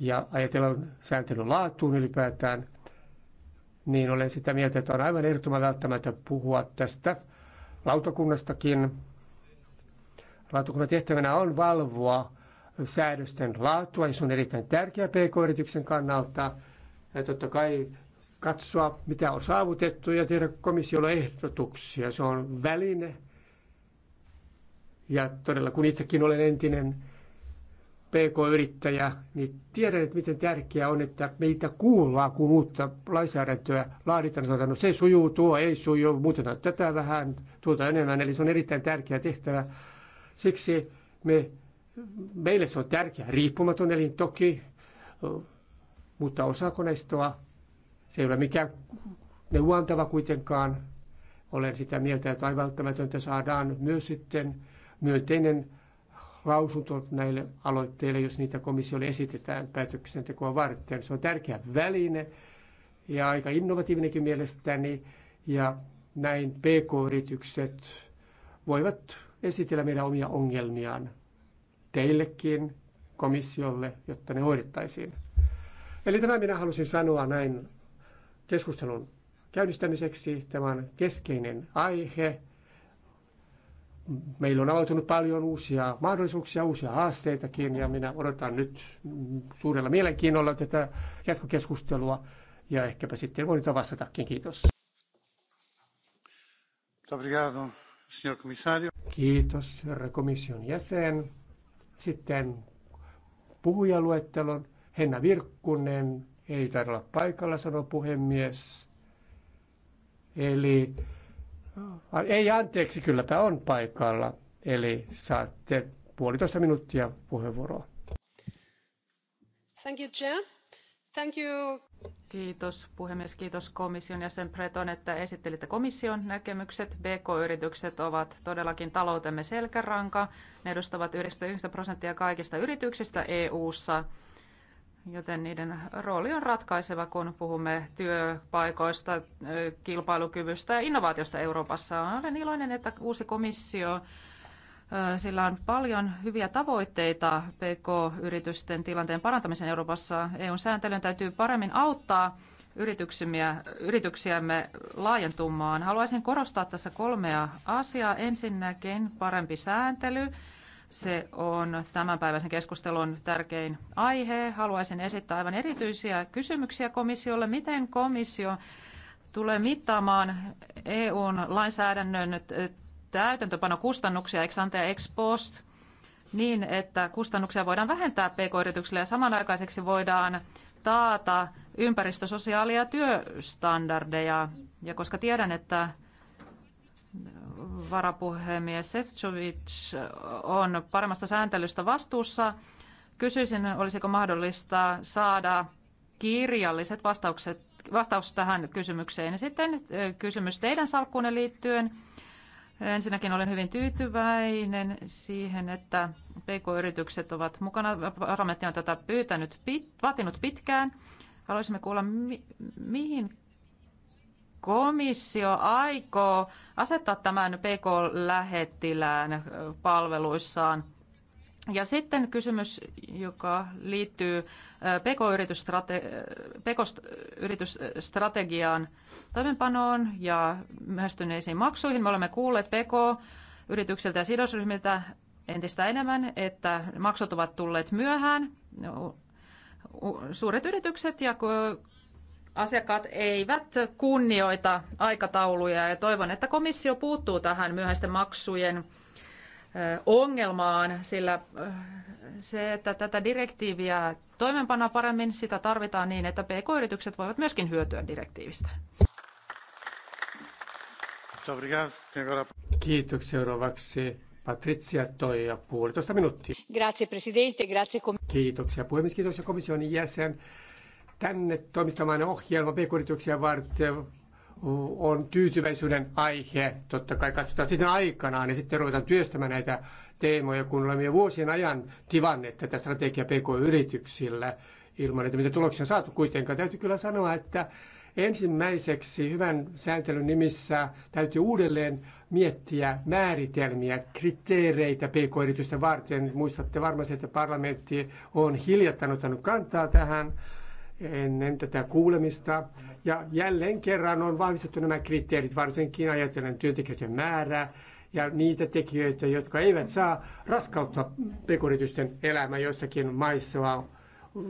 ja ajatellaan sääntelyn laatuun ylipäätään, niin olen sitä mieltä, että on aivan ehdottoman välttämätöntä puhua tästä lautakunnastakin. Lautakunnan tehtävänä on valvoa säädösten laatua, ja se on erittäin tärkeä PK-yrityksen kannalta. Ja totta kai katsoa, mitä on saavutettu ja tehdä komissiolle ehdotuksia. Se on väline, ja todella kun itsekin olen entinen PK-yrittäjä, niin tiedän, että miten tärkeää on, että meitä kuullaan, kun uutta lainsäädäntöä laaditaan. Sanotaan, no se sujuu, tuo ei suju, muutetaan tätä vähän, tuota enemmän. Eli se on erittäin tärkeä tehtävä. Siksi me, meille se on tärkeä riippumaton elin toki, mutta osa koneistoa, se ei ole mikään neuvontava kuitenkaan. Olen sitä mieltä, että aivan välttämätöntä saadaan myös sitten myönteinen lausunto näille aloitteille, jos niitä komissiolle esitetään päätöksentekoa varten. Se on tärkeä väline ja aika innovatiivinenkin mielestäni. Ja näin PK-yritykset voivat esitellä meidän omia ongelmiaan teillekin, komissiolle, jotta ne hoidettaisiin. Eli tämä minä halusin sanoa näin keskustelun käynnistämiseksi. Tämä on keskeinen aihe meillä on avautunut paljon uusia mahdollisuuksia, uusia haasteitakin ja minä odotan nyt suurella mielenkiinnolla tätä jatkokeskustelua ja ehkäpä sitten voin vastatakin. Kiitos. Kiitos, herra komission jäsen. Sitten puhujaluettelon Henna Virkkunen, ei taida olla paikalla, sanoo puhemies. Eli ei anteeksi, kylläpä on paikalla. Eli saatte puolitoista minuuttia puheenvuoroa. Thank you, Chair. Thank you. Kiitos puhemies, kiitos komission ja sen Preton, että esittelitte komission näkemykset. BK-yritykset ovat todellakin taloutemme selkäranka. Ne edustavat 99 prosenttia kaikista yrityksistä EU-ssa joten niiden rooli on ratkaiseva, kun puhumme työpaikoista, kilpailukyvystä ja innovaatiosta Euroopassa. Olen iloinen, että uusi komissio sillä on paljon hyviä tavoitteita PK-yritysten tilanteen parantamisen Euroopassa. eu sääntelyn täytyy paremmin auttaa yrityksiämme laajentumaan. Haluaisin korostaa tässä kolmea asiaa. Ensinnäkin parempi sääntely se on tämänpäiväisen keskustelun tärkein aihe. Haluaisin esittää aivan erityisiä kysymyksiä komissiolle. Miten komissio tulee mittaamaan EUn lainsäädännön täytäntöpanokustannuksia ex ante ja ex post niin, että kustannuksia voidaan vähentää pk-yrityksille ja samanaikaiseksi voidaan taata ympäristö-, sosiaali- ja työstandardeja. Ja koska tiedän, että varapuhemies Sefcovic on paremmasta sääntelystä vastuussa. Kysyisin, olisiko mahdollista saada kirjalliset vastaukset, vastaus tähän kysymykseen. Sitten kysymys teidän salkkuunne liittyen. Ensinnäkin olen hyvin tyytyväinen siihen, että PK-yritykset ovat mukana. Parlamentti on tätä pyytänyt, vaatinut pitkään. Haluaisimme kuulla, mi- mihin komissio aikoo asettaa tämän PK-lähettilään palveluissaan? Ja sitten kysymys, joka liittyy PK-yritysstrategiaan, toimenpanoon ja myöhästyneisiin maksuihin. Me olemme kuulleet PK-yrityksiltä ja sidosryhmiltä entistä enemmän, että maksut ovat tulleet myöhään. Suuret yritykset ja asiakkaat eivät kunnioita aikatauluja ja toivon, että komissio puuttuu tähän myöhäisten maksujen ongelmaan, sillä se, että tätä direktiiviä toimeenpana paremmin, sitä tarvitaan niin, että pk-yritykset voivat myöskin hyötyä direktiivistä. Kiitoksia seuraavaksi Patricia Toija, puolitoista minuuttia. Grazie, presidente, grazie. Kiitoksia puhemies, Kiitoksia komission jäsen tänne toimittamaan ohjelma pk varten on tyytyväisyyden aihe. Totta kai katsotaan sitten aikanaan ja sitten ruvetaan työstämään näitä teemoja, kun olemme jo vuosien ajan tivanneet tätä strategiaa pk-yrityksillä ilman, että mitä tuloksia on saatu kuitenkaan. Täytyy kyllä sanoa, että ensimmäiseksi hyvän sääntelyn nimissä täytyy uudelleen miettiä määritelmiä, kriteereitä pk-yritysten varten. Muistatte varmasti, että parlamentti on hiljattain ottanut kantaa tähän ennen tätä kuulemista. Ja jälleen kerran on vahvistettu nämä kriteerit, varsinkin ajatellen työntekijöiden määrää ja niitä tekijöitä, jotka eivät saa raskauttaa pk-yritysten elämää joissakin maissa, vaan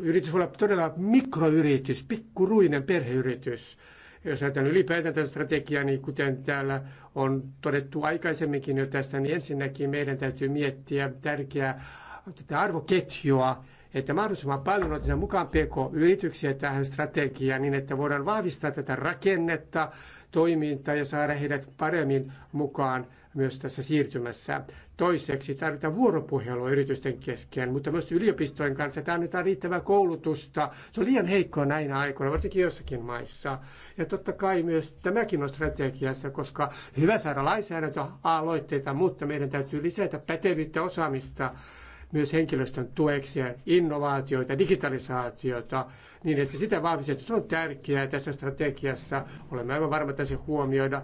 yritys voi olla todella mikroyritys, pikkuruinen perheyritys. Jos ajatellaan ylipäätään tätä strategiaa, niin kuten täällä on todettu aikaisemminkin jo tästä, niin ensinnäkin meidän täytyy miettiä tärkeää tätä arvoketjua, että mahdollisimman paljon otetaan mukaan PK-yrityksiä tähän strategiaan niin, että voidaan vahvistaa tätä rakennetta, toimintaa ja saada heidät paremmin mukaan myös tässä siirtymässä. Toiseksi tarvitaan vuoropuhelua yritysten kesken, mutta myös yliopistojen kanssa. Tämä annetaan riittävää koulutusta. Se on liian heikkoa näinä aikoina, varsinkin jossakin maissa. Ja totta kai myös tämäkin on strategiassa, koska hyvä saada lainsäädäntöaloitteita, mutta meidän täytyy lisätä pätevyyttä osaamista myös henkilöstön tueksi ja innovaatioita, digitalisaatiota, niin että sitä vahvistetaan. Se on tärkeää tässä strategiassa. Olemme aivan varma, että se huomioida.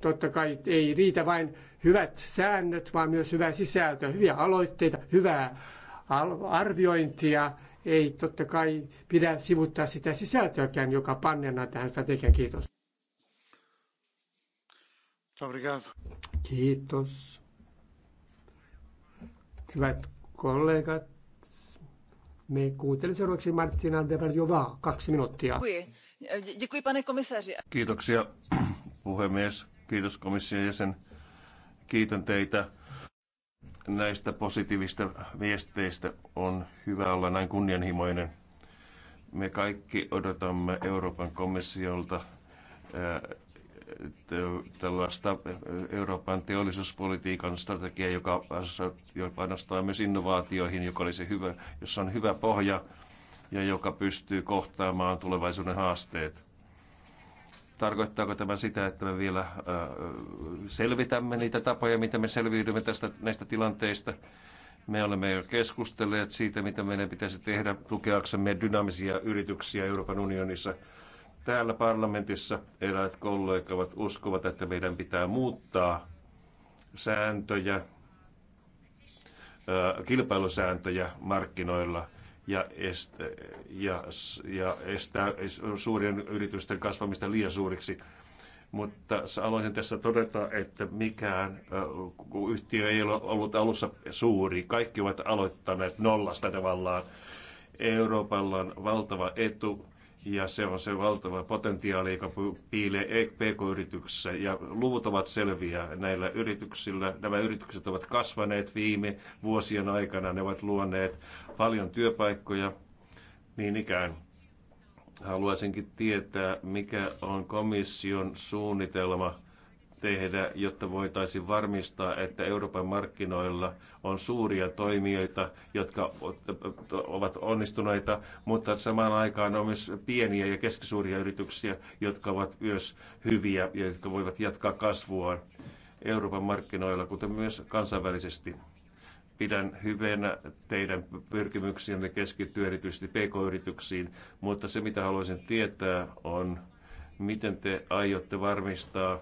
Totta kai ei riitä vain hyvät säännöt, vaan myös hyvä sisältö, hyviä aloitteita, hyvää arviointia. Ei totta kai pidä sivuttaa sitä sisältöäkään, joka pannenaan tähän strategian. Kiitos. Kiitos. Hyvät kollegat, me kuuntelemme seuraavaksi Martina Deberjovaa, kaksi minuuttia. Kiitoksia puhemies, kiitos komission jäsen. Kiitän teitä näistä positiivista viesteistä. On hyvä olla näin kunnianhimoinen. Me kaikki odotamme Euroopan komissiolta tällaista Euroopan teollisuuspolitiikan strategiaa, joka, panostaa myös innovaatioihin, joka olisi hyvä, jossa on hyvä pohja ja joka pystyy kohtaamaan tulevaisuuden haasteet. Tarkoittaako tämä sitä, että me vielä äh, selvitämme niitä tapoja, miten me selviydymme tästä, näistä tilanteista? Me olemme jo keskustelleet siitä, mitä meidän pitäisi tehdä tukeaksemme dynaamisia yrityksiä Euroopan unionissa – täällä parlamentissa eräät kollegat uskovat, että meidän pitää muuttaa sääntöjä, kilpailusääntöjä markkinoilla ja, est, ja, ja estää suurien yritysten kasvamista liian suuriksi. Mutta haluaisin tässä todeta, että mikään yhtiö ei ole ollut alussa suuri. Kaikki ovat aloittaneet nollasta tavallaan. Euroopalla on valtava etu ja se on se valtava potentiaali, joka piilee e- PK-yrityksessä. Ja luvut ovat selviä näillä yrityksillä. Nämä yritykset ovat kasvaneet viime vuosien aikana. Ne ovat luoneet paljon työpaikkoja. Niin ikään haluaisinkin tietää, mikä on komission suunnitelma tehdä, jotta voitaisiin varmistaa, että Euroopan markkinoilla on suuria toimijoita, jotka ovat onnistuneita, mutta samaan aikaan on myös pieniä ja keskisuuria yrityksiä, jotka ovat myös hyviä ja jotka voivat jatkaa kasvuaan Euroopan markkinoilla, kuten myös kansainvälisesti. Pidän hyvänä teidän pyrkimyksiänne keskittyä erityisesti pk-yrityksiin, mutta se mitä haluaisin tietää on, miten te aiotte varmistaa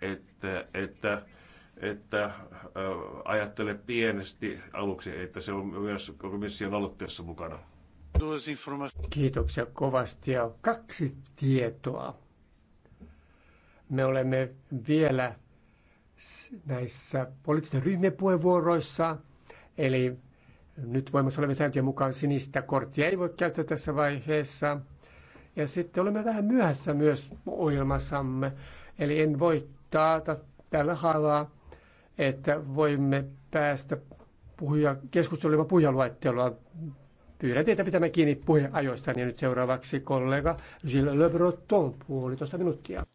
että, että, että äh, ajattele pienesti aluksi, että se on myös komission aloitteessa mukana. Kiitoksia kovasti ja kaksi tietoa. Me olemme vielä näissä poliittisten ryhmien puheenvuoroissa, eli nyt voimassa olevien sääntöjen mukaan sinistä korttia ei voi käyttää tässä vaiheessa. Ja sitten olemme vähän myöhässä myös ohjelmassamme, Eli en voi taata tällä haavaa, että voimme päästä puhuja, keskustelemaan puhujaluettelua. Pyydän teitä pitämään kiinni puheajoista. Ja niin nyt seuraavaksi kollega Gilles Le Breton, puolitoista minuuttia.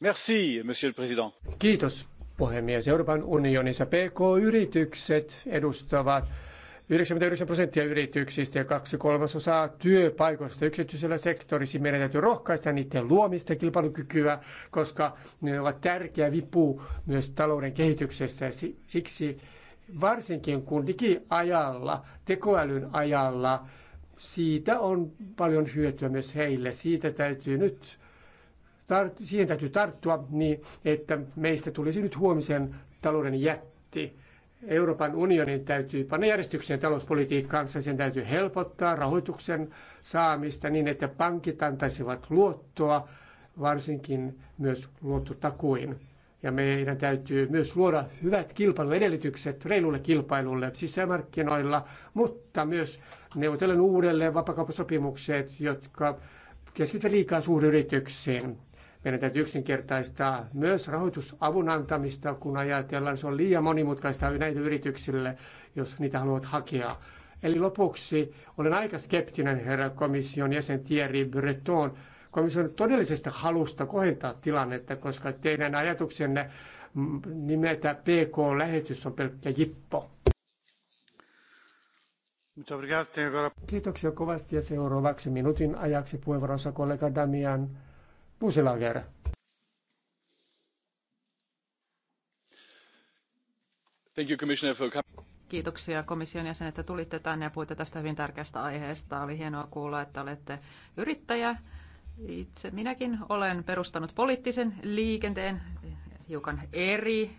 Merci, monsieur le président. Kiitos, puhemies. Euroopan unionissa PK-yritykset edustavat 99 prosenttia yrityksistä ja kaksi kolmasosaa työpaikoista yksityisellä sektorissa. Meidän täytyy rohkaista niiden luomista kilpailukykyä, koska ne ovat tärkeä vipu myös talouden kehityksessä. Siksi varsinkin kun digiajalla, tekoälyn ajalla, siitä on paljon hyötyä myös heille. Siitä täytyy nyt siihen täytyy tarttua niin, että meistä tulisi nyt huomisen talouden jätti. Euroopan unionin täytyy panna järjestykseen talouspolitiikkaansa, sen täytyy helpottaa rahoituksen saamista niin, että pankit antaisivat luottoa, varsinkin myös luottotakuin. Ja meidän täytyy myös luoda hyvät kilpailuedellytykset reilulle kilpailulle sisämarkkinoilla, mutta myös neuvotellen uudelleen vapakauppasopimukset, jotka keskittyvät liikaa suuryrityksiin. Meidän täytyy yksinkertaistaa myös rahoitusavun antamista, kun ajatellaan, se on liian monimutkaista näitä yrityksille, jos niitä haluat hakea. Eli lopuksi olen aika skeptinen herra komission jäsen Thierry Breton komission todellisesta halusta kohentaa tilannetta, koska teidän ajatuksenne nimetä PK-lähetys on pelkkä jippo. Kiitoksia kovasti ja seuraavaksi minuutin ajaksi puheenvuorossa kollega Damian Puusilager. Thank you, Commissioner, for Kiitoksia komission jäsen, että tulitte tänne ja puhuitte tästä hyvin tärkeästä aiheesta. Oli hienoa kuulla, että olette yrittäjä. Itse minäkin olen perustanut poliittisen liikenteen hiukan eri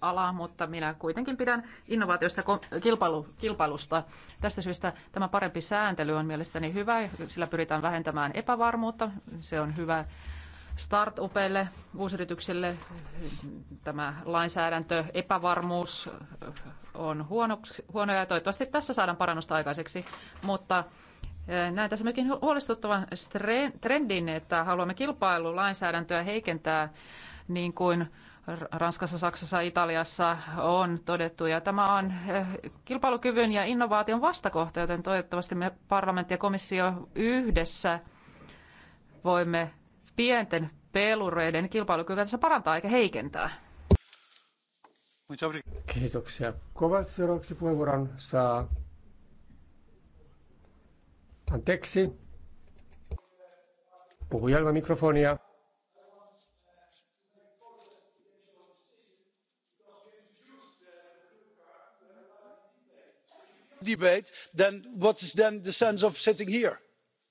ala, mutta minä kuitenkin pidän innovaatiosta kilpailu, kilpailusta. Tästä syystä tämä parempi sääntely on mielestäni hyvä, sillä pyritään vähentämään epävarmuutta. Se on hyvä startupeille, uusyrityksille tämä lainsäädäntö, epävarmuus on huonoksi, huonoja ja toivottavasti tässä saadaan parannusta aikaiseksi, mutta näen tässä myöskin huolestuttavan trendin, että haluamme kilpailulainsäädäntöä heikentää niin kuin Ranskassa, Saksassa, Italiassa on todettu. Ja tämä on kilpailukyvyn ja innovaation vastakohta, joten toivottavasti me parlamentti ja komissio yhdessä voimme pienten pelureiden kilpailukykyä tässä parantaa eikä heikentää. Kiitoksia. Kovasti seuraavaksi puheenvuoron saa Anteeksi. Puhujelma mikrofonia. debate then what is then the sense of sitting here?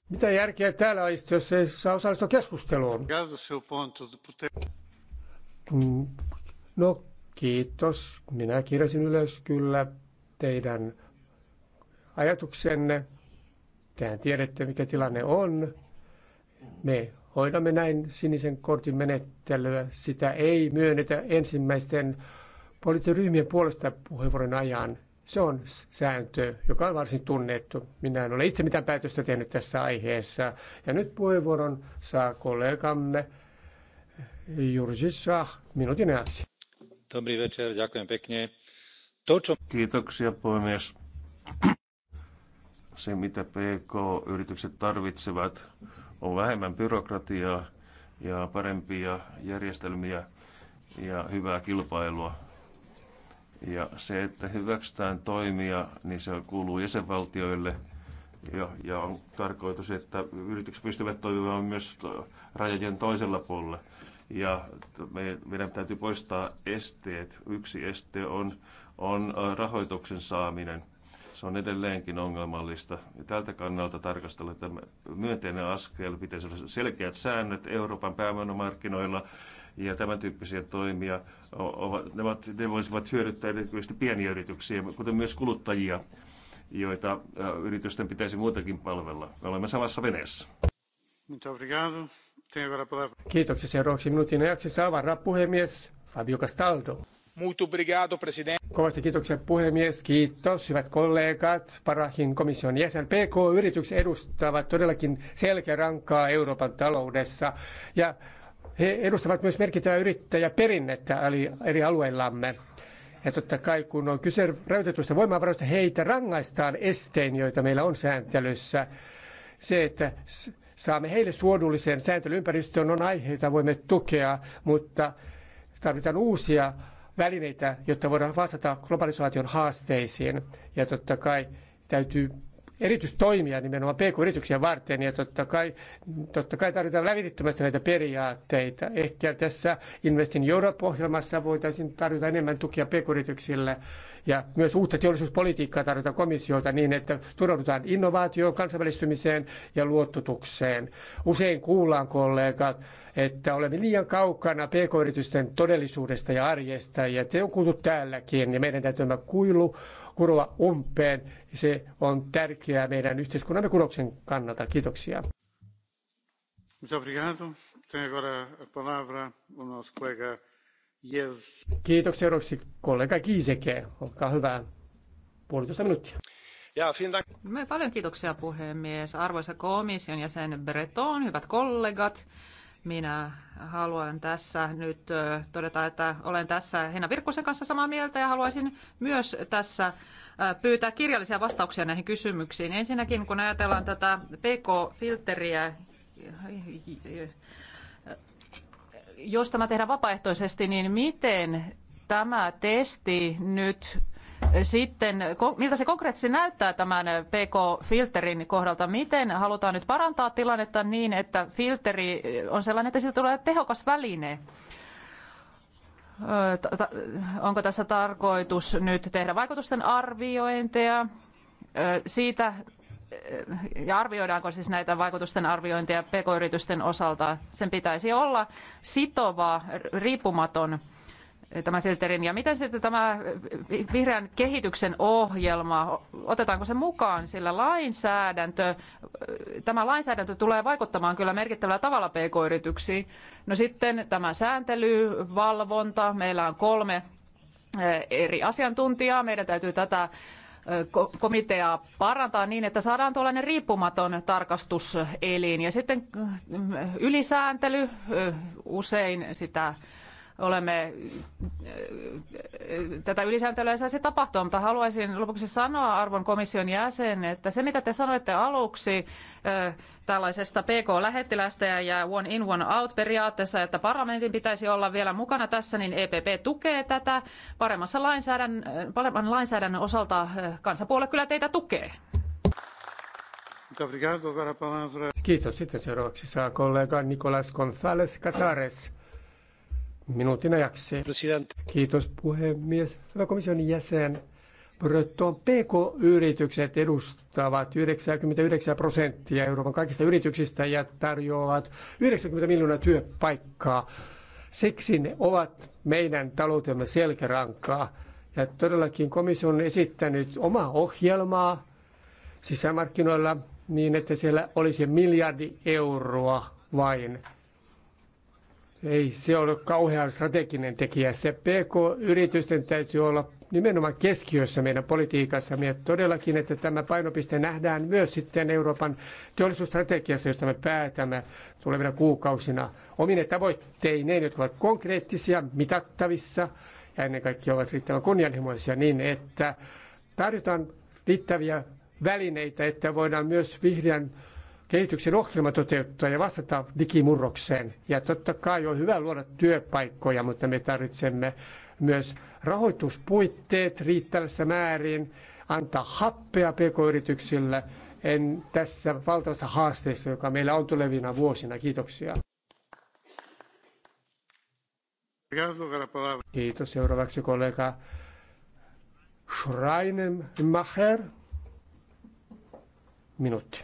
Mitä järkeä täällä olisi, jos ei saa osallistua keskusteluun? No kiitos. Minä kirjasin ylös kyllä teidän ajatuksenne. Tehän tiedätte, mikä tilanne on. Me hoidamme näin sinisen kortin menettelyä. Sitä ei myönnetä ensimmäisten poliittisten ryhmien puolesta puheenvuoron ajan. Se on sääntö, joka on varsin tunnettu. Minä en ole itse mitään päätöstä tehnyt tässä aiheessa. Ja nyt puheenvuoron saa kollegamme Jurgi Shah minuutin ajaksi. Dobrý večer, pekne. To, Kiitoksia puhemies. Se, mitä PK-yritykset tarvitsevat, on vähemmän byrokratiaa ja parempia järjestelmiä ja hyvää kilpailua ja se, että hyväksytään toimia, niin se kuuluu jäsenvaltioille. Ja, ja on tarkoitus, että yritykset pystyvät toimimaan myös rajojen toisella puolella. Ja meidän täytyy poistaa esteet. Yksi este on, on rahoituksen saaminen. Se on edelleenkin ongelmallista. Ja tältä kannalta tarkastella, että myönteinen askel pitäisi olla selkeät säännöt Euroopan pääomamarkkinoilla. markkinoilla ja tämän tyyppisiä toimia, ovat, ne, ovat, ne voisivat hyödyttää erityisesti pieniä yrityksiä, kuten myös kuluttajia, joita yritysten pitäisi muutenkin palvella. Me olemme samassa veneessä. Kiitoksia. Seuraavaksi minuutin ajaksi saa varapuhemies Fabio Castaldo. Muito obrigado, Kovasti kiitoksia puhemies. Kiitos, hyvät kollegat. Parahin komission jäsen. PK-yritykset edustavat todellakin selkeä rankkaa Euroopan taloudessa ja he edustavat myös merkittävää yrittäjäperinnettä eri alueillamme. Ja totta kai, kun on kyse rajoitetuista voimavaroista, heitä rangaistaan estein, joita meillä on sääntelyssä. Se, että saamme heille suodullisen sääntelyympäristön, on aihe, jota voimme tukea, mutta tarvitaan uusia välineitä, jotta voidaan vastata globalisaation haasteisiin. Ja totta kai täytyy erityistoimia nimenomaan pk-yrityksiä varten, ja totta kai, totta kai tarvitaan lävitettömästi näitä periaatteita. Ehkä tässä in Europe-ohjelmassa voitaisiin tarjota enemmän tukia pk-yrityksille, ja myös uutta teollisuuspolitiikkaa tarvitaan komissiota niin, että turvaudutaan innovaatioon, kansainvälistymiseen ja luottotukseen. Usein kuullaan kollegat, että olemme liian kaukana pk-yritysten todellisuudesta ja arjesta, ja te on kuultu täälläkin, ja meidän täytyy kuilu kuroa umpeen se on tärkeää meidän yhteiskunnamme kuroksen kannalta. Kiitoksia. Kiitoksia seuraavaksi kollega Kiiseke. Olkaa hyvä. Puolitoista minuuttia. Ja, no Paljon kiitoksia puhemies. Arvoisa komission jäsen Breton, hyvät kollegat. Minä haluan tässä nyt todeta, että olen tässä Henna Virkkusen kanssa samaa mieltä ja haluaisin myös tässä pyytää kirjallisia vastauksia näihin kysymyksiin. Ensinnäkin kun ajatellaan tätä PK-filteriä, jos tämä tehdään vapaaehtoisesti, niin miten tämä testi nyt sitten, miltä se konkreettisesti näyttää tämän PK-filterin kohdalta? Miten halutaan nyt parantaa tilannetta niin, että filteri on sellainen, että siitä tulee tehokas väline? Onko tässä tarkoitus nyt tehdä vaikutusten arviointeja siitä, ja arvioidaanko siis näitä vaikutusten arviointeja pk-yritysten osalta? Sen pitäisi olla sitova, riippumaton tämän filterin. Ja miten sitten tämä vihreän kehityksen ohjelma, otetaanko se mukaan, sillä lainsäädäntö, tämä lainsäädäntö tulee vaikuttamaan kyllä merkittävällä tavalla pk-yrityksiin. No sitten tämä sääntely, valvonta, meillä on kolme eh, eri asiantuntijaa, meidän täytyy tätä eh, komiteaa parantaa niin, että saadaan tuollainen riippumaton tarkastuselin. Ja sitten mm, ylisääntely, eh, usein sitä olemme äh, äh, tätä ylisääntelyä ei saisi tapahtua, mutta haluaisin lopuksi sanoa arvon komission jäsen, että se mitä te sanoitte aluksi äh, tällaisesta PK-lähettilästä ja one in one out periaatteessa, että parlamentin pitäisi olla vielä mukana tässä, niin EPP tukee tätä paremmassa lainsäädännön, paremman lainsäädännön osalta kansapuolue kyllä teitä tukee. Kiitos. Sitten seuraavaksi saa kollega Nicolas González Casares minuutin ajaksi. President. Kiitos puhemies. Hyvä komission jäsen. Brötton PK-yritykset edustavat 99 prosenttia Euroopan kaikista yrityksistä ja tarjoavat 90 miljoonaa työpaikkaa. Siksi ne ovat meidän taloutemme selkärankaa. Ja todellakin komissio on esittänyt omaa ohjelmaa sisämarkkinoilla niin, että siellä olisi miljardi euroa vain ei se ole kauhean strateginen tekijä. Se PK-yritysten täytyy olla nimenomaan keskiössä meidän politiikassa. Ja todellakin, että tämä painopiste nähdään myös sitten Euroopan teollisuusstrategiassa, josta me päätämme tulevina kuukausina omine tavoitteineen, jotka ovat konkreettisia, mitattavissa ja ennen kaikkea ovat riittävän kunnianhimoisia niin, että tarjotaan riittäviä välineitä, että voidaan myös vihreän kehityksen ohjelma toteuttaa ja vastata digimurrokseen. Ja totta kai on hyvä luoda työpaikkoja, mutta me tarvitsemme myös rahoituspuitteet riittävässä määrin, antaa happea pk-yrityksille en tässä valtavassa haasteessa, joka meillä on tulevina vuosina. Kiitoksia. Kiitos. Seuraavaksi kollega Schreinemacher. Minuutti.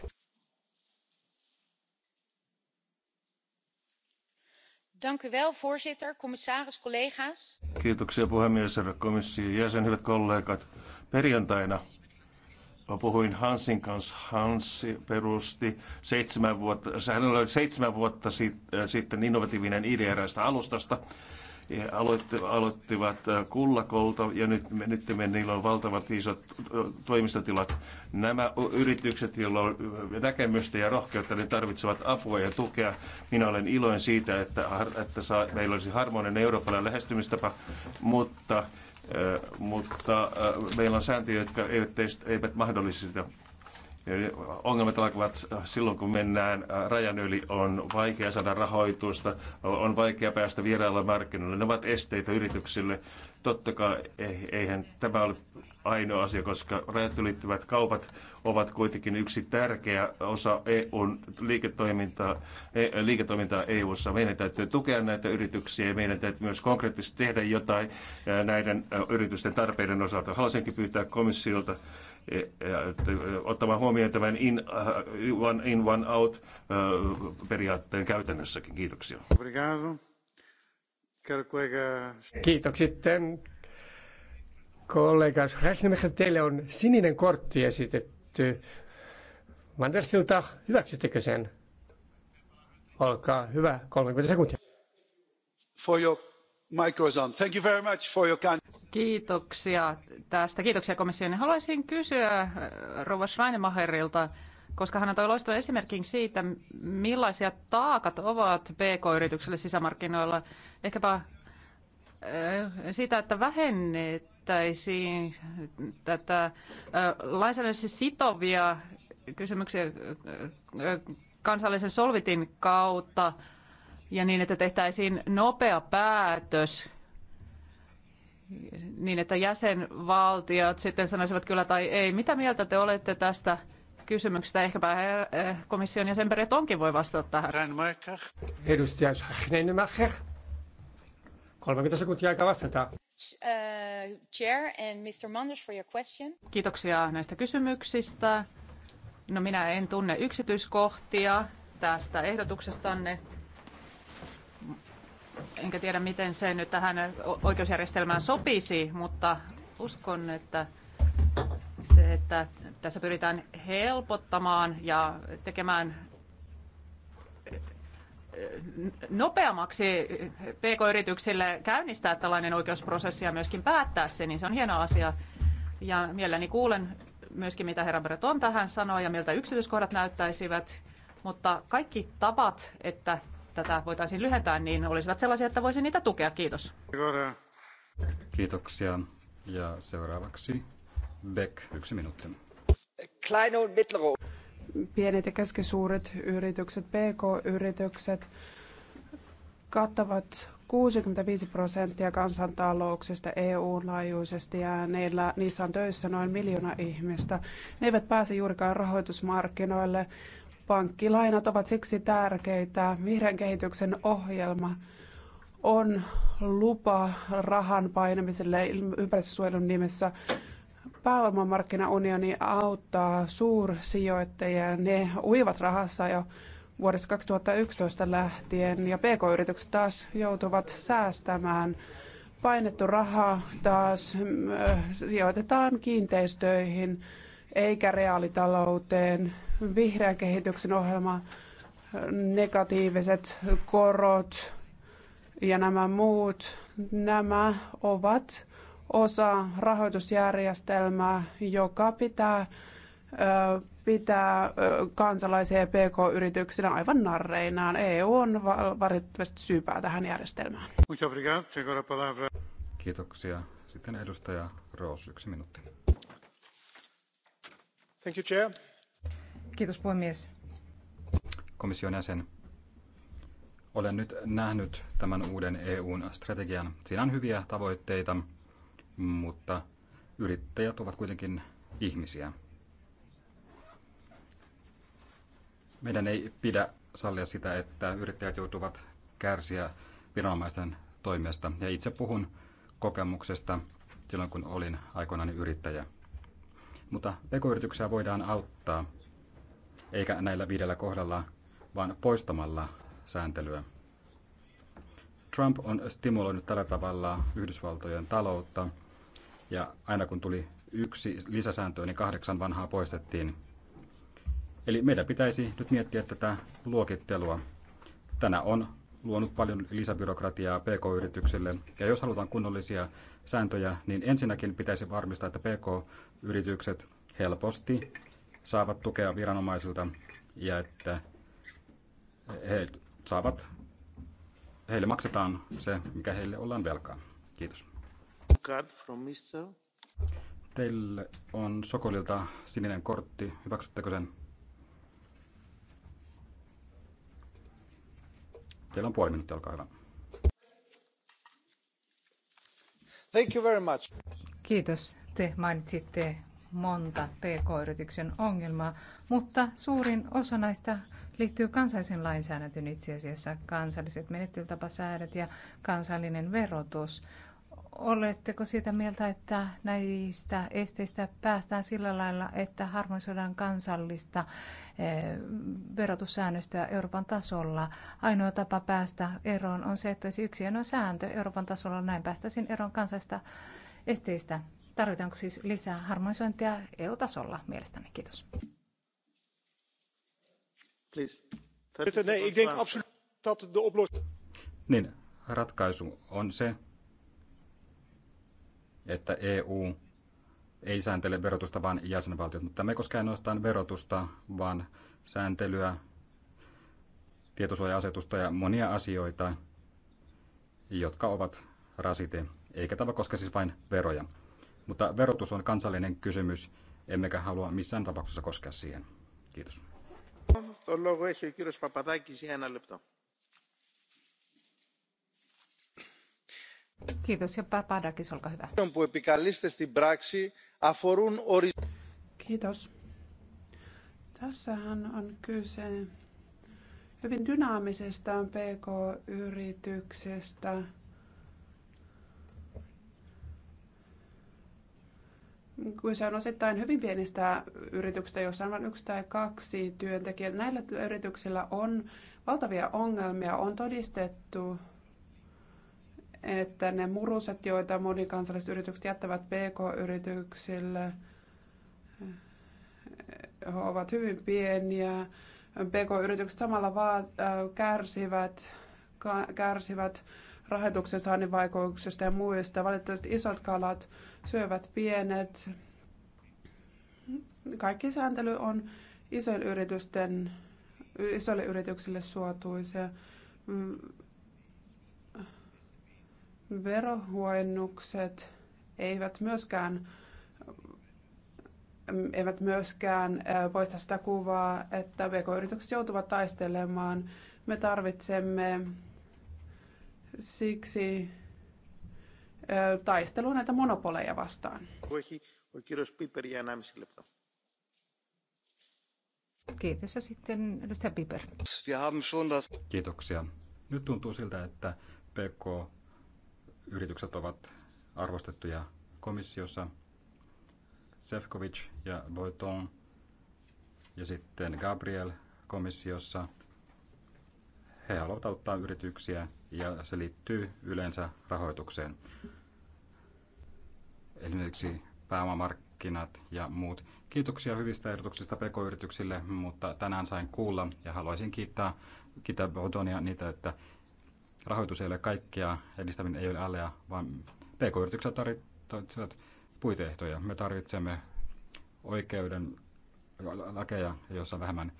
voorzitter commissaris collega's. Kiitoksia puhemies, herra komission jäsen, hyvät kollegat. Perjantaina puhuin Hansin kanssa. Hans perusti seitsemän vuotta, hänellä oli seitsemän vuotta äh, sitten innovatiivinen idea eräästä alustasta, he aloitti, aloittivat äh, kullakolta ja nyt, nyt niillä on valtavat isot toimistotilat. Nämä yritykset, joilla on näkemystä ja rohkeutta, ne tarvitsevat apua ja tukea. Minä olen iloinen siitä, että, että saa, meillä olisi harmoninen eurooppalainen lähestymistapa, mutta, mutta meillä on sääntöjä, jotka eivät, teistä, eivät mahdollista Ongelmat alkavat äh, silloin, kun mennään äh, rajan yli. On vaikea saada rahoitusta, on vaikea päästä vierailla markkinoille. Ne ovat esteitä yrityksille. Totta kai eh, eihän tämä ole ainoa asia, koska rajat ylittävät kaupat ovat kuitenkin yksi tärkeä osa EUn liiketoimintaa, e, liiketoimintaa EUssa. Meidän täytyy tukea näitä yrityksiä ja meidän täytyy myös konkreettisesti tehdä jotain äh, näiden yritysten tarpeiden osalta. Haluaisinkin pyytää komissiolta E, e, e, ottamaan huomioon tämän in, uh, one in, one out uh, periaatteen käytännössäkin. Kiitoksia. Kiitos sitten kollega Schrechnemikä. Teille on sininen kortti esitetty. Mandersilta, hyväksyttekö sen? Olkaa hyvä, 30 sekuntia. For your Kiitoksia tästä. Kiitoksia komission. Haluaisin kysyä äh, rouva Schreinemacherilta, koska hän antoi loistavan esimerkin siitä, millaisia taakat ovat pk yrityksille sisämarkkinoilla. Ehkäpä äh, sitä, että vähennettäisiin tätä äh, lainsäädännössä sitovia kysymyksiä kansallisen solvitin kautta ja niin, että tehtäisiin nopea päätös niin, että jäsenvaltiot sitten sanoisivat kyllä tai ei. Mitä mieltä te olette tästä kysymyksestä? Ehkäpä eh, komission sen onkin voi vastata tähän. Edustaja Schneidenmacher, 30 sekuntia aikaa vastata. Uh, Chair and Mr. Manders for your question. Kiitoksia näistä kysymyksistä. No minä en tunne yksityiskohtia tästä ehdotuksestanne enkä tiedä miten se nyt tähän oikeusjärjestelmään sopisi, mutta uskon, että se, että tässä pyritään helpottamaan ja tekemään eh, nopeammaksi PK-yrityksille käynnistää tällainen oikeusprosessi ja myöskin päättää se, niin se on hieno asia. Ja mielelläni kuulen myöskin, mitä herra Breton tähän sanoi ja miltä yksityiskohdat näyttäisivät. Mutta kaikki tavat, että tätä voitaisiin lyhentää, niin olisivat sellaisia, että voisin niitä tukea. Kiitos. Kiitoksia. Ja seuraavaksi Beck, yksi minuutti. Pienet ja keskisuuret yritykset, PK-yritykset, kattavat 65 prosenttia kansantalouksesta EU-laajuisesti ja niillä, niissä on töissä noin miljoona ihmistä. Ne eivät pääse juurikaan rahoitusmarkkinoille. Pankkilainat ovat siksi tärkeitä. Vihreän kehityksen ohjelma on lupa rahan painamiselle ympäristösuojelun nimessä. Pääomamarkkinaunioni auttaa suursijoittajia. Ne uivat rahassa jo vuodesta 2011 lähtien ja pk-yritykset taas joutuvat säästämään. Painettu raha taas mm, sijoitetaan kiinteistöihin – eikä reaalitalouteen. Vihreän kehityksen ohjelma, negatiiviset korot ja nämä muut, nämä ovat osa rahoitusjärjestelmää, joka pitää pitää kansalaisia ja pk-yrityksinä aivan narreinaan. EU on valitettavasti syypää tähän järjestelmään. Kiitoksia. Sitten edustaja Roos, yksi minuutti. Thank you, Chair. Kiitos puhemies. Komission jäsen. Olen nyt nähnyt tämän uuden EUn strategian. Siinä on hyviä tavoitteita, mutta yrittäjät ovat kuitenkin ihmisiä. Meidän ei pidä sallia sitä, että yrittäjät joutuvat kärsiä viranomaisten toimesta. Ja itse puhun kokemuksesta silloin, kun olin aikoinaan yrittäjä. Mutta pk voidaan auttaa, eikä näillä viidellä kohdalla, vaan poistamalla sääntelyä. Trump on stimuloinut tällä tavalla Yhdysvaltojen taloutta, ja aina kun tuli yksi lisäsääntö, niin kahdeksan vanhaa poistettiin. Eli meidän pitäisi nyt miettiä tätä luokittelua. Tänä on luonut paljon lisäbyrokratiaa pk-yrityksille, ja jos halutaan kunnollisia sääntöjä, niin ensinnäkin pitäisi varmistaa, että PK-yritykset helposti saavat tukea viranomaisilta ja että he saavat, heille maksetaan se, mikä heille ollaan velkaa. Kiitos. Card from Mr. Teille on Sokolilta sininen kortti. Hyväksyttekö sen? Teillä on puoli minuuttia, olkaa hyvä. Thank you very much. Kiitos. Te mainitsitte monta PK-yrityksen ongelmaa, mutta suurin osa näistä liittyy kansallisen lainsäädäntöön itse asiassa. Kansalliset menettelytapasäädöt ja kansallinen verotus Oletteko sitä mieltä, että näistä esteistä päästään sillä lailla, että harmonisoidaan kansallista eh, verotussäännöstöä Euroopan tasolla? Ainoa tapa päästä eroon on se, että olisi yksi ainoa sääntö Euroopan tasolla, näin päästäisiin eroon kansallista esteistä. Tarvitaanko siis lisää harmonisointia EU-tasolla mielestäni? Kiitos. Please. Niin, ratkaisu on se, että EU ei sääntele verotusta, vaan jäsenvaltiot. Mutta me koskaan koske ainoastaan verotusta, vaan sääntelyä, tietosuoja-asetusta ja monia asioita, jotka ovat rasite. Eikä tämä koske siis vain veroja. Mutta verotus on kansallinen kysymys, emmekä halua missään tapauksessa koskea siihen. Kiitos. Το λόγο έχει ο κύριος Παπαδάκης για ένα λεπτό. Kiitos ja Papadakis, olkaa hyvä. Kiitos. Tässähän on kyse hyvin dynaamisesta pk-yrityksestä. Kyse on osittain hyvin pienistä yrityksistä, joissa on vain yksi tai kaksi työntekijää. Näillä yrityksillä on valtavia ongelmia. On todistettu, että ne muruset, joita monikansalliset yritykset jättävät pk-yrityksille, eh, ovat hyvin pieniä. PK-yritykset samalla kärsivät, kärsivät rahoituksen saannin vaikutuksesta ja muista. Valitettavasti isot kalat syövät pienet. Kaikki sääntely on isoille, yritysten, isoille yrityksille suotuisia. Mm, verohuojennukset eivät myöskään eivät myöskään poista sitä kuvaa, että vk yritykset joutuvat taistelemaan. Me tarvitsemme siksi taistelua näitä monopoleja vastaan. Kiitos ja sitten edustaja Piper. Kiitoksia. Nyt tuntuu siltä, että PK yritykset ovat arvostettuja komissiossa. Sefcovic ja Boiton ja sitten Gabriel komissiossa. He haluavat auttaa yrityksiä ja se liittyy yleensä rahoitukseen. Esimerkiksi pääomamarkkinat ja muut. Kiitoksia hyvistä ehdotuksista pk-yrityksille, mutta tänään sain kuulla ja haluaisin kiittää, kiittää Bodonia niitä, että rahoitus ei ole kaikkea, edistäminen ei ole alea, vaan pk-yritykset tarvitsevat puiteehtoja. Me tarvitsemme oikeuden lakeja, joissa on vähemmän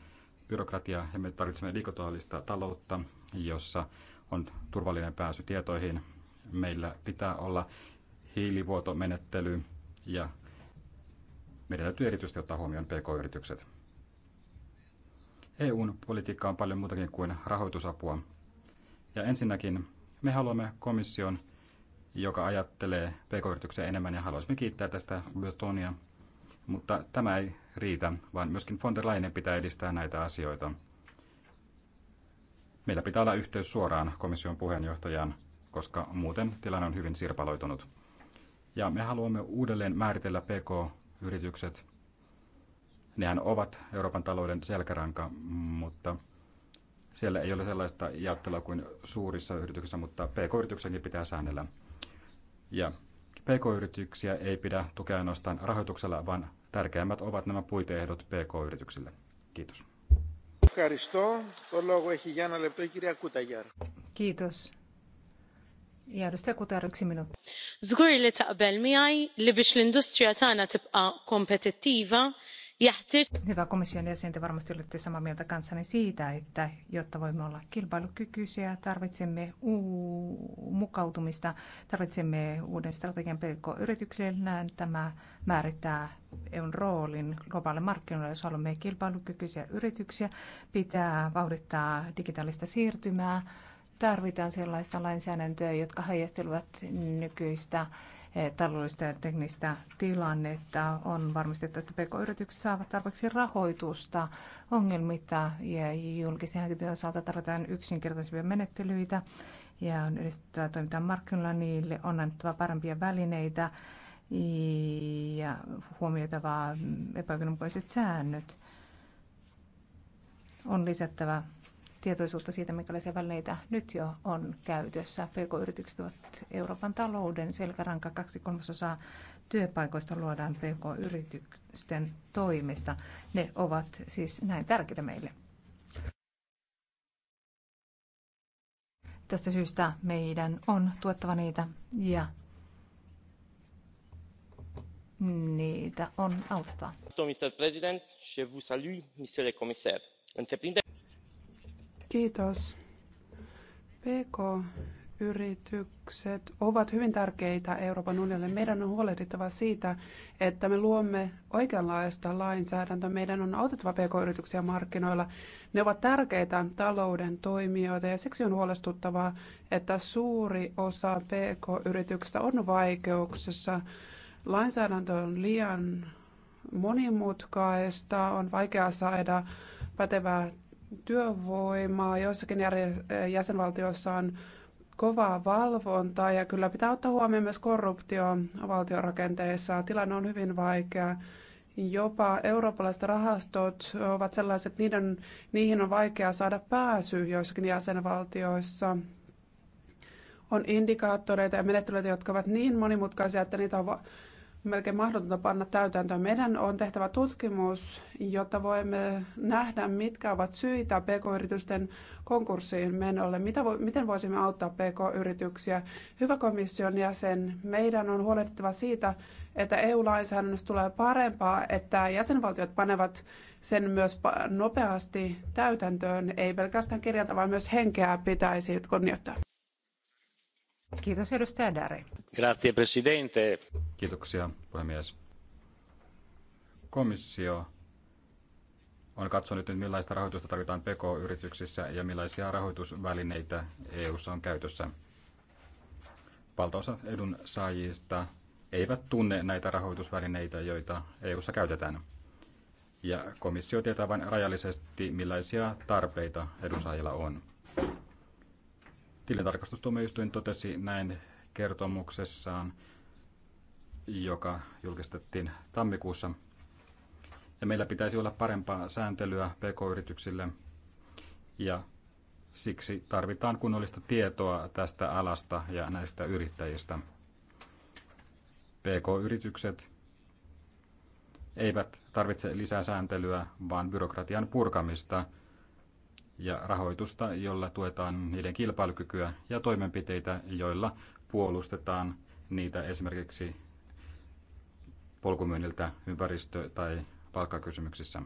byrokratiaa, ja me tarvitsemme digitaalista taloutta, jossa on turvallinen pääsy tietoihin. Meillä pitää olla hiilivuotomenettely ja meidän täytyy erityisesti ottaa huomioon pk-yritykset. EUn politiikka on paljon muutakin kuin rahoitusapua. Ja ensinnäkin me haluamme komission, joka ajattelee pk-yrityksiä enemmän ja haluaisimme kiittää tästä Bretonia, mutta tämä ei riitä, vaan myöskin von der Leyen pitää edistää näitä asioita. Meillä pitää olla yhteys suoraan komission puheenjohtajaan, koska muuten tilanne on hyvin sirpaloitunut. Ja me haluamme uudelleen määritellä pk-yritykset. Nehän ovat Euroopan talouden selkäranka, mutta siellä ei ole sellaista jaottelua kuin suurissa yrityksissä, mutta pk yrityksenkin pitää säännellä. Ja pk-yrityksiä ei pidä tukea ainoastaan rahoituksella, vaan tärkeimmät ovat nämä puiteehdot pk-yrityksille. Kiitos. Kiitos. Ja edustaja Kutar, yksi minuutti. Zgur li taqbel miaj li biex l-industrija tibqa' kompetittiva Hyvä komission jäsen, te varmasti olette samaa mieltä kanssani siitä, että jotta voimme olla kilpailukykyisiä, tarvitsemme uu- mukautumista, tarvitsemme uuden strategian PK-yrityksille. Näin tämä määrittää EUn roolin globaalin markkinoilla, jos haluamme kilpailukykyisiä yrityksiä, pitää vauhdittaa digitaalista siirtymää, tarvitaan sellaista lainsäädäntöä, jotka heijastelevat nykyistä Eh, taloudellista ja teknistä tilannetta. On varmistettu, että pk-yritykset saavat tarpeeksi rahoitusta ongelmitta ja julkisen hankintojen osalta tarvitaan yksinkertaisia menettelyitä ja on edistettävä toimintaa markkinoilla niille, on annettava parempia välineitä ja huomioitava epäoikeudenmukaiset säännöt. On lisättävä tietoisuutta siitä, minkälaisia välineitä nyt jo on käytössä. PK-yritykset ovat Euroopan talouden selkäranka. Kaksi kolmasosaa työpaikoista luodaan PK-yritysten toimesta. Ne ovat siis näin tärkeitä meille. Tästä syystä meidän on tuottava niitä ja niitä on auttaa. Mr. President, je vous salue, monsieur le commissaire. Kiitos. PK-yritykset ovat hyvin tärkeitä Euroopan unionille. Meidän on huolehdittava siitä, että me luomme oikeanlaista lainsäädäntöä. Meidän on autettava PK-yrityksiä markkinoilla. Ne ovat tärkeitä talouden toimijoita ja siksi on huolestuttavaa, että suuri osa PK-yrityksistä on vaikeuksissa. Lainsäädäntö on liian monimutkaista, on vaikea saada pätevää työvoimaa. Joissakin jäsenvaltioissa on kovaa valvontaa ja kyllä pitää ottaa huomioon myös korruptio valtiorakenteissa. Tilanne on hyvin vaikea. Jopa eurooppalaiset rahastot ovat sellaiset, että niiden, niihin on vaikea saada pääsy joissakin jäsenvaltioissa. On indikaattoreita ja menettelyitä, jotka ovat niin monimutkaisia, että niitä on melkein mahdotonta panna täytäntöön. Meidän on tehtävä tutkimus, jotta voimme nähdä, mitkä ovat syitä pk-yritysten konkurssiin menolle. Mitä vo, miten voisimme auttaa pk-yrityksiä? Hyvä komission jäsen, meidän on huolehdittava siitä, että eu lainsäädännössä tulee parempaa, että jäsenvaltiot panevat sen myös nopeasti täytäntöön. Ei pelkästään kirjata, vaan myös henkeä pitäisi kunnioittaa. Kiitos edustaja Dari. Grazie presidente. Kiitoksia puhemies. Komissio on katsonut nyt, millaista rahoitusta tarvitaan PK-yrityksissä ja millaisia rahoitusvälineitä EU:ssa on käytössä. Valtaosa edunsaajista eivät tunne näitä rahoitusvälineitä, joita EU:ssa käytetään. Ja komissio tietää vain rajallisesti, millaisia tarpeita edunsaajilla on. Tilintarkastustuomioistuin totesi näin kertomuksessaan, joka julkistettiin tammikuussa. Ja meillä pitäisi olla parempaa sääntelyä pk-yrityksille ja siksi tarvitaan kunnollista tietoa tästä alasta ja näistä yrittäjistä. PK-yritykset eivät tarvitse lisää sääntelyä, vaan byrokratian purkamista – ja rahoitusta, jolla tuetaan niiden kilpailukykyä ja toimenpiteitä, joilla puolustetaan niitä esimerkiksi polkumyynniltä ympäristö- tai palkkakysymyksissä.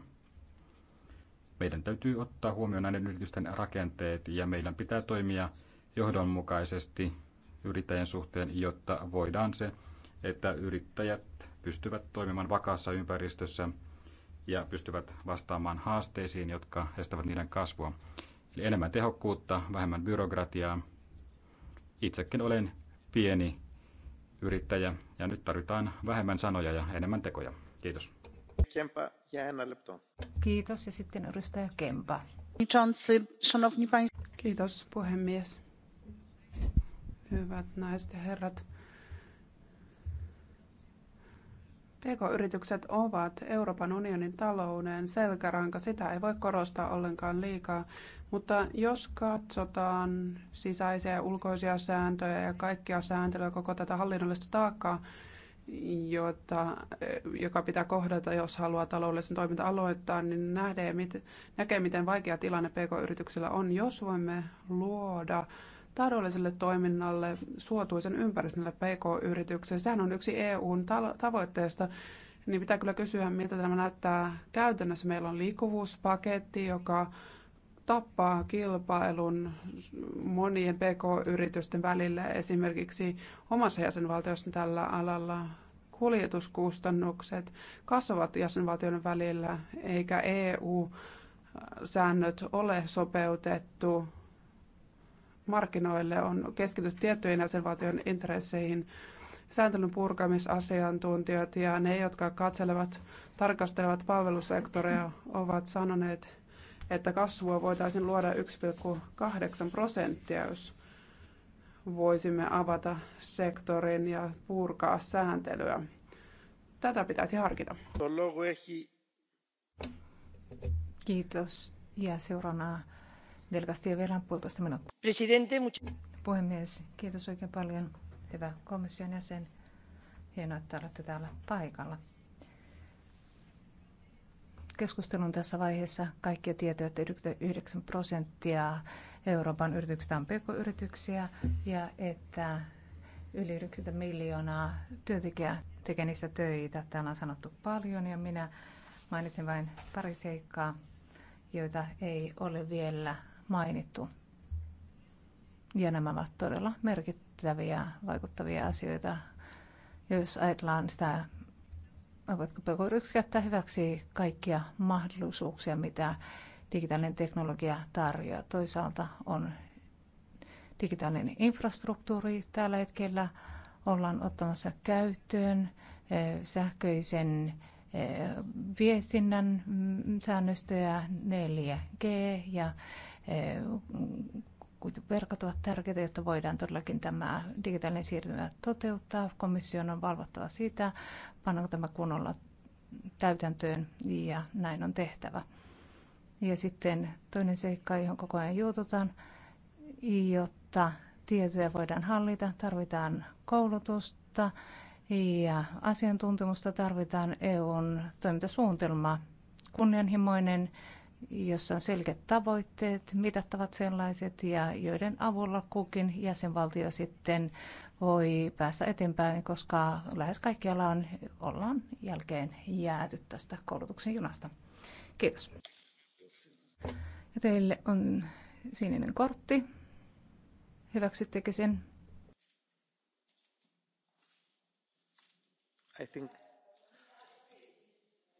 Meidän täytyy ottaa huomioon näiden yritysten rakenteet ja meidän pitää toimia johdonmukaisesti yrittäjän suhteen, jotta voidaan se, että yrittäjät pystyvät toimimaan vakaassa ympäristössä – ja pystyvät vastaamaan haasteisiin, jotka estävät niiden kasvua. Eli enemmän tehokkuutta, vähemmän byrokratiaa. Itsekin olen pieni yrittäjä ja nyt tarvitaan vähemmän sanoja ja enemmän tekoja. Kiitos. Kempa ja Kiitos ja sitten edustaja Kempa. Kiitos puhemies. Hyvät naiset ja herrat. PK-yritykset ovat Euroopan unionin talouden selkäranka, sitä ei voi korostaa ollenkaan liikaa. Mutta jos katsotaan sisäisiä ja ulkoisia sääntöjä ja kaikkia sääntelyä, koko tätä hallinnollista taakkaa, jota, joka pitää kohdata, jos haluaa taloudellisen toiminta aloittaa, niin nähdään, näkee, miten vaikea tilanne PK-yrityksillä on. Jos voimme luoda taloudelliselle toiminnalle suotuisen ympäristölle pk yritykselle Sehän on yksi EUn tavoitteesta niin pitää kyllä kysyä, miltä tämä näyttää käytännössä. Meillä on liikkuvuuspaketti, joka tappaa kilpailun monien PK-yritysten välillä, esimerkiksi omassa jäsenvaltiossa tällä alalla kuljetuskustannukset kasvavat jäsenvaltioiden välillä, eikä EU-säännöt ole sopeutettu markkinoille on keskitytty tiettyihin jäsenvaltion intresseihin. Sääntelyn purkamisasiantuntijat ja ne, jotka katselevat, tarkastelevat palvelusektoria, ovat sanoneet, että kasvua voitaisiin luoda 1,8 prosenttia, jos voisimme avata sektorin ja purkaa sääntelyä. Tätä pitäisi harkita. Kiitos. Ja seuraavana Delgasti vielä puolitoista minuuttia. Presidente, much- Puhemies, kiitos oikein paljon. Hyvä komission jäsen. Hienoa, että olette täällä paikalla. Keskustelun tässä vaiheessa kaikki jo tietävät, että 99 prosenttia Euroopan yrityksistä on pk-yrityksiä ja että yli 90 miljoonaa työntekijää tekee niissä töitä. Täällä on sanottu paljon ja minä mainitsen vain pari seikkaa, joita ei ole vielä mainittu. Ja nämä ovat todella merkittäviä, vaikuttavia asioita. Jos ajatellaan sitä, voitko pk käyttää hyväksi kaikkia mahdollisuuksia, mitä digitaalinen teknologia tarjoaa. Toisaalta on digitaalinen infrastruktuuri tällä hetkellä ollaan ottamassa käyttöön eh, sähköisen eh, viestinnän mm, säännöstöjä 4G ja Verkot ovat tärkeitä, jotta voidaan todellakin tämä digitaalinen siirtymä toteuttaa. Komission on valvottava sitä, pannaanko tämä kunnolla täytäntöön ja näin on tehtävä. Ja sitten toinen seikka, johon koko ajan juututaan, jotta tietoja voidaan hallita, tarvitaan koulutusta ja asiantuntemusta, tarvitaan EUn toimintasuunnitelma, kunnianhimoinen jossa on selkeät tavoitteet, mitattavat sellaiset ja joiden avulla kukin jäsenvaltio sitten voi päästä eteenpäin, koska lähes kaikkialla on, ollaan jälkeen jääty tästä koulutuksen junasta. Kiitos. Ja teille on sininen kortti. Hyväksyttekö sen? I think...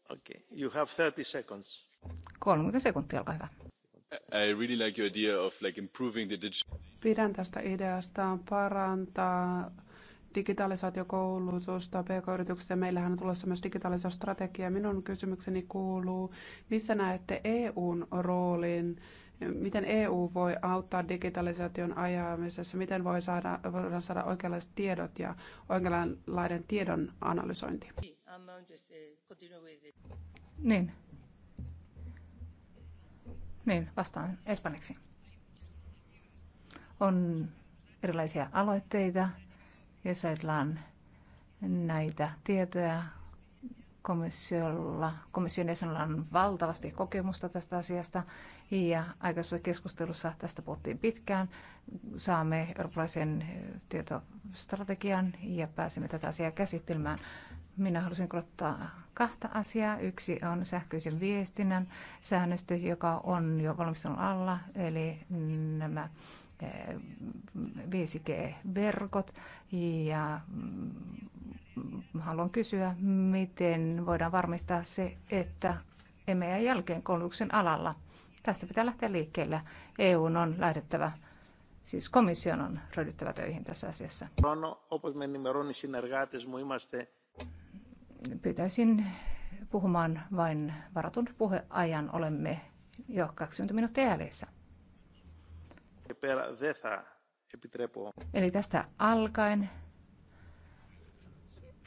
Okay, you have 30 seconds. 30 sekuntia, olkaa hyvä. I really like your idea of like improving the digital... Pidän tästä ideasta parantaa digitalisaatiokoulutusta pk-yrityksistä. Meillähän on tulossa myös digitalisaatiostrategia. Minun kysymykseni kuuluu, missä näette EUn roolin? Miten EU voi auttaa digitalisaation ajamisessa? Miten voi saada, voidaan saada oikeanlaiset tiedot ja oikeanlaiden tiedon analysointi? Niin, niin, vastaan espanjaksi. On erilaisia aloitteita, jos ajatellaan näitä tietoja komissiolla. Komission jäsenellä on valtavasti kokemusta tästä asiasta ja aikaisessa keskustelussa tästä puhuttiin pitkään. Saamme eurooppalaisen tietostrategian ja pääsemme tätä asiaa käsittelemään. Minä halusin korottaa kahta asiaa. Yksi on sähköisen viestinnän säännöstö, joka on jo valmistelun alla, eli nämä 5G-verkot eh, ja mm, haluan kysyä, miten voidaan varmistaa se, että emme jää jälkeen koulutuksen alalla. Tästä pitää lähteä liikkeelle. EU on lähdettävä, siis komission on ryhdyttävä töihin tässä asiassa pyytäisin puhumaan vain varatun puheajan. Olemme jo 20 minuuttia jäljessä. Eli tästä alkaen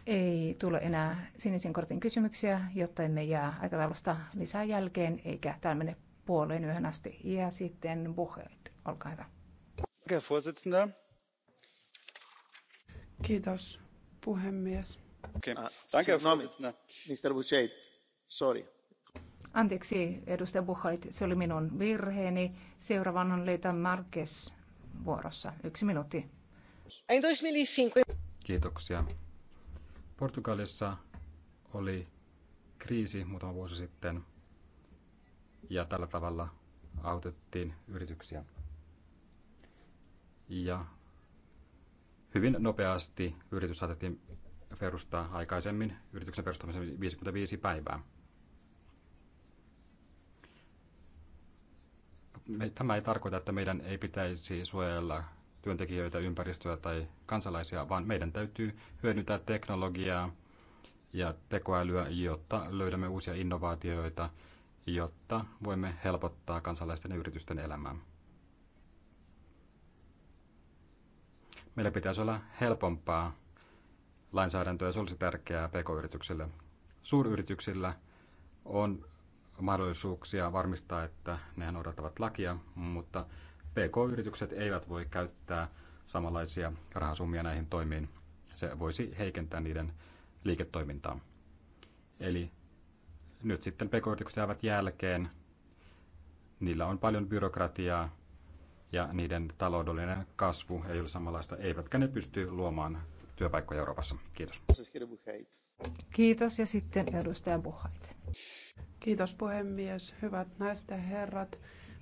ei tule enää sinisen kortin kysymyksiä, jotta emme jää aikataulusta lisää jälkeen, eikä tämä mene puoleen yhden asti. Ja sitten Buchheit, olkaa hyvä. Kiitos puhemies. Okay. Danke, Mr. Bucheit. Anteeksi, edustaja Buchait, se oli minun virheeni. Seuraavan on Leita Marques vuorossa. Yksi minuutti. Kiitoksia. Portugalissa oli kriisi muutama vuosi sitten ja tällä tavalla autettiin yrityksiä. Ja hyvin nopeasti yritys saatettiin perustaa aikaisemmin yrityksen perustamisen 55 päivää. Tämä ei tarkoita, että meidän ei pitäisi suojella työntekijöitä, ympäristöä tai kansalaisia, vaan meidän täytyy hyödyntää teknologiaa ja tekoälyä, jotta löydämme uusia innovaatioita, jotta voimme helpottaa kansalaisten ja yritysten elämää. Meillä pitäisi olla helpompaa lainsäädäntöä. Se olisi tärkeää pk-yrityksille. Suuryrityksillä on mahdollisuuksia varmistaa, että nehän noudattavat lakia, mutta PK-yritykset eivät voi käyttää samanlaisia rahasummia näihin toimiin. Se voisi heikentää niiden liiketoimintaa. Eli nyt sitten pk-yritykset jäävät jälkeen. Niillä on paljon byrokratiaa ja niiden taloudellinen kasvu ei ole samanlaista, eivätkä ne pysty luomaan työpaikkoja Euroopassa. Kiitos. Kiitos ja sitten edustaja Buhait. Kiitos puhemies. Hyvät naiset ja herrat.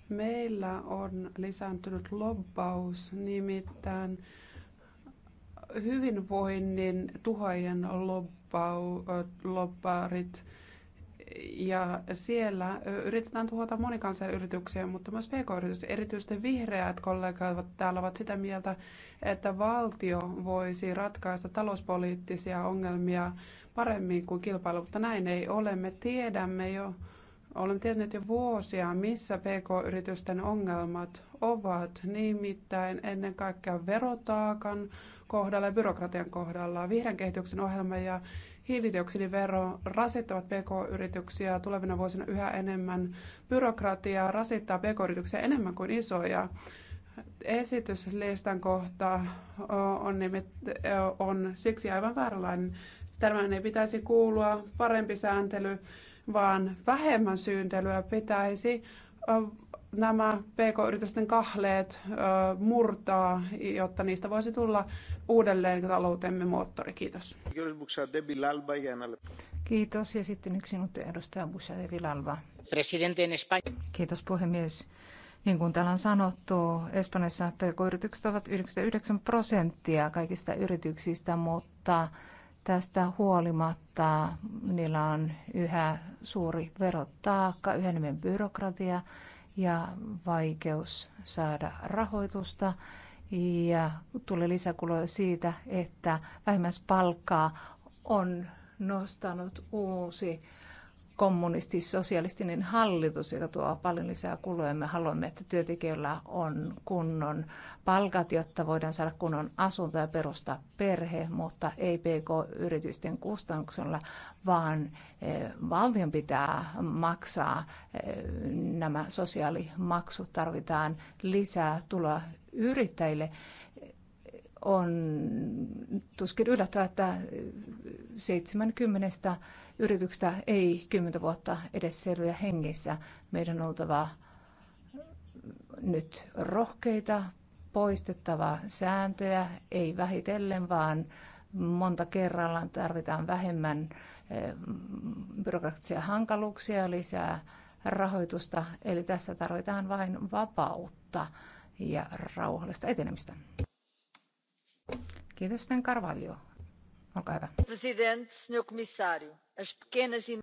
Meillä on lisääntynyt lobbaus, nimittäin hyvinvoinnin tuhojen lobbau, lobbarit – ja siellä yritetään tuhota yrityksiä, mutta myös pk yritys Erityisesti vihreät kollegat täällä ovat sitä mieltä, että valtio voisi ratkaista talouspoliittisia ongelmia paremmin kuin kilpailu, mutta näin ei ole. Me tiedämme jo Olemme tiennyt jo vuosia, missä pk-yritysten ongelmat ovat, nimittäin ennen kaikkea verotaakan kohdalla ja byrokratian kohdalla. Vihreän kehityksen ohjelma ja hiilidioksidivero rasittavat pk-yrityksiä tulevina vuosina yhä enemmän. Byrokratia rasittaa pk-yrityksiä enemmän kuin isoja. Esityslistan kohta on, nimet, on siksi aivan vääränlainen. Tämän ei pitäisi kuulua parempi sääntely vaan vähemmän syyntelyä pitäisi nämä pk-yritysten kahleet murtaa, jotta niistä voisi tulla uudelleen taloutemme moottori. Kiitos. Kiitos. Ja sitten yksi minuutti edustaja Bushade Vilalba. Kiitos puhemies. Niin kuin täällä on sanottu, Espanjassa pk-yritykset ovat 99 prosenttia kaikista yrityksistä, mutta Tästä huolimatta niillä on yhä suuri verotaakka, yhä enemmän byrokratia ja vaikeus saada rahoitusta ja tulee lisäkuluja siitä, että vähimmäispalkkaa on nostanut uusi kommunistis-sosialistinen hallitus, joka tuo paljon lisää kuluja. Me haluamme, että työntekijöillä on kunnon palkat, jotta voidaan saada kunnon asunto ja perustaa perhe, mutta ei PK-yritysten kustannuksella, vaan eh, valtion pitää maksaa eh, nämä sosiaalimaksut. Tarvitaan lisää tuloa yrittäjille on tuskin yllättävää, että 70 yrityksestä ei 10 vuotta edes selviä hengissä. Meidän on oltava nyt rohkeita, poistettava sääntöjä, ei vähitellen, vaan monta kerrallaan tarvitaan vähemmän eh, byrokratisia hankaluuksia, lisää rahoitusta. Eli tässä tarvitaan vain vapautta ja rauhallista etenemistä. Kiitos, Carvalho. Olkaa hyvä. President, as pequenas... E-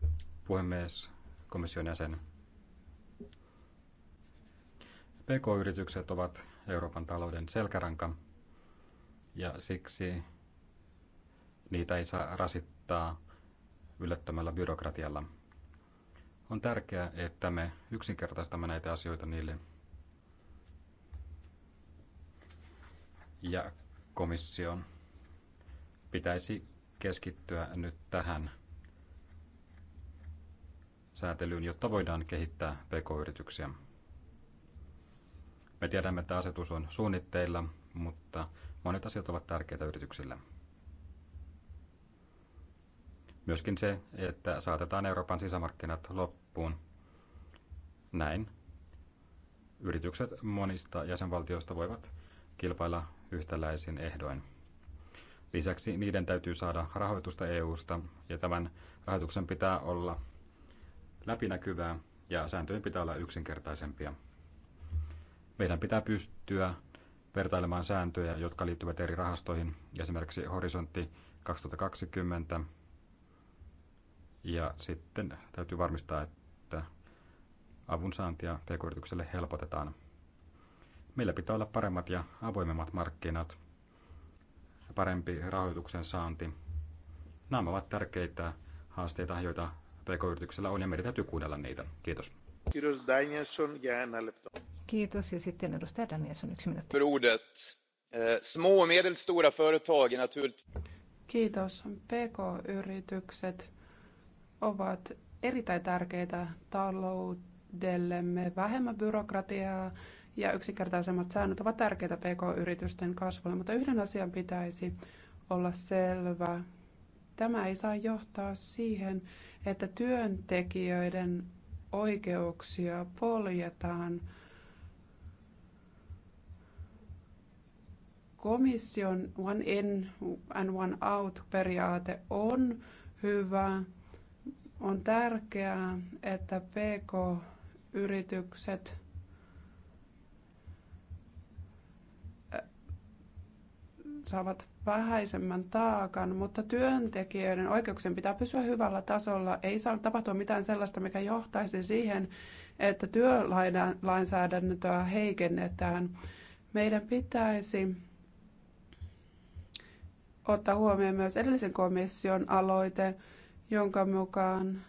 Puhemies, komission jäsen. PK-yritykset ovat Euroopan talouden selkäranka ja siksi niitä ei saa rasittaa yllättämällä byrokratialla. On tärkeää, että me yksinkertaistamme näitä asioita niille. Ja komission pitäisi keskittyä nyt tähän säätelyyn, jotta voidaan kehittää pk-yrityksiä. Me tiedämme, että asetus on suunnitteilla, mutta monet asiat ovat tärkeitä yrityksille. Myöskin se, että saatetaan Euroopan sisämarkkinat loppuun. Näin yritykset monista jäsenvaltioista voivat kilpailla yhtäläisin ehdoin. Lisäksi niiden täytyy saada rahoitusta EU-sta ja tämän rahoituksen pitää olla läpinäkyvää ja sääntöjen pitää olla yksinkertaisempia. Meidän pitää pystyä vertailemaan sääntöjä, jotka liittyvät eri rahastoihin, esimerkiksi horisontti 2020. Ja sitten täytyy varmistaa, että avunsaantia pk-yritykselle helpotetaan. Meillä pitää olla paremmat ja avoimemmat markkinat, parempi rahoituksen saanti. Nämä ovat tärkeitä haasteita, joita PK-yrityksellä on ja meidän täytyy kuunnella niitä. Kiitos. Kiitos Danielson ja Anna Kiitos ja sitten edustaja Danielson yksi minuutti. Ordet. Eh, små och medelstora företag är naturligtvis... Kiitos. PK-yritykset ovat erittäin tärkeitä taloudellemme. Vähemmän byrokratiaa, ja yksinkertaisemmat säännöt ovat tärkeitä pk-yritysten kasvulle, mutta yhden asian pitäisi olla selvä. Tämä ei saa johtaa siihen, että työntekijöiden oikeuksia poljetaan. Komission one in and one out periaate on hyvä. On tärkeää, että pk-yritykset saavat vähäisemmän taakan, mutta työntekijöiden oikeuksien pitää pysyä hyvällä tasolla. Ei saa tapahtua mitään sellaista, mikä johtaisi siihen, että työlainsäädäntöä heikennetään. Meidän pitäisi ottaa huomioon myös edellisen komission aloite, jonka mukaan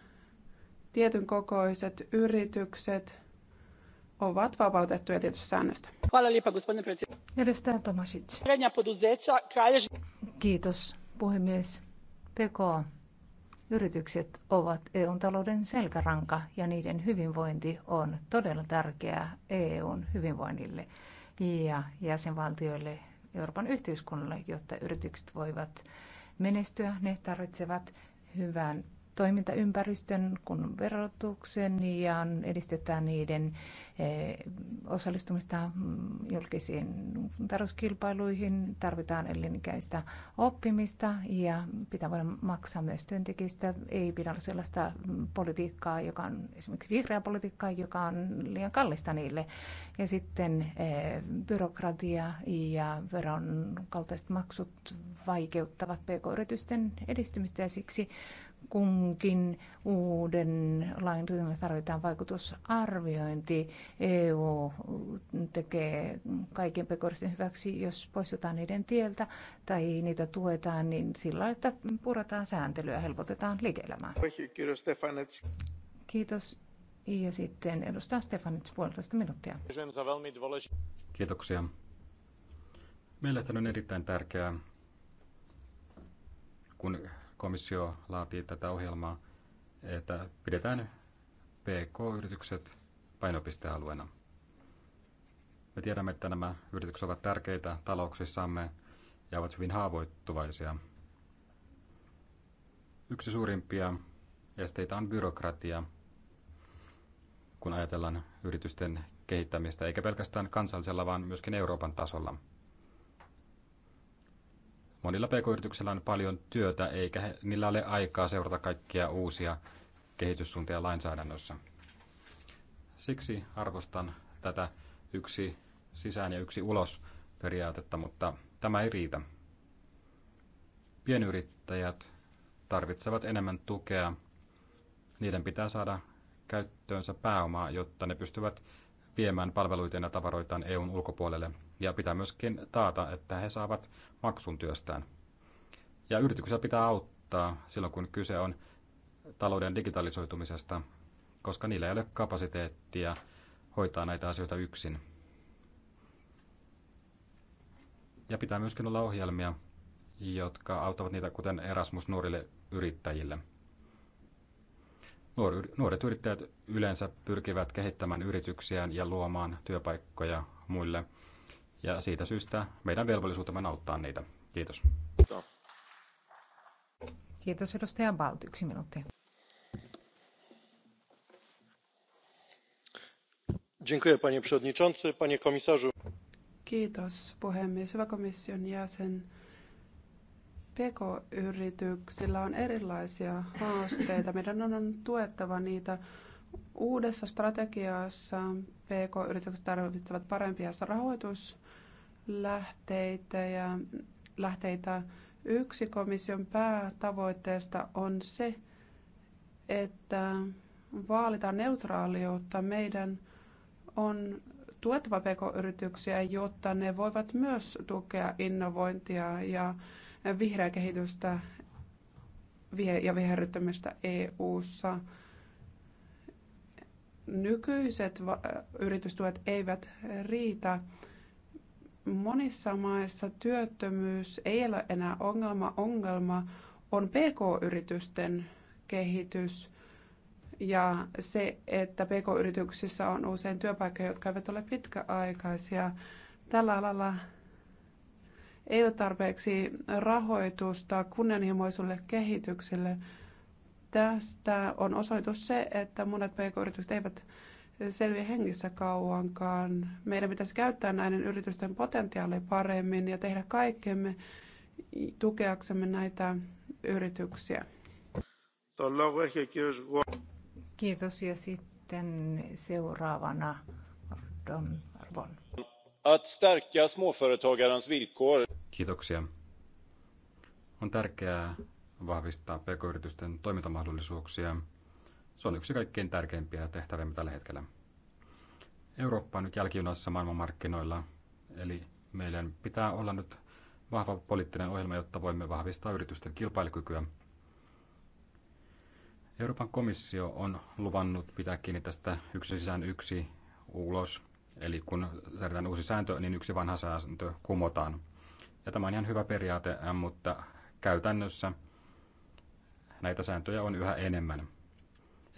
tietyn kokoiset yritykset – ovat vapautettuja tietystä säännöstä. Edustaja Tomasic. Kiitos, puhemies. PK Yritykset ovat EUn talouden selkäranka ja niiden hyvinvointi on todella tärkeää EUn hyvinvoinnille ja jäsenvaltioille, Euroopan yhteiskunnalle, jotta yritykset voivat menestyä. Ne tarvitsevat hyvän toimintaympäristön, kun verotuksen ja edistetään niiden eh, osallistumista mm, julkisiin tarjouskilpailuihin. Tarvitaan elinikäistä oppimista ja pitää voida maksaa myös työntekijöistä. Ei pidä olla sellaista mm, politiikkaa, joka on esimerkiksi vihreä politiikkaa, joka on liian kallista niille. Ja sitten eh, byrokratia ja veron kaltaiset maksut vaikeuttavat pk-yritysten edistymistä ja siksi kunkin uuden lain rinnalle tarvitaan vaikutusarviointi. EU tekee kaiken pekoristen hyväksi, jos poistetaan niiden tieltä tai niitä tuetaan, niin sillä että purataan sääntelyä ja helpotetaan liike-elämää. Kiitos. Ja sitten edustaa Stefanits puolitoista minuuttia. Kiitoksia. Mielestäni on erittäin tärkeää, kun komissio laatii tätä ohjelmaa, että pidetään PK-yritykset painopistealueena. Me tiedämme, että nämä yritykset ovat tärkeitä talouksissamme ja ovat hyvin haavoittuvaisia. Yksi suurimpia esteitä on byrokratia, kun ajatellaan yritysten kehittämistä, eikä pelkästään kansallisella, vaan myöskin Euroopan tasolla – Monilla pk-yrityksillä on paljon työtä, eikä he, niillä ole aikaa seurata kaikkia uusia kehityssuuntia lainsäädännössä. Siksi arvostan tätä yksi sisään ja yksi ulos periaatetta, mutta tämä ei riitä. Pienyrittäjät tarvitsevat enemmän tukea. Niiden pitää saada käyttöönsä pääomaa, jotta ne pystyvät viemään palveluita ja tavaroitaan EUn ulkopuolelle – ja pitää myöskin taata, että he saavat maksun työstään. Ja yrityksiä pitää auttaa silloin, kun kyse on talouden digitalisoitumisesta, koska niillä ei ole kapasiteettia hoitaa näitä asioita yksin. Ja pitää myöskin olla ohjelmia, jotka auttavat niitä, kuten Erasmus nuorille yrittäjille. Nuoret yrittäjät yleensä pyrkivät kehittämään yrityksiään ja luomaan työpaikkoja muille – ja siitä syystä meidän velvollisuutemme auttaa niitä. Kiitos. Kiitos edustaja Balt. Yksi minuutti. Dziękuję panie przewodniczący, panie komisarzu. Kiitos puhemies. Hyvä komission jäsen. PK-yrityksillä on erilaisia haasteita. Meidän on tuettava niitä uudessa strategiassa. PK-yritykset tarvitsevat parempia rahoitus lähteitä ja lähteitä. Yksi komission päätavoitteesta on se, että vaalitaan neutraaliutta. Meidän on tuettava pk-yrityksiä, jotta ne voivat myös tukea innovointia ja vihreää kehitystä ja viherryttämistä EU-ssa. Nykyiset yritystuet eivät riitä monissa maissa työttömyys ei ole enää ongelma. Ongelma on pk-yritysten kehitys ja se, että pk-yrityksissä on usein työpaikkoja, jotka eivät ole pitkäaikaisia. Tällä alalla ei ole tarpeeksi rahoitusta kunnianhimoiselle kehitykselle. Tästä on osoitus se, että monet pk-yritykset eivät selviä hengissä kauankaan. Meidän pitäisi käyttää näiden yritysten potentiaalia paremmin ja tehdä kaikkemme tukeaksemme näitä yrityksiä. Kiitos ja sitten seuraavana Don Arbon. Att stärka småföretagarens villkor. Kiitoksia. On tärkeää vahvistaa pk-yritysten toimintamahdollisuuksia se on yksi kaikkein tärkeimpiä tehtäviä tällä hetkellä. Eurooppa on nyt jälkijunassa maailmanmarkkinoilla, eli meidän pitää olla nyt vahva poliittinen ohjelma, jotta voimme vahvistaa yritysten kilpailukykyä. Euroopan komissio on luvannut pitää kiinni tästä yksi sisään yksi ulos, eli kun säädetään uusi sääntö, niin yksi vanha sääntö kumotaan. Ja tämä on ihan hyvä periaate, mutta käytännössä näitä sääntöjä on yhä enemmän.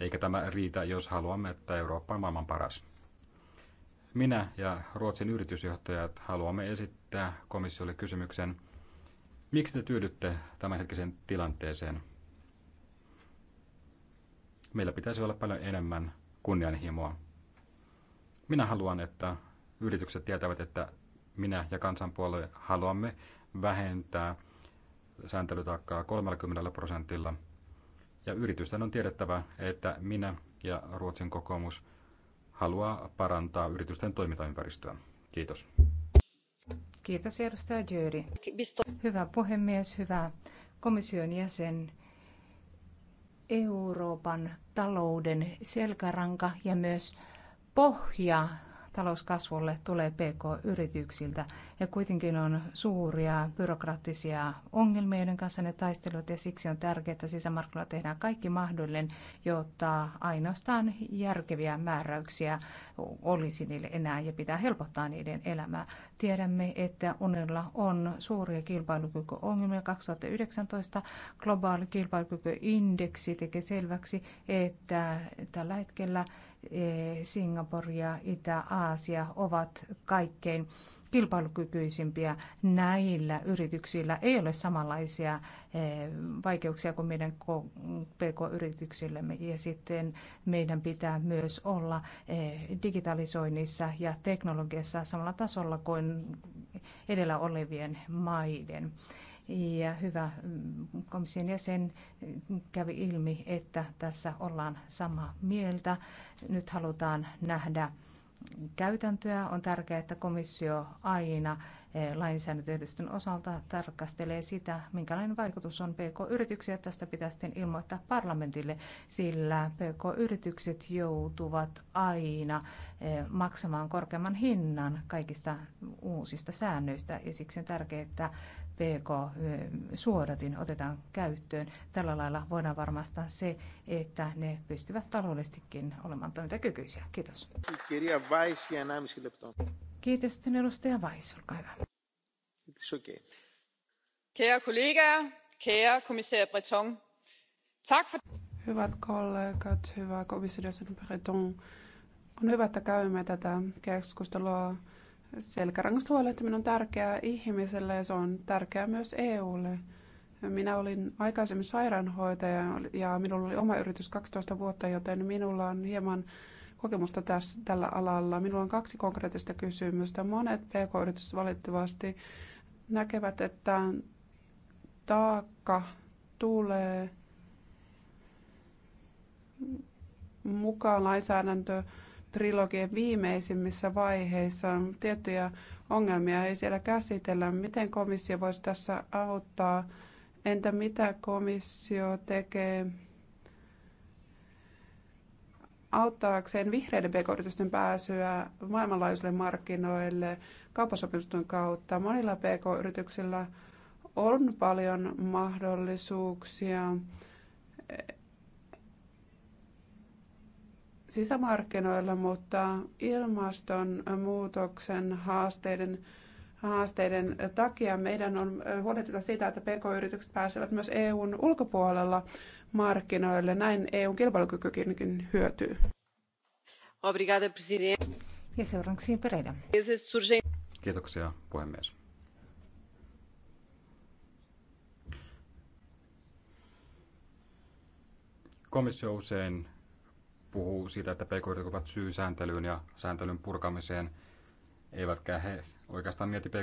Eikä tämä riitä, jos haluamme, että Eurooppa on maailman paras. Minä ja Ruotsin yritysjohtajat haluamme esittää komissiolle kysymyksen, miksi te tyydytte tämänhetkisen tilanteeseen? Meillä pitäisi olla paljon enemmän kunnianhimoa. Minä haluan, että yritykset tietävät, että minä ja kansanpuolue haluamme vähentää sääntelytaakkaa 30 prosentilla – ja yritysten on tiedettävä, että minä ja Ruotsin kokoomus haluaa parantaa yritysten toimintaympäristöä. Kiitos. Kiitos edustaja Jyri. Hyvä puhemies, hyvä komission jäsen. Euroopan talouden selkäranka ja myös pohja talouskasvulle tulee PK-yrityksiltä. Ja kuitenkin on suuria byrokraattisia ongelmia, joiden kanssa ne taistelut, ja siksi on tärkeää, että sisämarkkinoilla tehdään kaikki mahdollinen, jotta ainoastaan järkeviä määräyksiä olisi niille enää ja pitää helpottaa niiden elämää. Tiedämme, että Unilla on suuria kilpailukykyongelmia. 2019 globaali kilpailukykyindeksi teki selväksi, että tällä hetkellä E, Singapore ja Itä-Aasia ovat kaikkein kilpailukykyisimpiä. Näillä yrityksillä ei ole samanlaisia e, vaikeuksia kuin meidän PK-yrityksillemme. Ja sitten meidän pitää myös olla e, digitalisoinnissa ja teknologiassa samalla tasolla kuin edellä olevien maiden. Ja hyvä mm, komission jäsen mm, kävi ilmi, että tässä ollaan samaa mieltä. Nyt halutaan nähdä käytäntöä. On tärkeää, että komissio aina Eh, lainsäädäntöyhdistön osalta tarkastelee sitä, minkälainen vaikutus on PK-yrityksiä. Tästä pitää sitten ilmoittaa parlamentille, sillä PK-yritykset joutuvat aina eh, maksamaan korkeamman hinnan kaikista uusista säännöistä ja siksi on tärkeää, että PK-suodatin eh, otetaan käyttöön. Tällä lailla voidaan varmistaa se, että ne pystyvät taloudellisestikin olemaan toimintakykyisiä. Kiitos. Kirja Weiss ja Kiitos, sitten edustaja Weiss, olkaa hyvä. It's okay. Kære kollegaer, kære kommissær Breton. Tak for... Hyvät kollegat, hyvä komissaari Breton. On hyvä, että käymme tätä keskustelua. Selkärangasta huolehtiminen on tärkeää ihmiselle ja se on tärkeää myös EUlle. Minä olin aikaisemmin sairaanhoitaja ja minulla oli oma yritys 12 vuotta, joten minulla on hieman kokemusta tässä, tällä alalla. Minulla on kaksi konkreettista kysymystä. Monet pk-yritykset valitettavasti näkevät, että taakka tulee mukaan lainsäädäntö trilogien viimeisimmissä vaiheissa. Tiettyjä ongelmia ei siellä käsitellä. Miten komissio voisi tässä auttaa? Entä mitä komissio tekee auttaakseen vihreiden pk pääsyä maailmanlaajuisille markkinoille kauppasopimusten kautta. Monilla pk-yrityksillä on paljon mahdollisuuksia sisämarkkinoilla, mutta ilmastonmuutoksen haasteiden, haasteiden takia meidän on huolehdittava siitä, että pk-yritykset pääsevät myös EUn ulkopuolella markkinoille. Näin EUn kilpailukykykin hyötyy. Obrigada, Ja seuraavaksi Pereira. Kiitoksia, puhemies. Komissio usein puhuu siitä, että pk ovat syy sääntelyyn ja sääntelyn purkamiseen, eivätkä he oikeastaan mieti pk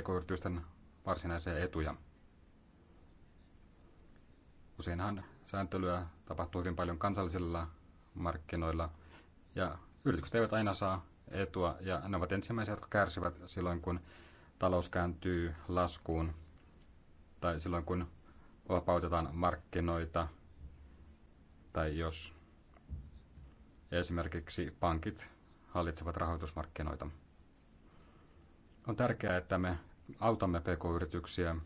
varsinaisia etuja. Useinhan sääntelyä tapahtuu hyvin paljon kansallisilla markkinoilla ja yritykset eivät aina saa etua ja ne ovat ensimmäisiä, jotka kärsivät silloin, kun talous kääntyy laskuun tai silloin, kun vapautetaan markkinoita tai jos esimerkiksi pankit hallitsevat rahoitusmarkkinoita. On tärkeää, että me autamme pk-yrityksiä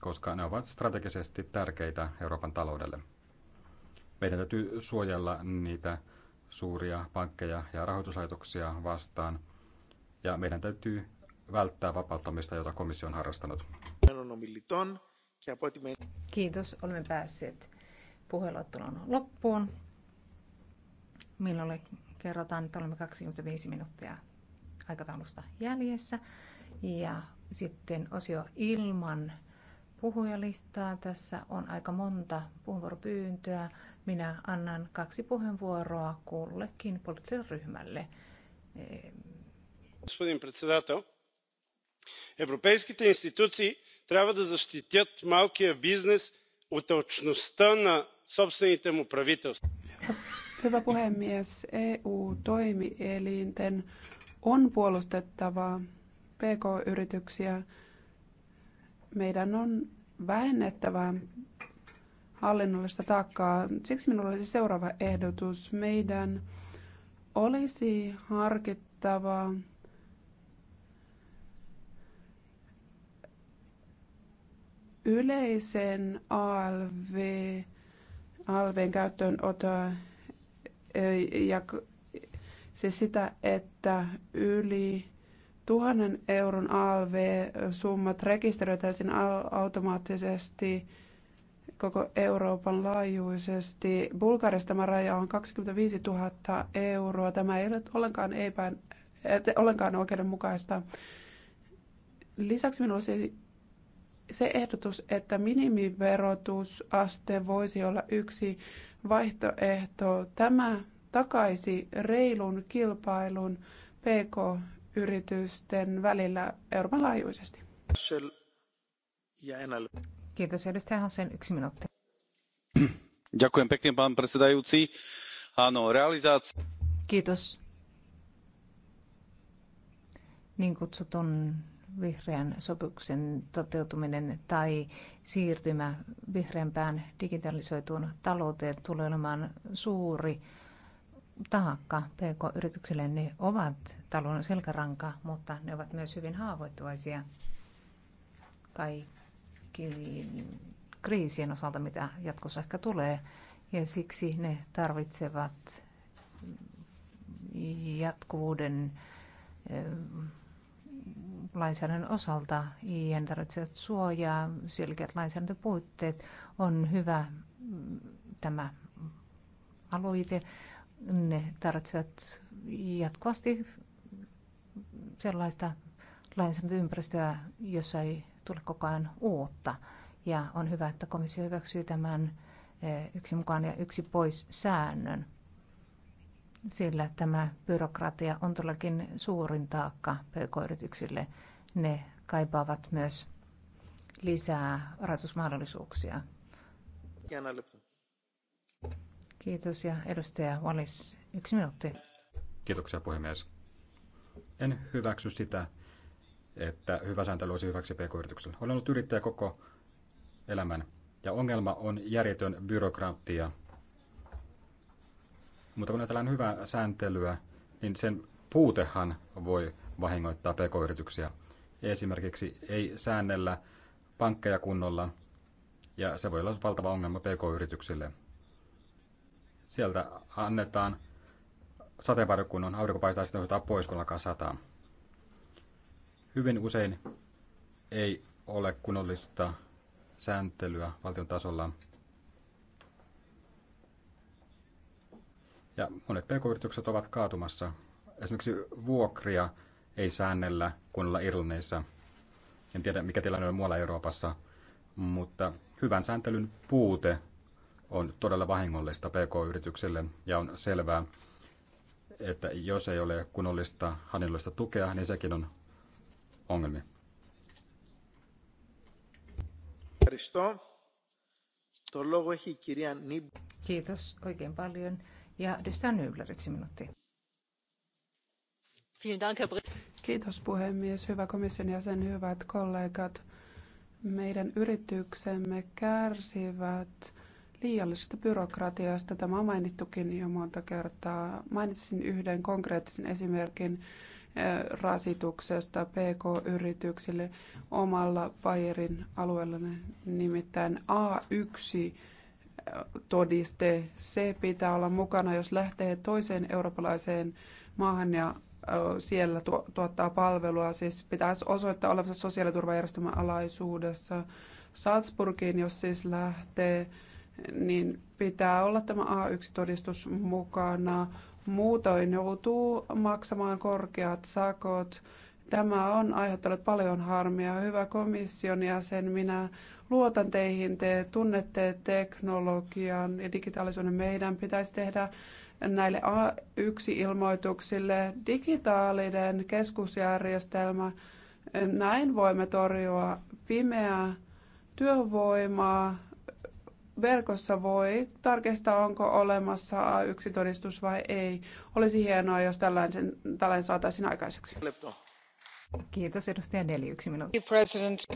koska ne ovat strategisesti tärkeitä Euroopan taloudelle. Meidän täytyy suojella niitä suuria pankkeja ja rahoituslaitoksia vastaan, ja meidän täytyy välttää vapauttamista, jota komissio on harrastanut. Kiitos, olemme päässeet puheluottelun loppuun. Milloin kerrotaan, että olemme 25 minuuttia aikataulusta jäljessä. Ja sitten osio ilman puhujalistaa. Tässä on aika monta puheenvuoropyyntöä. Minä annan kaksi puheenvuoroa kullekin poliittiselle ryhmälle. Господин председател, европейските институции трябва да защитят малкия бизнес от алчността на собствените му правителства. Hyvä puhemies, EU-toimielinten on puolustettava PK-yrityksiä meidän on vähennettävä hallinnollista taakkaa. Siksi minulla olisi seuraava ehdotus. Meidän olisi harkittava yleisen ALV, ALVn ottaa ja siis sitä, että yli Tuhannen euron ALV-summat rekisteröitäisiin automaattisesti koko Euroopan laajuisesti. Bulgariassa tämä raja on 25 000 euroa. Tämä ei ole ollenkaan, eipään, ollenkaan oikeudenmukaista. Lisäksi minulla olisi se ehdotus, että minimiverotusaste voisi olla yksi vaihtoehto. Tämä takaisi reilun kilpailun PK yritysten välillä Euroopan laajuisesti. Kiitos. Edustaja Hansen, yksi minuutti. Ďakujem pekne, pán predsedajúci. Áno, realizácia... Kiitos. Niin kutsutun vihreän sopimuksen toteutuminen tai siirtymä vihreämpään digitalisoituun talouteen tulee olemaan suuri taakka PK-yrityksille, ne ovat talon selkäranka, mutta ne ovat myös hyvin haavoittuvaisia kaikkiin kriisien osalta, mitä jatkossa ehkä tulee. Ja siksi ne tarvitsevat jatkuvuuden eh, lainsäädännön osalta ja tarvitsevat suojaa, selkeät lainsäädäntöpuitteet. On hyvä mm, tämä aloite ne tarvitsevat jatkuvasti sellaista lainsäädäntöympäristöä, jossa ei tule koko ajan uutta. Ja on hyvä, että komissio hyväksyy tämän eh, yksi mukaan ja yksi pois säännön, sillä tämä byrokratia on todellakin suurin taakka pk-yrityksille. Ne kaipaavat myös lisää rahoitusmahdollisuuksia. Kiitos. Kiitos ja edustaja Valis, yksi minuutti. Kiitoksia puhemies. En hyväksy sitä, että hyvä sääntely olisi hyväksi pk-yritykselle. Olen ollut yrittäjä koko elämän ja ongelma on järjetön byrokraattia. Mutta kun ajatellaan hyvää sääntelyä, niin sen puutehan voi vahingoittaa pk-yrityksiä. Esimerkiksi ei säännellä pankkeja kunnolla, ja se voi olla valtava ongelma pk-yrityksille. Sieltä annetaan sateenvarjo, kun on aurinko paistaa, sitten otetaan pois, kun alkaa sataa. Hyvin usein ei ole kunnollista sääntelyä valtion tasolla. Ja monet pk-yritykset ovat kaatumassa. Esimerkiksi vuokria ei säännellä kunnolla Irlannissa. En tiedä, mikä tilanne on muualla Euroopassa, mutta hyvän sääntelyn puute on todella vahingollista PK-yrityksille ja on selvää, että jos ei ole kunnollista hallinnollista tukea, niin sekin on ongelmia. Niin- Kiitos oikein paljon. Ja edustaja yksi minuutti. Kiitos puhemies, hyvä komission jäsen, hyvät kollegat. Meidän yrityksemme kärsivät liiallisesta byrokratiasta. Tämä on mainittukin jo monta kertaa. Mainitsin yhden konkreettisen esimerkin eh, rasituksesta PK-yrityksille omalla Bayerin alueella, nimittäin A1 eh, todiste. Se pitää olla mukana, jos lähtee toiseen eurooppalaiseen maahan ja eh, siellä tuottaa palvelua. Siis pitäisi osoittaa olevansa sosiaaliturvajärjestelmän alaisuudessa. Salzburgiin, jos siis lähtee niin pitää olla tämä A1-todistus mukana. Muutoin joutuu maksamaan korkeat sakot. Tämä on aiheuttanut paljon harmia. Hyvä komission jäsen, minä luotan teihin, te tunnette teknologian ja digitaalisuuden. Meidän pitäisi tehdä näille A1-ilmoituksille digitaalinen keskusjärjestelmä. Näin voimme torjua pimeää työvoimaa, verkossa voi tarkistaa, onko olemassa A1-todistus vai ei. Olisi hienoa, jos tällainen, tällainen saataisiin aikaiseksi. Kiitos edustaja Deli, yksi minuutti.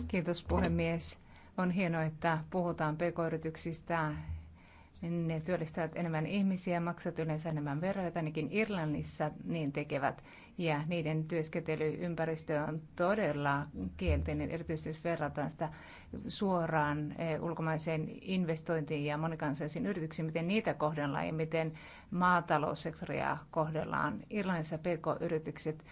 Kiitos puhemies. On hienoa, että puhutaan pk-yrityksistä ne työllistävät enemmän ihmisiä, maksavat yleensä enemmän veroja, ainakin Irlannissa niin tekevät. Ja niiden työskentelyympäristö on todella kielteinen, erityisesti jos verrataan sitä suoraan eh, ulkomaiseen investointiin ja monikansaisiin yrityksiin, miten niitä kohdellaan ja miten maataloussektoria kohdellaan. Irlannissa pk-yritykset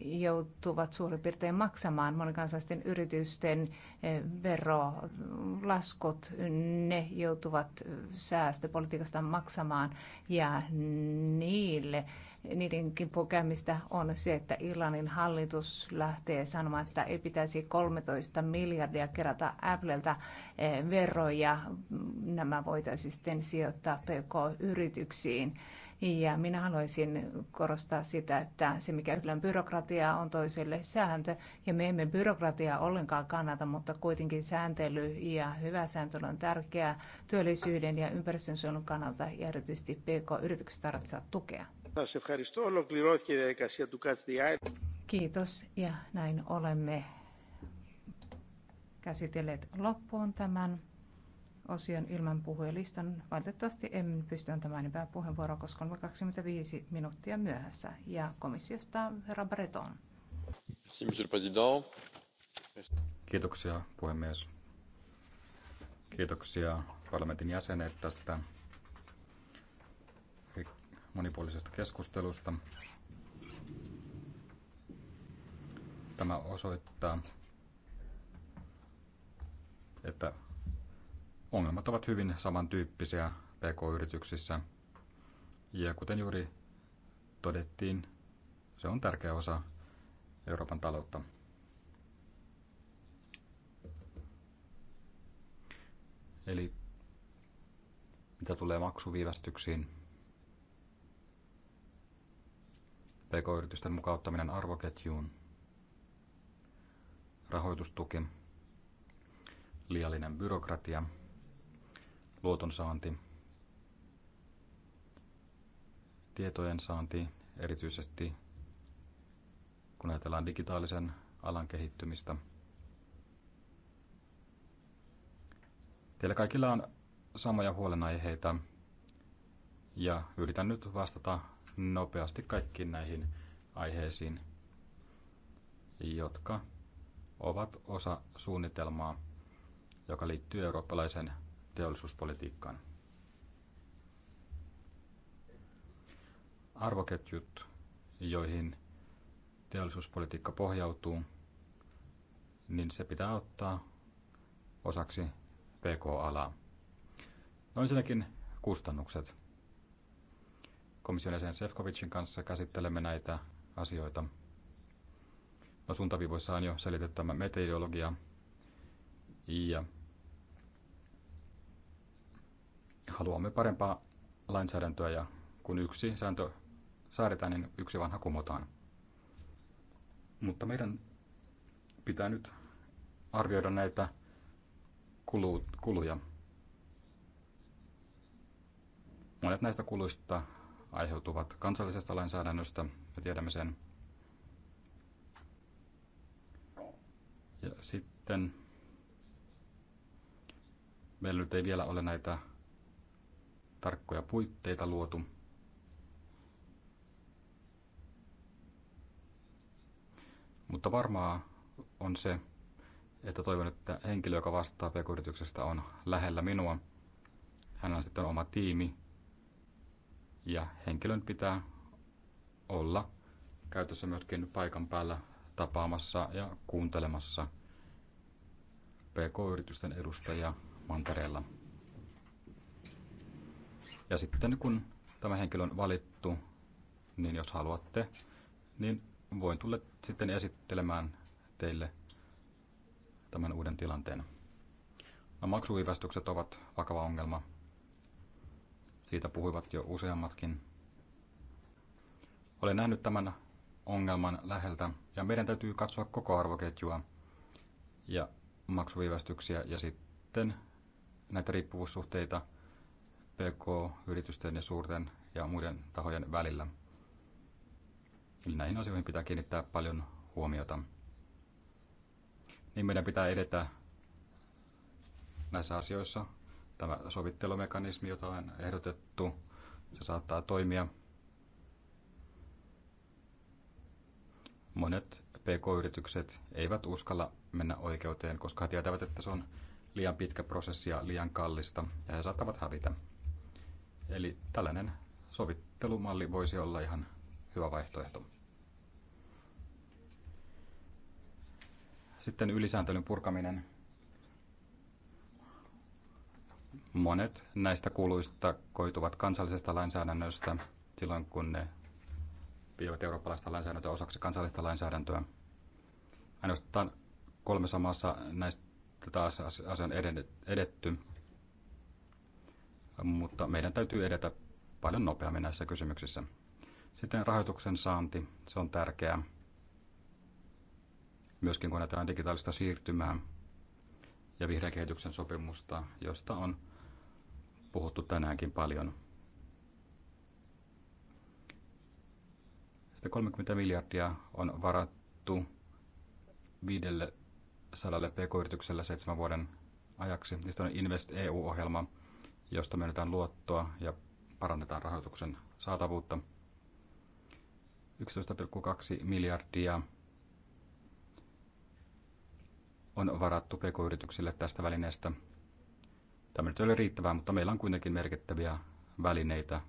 joutuvat suurin piirtein maksamaan monikansallisten yritysten eh, verolaskut. Ne joutuvat säästöpolitiikasta maksamaan ja niille Niidenkin pokemista on se, että Irlannin hallitus lähtee sanomaan, että ei pitäisi 13 miljardia kerätä Appleltä eh, veroja. Nämä voitaisiin sitten sijoittaa PK-yrityksiin. Ja minä haluaisin korostaa sitä, että se mikä yhdellä byrokratiaa on toiselle sääntö. Ja me emme byrokratiaa ollenkaan kannata, mutta kuitenkin sääntely ja hyvä sääntely on tärkeää työllisyyden ja ympäristönsuojelun kannalta ja erityisesti PK-yritykset tarvitsevat tukea. Kiitos ja näin olemme käsitelleet loppuun tämän osion ilman puhujalistan. Valitettavasti en pysty antamaan enempää puheenvuoroa, koska olemme 25 minuuttia myöhässä. Ja komissiosta herra Breton. Kiitoksia puhemies. Kiitoksia parlamentin jäsenet tästä monipuolisesta keskustelusta. Tämä osoittaa, että ongelmat ovat hyvin samantyyppisiä pk-yrityksissä. Ja kuten juuri todettiin, se on tärkeä osa Euroopan taloutta. Eli mitä tulee maksuviivästyksiin, pk-yritysten mukauttaminen arvoketjuun, rahoitustuki, liiallinen byrokratia – saanti, tietojen saanti, erityisesti kun ajatellaan digitaalisen alan kehittymistä. Teillä kaikilla on samoja huolenaiheita ja yritän nyt vastata nopeasti kaikkiin näihin aiheisiin, jotka ovat osa suunnitelmaa, joka liittyy eurooppalaisen teollisuuspolitiikkaan. Arvoketjut, joihin teollisuuspolitiikka pohjautuu, niin se pitää ottaa osaksi PK-alaa. No ensinnäkin kustannukset. Komission jäsen Sefcovicin kanssa käsittelemme näitä asioita. No suuntaviivoissa on jo selitetty tämä meteorologia. ja haluamme parempaa lainsäädäntöä ja kun yksi sääntö säädetään, niin yksi vanha kumotaan. Mutta meidän pitää nyt arvioida näitä kuluja. Monet näistä kuluista aiheutuvat kansallisesta lainsäädännöstä, me tiedämme sen. Ja sitten meillä nyt ei vielä ole näitä tarkkoja puitteita luotu. Mutta varmaa on se, että toivon, että henkilö, joka vastaa pk on lähellä minua. Hänellä on sitten oma tiimi ja henkilön pitää olla käytössä myöskin paikan päällä tapaamassa ja kuuntelemassa pk-yritysten edustajia mantereella. Ja sitten kun tämä henkilö on valittu, niin jos haluatte, niin voin tulla sitten esittelemään teille tämän uuden tilanteen. No, maksuviivästykset ovat vakava ongelma. Siitä puhuivat jo useammatkin. Olen nähnyt tämän ongelman läheltä ja meidän täytyy katsoa koko arvoketjua ja maksuviivästyksiä ja sitten näitä riippuvuussuhteita – PK-yritysten ja suurten ja muiden tahojen välillä. Eli näihin asioihin pitää kiinnittää paljon huomiota. Niin meidän pitää edetä näissä asioissa. Tämä sovittelumekanismi, jota on ehdotettu, se saattaa toimia. Monet PK-yritykset eivät uskalla mennä oikeuteen, koska he tietävät, että se on liian pitkä prosessi ja liian kallista, ja he saattavat hävitä. Eli tällainen sovittelumalli voisi olla ihan hyvä vaihtoehto. Sitten ylisääntelyn purkaminen. Monet näistä kuluista koituvat kansallisesta lainsäädännöstä silloin, kun ne vievät eurooppalaista lainsäädäntöä osaksi kansallista lainsäädäntöä. Ainoastaan kolmessa maassa näistä taas asian edetty mutta meidän täytyy edetä paljon nopeammin näissä kysymyksissä. Sitten rahoituksen saanti, se on tärkeää. Myöskin kun ajatellaan digitaalista siirtymää ja vihreän kehityksen sopimusta, josta on puhuttu tänäänkin paljon. Sitten 30 miljardia on varattu 500 pk yritykselle seitsemän vuoden ajaksi. Niistä on Invest EU-ohjelma, josta myönnetään luottoa ja parannetaan rahoituksen saatavuutta. 11,2 miljardia on varattu pk-yrityksille tästä välineestä. Tämä nyt ei ole riittävää, mutta meillä on kuitenkin merkittäviä välineitä,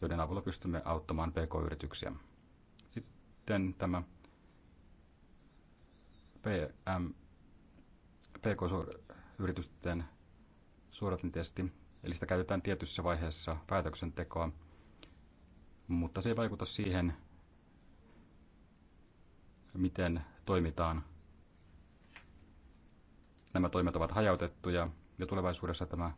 joiden avulla pystymme auttamaan pk-yrityksiä. Sitten tämä PM, pk-yritysten suodatintesti, eli sitä käytetään tietyssä vaiheessa päätöksentekoa, mutta se ei vaikuta siihen, miten toimitaan. Nämä toimet ovat hajautettuja ja tulevaisuudessa tämä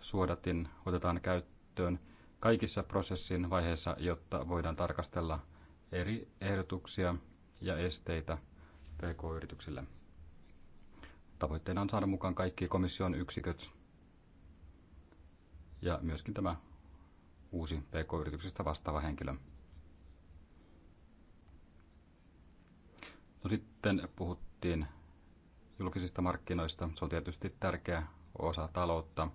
suodatin otetaan käyttöön kaikissa prosessin vaiheissa, jotta voidaan tarkastella eri ehdotuksia ja esteitä pk-yrityksille. Tavoitteena on saada mukaan kaikki komission yksiköt ja myöskin tämä uusi pk yrityksestä vastaava henkilö. No sitten puhuttiin julkisista markkinoista. Se on tietysti tärkeä osa taloutta.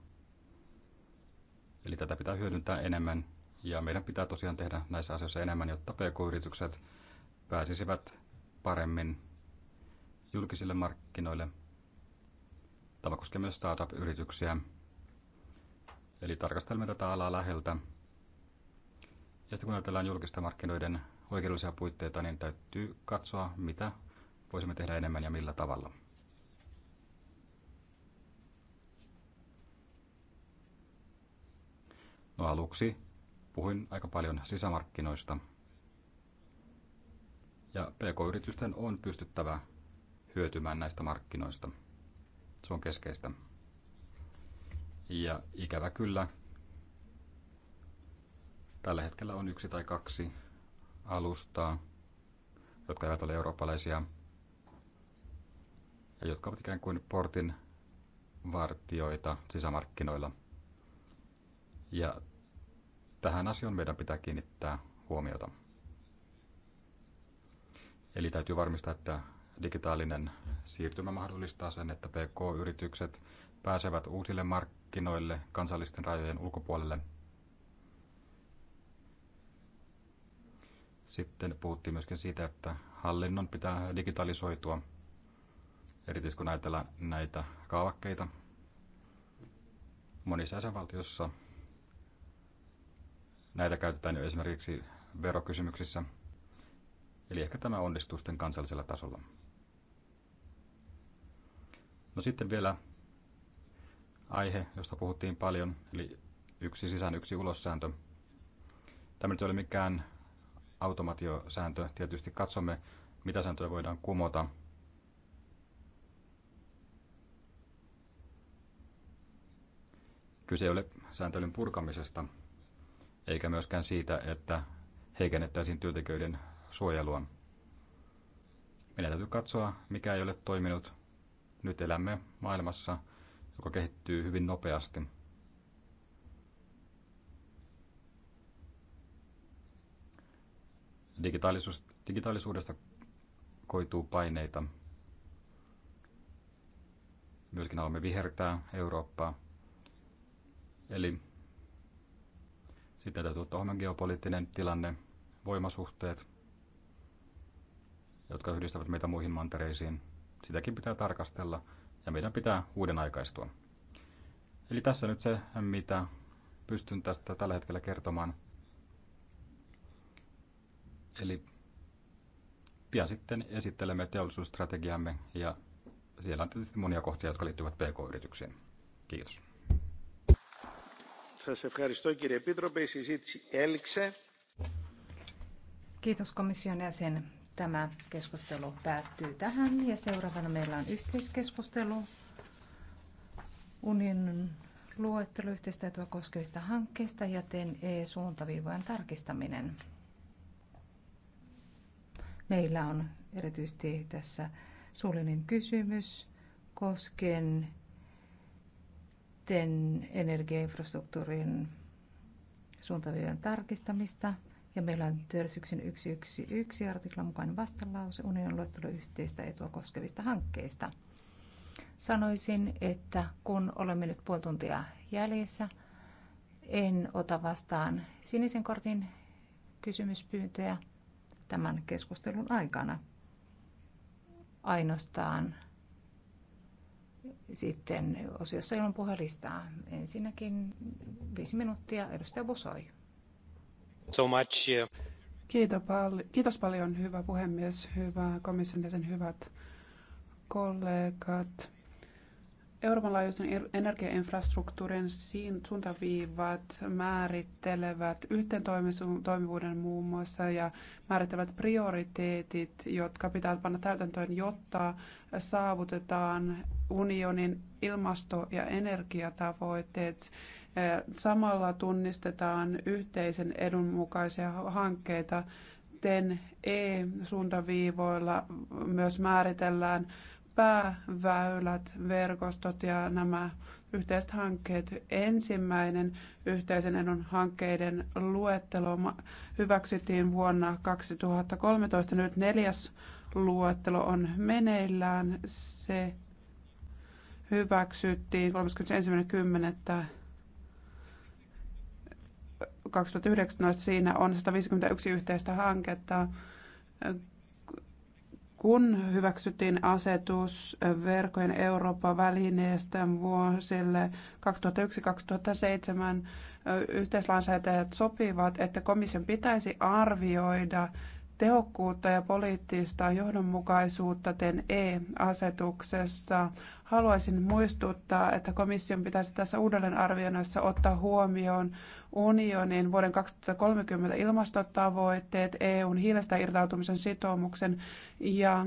Eli tätä pitää hyödyntää enemmän ja meidän pitää tosiaan tehdä näissä asioissa enemmän, jotta pk-yritykset pääsisivät paremmin julkisille markkinoille Tämä koskee myös startup-yrityksiä. Eli tarkastelemme tätä alaa läheltä. Ja sitten kun ajatellaan julkista markkinoiden oikeudellisia puitteita, niin täytyy katsoa, mitä voisimme tehdä enemmän ja millä tavalla. No aluksi puhuin aika paljon sisämarkkinoista. Ja PK-yritysten on pystyttävä hyötymään näistä markkinoista. Se on keskeistä. Ja ikävä kyllä, tällä hetkellä on yksi tai kaksi alustaa, jotka eivät ole eurooppalaisia ja jotka ovat ikään kuin portin vartioita sisämarkkinoilla. Ja tähän asiaan meidän pitää kiinnittää huomiota. Eli täytyy varmistaa, että digitaalinen siirtymä mahdollistaa sen, että PK-yritykset pääsevät uusille markkinoille kansallisten rajojen ulkopuolelle. Sitten puhuttiin myöskin siitä, että hallinnon pitää digitalisoitua, erityisesti kun ajatellaan näitä kaavakkeita. Monissa jäsenvaltiossa näitä käytetään jo esimerkiksi verokysymyksissä, eli ehkä tämä onnistuu sitten kansallisella tasolla. No sitten vielä aihe, josta puhuttiin paljon, eli yksi sisään, yksi ulossääntö. Tämä nyt ei ole mikään automatiosääntö. Tietysti katsomme, mitä sääntöjä voidaan kumota. Kyse ei ole sääntelyn purkamisesta, eikä myöskään siitä, että heikennettäisiin työntekijöiden suojelua. Meidän täytyy katsoa, mikä ei ole toiminut nyt elämme maailmassa, joka kehittyy hyvin nopeasti. Digitaalisuus, digitaalisuudesta koituu paineita. Myöskin haluamme vihertää Eurooppaa. Eli sitten täytyy ottaa huomioon geopoliittinen tilanne, voimasuhteet, jotka yhdistävät meitä muihin mantereisiin – sitäkin pitää tarkastella ja meidän pitää uuden aikaistua. Eli tässä nyt se, mitä pystyn tästä tällä hetkellä kertomaan. Eli pian sitten esittelemme teollisuusstrategiamme ja siellä on tietysti monia kohtia, jotka liittyvät PK-yrityksiin. Kiitos. Kiitos komission jäsen. Tämä keskustelu päättyy tähän ja seuraavana meillä on yhteiskeskustelu unionin luettelu yhteistyötä koskevista hankkeista ja TEN-E-suuntaviivojen tarkistaminen. Meillä on erityisesti tässä suullinen kysymys koskien TEN energiainfrastruktuurin suuntaviivojen tarkistamista – ja meillä on työllisyyksen 111 artiklan mukainen vastalause unionin luettelo yhteistä etua koskevista hankkeista. Sanoisin, että kun olemme nyt puoli tuntia jäljessä, en ota vastaan sinisen kortin kysymyspyyntöjä tämän keskustelun aikana. Ainoastaan sitten osiossa ilman puhelistaa. Ensinnäkin viisi minuuttia edustaja Busoi. So much. Uh, kiitos paljon, hyvä puhemies, hyvä komission jäsen, hyvät kollegat. Euroopan laajuisen er-, energiainfrastruktuurin suuntaviivat määrittelevät yhteentoimivuuden muun muassa ja määrittelevät prioriteetit, jotka pitää panna täytäntöön, jotta saavutetaan unionin ilmasto- ja energiatavoitteet. Samalla tunnistetaan yhteisen edun mukaisia hankkeita. TEN E-suuntaviivoilla myös määritellään pääväylät, verkostot ja nämä yhteiset hankkeet. Ensimmäinen yhteisen edun hankkeiden luettelo hyväksyttiin vuonna 2013. Nyt neljäs luettelo on meneillään. Se hyväksyttiin 31.10. 2019 siinä on 151 yhteistä hanketta. Kun hyväksyttiin asetus verkojen Euroopan välineestä vuosille 2001-2007, yhteislainsäätäjät sopivat, että komission pitäisi arvioida tehokkuutta ja poliittista johdonmukaisuutta TEN-E-asetuksessa. Haluaisin muistuttaa, että komission pitäisi tässä uudelleenarvioinnissa ottaa huomioon unionin vuoden 2030 ilmastotavoitteet, EUn hiilestä irtautumisen sitoumuksen ja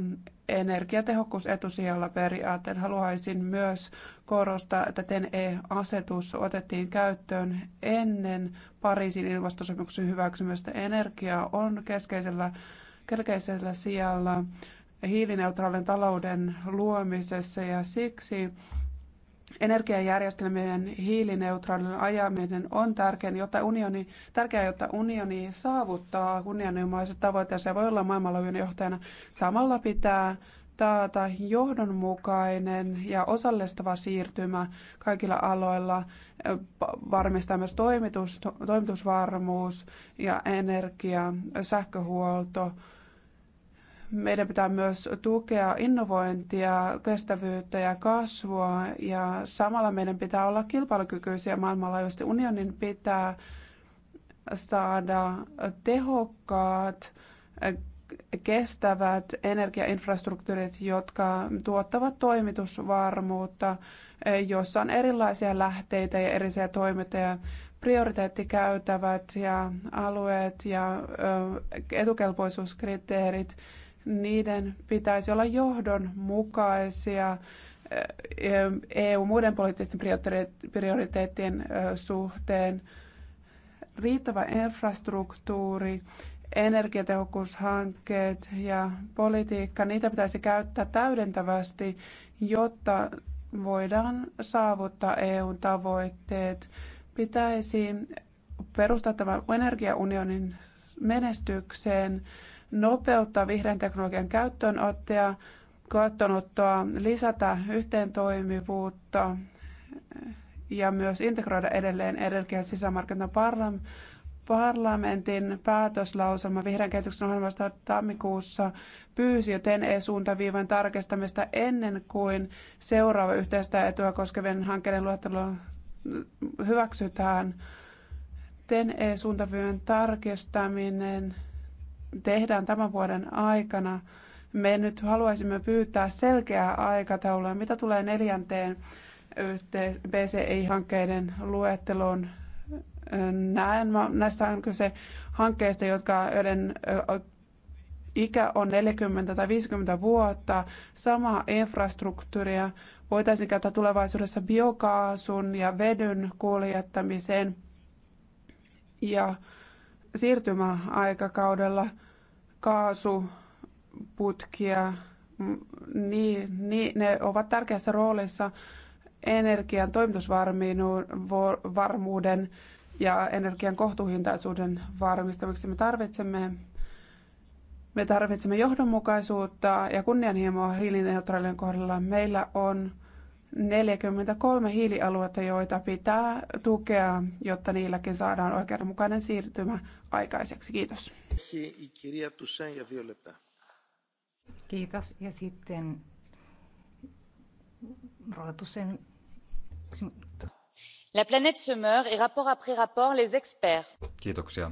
energiatehokkuus etusijalla periaatteen. Haluaisin myös korostaa, että TEN-E-asetus otettiin käyttöön ennen Pariisin ilmastosopimuksen hyväksymistä. Energia on keskeisellä, keskeisellä sijalla hiilineutraalin talouden luomisessa ja siksi Energiajärjestelmien hiilineutraalin ajaminen on tärkeää, jotta unioni, tärkeää, jotta unioni saavuttaa kunnianhimoiset tavoitteensa ja voi olla maailmanlaajuinen johtajana. Samalla pitää taata johdonmukainen ja osallistava siirtymä kaikilla aloilla, varmistaa myös toimitus, toimitusvarmuus ja energia, sähköhuolto, meidän pitää myös tukea innovointia, kestävyyttä ja kasvua ja samalla meidän pitää olla kilpailukykyisiä maailmanlaajuisesti. Unionin pitää saada tehokkaat, kestävät energiainfrastruktuurit, jotka tuottavat toimitusvarmuutta, jossa on erilaisia lähteitä ja erilaisia toimintoja, prioriteettikäytävät ja alueet ja etukelpoisuuskriteerit – niiden pitäisi olla johdonmukaisia EU eh, e muiden poliittisten prioriteettien eh, suhteen. Riittävä infrastruktuuri, energiatehokkuushankkeet ja politiikka, niitä pitäisi käyttää täydentävästi, jotta voidaan saavuttaa eu tavoitteet. Pitäisi perustaa tämän energiaunionin menestykseen nopeuttaa vihreän teknologian käyttöönottoa, käyttöönottoa lisätä yhteentoimivuutta eh, ja myös integroida edelleen energian sisämarkkinan parlamentin päätöslausuma vihreän kehityksen ohjelmasta tammikuussa pyysi jo TNE-suuntaviivan tarkistamista ennen kuin seuraava yhteistä etua koskevien hankkeiden luettelo hyväksytään. TNE-suuntaviivan tarkistaminen tehdään tämän vuoden aikana. Me nyt haluaisimme pyytää selkeää aikataulua, mitä tulee neljänteen BCI-hankkeiden luetteloon. Näen, näistä on kyse hankkeista, jotka, joiden ikä on 40 tai 50 vuotta, samaa infrastruktuuria voitaisiin käyttää tulevaisuudessa biokaasun ja vedyn kuljettamiseen ja siirtymäaikakaudella – kaasuputkia, niin, niin ne ovat tärkeässä roolissa energian toimitusvarmuuden ja energian kohtuuhintaisuuden varmistamiseksi. Me tarvitsemme, me tarvitsemme johdonmukaisuutta ja kunnianhimoa hiilineutraalien kohdalla. Meillä on 43 hiilialuetta, joita pitää tukea, jotta niilläkin saadaan oikeudenmukainen siirtymä aikaiseksi. Kiitos. Kiitos. Ja sitten Rotusen. La planète se meurt et rapport après rapport les experts. Kiitoksia.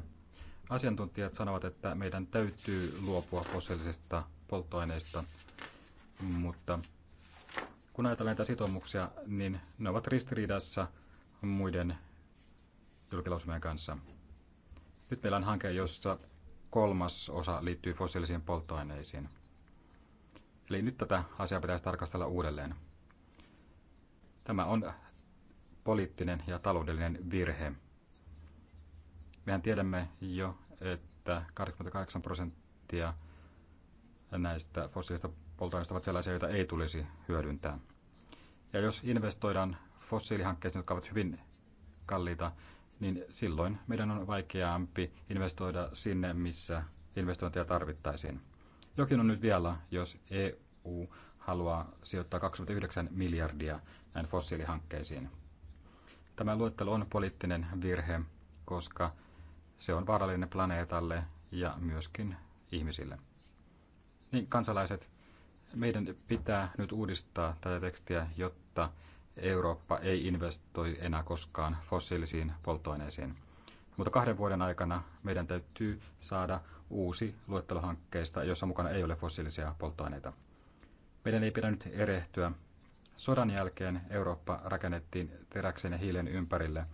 Asiantuntijat sanovat, että meidän täytyy luopua fossiilisista polttoaineista, mutta kun ajatellaan näitä sitoumuksia, niin ne ovat ristiriidassa muiden julkilausumien kanssa. Nyt meillä on hanke, jossa kolmas osa liittyy fossiilisiin polttoaineisiin. Eli nyt tätä asiaa pitäisi tarkastella uudelleen. Tämä on poliittinen ja taloudellinen virhe. Mehän tiedämme jo, että 88 prosenttia näistä fossiilista polttoaineet ovat sellaisia, joita ei tulisi hyödyntää. Ja jos investoidaan fossiilihankkeisiin, jotka ovat hyvin kalliita, niin silloin meidän on vaikeampi investoida sinne, missä investointeja tarvittaisiin. Jokin on nyt vielä, jos EU haluaa sijoittaa 29 miljardia näin fossiilihankkeisiin. Tämä luettelo on poliittinen virhe, koska se on vaarallinen planeetalle ja myöskin ihmisille. Niin kansalaiset, meidän pitää nyt uudistaa tätä tekstiä, jotta Eurooppa ei investoi enää koskaan fossiilisiin polttoaineisiin. Mutta kahden vuoden aikana meidän täytyy saada uusi luettelo hankkeista, jossa mukana ei ole fossiilisia polttoaineita. Meidän ei pidä nyt erehtyä. Sodan jälkeen Eurooppa rakennettiin teräksen ja hiilen ympärille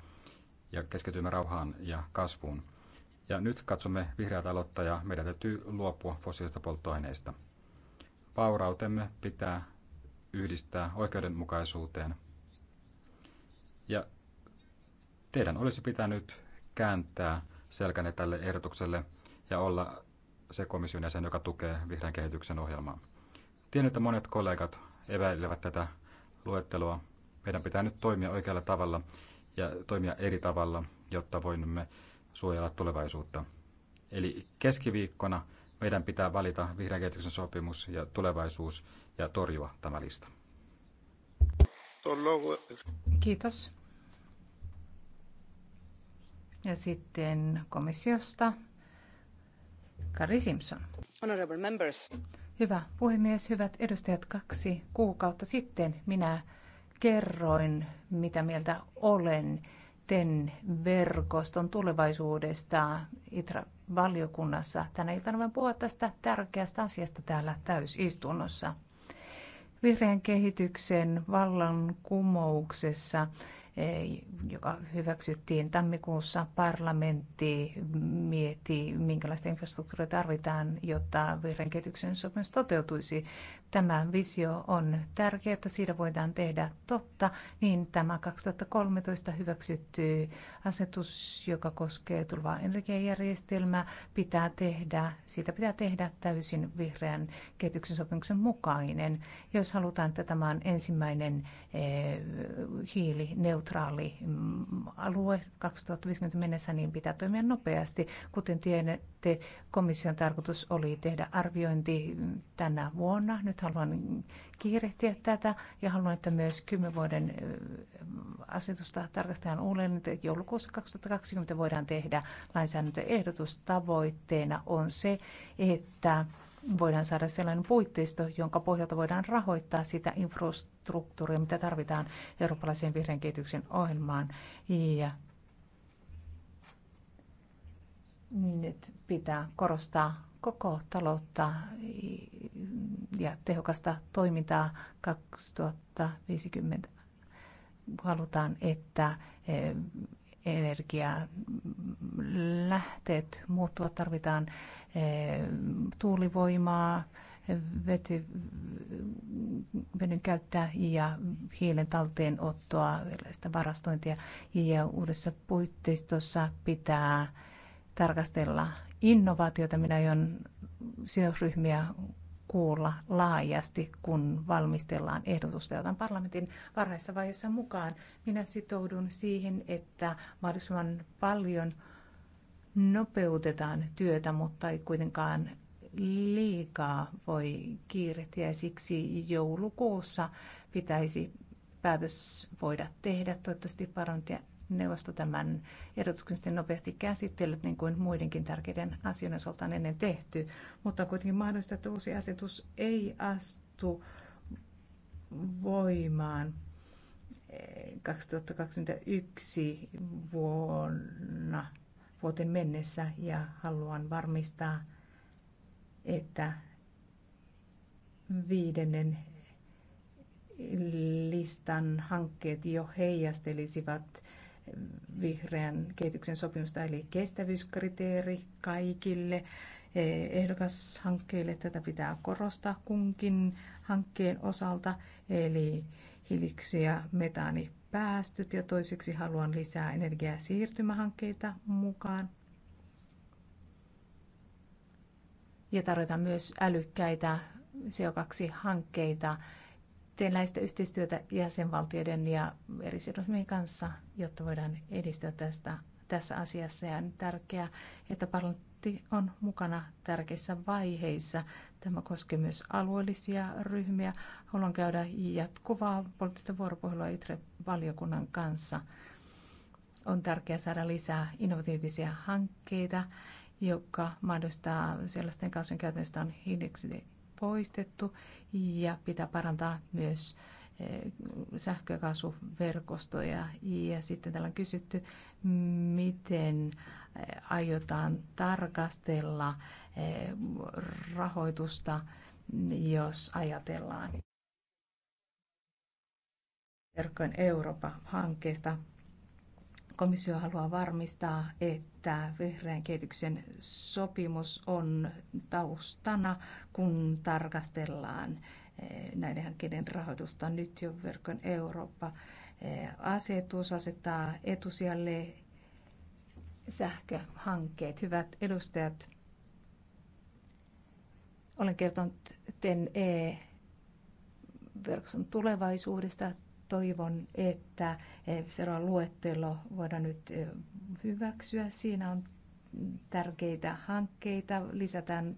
ja keskitymme rauhaan ja kasvuun. Ja nyt katsomme taloutta ja Meidän täytyy luopua fossiilista polttoaineista vaurautemme pitää yhdistää oikeudenmukaisuuteen. Ja teidän olisi pitänyt kääntää selkänne tälle ehdotukselle ja olla se komission jäsen, joka tukee vihreän kehityksen ohjelmaa. Tiedän, että monet kollegat epäilevät tätä luettelua. Meidän pitää nyt toimia oikealla tavalla ja toimia eri tavalla, jotta voimme suojella tulevaisuutta. Eli keskiviikkona meidän pitää valita vihreän kehityksen sopimus ja tulevaisuus ja torjua tämä lista. Kiitos. Ja sitten komissiosta Kari Simpson. Honorable members. Hyvä puhemies, hyvät edustajat. Kaksi kuukautta sitten minä kerroin, mitä mieltä olen TEN-verkoston tulevaisuudesta. Itra valiokunnassa. Tänä iltana voin puhua tästä tärkeästä asiasta täällä täysistunnossa. Vihreän kehityksen vallankumouksessa eh, joka hyväksyttiin tammikuussa, parlamentti mietti minkälaista infrastruktuuria tarvitaan, jotta vihreän kehityksen sopimus toteutuisi. Tämä visio on tärkeä, että siitä voidaan tehdä totta, niin tämä 2013 hyväksytty asetus, joka koskee tulvaa energiajärjestelmää, pitää tehdä, siitä pitää tehdä täysin vihreän kehityksen sopimuksen mukainen, jos halutaan, että tämä on ensimmäinen eh, hiilineutraali mm, alue 2050 mennessä, niin pitää toimia nopeasti. Kuten tiedätte, komission tarkoitus oli tehdä arviointi tänä vuonna. Nyt nyt haluan kiirehtiä tätä ja haluan, että myös 10 vuoden asetusta tarkastetaan uudelleen, että joulukuussa 2020 voidaan tehdä lainsäädäntöehdotus. Tavoitteena on se, että voidaan saada sellainen puitteisto, jonka pohjalta voidaan rahoittaa sitä infrastruktuuria, mitä tarvitaan eurooppalaisen vihreän kehityksen ohjelmaan. Ja niin nyt pitää korostaa koko taloutta ja tehokasta toimintaa 2050. Halutaan, että eh, energialähteet muuttuvat, tarvitaan eh, tuulivoimaa, vety, vedyn käyttää ja hiilen talteenottoa, erilaista varastointia ja uudessa puitteistossa pitää tarkastella innovaatioita. Minä aion sidosryhmiä kuulla laajasti, kun valmistellaan ehdotusta, jota parlamentin varhaisessa vaiheessa mukaan. Minä sitoudun siihen, että mahdollisimman paljon nopeutetaan työtä, mutta ei kuitenkaan liikaa voi kiirehtiä ja siksi joulukuussa pitäisi päätös voida tehdä. Toivottavasti parantia neuvosto tämän ehdotuksen nopeasti käsitellyt, niin kuin muidenkin tärkeiden asioiden osalta on ennen tehty. Mutta on kuitenkin mahdollista, että uusi asetus ei astu voimaan 2021 eh, vuonna vuoteen mennessä ja haluan varmistaa, että viidennen listan hankkeet jo heijastelisivat vihreän kehityksen sopimusta, eli kestävyyskriteeri kaikille eh, ehdokashankkeille. Tätä pitää korostaa kunkin hankkeen osalta, eli hiiliksi ja metaanipäästöt. Ja toiseksi haluan lisää energiaa siirtymähankkeita mukaan. Ja tarvitaan myös älykkäitä CO2-hankkeita teen läheistä yhteistyötä jäsenvaltioiden ja eri sidosmien kanssa, jotta voidaan edistyä tästä, tässä asiassa. Ja on tärkeää, että parlamentti on mukana tärkeissä vaiheissa. Tämä koskee myös alueellisia ryhmiä. Haluan käydä jatkuvaa poliittista vuoropuhelua ITRE-valiokunnan kanssa. On tärkeää saada lisää innovatiivisia hankkeita, joka mahdollistaa sellaisten kasvin käytännöstä on poistettu ja pitää parantaa myös eh, sähkö- ja kaasuverkostoja. Ja sitten täällä on kysytty, miten eh, aiotaan tarkastella eh, rahoitusta, jos ajatellaan verkkojen Eurooppa-hankkeesta komissio haluaa varmistaa, että vihreän kehityksen sopimus on taustana, kun tarkastellaan eh, näiden hankkeiden rahoitusta. Nyt jo verkon Eurooppa-asetus eh, asettaa etusijalle sähköhankkeet. Hyvät edustajat, olen kertonut TEN-E-verkoston tulevaisuudesta toivon, että eh, seuraava luettelo voidaan nyt eh, hyväksyä. Siinä on tärkeitä hankkeita, lisätään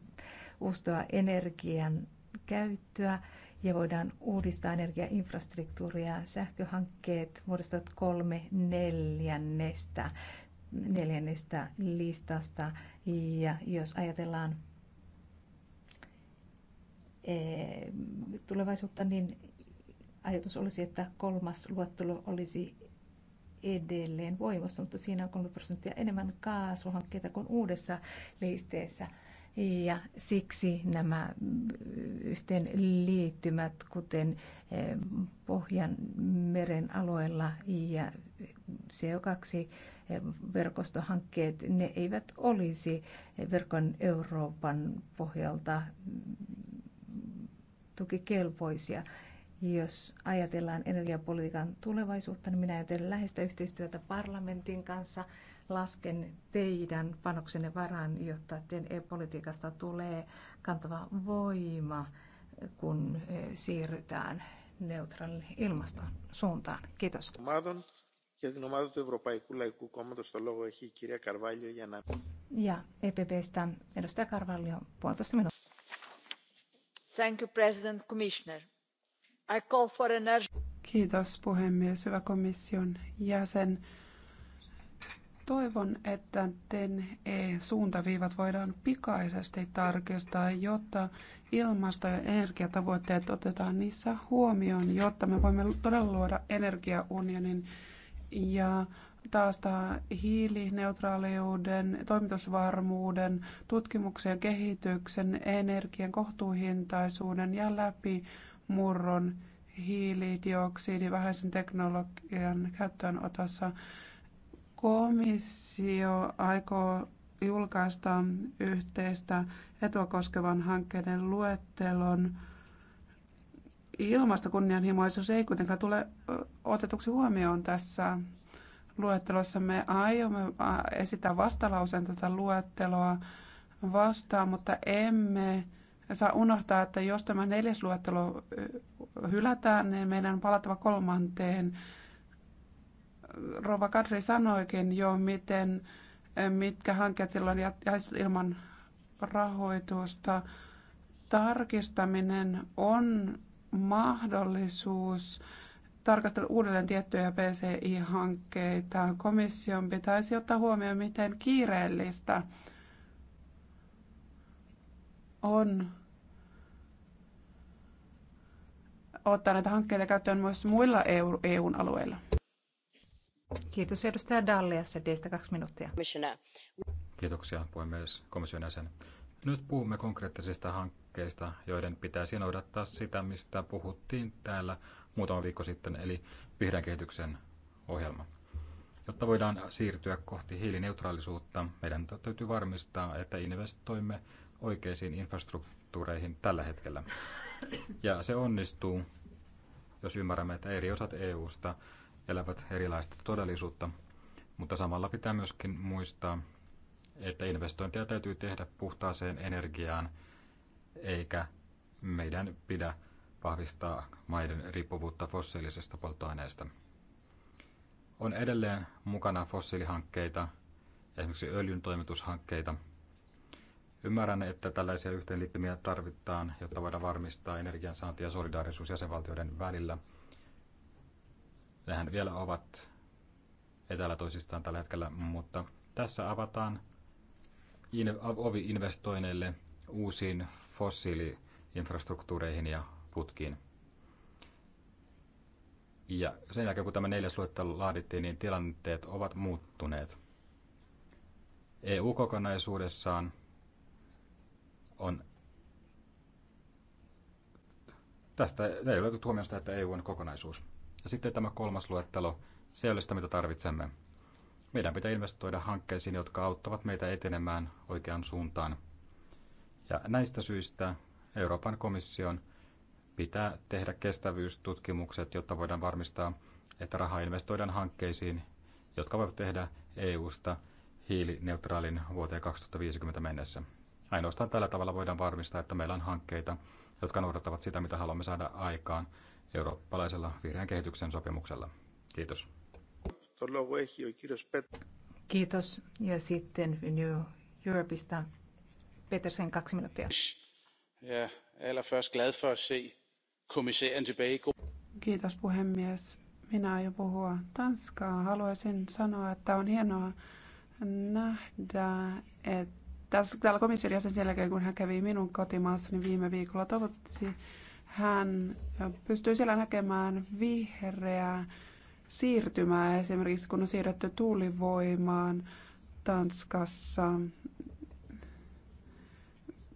uustoa energian käyttöä ja voidaan uudistaa energiainfrastruktuuria. Sähköhankkeet muodostavat kolme neljännestä, neljännestä listasta. Ja jos ajatellaan eh, tulevaisuutta, niin ajatus olisi, että kolmas luottelu olisi edelleen voimassa, mutta siinä on 3 prosenttia enemmän kaasuhankkeita kuin uudessa listeessä. Ja siksi nämä yhteen liittymät, kuten eh, Pohjanmeren alueella ja CO2-verkostohankkeet, ne eivät olisi verkon Euroopan pohjalta tukikelpoisia. Jos ajatellaan energiapolitiikan tulevaisuutta, niin minä aion läheistä yhteistyötä parlamentin kanssa. Lasken teidän panoksenne varaan, jotta e politiikasta tulee kantava voima, kun e, siirrytään neutraalin ilmaston suuntaan. Kiitos. Ja EPPstä edustaja Carvalho, puolitoista minuuttia. Thank you, President Commissioner I call for Kiitos puhemies, hyvä komission jäsen. Toivon, että TEN-E-suuntaviivat voidaan pikaisesti tarkistaa, jotta ilmasto- ja energiatavoitteet otetaan niissä huomioon, jotta me voimme todella luoda energiaunionin ja taas tämä hiilineutraaliuden, toimitusvarmuuden, tutkimuksen ja kehityksen, energian kohtuuhintaisuuden ja läpi murron hiilidioksidi vähäisen teknologian käyttöönotossa. Komissio aikoo julkaista yhteistä etua koskevan hankkeiden luettelon. Ilmastokunnianhimoisuus ei kuitenkaan tule otetuksi huomioon tässä luettelossa. Me aiomme esittää vastalauseen tätä luetteloa vastaan, mutta emme saa unohtaa, että jos tämä neljäs luettelo hylätään, niin meidän on palattava kolmanteen. Rova Kadri sanoikin jo, miten, mitkä hankkeet silloin jäisivät ilman rahoitusta. Tarkistaminen on mahdollisuus tarkastella uudelleen tiettyjä PCI-hankkeita. Komission pitäisi ottaa huomioon, miten kiireellistä on ottaa näitä hankkeita käyttöön myös muilla EUn alueilla. Kiitos edustaja Dallia, sedeistä kaksi minuuttia. Kiitoksia puhemies komission jäsen. Nyt puhumme konkreettisista hankkeista, joiden pitäisi noudattaa sitä, mistä puhuttiin täällä muutama viikko sitten, eli vihreän kehityksen ohjelma. Jotta voidaan siirtyä kohti hiilineutraalisuutta, meidän täytyy varmistaa, että investoimme oikeisiin infrastruktuureihin tällä hetkellä. Ja se onnistuu, jos ymmärrämme, että eri osat EUsta elävät erilaista todellisuutta, mutta samalla pitää myöskin muistaa, että investointeja täytyy tehdä puhtaaseen energiaan, eikä meidän pidä vahvistaa maiden riippuvuutta fossiilisesta polttoaineesta. On edelleen mukana fossiilihankkeita, esimerkiksi öljyntoimitushankkeita – Ymmärrän, että tällaisia yhteenliittymiä tarvitaan, jotta voidaan varmistaa energiansaanti ja solidaarisuus jäsenvaltioiden välillä. Nehän vielä ovat etäällä toisistaan tällä hetkellä, mutta tässä avataan ovi investoineille uusiin fossiiliinfrastruktuureihin ja putkiin. Ja sen jälkeen, kun tämä neljäs luettelo laadittiin, niin tilanteet ovat muuttuneet. EU kokonaisuudessaan on tästä ei ole otettu huomioon sitä, että EU on kokonaisuus. Ja sitten tämä kolmas luettelo, se ei ole sitä, mitä tarvitsemme. Meidän pitää investoida hankkeisiin, jotka auttavat meitä etenemään oikeaan suuntaan. Ja näistä syistä Euroopan komission pitää tehdä kestävyystutkimukset, jotta voidaan varmistaa, että raha investoidaan hankkeisiin, jotka voivat tehdä EUsta hiilineutraalin vuoteen 2050 mennessä. Ainoastaan tällä tavalla voidaan varmistaa, että meillä on hankkeita, jotka noudattavat sitä, mitä haluamme saada aikaan eurooppalaisella vihreän kehityksen sopimuksella. Kiitos. Kiitos. Ja sitten New Europeista Petersen kaksi minuuttia. se Kiitos puhemies. Minä aion puhua tanskaa. Haluaisin sanoa, että on hienoa nähdä, että täällä komission jäsen sen jälkeen, kun hän kävi minun kotimaassani viime viikolla, toivottavasti hän pystyy siellä näkemään vihreää siirtymää, esimerkiksi kun on siirretty tuulivoimaan Tanskassa.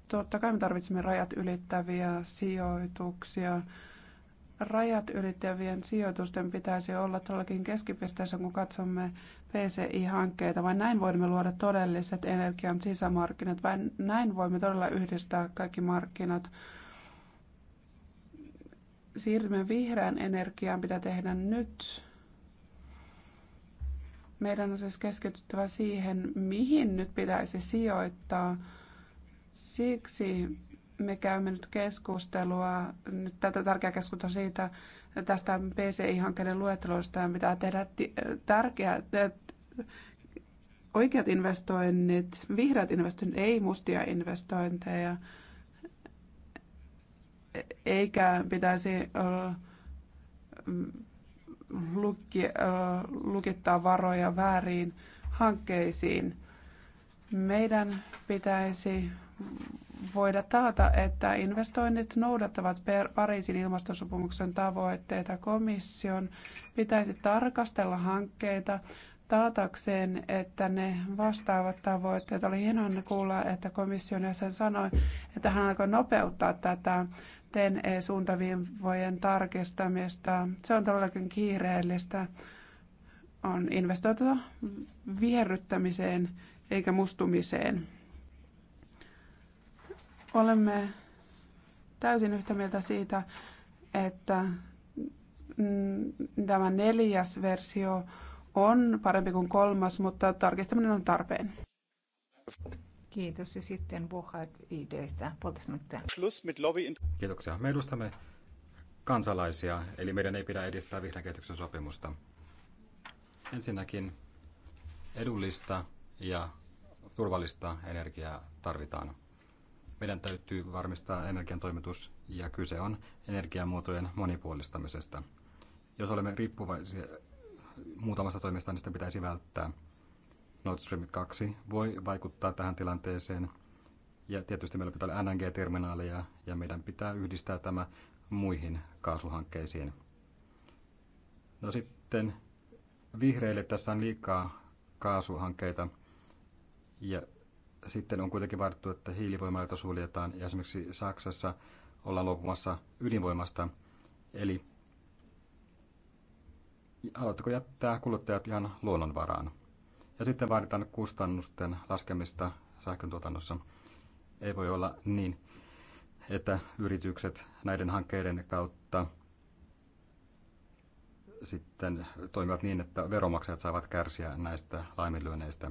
Totta kai me tarvitsemme rajat ylittäviä sijoituksia. Rajat ylittävien sijoitusten pitäisi olla tälläkin keskipisteessä, kun katsomme PCI-hankkeita. Vain näin voimme luoda todelliset energian sisämarkkinat. Vain näin voimme todella yhdistää kaikki markkinat. Siirrymme vihreään energiaan, pitää tehdä nyt. Meidän on siis keskityttävä siihen, mihin nyt pitäisi sijoittaa. Siksi me käymme nyt keskustelua, nyt tätä tärkeää keskustelua siitä, tästä PCI-hankkeiden luettelosta ja mitä tehdä tärkeää, oikeat investoinnit, vihreät investoinnit, ei mustia investointeja, eikä pitäisi lukki, lukittaa varoja vääriin hankkeisiin. Meidän pitäisi voida taata, että investoinnit noudattavat Pariisin ilmastosopimuksen tavoitteita. Komission pitäisi tarkastella hankkeita taatakseen, että ne vastaavat tavoitteet. Oli hienoa kuulla, että komission jäsen sanoi, että hän alkoi nopeuttaa tätä TEN-suuntaviivojen tarkistamista. Se on todellakin kiireellistä. On investoitava vierryttämiseen eikä mustumiseen. Olemme täysin yhtä mieltä siitä, että tämä neljäs versio on parempi kuin kolmas, mutta tarkistaminen on tarpeen. Kiitos. Ja sitten Buhait IDstä. Kiitoksia. Me edustamme kansalaisia, eli meidän ei pidä edistää vihreän kehityksen sopimusta. Ensinnäkin edullista ja turvallista energiaa tarvitaan. Meidän täytyy varmistaa energian toimitus ja kyse on energiamuotojen monipuolistamisesta. Jos olemme riippuvaisia muutamasta toimesta niistä pitäisi välttää. Nord Stream 2 voi vaikuttaa tähän tilanteeseen. Ja tietysti meillä pitää olla LNG-terminaaleja ja meidän pitää yhdistää tämä muihin kaasuhankkeisiin. No sitten vihreille tässä on liikaa kaasuhankkeita ja sitten on kuitenkin varttu, että hiilivoimaloita suljetaan ja esimerkiksi Saksassa ollaan luopumassa ydinvoimasta. Eli haluatteko jättää kuluttajat ihan luonnonvaraan? Ja sitten vaaditaan kustannusten laskemista sähköntuotannossa. Ei voi olla niin, että yritykset näiden hankkeiden kautta sitten toimivat niin, että veromaksajat saavat kärsiä näistä laiminlyönneistä.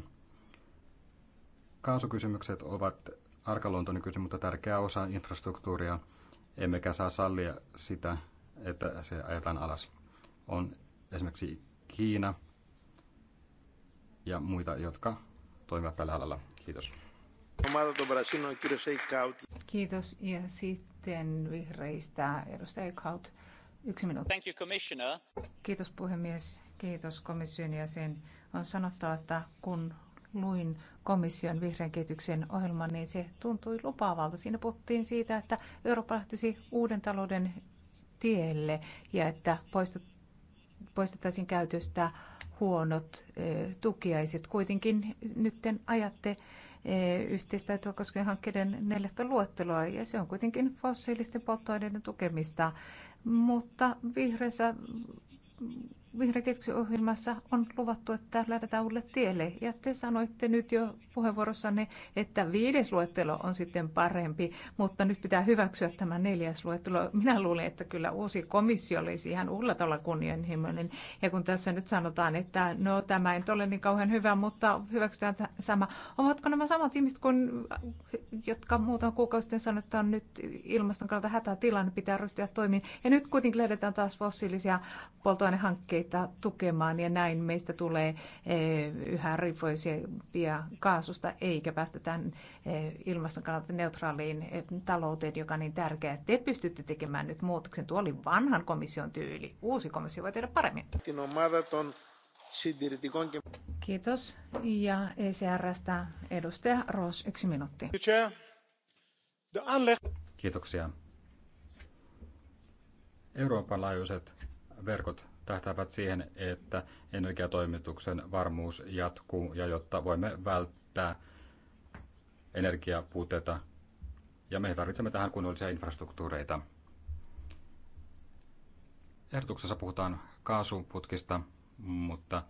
Kaasukysymykset ovat arkaluontoinen kysymys, mutta tärkeä osa infrastruktuuria, emmekä saa sallia sitä, että se ajetaan alas. On esimerkiksi Kiina ja muita, jotka toimivat tällä alalla. Kiitos. Kiitos. Ja sitten vihreistä edustaja Eichhout. Yksi minuutti. Thank you, Commissioner. Kiitos puhemies. Kiitos komission jäsen. On sanottava, että kun luin komission vihreän kehityksen ohjelman, niin se tuntui lupaavalta. Siinä puhuttiin siitä, että Eurooppa lähtisi uuden talouden tielle ja että poistut poistettaisiin käytöstä huonot tukiaiset. Kuitenkin nyt ajatte yhteistä koskien hankkeiden neljättä luetteloa, ja se on kuitenkin fossiilisten polttoaineiden tukemista. Mutta vihreässä vihreän keskuksen ohjelmassa on luvattu, että lähdetään uudelle tielle. Ja te sanoitte nyt jo puheenvuorossanne, että viides luettelo on sitten parempi, mutta nyt pitää hyväksyä tämä neljäs luettelo. Minä luulin, että kyllä uusi komissio olisi ihan uudella tavalla kunnianhimoinen. Ja kun tässä nyt sanotaan, että no tämä ei ole niin kauhean hyvä, mutta hyväksytään sama. Ovatko nämä samat ihmiset, kuin, jotka muutama kuukausi sitten sanoivat, että on nyt ilmaston kannalta hätätilanne, pitää ryhtyä toimiin. Ja nyt kuitenkin lähdetään taas fossiilisia polttoainehankkeita maita tukemaan ja näin meistä tulee eh, yhä riippuvaisempia kaasusta eikä päästä tämän eh, ilmaston kannalta neutraaliin eh, talouteen, joka on niin tärkeää. Te pystytte tekemään nyt muutoksen. Tuo oli vanhan komission tyyli. Uusi komissio voi tehdä paremmin. Kiitos. Ja ECRstä edustaja Roos, yksi minuutti. Kiitoksia. Euroopan laajuiset verkot tähtäävät siihen, että energiatoimituksen varmuus jatkuu ja jotta voimme välttää energiapuutetta. Ja me tarvitsemme tähän kunnollisia infrastruktuureita. Ehdotuksessa puhutaan kaasuputkista, mutta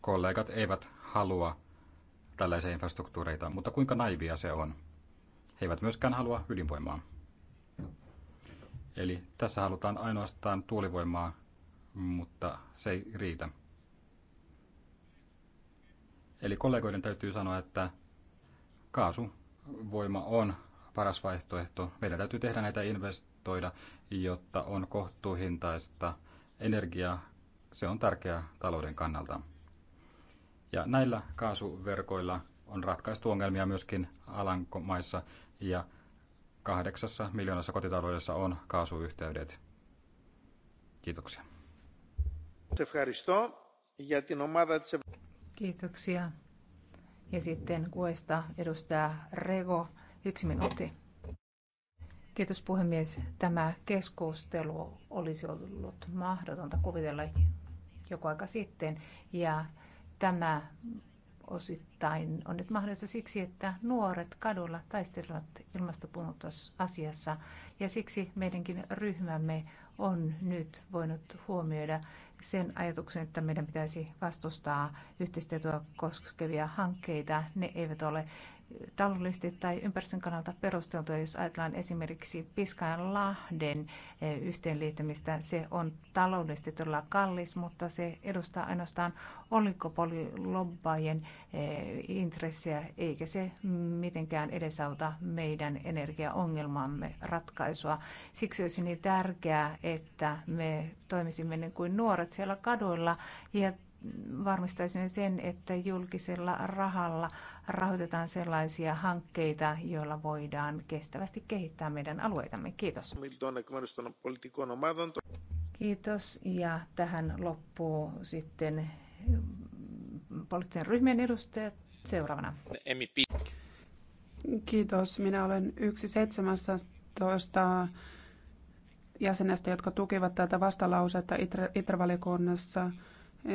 kollegat eivät halua tällaisia infrastruktuureita, mutta kuinka naivia se on? He eivät myöskään halua ydinvoimaa. Eli tässä halutaan ainoastaan tuulivoimaa mutta se ei riitä. Eli kollegoiden täytyy sanoa, että kaasuvoima on paras vaihtoehto. Meidän täytyy tehdä näitä investoida, jotta on kohtuuhintaista energiaa. Se on tärkeää talouden kannalta. Ja näillä kaasuverkoilla on ratkaistu ongelmia myöskin Alankomaissa ja kahdeksassa miljoonassa kotitaloudessa on kaasuyhteydet. Kiitoksia. Kiitoksia. Ja sitten kuesta edustaa Rego, yksi minuutti. Kiitos puhemies. Tämä keskustelu olisi ollut mahdotonta kuvitella joku aika sitten. Ja tämä osittain on nyt mahdollista siksi, että nuoret kadulla taistelevat ilmastonmuutosasiassa ja siksi meidänkin ryhmämme on nyt voinut huomioida sen ajatuksen, että meidän pitäisi vastustaa yhteistyötä koskevia hankkeita. Ne eivät ole taloudellisesti tai ympäristön kannalta perusteltua, jos ajatellaan esimerkiksi Piskajan lahden eh, yhteenliittämistä. Se on taloudellisesti todella kallis, mutta se edustaa ainoastaan oligopolilobbaajien eh, intressejä, eikä se mitenkään edesauta meidän energiaongelmamme ratkaisua. Siksi olisi niin tärkeää, että me toimisimme niin kuin nuoret siellä kaduilla ja varmistaisimme sen, että julkisella rahalla rahoitetaan sellaisia hankkeita, joilla voidaan kestävästi kehittää meidän alueitamme. Kiitos. Kiitos ja tähän loppuu sitten poliittisen ryhmien edustajat seuraavana. Kiitos. Minä olen yksi 17 jäsenestä, jotka tukivat tätä vastalausetta Itre-valiokunnassa. itre valiokunnassa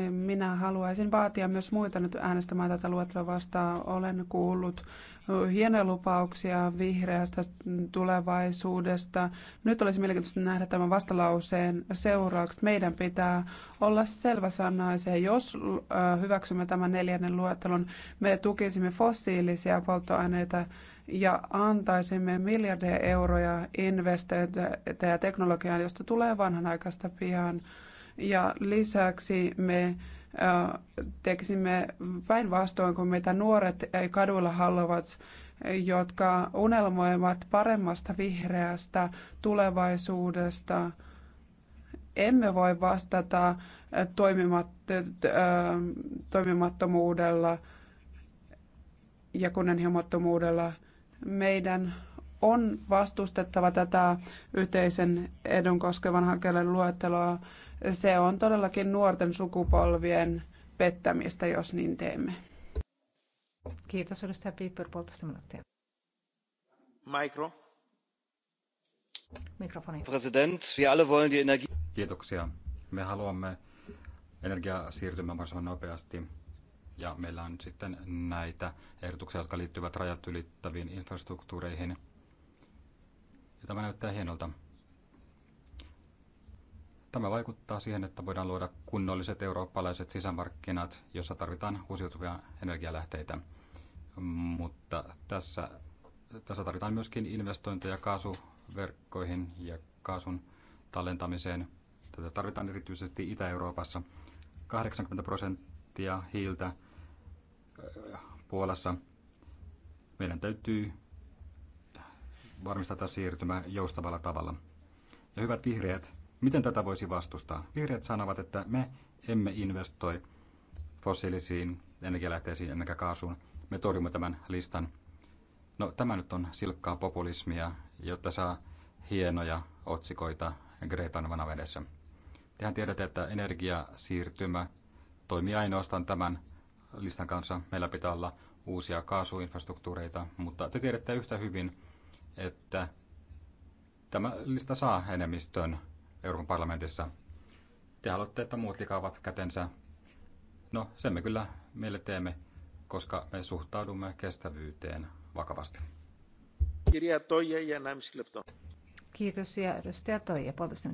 minä haluaisin vaatia myös muita nyt äänestämään tätä luettelua vastaan. Olen kuullut hienoja lupauksia vihreästä mm, tulevaisuudesta. Nyt olisi mielenkiintoista nähdä tämän vastalauseen seuraukset. Meidän pitää olla selväsanaisia. Jos hyväksymme tämän neljännen luettelon, me tukisimme fossiilisia polttoaineita ja antaisimme miljardeja euroja investointeja teknologiaan, josta tulee vanhanaikaista pian. Ja lisäksi me tekisimme päinvastoin kuin mitä nuoret kadulla haluavat, jotka unelmoivat paremmasta vihreästä tulevaisuudesta. Emme voi vastata toimimattomuudella ja kunnianhimottomuudella. Meidän on vastustettava tätä yhteisen edun koskevan hankkeen luetteloa se on todellakin nuorten sukupolvien pettämistä, jos niin teemme. Kiitos, edustaja Piper, puolitoista minuuttia. Mikro. Mikrofoni. President, we alle wollen die Energie... Kiitoksia. Me haluamme energiaa siirtymään mahdollisimman nopeasti. Ja meillä on sitten näitä ehdotuksia, jotka liittyvät rajat ylittäviin infrastruktuureihin. Ja tämä näyttää hienolta. Tämä vaikuttaa siihen, että voidaan luoda kunnolliset eurooppalaiset sisämarkkinat, jossa tarvitaan uusiutuvia energialähteitä. Mutta tässä, tässä tarvitaan myöskin investointeja kaasuverkkoihin ja kaasun tallentamiseen. Tätä tarvitaan erityisesti Itä-Euroopassa. 80 prosenttia hiiltä äh, Puolassa. Meidän täytyy varmistaa tämä siirtymä joustavalla tavalla. Ja hyvät vihreät, Miten tätä voisi vastustaa? Vihreät sanovat, että me emme investoi fossiilisiin energialähteisiin emmekä kaasuun. Me torjumme tämän listan. No tämä nyt on silkkaa populismia, jotta saa hienoja otsikoita Gretan vanavedessä. Tehän tiedätte, että energiasiirtymä toimii ainoastaan tämän listan kanssa. Meillä pitää olla uusia kaasuinfrastruktuureita, mutta te tiedätte yhtä hyvin, että tämä lista saa enemmistön Euroopan parlamentissa. Te haluatte, että muut likaavat kätensä. No, sen me kyllä meille teemme, koska me suhtaudumme kestävyyteen vakavasti. Kirja Toija ja Kiitos ja edustaja Toija puolesta.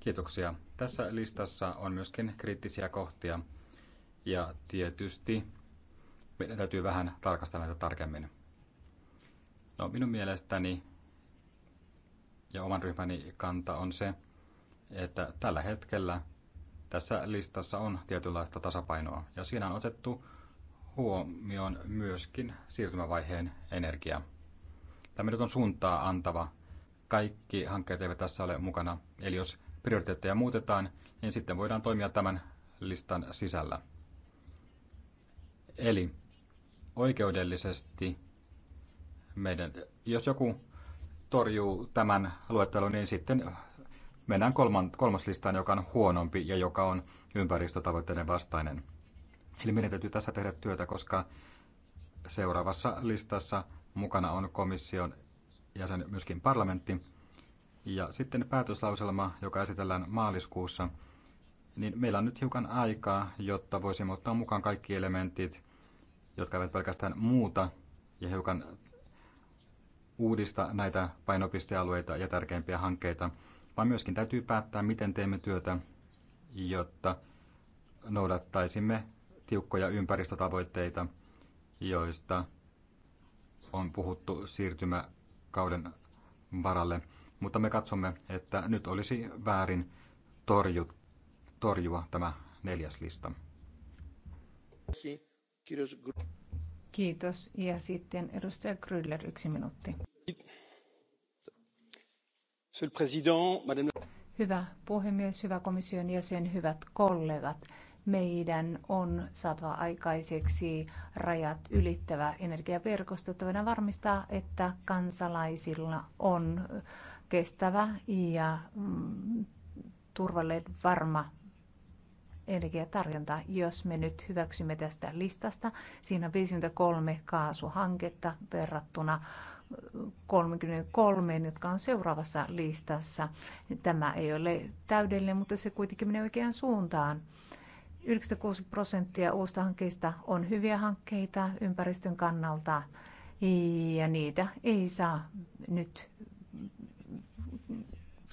Kiitoksia. Tässä listassa on myöskin kriittisiä kohtia ja tietysti meidän täytyy vähän tarkastella näitä tarkemmin. No, minun mielestäni ja oman ryhmäni kanta on se, että tällä hetkellä tässä listassa on tietynlaista tasapainoa ja siinä on otettu huomioon myöskin siirtymävaiheen energia. Tämä nyt on suuntaa antava. Kaikki hankkeet eivät tässä ole mukana. Eli jos prioriteetteja muutetaan, niin sitten voidaan toimia tämän listan sisällä. Eli oikeudellisesti meidän, jos joku torjuu tämän luettelon, niin sitten mennään kolman, kolmoslistaan, joka on huonompi ja joka on ympäristötavoitteiden vastainen. Eli meidän täytyy tässä tehdä työtä, koska seuraavassa listassa mukana on komission jäsen myöskin parlamentti. Ja sitten päätöslauselma, joka esitellään maaliskuussa, niin meillä on nyt hiukan aikaa, jotta voisimme ottaa mukaan kaikki elementit, jotka eivät pelkästään muuta ja hiukan uudista näitä painopistealueita ja tärkeimpiä hankkeita, vaan myöskin täytyy päättää, miten teemme työtä, jotta noudattaisimme tiukkoja ympäristötavoitteita, joista on puhuttu siirtymäkauden varalle. Mutta me katsomme, että nyt olisi väärin torju, torjua tämä neljäs lista. Kiitos. Ja sitten edustaja Kryller, yksi minuutti. Hyvä puhemies, hyvä komission jäsen, hyvät kollegat. Meidän on saatava aikaiseksi rajat ylittävä energiaverkosto, että voidaan varmistaa, että kansalaisilla on kestävä ja mm, turvallinen varma energiatarjonta. Jos me nyt hyväksymme tästä listasta, siinä on 53 kaasuhanketta verrattuna 33, jotka on seuraavassa listassa. Tämä ei ole täydellinen, mutta se kuitenkin menee oikeaan suuntaan. 96 prosenttia uusista hankkeista on hyviä hankkeita ympäristön kannalta ja niitä ei saa nyt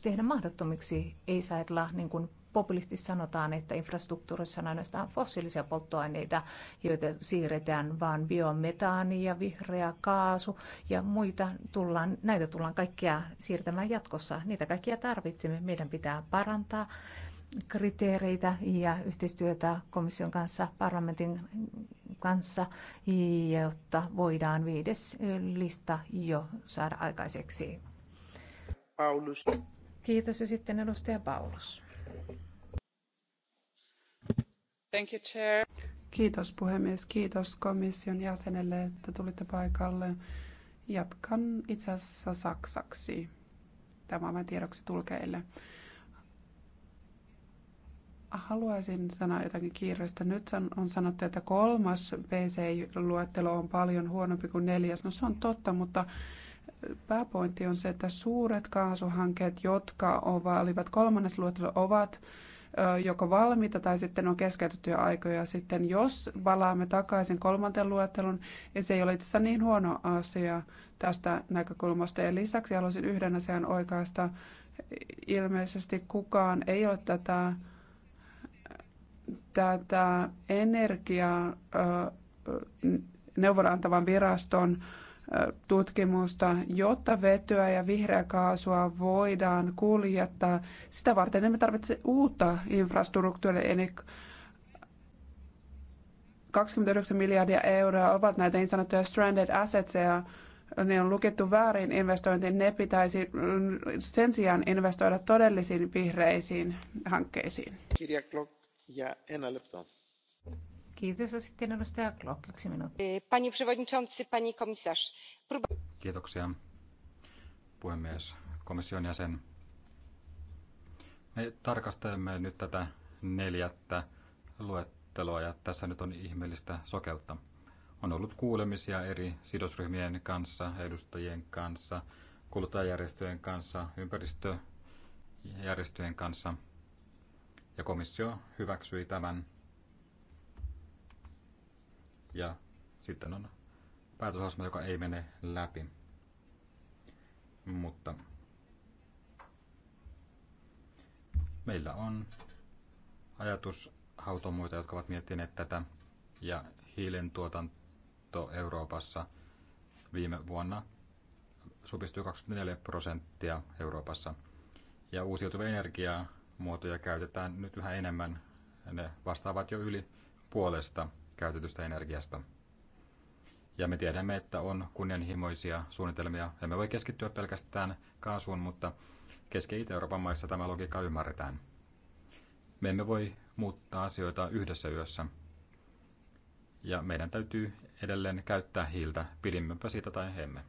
tehdä mahdottomiksi. Ei saa ajatella niin kuin populisti sanotaan, että infrastruktuurissa on ainoastaan fossiilisia polttoaineita, joita siirretään, vaan biometaani ja vihreä kaasu ja muita tullaan, näitä tullaan kaikkia siirtämään jatkossa. Niitä kaikkia tarvitsemme. Meidän pitää parantaa kriteereitä ja yhteistyötä komission kanssa, parlamentin kanssa, jotta voidaan viides lista jo saada aikaiseksi. Paulus. Kiitos ja sitten edustaja Paulus. Kiitos puhemies, kiitos komission jäsenelle, että tulitte paikalle. Jatkan itse asiassa saksaksi. Tämä on tiedoksi tulkeille. Haluaisin sanoa jotakin kiireistä. Nyt on sanottu, että kolmas PCI-luettelo on paljon huonompi kuin neljäs. No se on totta, mutta pääpointti on se, että suuret kaasuhankkeet, jotka olivat kolmannes luettelo, ovat joko valmiita tai sitten on keskeytetty aikoja sitten. Jos palaamme takaisin kolmanteen luettelun, niin se ei ole itse asiassa niin huono asia tästä näkökulmasta. Ja lisäksi haluaisin yhden asian oikaista. Ilmeisesti kukaan ei ole tätä, tätä energia neuvonantavan viraston tutkimusta, jotta vetyä ja vihreää kaasua voidaan kuljettaa. Sitä varten emme tarvitse uutta infrastruktuuria, 29 miljardia euroa ovat näitä niin sanottuja stranded assets ja ne on lukittu väärin investointiin. Ne pitäisi sen sijaan investoida todellisiin vihreisiin hankkeisiin. Kirja Glock ja Enna Lepton Kiitos eh, Pani przewodniczący, pani komisarz. Próba... Kiitoksia, puhemies, komission jäsen. Me tarkastelemme nyt tätä neljättä luetteloa ja tässä nyt on ihmeellistä sokeutta. On ollut kuulemisia eri sidosryhmien kanssa, edustajien kanssa, kuluttajajärjestöjen kanssa, ympäristöjärjestöjen kanssa ja komissio hyväksyi tämän ja sitten on päätösasema, joka ei mene läpi. Mutta meillä on ajatus ajatushautomuita, jotka ovat miettineet tätä ja hiilen tuotanto Euroopassa viime vuonna supistui 24 prosenttia Euroopassa. Ja uusiutuvia energiamuotoja käytetään nyt yhä enemmän. Ne vastaavat jo yli puolesta käytetystä energiasta. Ja me tiedämme, että on kunnianhimoisia suunnitelmia. Emme voi keskittyä pelkästään kaasuun, mutta Keski-Itä-Euroopan maissa tämä logiikka ymmärretään. Me emme voi muuttaa asioita yhdessä yössä. Ja meidän täytyy edelleen käyttää hiiltä, pidimmepä siitä tai emme.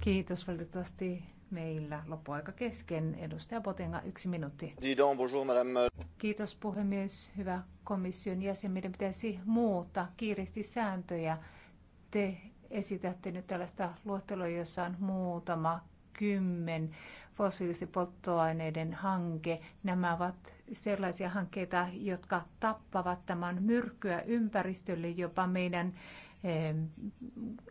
Kiitos valitettavasti meillä loppuaika kesken. Edustaja Botenga, yksi minuutti. Kiitos puhemies. Hyvä komission jäsen. Meidän pitäisi muuttaa kiireesti sääntöjä. Te esitätte nyt tällaista luetteloa, jossa on muutama kymmen fossiilisipolttoaineiden hanke. Nämä ovat sellaisia hankkeita, jotka tappavat tämän myrkkyä ympäristölle, jopa meidän Eh,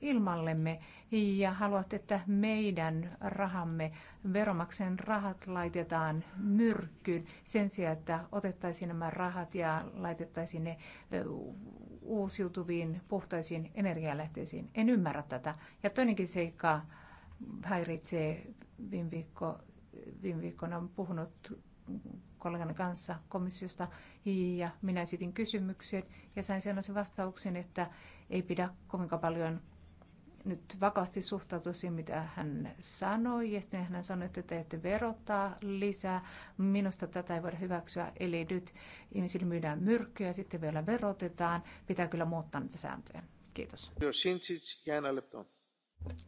ilmallemme ja haluat että meidän rahamme, veromaksen rahat laitetaan myrkkyyn sen sijaan, että otettaisiin nämä rahat ja laitettaisiin ne eh, uusiutuviin puhtaisiin energialähteisiin. En ymmärrä tätä. Ja toinenkin seikka häiritsee viime, viikko, viime viikkona puhunut kollegan kanssa komissiosta ja minä esitin kysymyksen ja sain sellaisen vastauksen, että ei pidä kovinkaan paljon nyt vakavasti suhtautua siihen, mitä hän sanoi. Ja sitten hän sanoi, että te ette verottaa lisää. Minusta tätä ei voida hyväksyä. Eli nyt ihmisille myydään myrkkyä ja sitten vielä verotetaan. Pitää kyllä muuttaa niitä sääntöjä. Kiitos.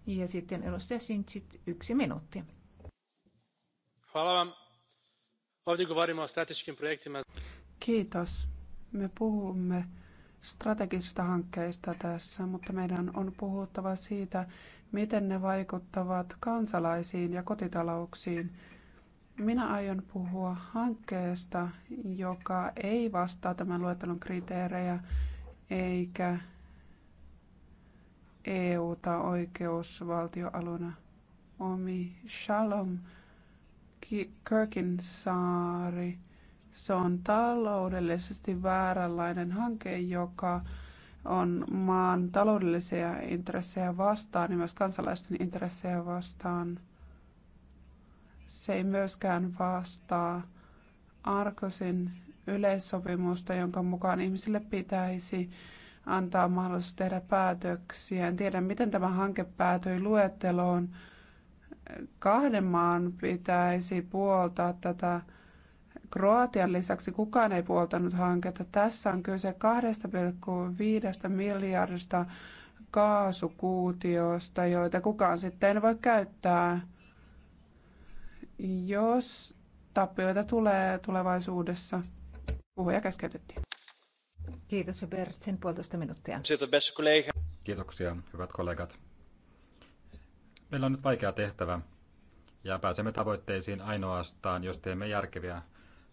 Ja sitten edustaja Sintsit, yksi minuutti. Hvala Ovdje govorimo o strateškim projektima. Kiitos. Me puhumme strategisista hankkeista tässä, mutta meidän on puhuttava siitä, miten ne vaikuttavat kansalaisiin ja kotitalouksiin. Minä aion puhua hankkeesta, joka ei vastaa tämän luettelon kriteerejä eikä EU-ta oikeusvaltioaluna. Omi Shalom Kirkin saari. Se on taloudellisesti vääränlainen hanke, joka on maan taloudellisia intressejä vastaan ja myös kansalaisten intressejä vastaan. Se ei myöskään vastaa Arkosin yleissopimusta, jonka mukaan ihmisille pitäisi antaa mahdollisuus tehdä päätöksiä. En tiedä, miten tämä hanke päätyi luetteloon, kahden maan pitäisi puoltaa tätä. Kroatian lisäksi kukaan ei puoltanut hanketta. Tässä on kyse 2,5 miljardista kaasukuutiosta, joita kukaan sitten voi käyttää. Jos tappioita tulee tulevaisuudessa, puhuja keskeytettiin. Kiitos Bert, sen puolitoista minuuttia. Kiitoksia, hyvät kollegat. Meillä on nyt vaikea tehtävä ja pääsemme tavoitteisiin ainoastaan, jos teemme järkeviä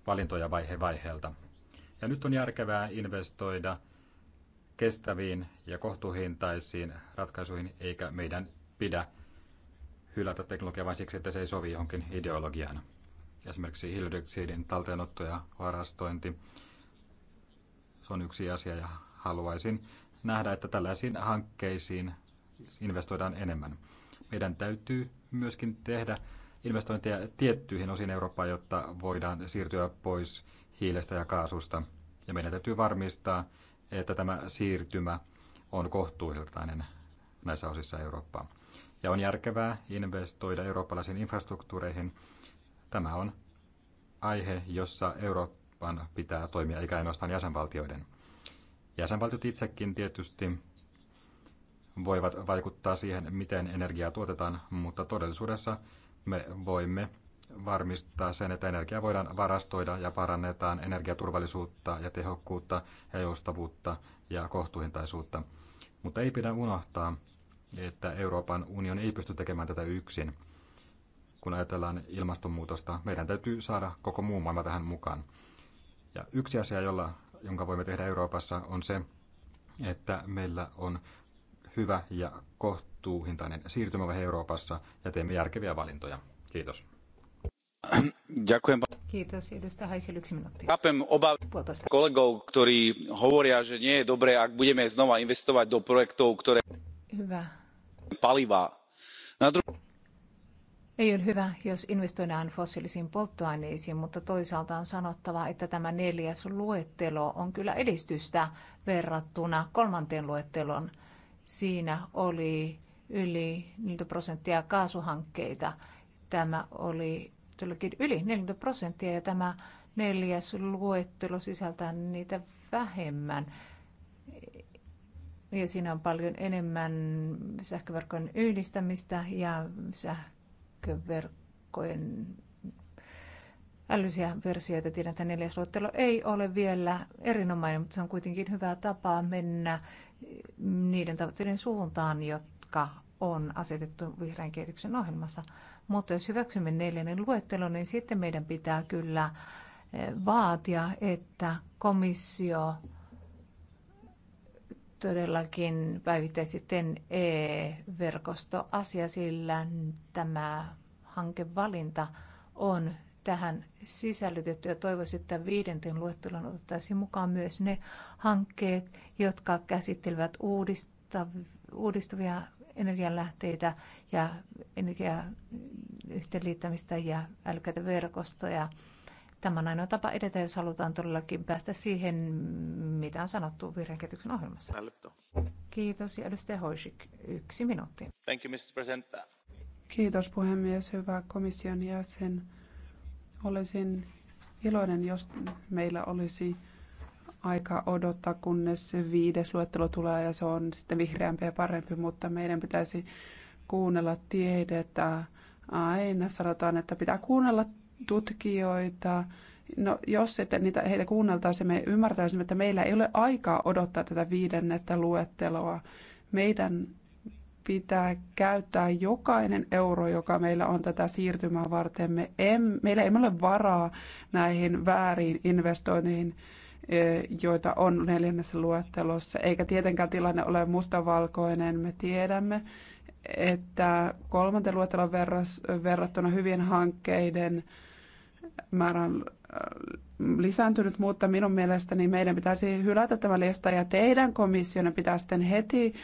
valintoja vaihe vaiheelta. Ja nyt on järkevää investoida kestäviin ja kohtuuhintaisiin ratkaisuihin, eikä meidän pidä hylätä teknologiaa vain siksi, että se ei sovi johonkin ideologiaan. Esimerkiksi hiilidioksidin talteenotto ja varastointi, se on yksi asia ja haluaisin nähdä, että tällaisiin hankkeisiin investoidaan enemmän. Meidän täytyy myöskin tehdä investointeja tiettyihin osiin Eurooppaa, jotta voidaan siirtyä pois hiilestä ja kaasusta. Ja meidän täytyy varmistaa, että tämä siirtymä on kohtuuhintainen näissä osissa Eurooppaa. Ja on järkevää investoida eurooppalaisiin infrastruktuureihin. Tämä on aihe, jossa Euroopan pitää toimia eikä ainoastaan jäsenvaltioiden. Jäsenvaltiot itsekin tietysti voivat vaikuttaa siihen, miten energiaa tuotetaan, mutta todellisuudessa me voimme varmistaa sen, että energiaa voidaan varastoida ja parannetaan energiaturvallisuutta ja tehokkuutta ja joustavuutta ja kohtuuhintaisuutta. Mutta ei pidä unohtaa, että Euroopan unioni ei pysty tekemään tätä yksin. Kun ajatellaan ilmastonmuutosta, meidän täytyy saada koko muu maailma tähän mukaan. Ja yksi asia, jolla, jonka voimme tehdä Euroopassa, on se, että meillä on hyvä ja kohtuuhintainen siirtymävaihe Euroopassa ja teemme järkeviä valintoja. Kiitos. Kiitos. Edustaja Haisil, yksi minuutti. Chápem obavy kolegov, ktorí hovoria, že nie je dobre, ak budeme znova investovať do projektov, ktoré... Hyvä. Palivaa. Ei ole hyvä, jos investoidaan fossiilisiin polttoaineisiin, mutta toisaalta on sanottava, että tämä neljäs luettelo on kyllä edistystä verrattuna kolmanteen luetteloon siinä oli yli 40 prosenttia kaasuhankkeita. Tämä oli todellakin yli 40 prosenttia ja tämä neljäs luettelo sisältää niitä vähemmän. Ja siinä on paljon enemmän sähköverkon yhdistämistä ja sähköverkkojen älyllisiä versioita. Tiedän, että neljäs luettelo ei ole vielä erinomainen, mutta se on kuitenkin hyvä tapa mennä niiden tavoitteiden suuntaan, jotka on asetettu vihreän kehityksen ohjelmassa. Mutta jos hyväksymme neljännen luettelon, niin sitten meidän pitää kyllä eh, vaatia, että komissio todellakin päivittää sitten e-verkostoasia, sillä tämä hankevalinta on tähän sisällytetty ja toivoisin, että viidenten luettelon otettaisiin mukaan myös ne hankkeet, jotka käsittelevät uudistuvia energianlähteitä ja energiayhteenliittämistä ja älykkäitä verkostoja. Tämä on ainoa tapa edetä, jos halutaan todellakin päästä siihen, mitä on sanottu vihreän ohjelmassa. Kiitos ja edustaja Hoisik, yksi minuutti. Thank you, Mr. President. Kiitos puhemies, hyvä komission jäsen. Olisin iloinen, jos meillä olisi aika odottaa, kunnes viides luettelo tulee ja se on sitten vihreämpi ja parempi, mutta meidän pitäisi kuunnella tiedettä. Aina sanotaan, että pitää kuunnella tutkijoita. No, jos että niitä, heitä kuunneltaisiin, me ymmärtäisimme, että meillä ei ole aikaa odottaa tätä viidennettä luetteloa. Meidän pitää käyttää jokainen euro, joka meillä on tätä siirtymää varten. Me em, meillä ei ole varaa näihin vääriin investointeihin, e, joita on neljännessä luettelossa. Eikä tietenkään tilanne ole mustavalkoinen. Me tiedämme, että kolmanten luettelon verrattuna hyvien hankkeiden määrän lisääntynyt, mutta minun mielestäni meidän pitäisi hylätä tämä lista ja teidän komissiona pitää sitten heti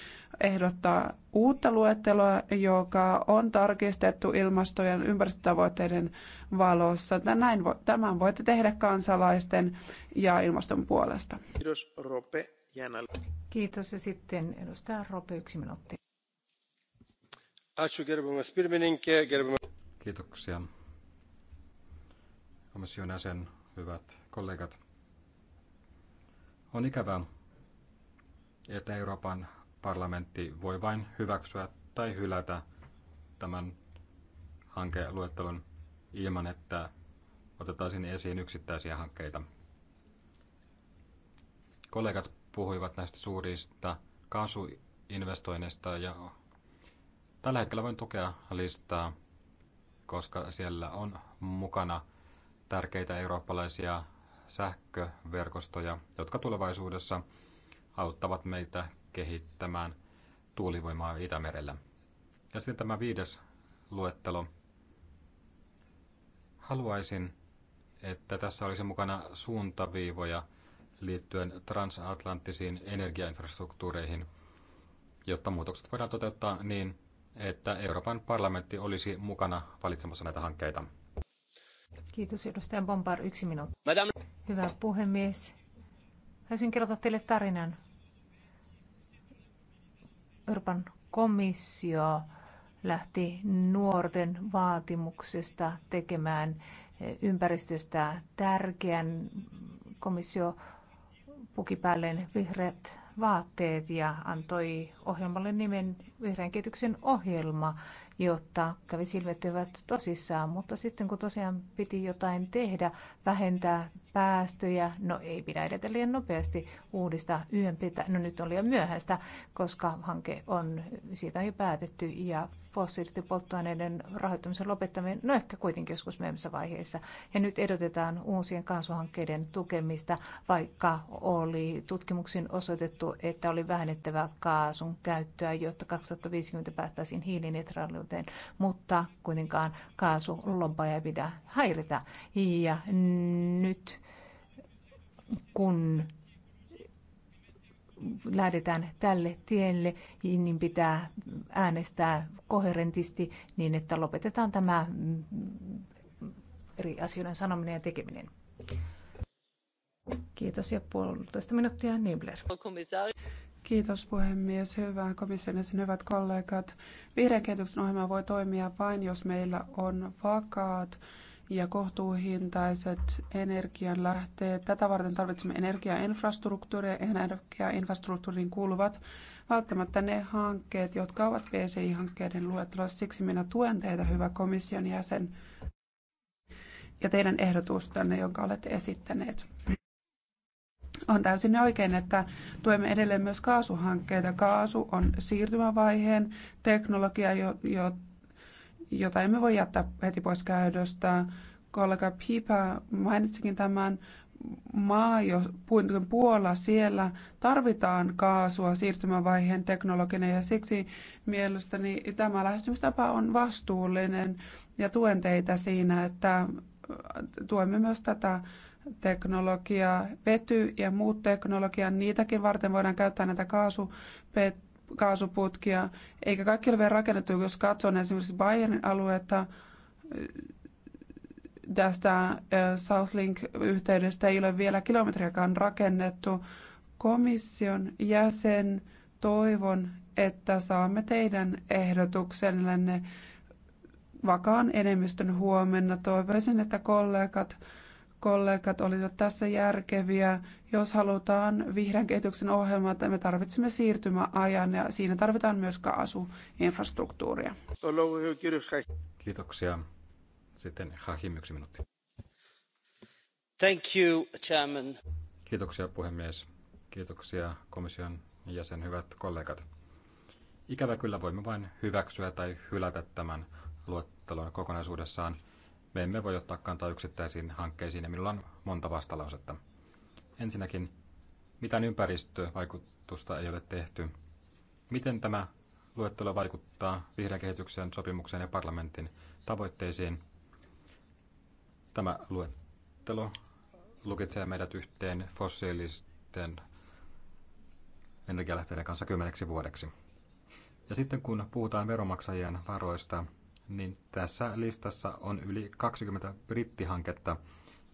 ehdottaa uutta luetteloa, joka on tarkistettu ilmastojen ja ympäristötavoitteiden valossa. Näin vo, tämän voitte tehdä kansalaisten ja ilmaston puolesta. Kiitos Rope Jänäl. Kiitos ja sitten edustaja Rope yksi minuutti. Kiitoksia komission jäsen, hyvät kollegat. On ikävää, että Euroopan parlamentti voi vain hyväksyä tai hylätä tämän hankeluettelon ilman, että otettaisiin esiin yksittäisiä hankkeita. Kollegat puhuivat näistä suurista kaasuinvestoinneista ja tällä hetkellä voin tukea listaa, koska siellä on mukana tärkeitä eurooppalaisia sähköverkostoja, jotka tulevaisuudessa auttavat meitä kehittämään tuulivoimaa Itämerellä. Ja sitten tämä viides luettelo. Haluaisin, että tässä olisi mukana suuntaviivoja liittyen transatlanttisiin energiainfrastruktuureihin, jotta muutokset voidaan toteuttaa niin, että Euroopan parlamentti olisi mukana valitsemassa näitä hankkeita. Kiitos edustaja Bompar, yksi minuutti. Madame. Hyvä puhemies. Haluaisin kertoa teille tarinan. Euroopan komissio lähti nuorten vaatimuksesta tekemään eh, ympäristöstä tärkeän. Komissio puki päälle vihreät vaatteet ja antoi ohjelmalle nimen Vihreän kehityksen ohjelma jotta kävi silmettyvät tosissaan. Mutta sitten kun tosiaan piti jotain tehdä, vähentää päästöjä. No ei pidä edetä liian nopeasti uudista YMPtä. No nyt on liian myöhäistä, koska hanke on, siitä on jo päätetty ja fossiilisten polttoaineiden rahoittamisen lopettaminen, no ehkä kuitenkin joskus myöhemmissä vaiheessa. Ja nyt edotetaan uusien kasvuhankkeiden tukemista, vaikka oli tutkimuksiin osoitettu, että oli vähennettävä kaasun käyttöä, jotta 2050 päästäisiin hiilineutraaliuteen, mutta kuitenkaan kaasulompaa ei pidä häiritä. Ja nyt kun lähdetään tälle tielle, niin pitää äänestää koherentisti niin, että lopetetaan tämä eri asioiden sanominen ja tekeminen. Kiitos ja puolitoista minuuttia Nibler. Kiitos puhemies. Hyvää komission sen hyvät kollegat. Vihreän kehityksen ohjelma voi toimia vain, jos meillä on vakaat ja kohtuuhintaiset energianlähteet. Tätä varten tarvitsemme energiainfrastruktuuria. Energiainfrastruktuuriin kuuluvat välttämättä ne hankkeet, jotka ovat PCI-hankkeiden luettelossa. Siksi minä tuen teitä, hyvä komission jäsen, ja teidän ehdotustanne, jonka olette esittäneet. On täysin oikein, että tuemme edelleen myös kaasuhankkeita. Kaasu on siirtymävaiheen teknologia, jo, jo, jota emme voi jättää heti pois käytöstä. Kollega Pipa mainitsikin tämän maa, jo, Puola, siellä tarvitaan kaasua siirtymävaiheen teknologinen ja siksi mielestäni tämä lähestymistapa on vastuullinen ja tuen teitä siinä, että äh, tuemme myös tätä teknologiaa, vety ja muut teknologian, niitäkin varten voidaan käyttää näitä kaasupettyjä kaasuputkia, eikä kaikki ole vielä rakennettu. Jos katson esimerkiksi Bayernin aluetta, äh, tästä äh, Southlink-yhteydestä ei ole vielä kilometriäkään rakennettu. Komission jäsen, toivon, että saamme teidän ehdotuksellenne vakaan enemmistön huomenna. Toivoisin, että kollegat kollegat olivat tässä järkeviä. Jos halutaan vihreän kehityksen ohjelmaa, että me tarvitsemme siirtymäajan ja siinä tarvitaan myös kaasuinfrastruktuuria. Kiitoksia. Sitten Hahim yksi minuutti. Thank you, Chairman. Kiitoksia puhemies. Kiitoksia komission jäsen, hyvät kollegat. Ikävä kyllä voimme vain hyväksyä tai hylätä tämän luettelon kokonaisuudessaan – me emme voi ottaa kantaa yksittäisiin hankkeisiin ja minulla on monta vastalausetta. Ensinnäkin, mitään ympäristövaikutusta ei ole tehty. Miten tämä luettelo vaikuttaa vihreän kehityksen sopimukseen ja parlamentin tavoitteisiin? Tämä luettelo lukitsee meidät yhteen fossiilisten energialähteiden kanssa kymmeneksi vuodeksi. Ja sitten kun puhutaan veronmaksajien varoista, niin tässä listassa on yli 20 brittihanketta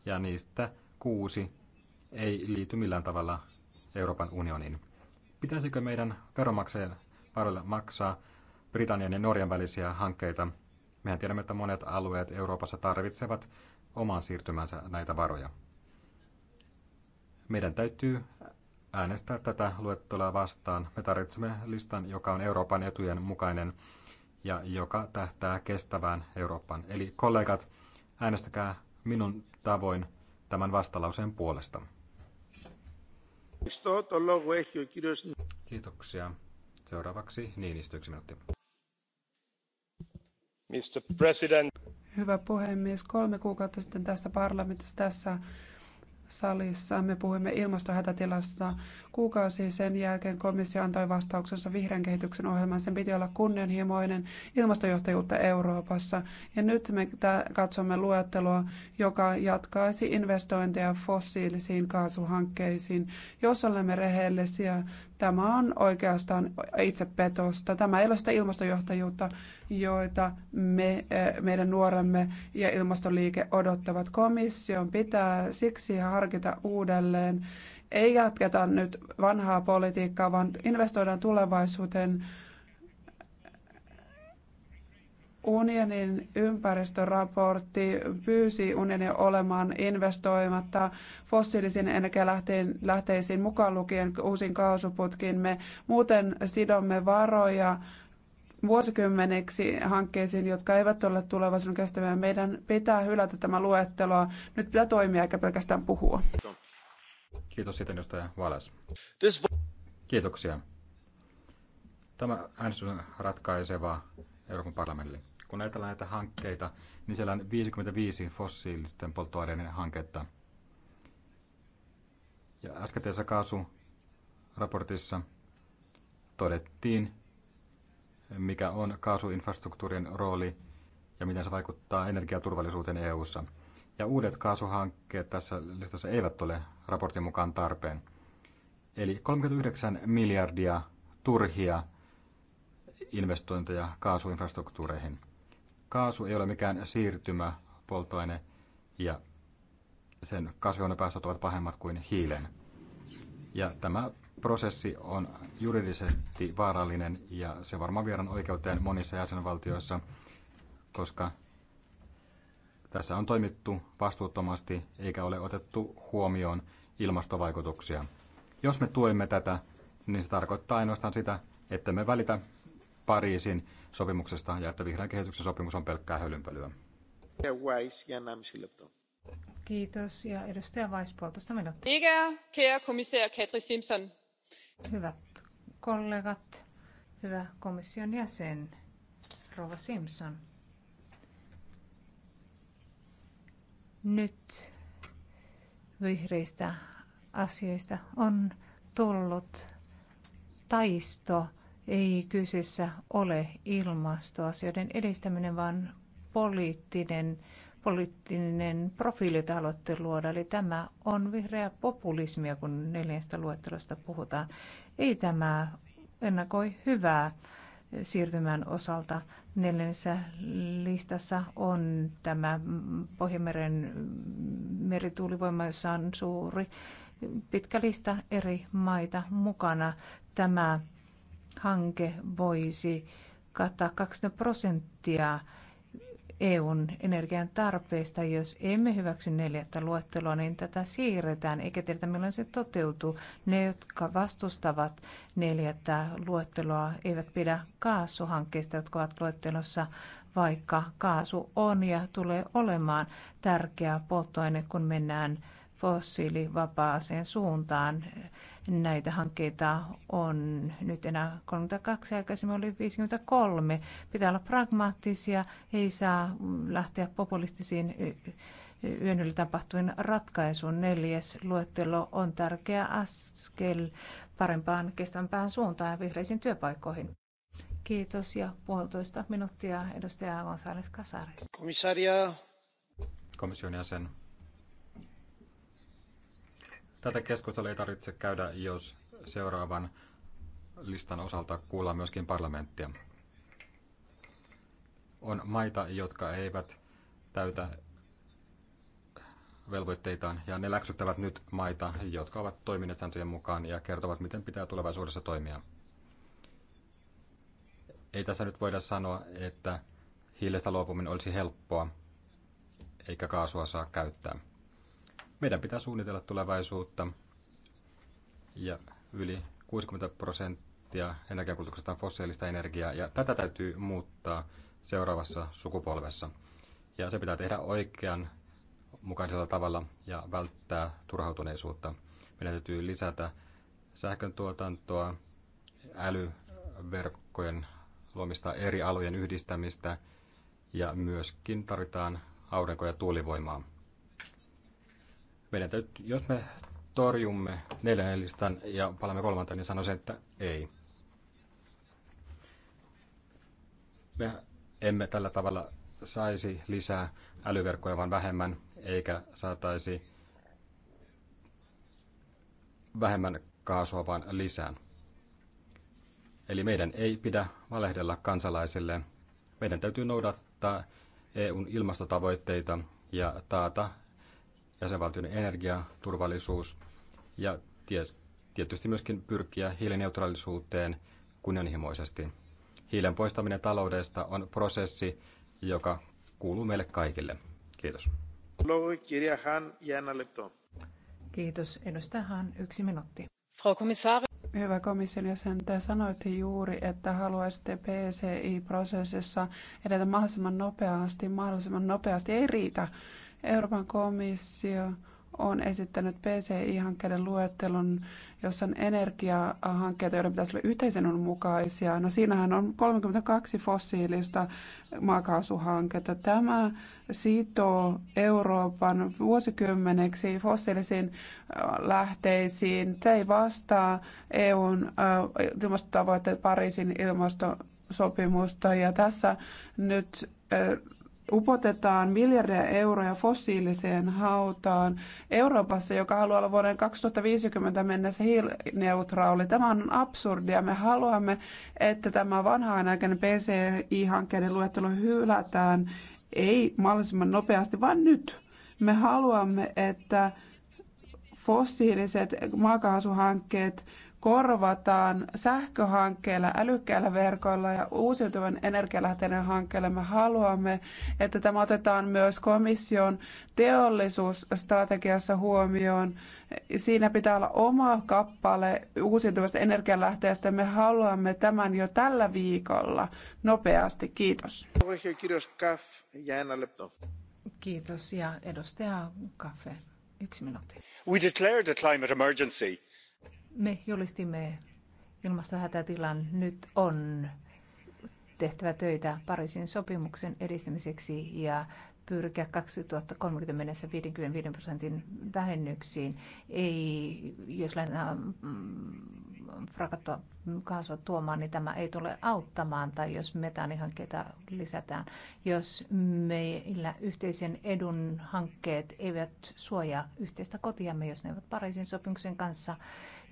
ja niistä kuusi ei liity millään tavalla Euroopan unioniin. Pitäisikö meidän veronmaksajien varoilla maksaa Britannian ja Norjan välisiä hankkeita? Mehän tiedämme, että monet alueet Euroopassa tarvitsevat oman siirtymänsä näitä varoja. Meidän täytyy äänestää tätä luettelua vastaan. Me tarvitsemme listan, joka on Euroopan etujen mukainen ja joka tähtää kestävään Eurooppaan. Eli kollegat, äänestäkää minun tavoin tämän vastalauseen puolesta. Kiitoksia. Seuraavaksi Niinistö yksi minuutti. Mr. President. Hyvä puhemies, kolme kuukautta sitten tässä parlamentissa tässä salissa. Me puhuimme ilmastohätätilasta kuukausi sen jälkeen komissio antoi vastauksensa vihreän kehityksen ohjelmaan. Sen piti olla kunnianhimoinen ilmastojohtajuutta Euroopassa. Ja nyt me katsomme luettelua, joka jatkaisi investointeja fossiilisiin kaasuhankkeisiin. Jos olemme rehellisiä, Tämä on oikeastaan itsepetosta. Tämä ei ole sitä ilmastojohtajuutta, joita me, eh, meidän nuoremme ja ilmastoliike odottavat. Komission pitää siksi harkita uudelleen. Ei jatketa nyt vanhaa politiikkaa, vaan investoidaan tulevaisuuteen Unionin ympäristöraportti pyysi unionia olemaan investoimatta fossiilisiin energialähteisiin mukaan lukien uusiin kaasuputkiin. Me muuten sidomme varoja vuosikymmeniksi hankkeisiin, jotka eivät ole tulevaisuuden kestäviä. Meidän pitää hylätä tämä luettelo. Nyt pitää toimia eikä pelkästään puhua. Kiitos sitten edustaja Valas. Kiitoksia. Tämä äänestys on ratkaiseva Euroopan parlamentille kun ajatellaan näitä hankkeita, niin siellä on 55 fossiilisten polttoaineiden hanketta. Ja äskeisessä kaasuraportissa todettiin, mikä on kaasuinfrastruktuurin rooli ja miten se vaikuttaa energiaturvallisuuteen EU:ssa. Ja uudet kaasuhankkeet tässä listassa eivät ole raportin mukaan tarpeen. Eli 39 miljardia turhia investointeja kaasuinfrastruktuureihin – kaasu ei ole mikään siirtymäpolttoaine ja sen kasvihuonepäästöt ovat pahemmat kuin hiilen. Ja tämä prosessi on juridisesti vaarallinen ja se varmaan viedään oikeuteen monissa jäsenvaltioissa, koska tässä on toimittu vastuuttomasti eikä ole otettu huomioon ilmastovaikutuksia. Jos me tuemme tätä, niin se tarkoittaa ainoastaan sitä, että me välitä Pariisin sopimuksesta ja että vihreän kehityksen sopimus on pelkkää hölynpölyä. Kiitos. Ja edustaja Weiss, puolitoista minuuttia. Ikä, komissaari Katri Simpson. Hyvät kollegat, hyvä komission jäsen, Rova Simpson. Nyt vihreistä asioista on tullut taisto ei kyseessä ole ilmastoasioiden edistäminen, vaan poliittinen, poliittinen profiili, jota haluatte luoda. Eli tämä on vihreä populismia, kun neljästä luettelosta puhutaan. Ei tämä ennakoi hyvää siirtymän osalta. Neljännessä listassa on tämä Pohjanmeren merituulivoima, jossa on suuri pitkä lista eri maita mukana. Tämä hanke voisi kattaa 20 prosenttia EUn energian tarpeesta. Jos emme hyväksy neljättä luetteloa, niin tätä siirretään, eikä tiedetä milloin se toteutuu. Ne, jotka vastustavat neljättä luetteloa, eivät pidä kaasuhankkeista, jotka ovat luettelossa, vaikka kaasu on ja tulee olemaan tärkeä polttoaine, kun mennään fossiilivapaaseen suuntaan. Näitä hankkeita on nyt enää 32, aikaisemmin oli 53. Pitää olla pragmaattisia, ei saa lähteä populistisiin yön yli tapahtuin ratkaisuun. Neljäs luettelo on tärkeä askel parempaan kestävämpään suuntaan ja vihreisiin työpaikkoihin. Kiitos ja puolitoista minuuttia edustaja González Casares. Komissaria. Komission jäsen. Tätä keskustelua ei tarvitse käydä, jos seuraavan listan osalta kuullaan myöskin parlamenttia. On maita, jotka eivät täytä velvoitteitaan ja ne läksyttävät nyt maita, jotka ovat toimineet sääntöjen mukaan ja kertovat, miten pitää tulevaisuudessa toimia. Ei tässä nyt voida sanoa, että hiilestä luopuminen olisi helppoa eikä kaasua saa käyttää. Meidän pitää suunnitella tulevaisuutta ja yli 60 prosenttia energiakulutuksesta on fossiilista energiaa ja tätä täytyy muuttaa seuraavassa sukupolvessa. Ja se pitää tehdä oikean mukaisella tavalla ja välttää turhautuneisuutta. Meidän täytyy lisätä sähkön tuotantoa, älyverkkojen luomista eri alojen yhdistämistä ja myöskin tarvitaan aurinko- ja tuulivoimaa meidän täytyy, jos me torjumme neljännen listan ja palaamme kolmanteen, niin sanoisin, että ei. Me emme tällä tavalla saisi lisää älyverkkoja, vaan vähemmän, eikä saataisi vähemmän kaasua, vaan lisää. Eli meidän ei pidä valehdella kansalaisille. Meidän täytyy noudattaa EUn ilmastotavoitteita ja taata jäsenvaltioiden energiaturvallisuus ja tietysti myöskin pyrkiä hiilineutraalisuuteen kunnianhimoisesti. Hiilen poistaminen taloudesta on prosessi, joka kuuluu meille kaikille. Kiitos. Kiitos. Edustaja Han, yksi minuutti. Frau Kommissarin. Hyvä komission jäsen, te sanoitte juuri, että haluaisitte PCI-prosessissa edetä mahdollisimman nopeasti. Mahdollisimman nopeasti ei riitä. Euroopan komissio on esittänyt PCI-hankkeiden luettelon, jossa on energiahankkeita, joiden pitäisi olla yhteisen mukaisia. No siinähän on 32 fossiilista maakaasuhanketta. Tämä sitoo Euroopan vuosikymmeneksi fossiilisiin äh, lähteisiin. Se ei vastaa EUn äh, ilmastotavoitteet Pariisin ilmastosopimusta ja tässä nyt äh, upotetaan miljardeja euroja fossiiliseen hautaan Euroopassa, joka haluaa olla vuoden 2050 mennessä hiilineutraali. Tämä on absurdia. Me haluamme, että tämä vanha-aikainen PCI-hankkeiden luettelo hylätään ei mahdollisimman nopeasti, vaan nyt. Me haluamme, että fossiiliset maakaasuhankkeet korvataan sähköhankkeilla, älykkäillä verkoilla ja uusiutuvan energialähteiden hankkeilla. Me haluamme, että tämä otetaan myös komission teollisuusstrategiassa huomioon. Siinä pitää olla oma kappale uusiutuvasta energialähteestä. Me haluamme tämän jo tällä viikolla nopeasti. Kiitos. Kiitos ja edustaja Kaffe. Yksi minuutti. We declared a climate emergency me julistimme ilmastohätätilan. Nyt on tehtävä töitä Pariisin sopimuksen edistämiseksi ja pyrkiä 2030 mennessä 55 prosentin vähennyksiin. Ei, jos lähdetään mm, frakattua kaasua tuomaan, niin tämä ei tule auttamaan, tai jos metaanihankkeita lisätään. Jos meillä yhteisen edun hankkeet eivät suojaa yhteistä kotiamme, jos ne ovat Pariisin sopimuksen kanssa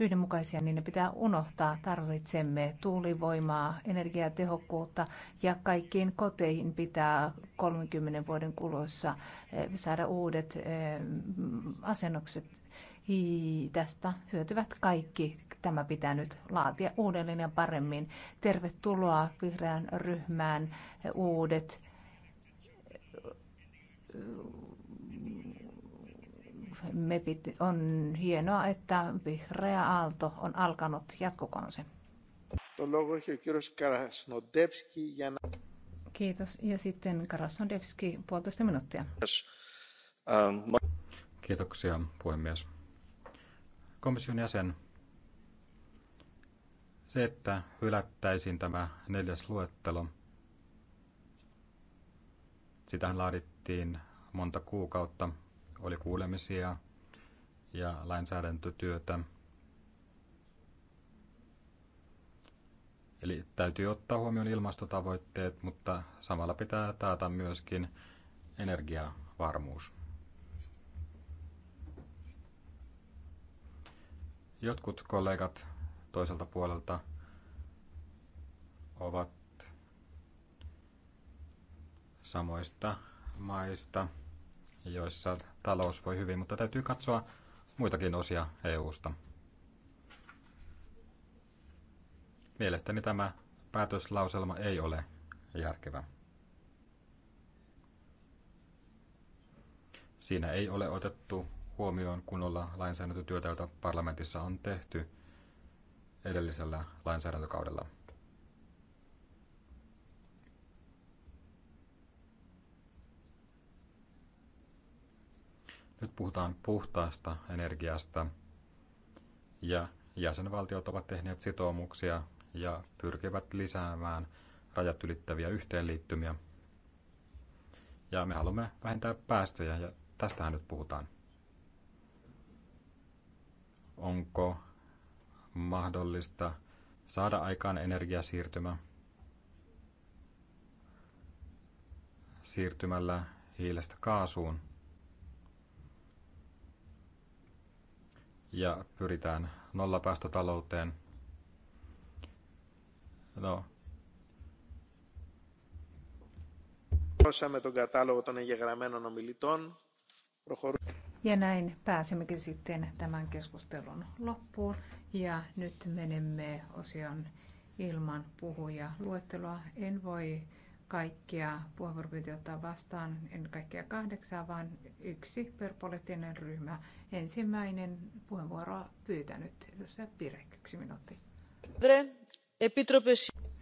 yhdenmukaisia, niin ne pitää unohtaa. Tarvitsemme tuulivoimaa, energiatehokkuutta ja kaikkiin koteihin pitää 30 vuoden kuluessa eh, saada uudet eh, asennukset. Tästä hyötyvät kaikki tämä pitää nyt laatia uudelleen ja paremmin. Tervetuloa vihreään ryhmään uudet mepit. On hienoa, että vihreä aalto on alkanut. Jatkukoon se. Kiitos. Ja sitten Karasnodevski, puolitoista minuuttia. Um, Kiitoksia, puhemies. Komission jäsen, se, että hylättäisiin tämä neljäs luettelo, sitähän laadittiin monta kuukautta, oli kuulemisia ja lainsäädäntötyötä. Eli täytyy ottaa huomioon ilmastotavoitteet, mutta samalla pitää taata myöskin energiavarmuus. Jotkut kollegat toiselta puolelta ovat samoista maista, joissa talous voi hyvin, mutta täytyy katsoa muitakin osia EUsta. Mielestäni tämä päätöslauselma ei ole järkevä. Siinä ei ole otettu huomioon kunnolla lainsäädäntötyötä, jota parlamentissa on tehty – edellisellä lainsäädäntökaudella. Nyt puhutaan puhtaasta energiasta ja jäsenvaltiot ovat tehneet sitoumuksia ja pyrkivät lisäämään rajat ylittäviä yhteenliittymiä. Ja me haluamme vähentää päästöjä ja tästähän nyt puhutaan. Onko mahdollista saada aikaan energiasiirtymä siirtymällä hiilestä kaasuun. Ja pyritään nollapäästötalouteen. No, Ολοκληρώσαμε τον κατάλογο των εγγεγραμμένων ομιλητών. Ja näin pääsemmekin sitten tämän keskustelun loppuun. Ja nyt menemme osion ilman puhuja luetteloa. En voi kaikkia puheenvuoropyyntöjä ottaa vastaan, en kaikkia kahdeksaa, vaan yksi per poliittinen ryhmä. Ensimmäinen puheenvuoro pyytänyt edustaja Pirek, yksi minuutti.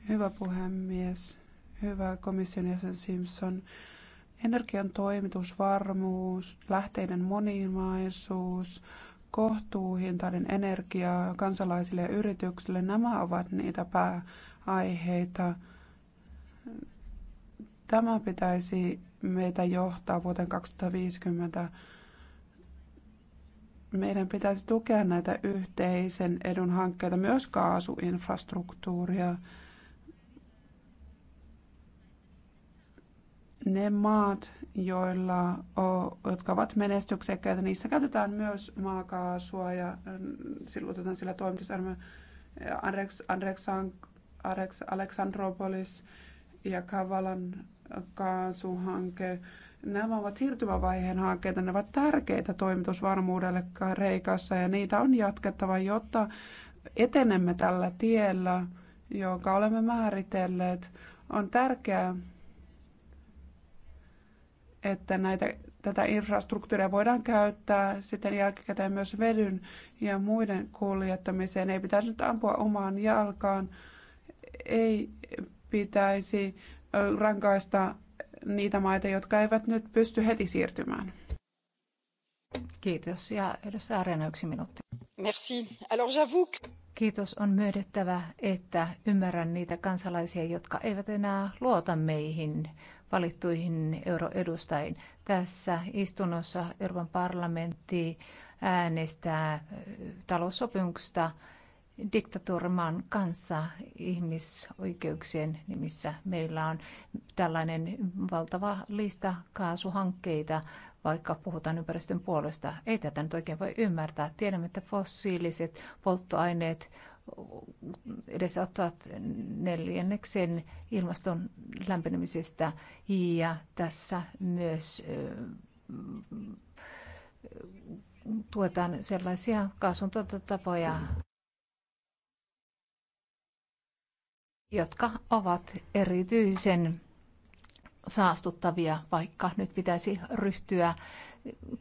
Hyvä puhemies, hyvä komission jäsen Simpson. Energian toimitusvarmuus, lähteiden monimaisuus, kohtuuhintainen energia kansalaisille ja yrityksille, nämä ovat niitä pääaiheita. Tämä pitäisi meitä johtaa vuoteen 2050. Meidän pitäisi tukea näitä yhteisen edun hankkeita, myös kaasuinfrastruktuuria. ne maat, joilla, jotka ovat menestyksekkäitä, niissä käytetään myös maakaasua ja mm, silloin otetaan sillä toimitusarvoja. Andreks, Andreks, Aleksandropolis ja Kavalan kaasuhanke. Nämä ovat siirtymävaiheen hankkeita. Ne ovat tärkeitä toimitusvarmuudelle Kreikassa ja niitä on jatkettava, jotta etenemme tällä tiellä, jonka olemme määritelleet. On tärkeää, että näitä, tätä infrastruktuuria voidaan käyttää sitten jälkikäteen myös vedyn ja muiden kuljettamiseen. Ei pitäisi nyt ampua omaan jalkaan, ei pitäisi rankaista niitä maita, jotka eivät nyt pysty heti siirtymään. Kiitos. Ja edustaja Areena, yksi minuutti. Merci. Alors j'avoue Kiitos. On myödettävä, että ymmärrän niitä kansalaisia, jotka eivät enää luota meihin, valittuihin euroedustajiin. Tässä istunnossa Euroopan parlamentti äänestää äh, taloussopimuksesta diktatuurimaan kanssa ihmisoikeuksien nimissä. Meillä on tällainen valtava lista kaasuhankkeita, vaikka puhutaan ympäristön puolesta. Ei tätä nyt oikein voi ymmärtää. Tiedämme, että fossiiliset polttoaineet edesauttavat neljänneksen ilmaston lämpenemisestä ja tässä myös tuetaan sellaisia kaasuntuotantotapoja, jotka ovat erityisen saastuttavia, vaikka nyt pitäisi ryhtyä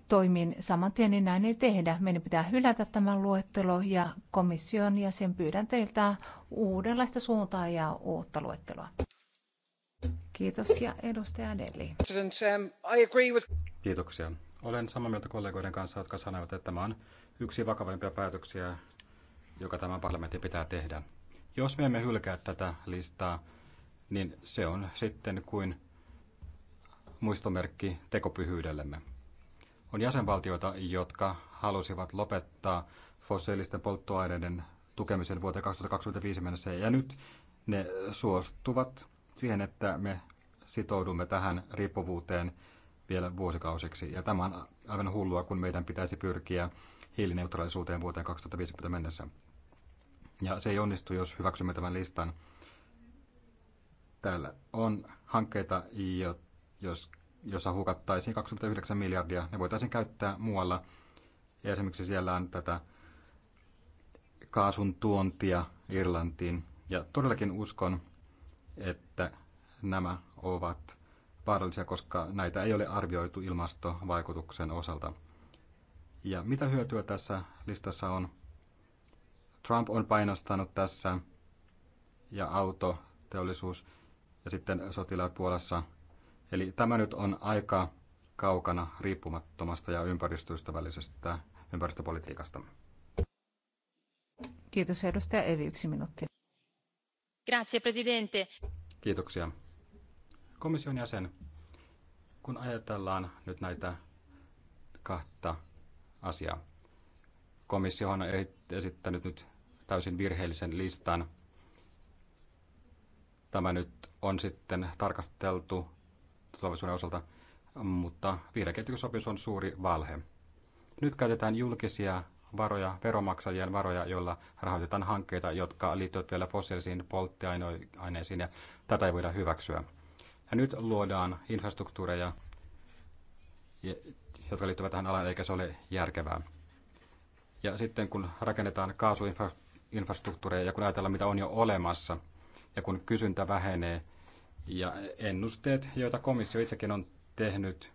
toimin saman tien, niin näin ei tehdä. Meidän pitää hylätä tämä luettelo ja komission ja sen pyydän teiltä uudenlaista suuntaa ja uutta luetteloa. Kiitos ja edustaja Deli. Um, Kiitoksia. Olen samaa mieltä kollegoiden kanssa, jotka sanovat, että tämä on yksi vakavimpia päätöksiä, joka tämän parlamentin pitää tehdä. Jos me emme hylkää tätä listaa, niin se on sitten kuin muistomerkki tekopyhyydellemme. On jäsenvaltioita, jotka halusivat lopettaa fossiilisten polttoaineiden tukemisen vuoteen 2025 mennessä, ja nyt ne suostuvat siihen, että me sitoudumme tähän riippuvuuteen vielä vuosikausiksi. Ja tämä on aivan hullua, kun meidän pitäisi pyrkiä hiilineutraalisuuteen vuoteen 2050 mennessä. Ja se ei onnistu, jos hyväksymme tämän listan. Täällä on hankkeita, jos jossa hukattaisiin 29 miljardia. Ne voitaisiin käyttää muualla. Ja esimerkiksi siellä on tätä kaasun tuontia Irlantiin. Ja todellakin uskon, että nämä ovat vaarallisia, koska näitä ei ole arvioitu ilmastovaikutuksen osalta. Ja mitä hyötyä tässä listassa on? Trump on painostanut tässä ja autoteollisuus ja sitten sotilaat Puolassa – Eli tämä nyt on aika kaukana riippumattomasta ja ympäristöystävällisestä ympäristöpolitiikasta. Kiitos edustaja Evi, yksi minuutti. Grazie, presidente. Kiitoksia. Komission jäsen, kun ajatellaan nyt näitä kahta asiaa. Komissio on esittänyt nyt täysin virheellisen listan. Tämä nyt on sitten tarkasteltu tulevaisuuden osalta, mutta vihreäkehityssopimus on suuri valhe. Nyt käytetään julkisia varoja, veromaksajien varoja, joilla rahoitetaan hankkeita, jotka liittyvät vielä fossiilisiin polttoaineisiin, ja tätä ei voida hyväksyä. Ja nyt luodaan infrastruktuureja, jotka liittyvät tähän alaan, eikä se ole järkevää. Ja sitten kun rakennetaan kaasuinfrastruktuureja ja kun ajatellaan, mitä on jo olemassa, ja kun kysyntä vähenee, ja ennusteet, joita komissio itsekin on tehnyt,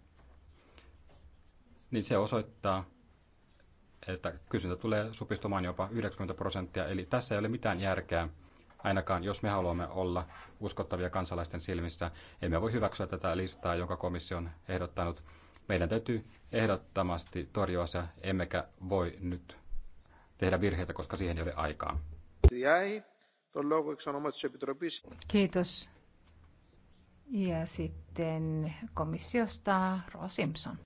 niin se osoittaa, että kysyntä tulee supistumaan jopa 90 prosenttia. Eli tässä ei ole mitään järkeä, ainakaan jos me haluamme olla uskottavia kansalaisten silmissä. Emme voi hyväksyä tätä listaa, jonka komissio on ehdottanut. Meidän täytyy ehdottomasti torjua se, emmekä voi nyt tehdä virheitä, koska siihen ei ole aikaa. Kiitos. Ja sitten komissiosta Roa Simpson.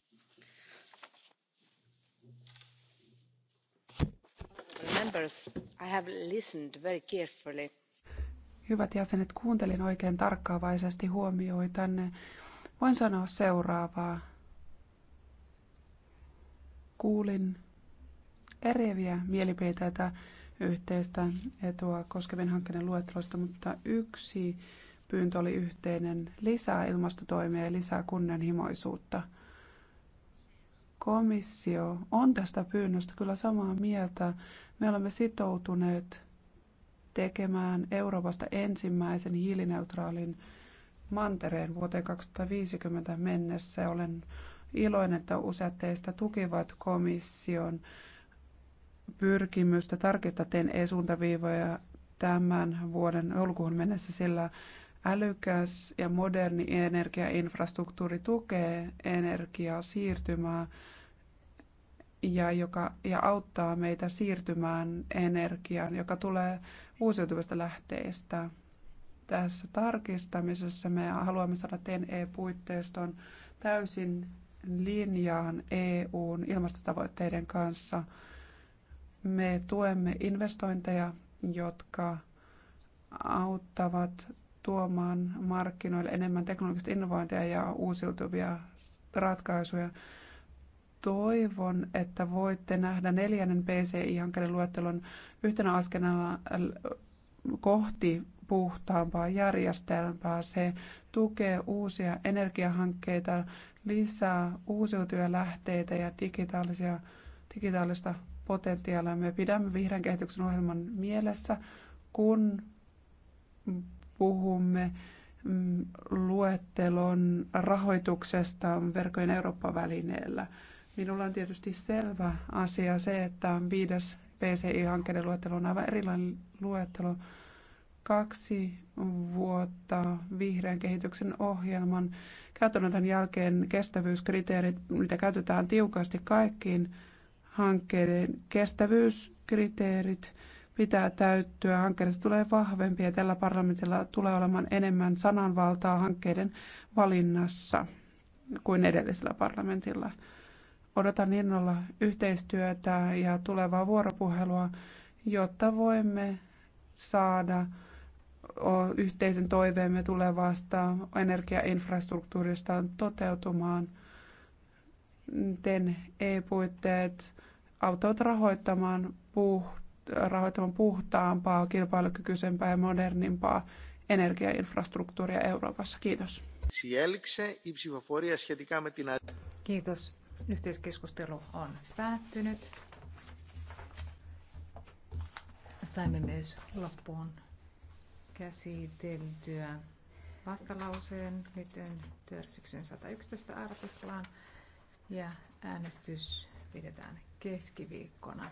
Members, I have listened very carefully. Hyvät jäsenet, kuuntelin oikein tarkkaavaisesti huomioitanne. Voin sanoa seuraavaa. Kuulin eriäviä mielipiteitä yhteistä etua koskevien hankkeiden luettelosta, mutta yksi pyyntö oli yhteinen lisää ilmastotoimia ja lisää kunnianhimoisuutta. Komissio on tästä pyynnöstä kyllä samaa mieltä. Me olemme sitoutuneet tekemään Euroopasta ensimmäisen hiilineutraalin mantereen vuoteen 2050 mennessä. Olen iloinen, että useat teistä tukivat komission pyrkimystä tarkistaa TEN e-suuntaviivoja tämän vuoden joulukuuhun mennessä, sillä Älykäs ja moderni energiainfrastruktuuri tukee energiaa siirtymää ja, joka, ja auttaa meitä siirtymään energiaan, joka tulee uusiutuvista lähteistä. Tässä tarkistamisessa me haluamme saada TNE-puitteiston täysin linjaan EUn ilmastotavoitteiden kanssa. Me tuemme investointeja, jotka auttavat tuomaan markkinoille enemmän teknologista innovaatiota ja uusiutuvia ratkaisuja. Toivon, että voitte nähdä neljännen PCI-hankkeiden luettelon yhtenä askelena kohti puhtaampaa järjestelmää. Se tukee uusia energiahankkeita, lisää uusiutuvia lähteitä ja digitaalisia, digitaalista potentiaalia. Me pidämme vihreän kehityksen ohjelman mielessä, kun puhumme mm, luettelon rahoituksesta verkkojen Eurooppa-välineellä. Minulla on tietysti selvä asia se, että viides PCI-hankkeiden luettelo on aivan erilainen luettelo. Kaksi vuotta vihreän kehityksen ohjelman käytännön jälkeen kestävyyskriteerit, mitä käytetään tiukasti kaikkiin hankkeiden kestävyyskriteerit pitää täyttyä. Hankkeesta tulee vahvempi ja tällä parlamentilla tulee olemaan enemmän sananvaltaa hankkeiden valinnassa kuin edellisellä parlamentilla. Odotan innolla yhteistyötä ja tulevaa vuoropuhelua, jotta voimme saada yhteisen toiveemme tulevasta energiainfrastruktuurista toteutumaan. TEN e-puitteet auttavat rahoittamaan puhtaan rahoittamaan puhtaampaa, kilpailukykyisempää ja modernimpaa energiainfrastruktuuria Euroopassa. Kiitos. Kiitos. Yhteiskeskustelu on päättynyt. Saimme myös loppuun käsiteltyä vastalauseen liittyen työjärjestyksen 111 artiklaan ja äänestys pidetään keskiviikkona.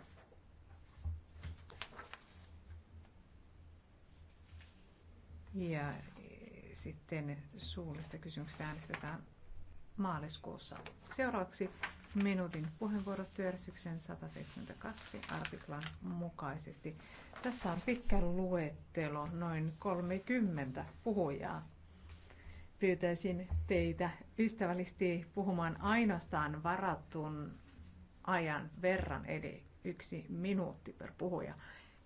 Ja e, sitten suullista kysymyksestä äänestetään maaliskuussa. Seuraavaksi minuutin puheenvuoro työjärjestyksen 172 artiklan mukaisesti. Tässä on pitkä luettelo, noin 30 puhujaa. Pyytäisin teitä ystävällisesti puhumaan ainoastaan varattun ajan verran, eli yksi minuutti per puhuja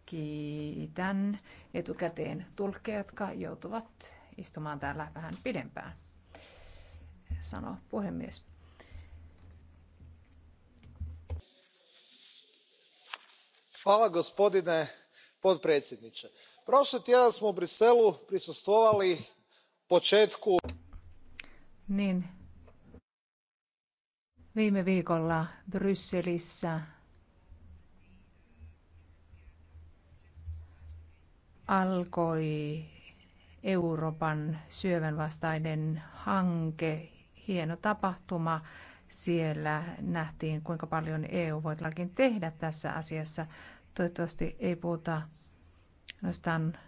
kiitän etukäteen tulkkeja, jotka joutuvat istumaan täällä vähän pidempään, sanoo puhemies. Hvala gospodine podpredsjedniče. Prošli tjedan smo u Briselu prisustovali početku... Niin. Viime viikolla Brysselissä alkoi Euroopan syövän vastainen hanke, hieno tapahtuma. Siellä nähtiin, kuinka paljon EU voi lakin tehdä tässä asiassa. Toivottavasti ei puhuta nostan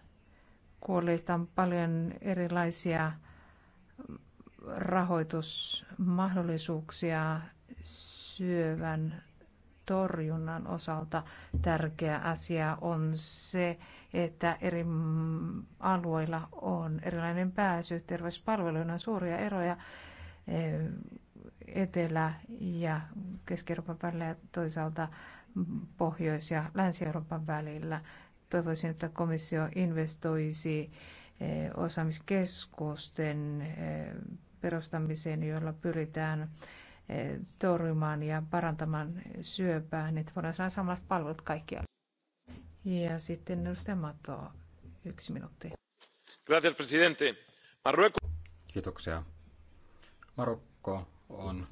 kuolleista on paljon erilaisia rahoitusmahdollisuuksia syövän torjunnan osalta tärkeä asia on se, että eri alueilla on erilainen pääsy terveyspalveluihin on suuria eroja eh, Etelä- ja Keski-Euroopan välillä ja toisaalta Pohjois- ja Länsi-Euroopan välillä. Toivoisin, että komissio investoisi eh, osaamiskeskusten eh, perustamiseen, joilla pyritään torjumaan ja parantamaan syöpää, niin että voidaan saada samanlaiset palvelut kaikkialla. Ja sitten edustaja Mato, yksi minuutti. Gracias, presidente. Marruecos... Kiitoksia. Marokko on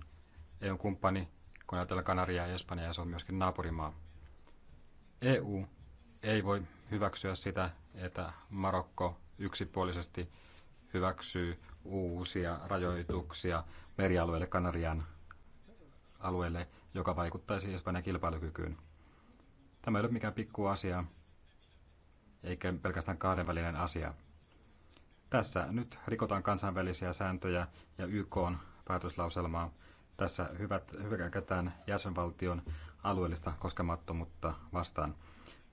eu kumppani, kun ajatellaan Kanaria ja Espanjaa, ja se on myöskin naapurimaa. EU ei voi hyväksyä sitä, että Marokko yksipuolisesti hyväksyy uusia rajoituksia merialueelle Kanarian alueelle, joka vaikuttaisi Espanjan kilpailukykyyn. Tämä ei ole mikään pikku asia, eikä pelkästään kahdenvälinen asia. Tässä nyt rikotaan kansainvälisiä sääntöjä ja YK on päätöslauselmaa. Tässä hyvät, hyväkätään jäsenvaltion alueellista koskemattomuutta vastaan.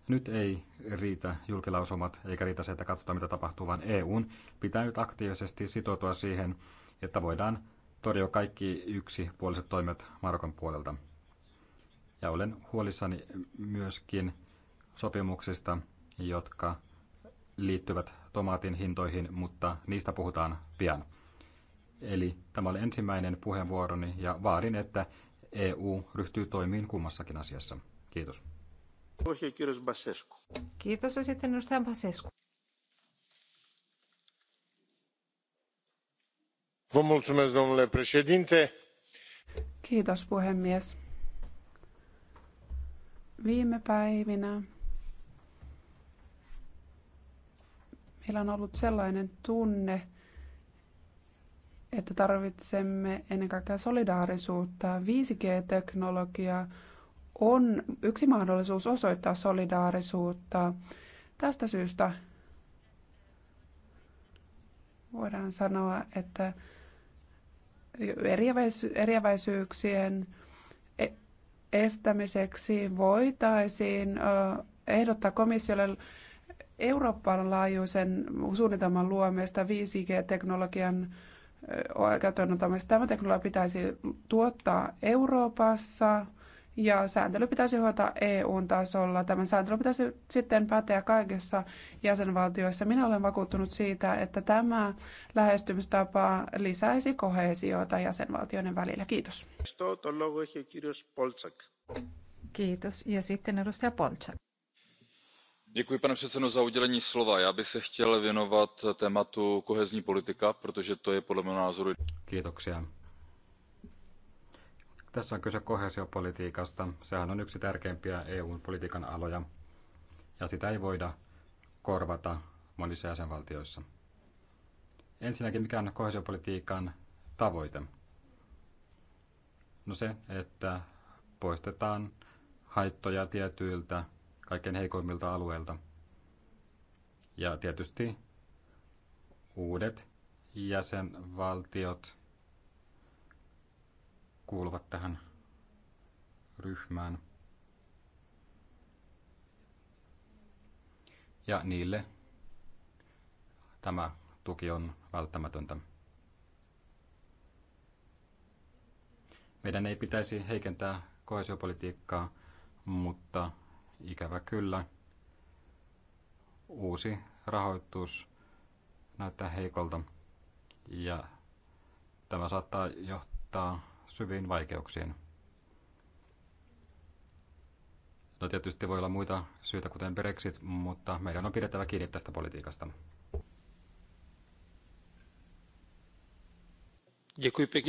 Nyt ei riitä julkilausumat eikä riitä se, että katsotaan mitä tapahtuu, vaan EUn pitää nyt aktiivisesti sitoutua siihen, että voidaan torjua kaikki yksipuoliset toimet Marokon puolelta. Ja olen huolissani myöskin sopimuksista, jotka liittyvät tomaatin hintoihin, mutta niistä puhutaan pian. Eli tämä oli ensimmäinen puheenvuoroni ja vaadin, että EU ryhtyy toimiin kummassakin asiassa. Kiitos. Kiitos ja sitten edustaja Basescu. domnule Kiitos puhemies. Viime päivinä meillä on ollut sellainen tunne, että tarvitsemme ennen kaikkea solidaarisuutta. 5G-teknologia on yksi mahdollisuus osoittaa solidaarisuutta. Tästä syystä voidaan sanoa, että eriäväisyyksien e- estämiseksi voitaisiin ehdottaa komissiolle Euroopan laajuisen suunnitelman luomista 5G-teknologian käyttöönottamista. Tämä teknologia pitäisi tuottaa Euroopassa ja sääntely pitäisi hoitaa EU-tasolla. Tämän sääntely pitäisi sitten päteä kaikissa jäsenvaltioissa. Minä olen vakuuttunut siitä, että tämä lähestymistapa lisäisi kohesiota jäsenvaltioiden välillä. Kiitos. Kiitos. Ja sitten edustaja Polčak. Děkuji, pane předsedo, za udělení slova. Já bych se chtěl věnovat tématu kohezní politika, protože to je podle mého názoru. Kiitoksia tässä on kyse kohesiopolitiikasta. Sehän on yksi tärkeimpiä EU-politiikan aloja, ja sitä ei voida korvata monissa jäsenvaltioissa. Ensinnäkin mikä on kohesiopolitiikan tavoite? No se, että poistetaan haittoja tietyiltä kaikkein heikoimmilta alueilta. Ja tietysti uudet jäsenvaltiot kuuluvat tähän ryhmään. Ja niille tämä tuki on välttämätöntä. Meidän ei pitäisi heikentää koesiopolitiikkaa, mutta ikävä kyllä uusi rahoitus näyttää heikolta ja tämä saattaa johtaa syviin vaikeuksiin. No tietysti voi olla muita syitä, kuten Brexit, mutta meidän on pidettävä kiinni tästä politiikasta.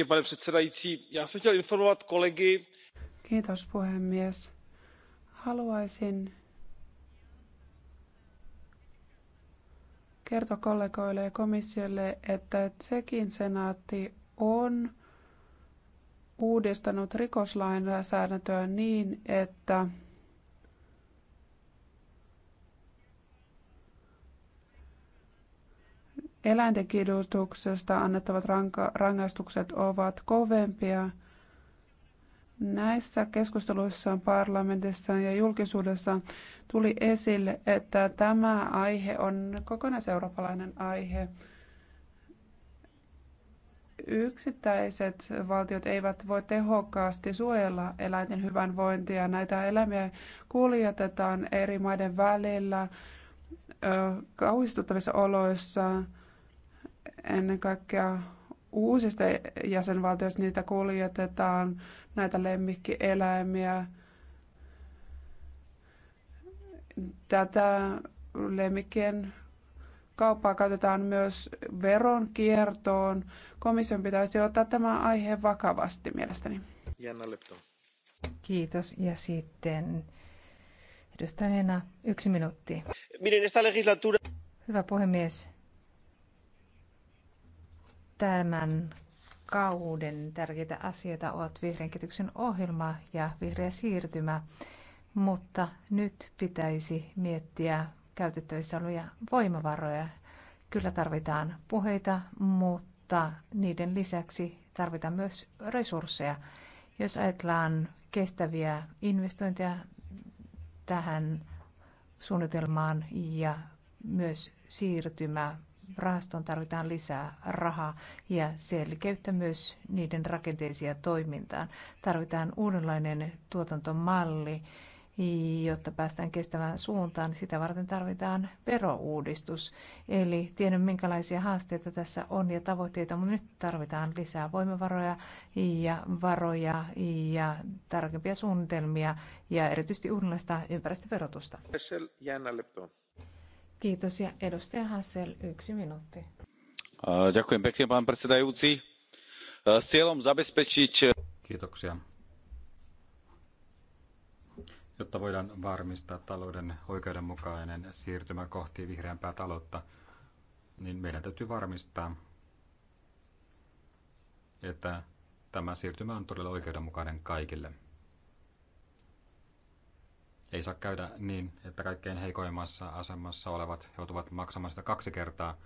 pane předsedající já jsem chtěl informovat kolegy Kiitos puhemies. Haluaisin kertoa kollegoille ja komissiolle, että Tsekin senaatti on uudistanut rikoslainsäädäntöä niin, että eläinten kidutuksesta annettavat rangaistukset ovat kovempia. Näissä keskusteluissa parlamentissa ja julkisuudessa tuli esille, että tämä aihe on kokonaiseurooppalainen aihe yksittäiset valtiot eivät voi tehokkaasti suojella eläinten hyvinvointia. Näitä eläimiä kuljetetaan eri maiden välillä kauhistuttavissa oloissa. Ennen kaikkea uusista jäsenvaltioista niitä kuljetetaan, näitä lemmikkieläimiä. Tätä lemmikkien kauppaa käytetään myös veronkiertoon. Komission pitäisi ottaa tämä aihe vakavasti mielestäni. Kiitos. Ja sitten Nena, yksi minuutti. Hyvä puhemies. Tämän kauden tärkeitä asioita ovat vihreän kehityksen ohjelma ja vihreä siirtymä, mutta nyt pitäisi miettiä käytettävissä olevia voimavaroja. Kyllä tarvitaan puheita, mutta niiden lisäksi tarvitaan myös resursseja. Jos ajatellaan kestäviä investointeja tähän suunnitelmaan ja myös siirtymää rahastoon tarvitaan lisää rahaa ja selkeyttä myös niiden rakenteisia toimintaan. Tarvitaan uudenlainen tuotantomalli, jotta päästään kestävään suuntaan. Niin sitä varten tarvitaan verouudistus. Eli tiedän, minkälaisia haasteita tässä on ja tavoitteita, mutta nyt tarvitaan lisää voimavaroja ja varoja ja tarkempia suunnitelmia ja erityisesti uudenlaista ympäristöverotusta. Kiitos ja edustaja Hassel, yksi minuutti. Ďakujem pekne, pán predsedajúci. S Kiitoksia, jotta voidaan varmistaa talouden oikeudenmukainen siirtymä kohti vihreämpää taloutta, niin meidän täytyy varmistaa, että tämä siirtymä on todella oikeudenmukainen kaikille. Ei saa käydä niin, että kaikkein heikoimmassa asemassa olevat joutuvat maksamaan sitä kaksi kertaa.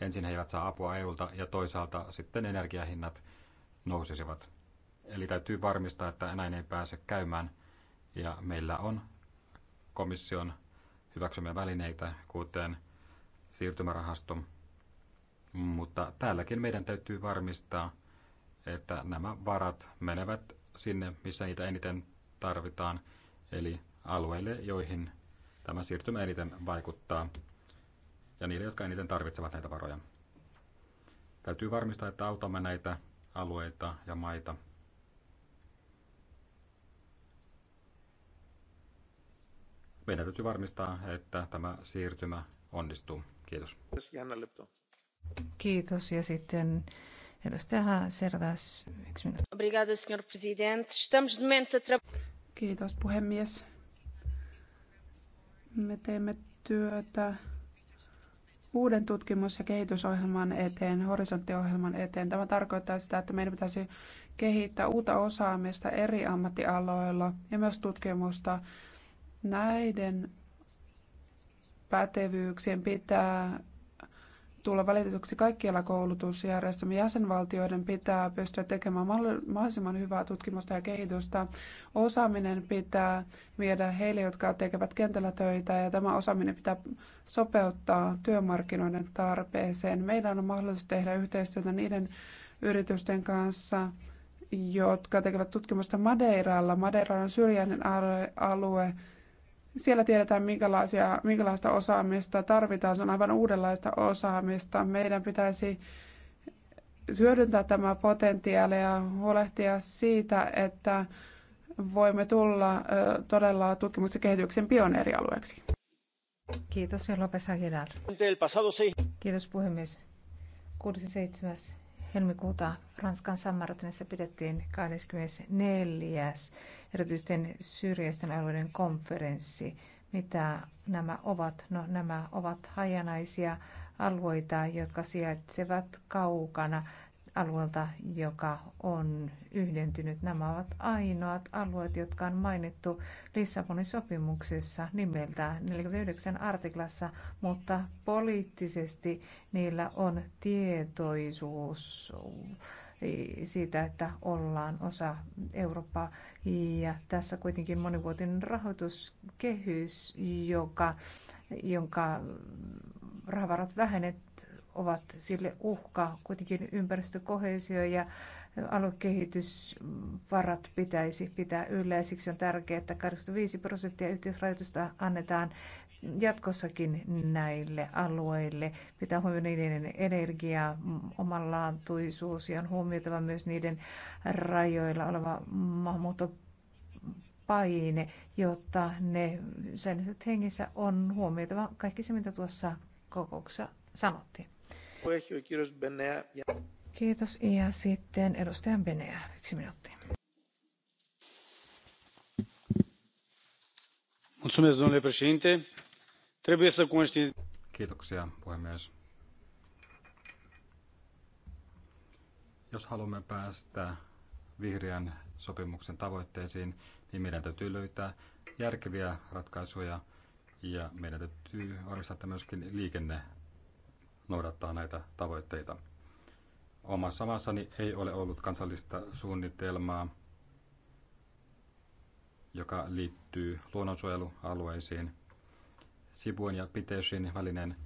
Ensin he eivät saa apua EUlta ja toisaalta sitten energiahinnat nousisivat. Eli täytyy varmistaa, että näin ei pääse käymään – ja meillä on komission hyväksymiä välineitä, kuten siirtymärahasto. Mutta täälläkin meidän täytyy varmistaa, että nämä varat menevät sinne, missä niitä eniten tarvitaan, eli alueille, joihin tämä siirtymä eniten vaikuttaa, ja niille, jotka eniten tarvitsevat näitä varoja. Täytyy varmistaa, että autamme näitä alueita ja maita meidän täytyy varmistaa, että tämä siirtymä onnistuu. Kiitos. Kiitos ja sitten edustaja Serdas, Obrigada, senhor presidente. Estamos de momento Kiitos puhemies. Me teemme työtä uuden tutkimus- ja kehitysohjelman eteen, horisonttiohjelman eteen. Tämä tarkoittaa sitä, että meidän pitäisi kehittää uutta osaamista eri ammattialoilla ja myös tutkimusta Näiden pätevyyksien pitää tulla valitetuksi kaikkialla koulutusjärjestelmän jäsenvaltioiden pitää pystyä tekemään mahdollisimman hyvää tutkimusta ja kehitystä. Osaaminen pitää viedä heille, jotka tekevät kentällä töitä, ja tämä osaaminen pitää sopeuttaa työmarkkinoiden tarpeeseen. Meidän on mahdollista tehdä yhteistyötä niiden yritysten kanssa, jotka tekevät tutkimusta Madeiralla. Madeira on syrjäinen alue, siellä tiedetään, minkälaisia, minkälaista osaamista tarvitaan. Se on aivan uudenlaista osaamista. Meidän pitäisi hyödyntää tämä potentiaali ja huolehtia siitä, että voimme tulla todella tutkimus- ja kehityksen pioneerialueeksi. Kiitos ja Lopes Aguilar. Kiitos puhemies. 6.7 helmikuuta Ranskan San pidettiin 24. erityisten syrjäisten alueiden konferenssi. Mitä nämä ovat? No, nämä ovat hajanaisia alueita, jotka sijaitsevat kaukana alueelta, joka on yhdentynyt. Nämä ovat ainoat alueet, jotka on mainittu Lissabonin sopimuksessa nimeltä 49 artiklassa, mutta poliittisesti niillä on tietoisuus siitä, että ollaan osa Eurooppaa. Ja tässä kuitenkin monivuotinen rahoituskehys, joka, jonka rahavarat vähenet, ovat sille uhka. Kuitenkin ympäristökohesio ja aluekehitysvarat pitäisi pitää yllä ja siksi on tärkeää, että 85 prosenttia yhteisrajoitusta annetaan jatkossakin näille alueille. Pitää huomioida niiden energia, omanlaantuisuus ja on huomioitava myös niiden rajoilla oleva maahanmuutto paine, jotta ne sen hengissä on huomioitava kaikki se, mitä tuossa kokouksessa sanottiin. Kiitos. Ja sitten edustajan Beneä. Yksi minuutti. Mulțumesc, domnule președinte. Trebuie să Kiitoksia, puhemies. Jos haluamme päästä vihreän sopimuksen tavoitteisiin, niin meidän täytyy löytää järkeviä ratkaisuja ja meidän täytyy varmistaa, että myöskin liikenne noudattaa näitä tavoitteita. Omassa maassani ei ole ollut kansallista suunnitelmaa, joka liittyy luonnonsuojelualueisiin. Sibuen ja Piteshin välinen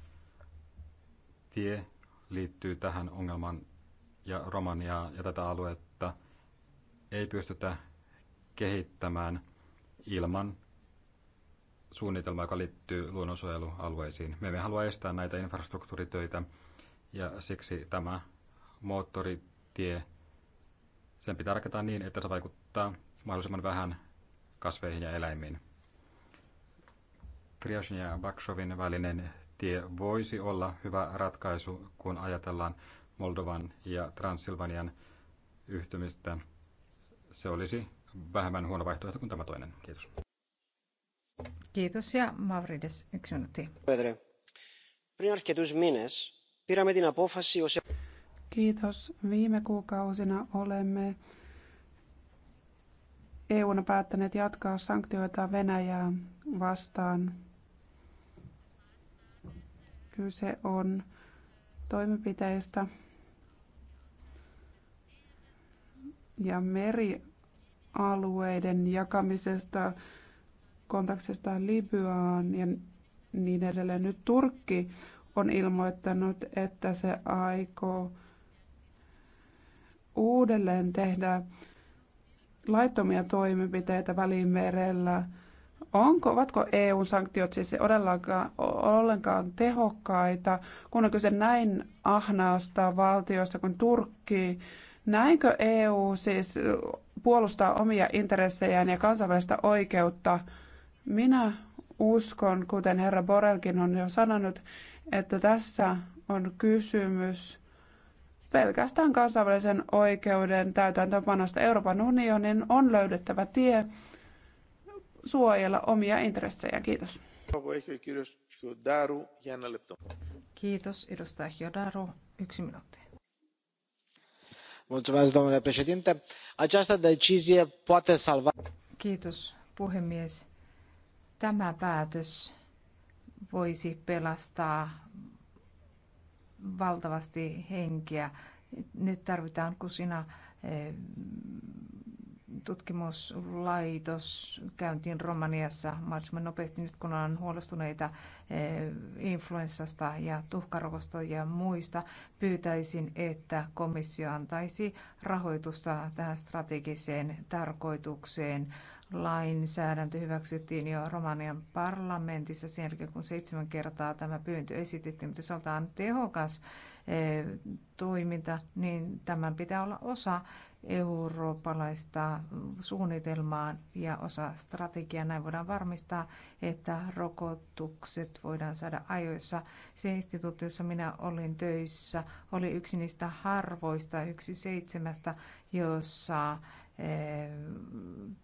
tie liittyy tähän ongelmaan ja Romaniaa ja tätä aluetta ei pystytä kehittämään ilman suunnitelma, joka liittyy luonnonsuojelualueisiin. Me emme halua estää näitä infrastruktuuritöitä ja siksi tämä moottoritie, sen pitää rakentaa niin, että se vaikuttaa mahdollisimman vähän kasveihin ja eläimiin. Triashin ja Bakshovin välinen tie voisi olla hyvä ratkaisu, kun ajatellaan Moldovan ja Transilvanian yhtymistä. Se olisi vähemmän huono vaihtoehto kuin tämä toinen. Kiitos. Kiitos ja Mavrides, yksi minuutti. Kiitos. Viime kuukausina olemme EUna päättäneet jatkaa sanktioita Venäjää vastaan. Kyse on toimenpiteistä ja merialueiden jakamisesta kontaksistaan Libyaan ja niin edelleen. Nyt Turkki on ilmoittanut, että se aikoo uudelleen tehdä laittomia toimenpiteitä Välimerellä. Onko, ovatko EU-sanktiot siis ollenkaan tehokkaita, kun on kyse näin ahnaasta valtiosta kuin Turkki? Näinkö EU siis puolustaa omia intressejään ja kansainvälistä oikeutta? Minä uskon, kuten herra Borelkin on jo sanonut, että tässä on kysymys pelkästään kansainvälisen oikeuden täytäntöönpanosta. Euroopan unionin on löydettävä tie suojella omia intressejä. Kiitos. Kiitos, edustaja Hiodaru. Yksi minuutti. Mulțumesc, domnule președinte. Această decizie poate salva... Kiitos, puhemies Tämä päätös voisi pelastaa valtavasti henkiä. Nyt tarvitaan kusina eh, tutkimuslaitos käyntiin Romaniassa mahdollisimman nopeasti nyt, kun on huolestuneita eh, influenssasta ja tuhkarokosta ja muista. Pyytäisin, että komissio antaisi rahoitusta tähän strategiseen tarkoitukseen lainsäädäntö hyväksyttiin jo Romanian parlamentissa sen jälkeen, kun seitsemän kertaa tämä pyyntö esitettiin, mutta se on tehokas eh, toiminta, niin tämän pitää olla osa eurooppalaista suunnitelmaa ja osa strategiaa. Näin voidaan varmistaa, että rokotukset voidaan saada ajoissa. Se instituutti, jossa minä olin töissä, oli yksi niistä harvoista, yksi seitsemästä, jossa Eh,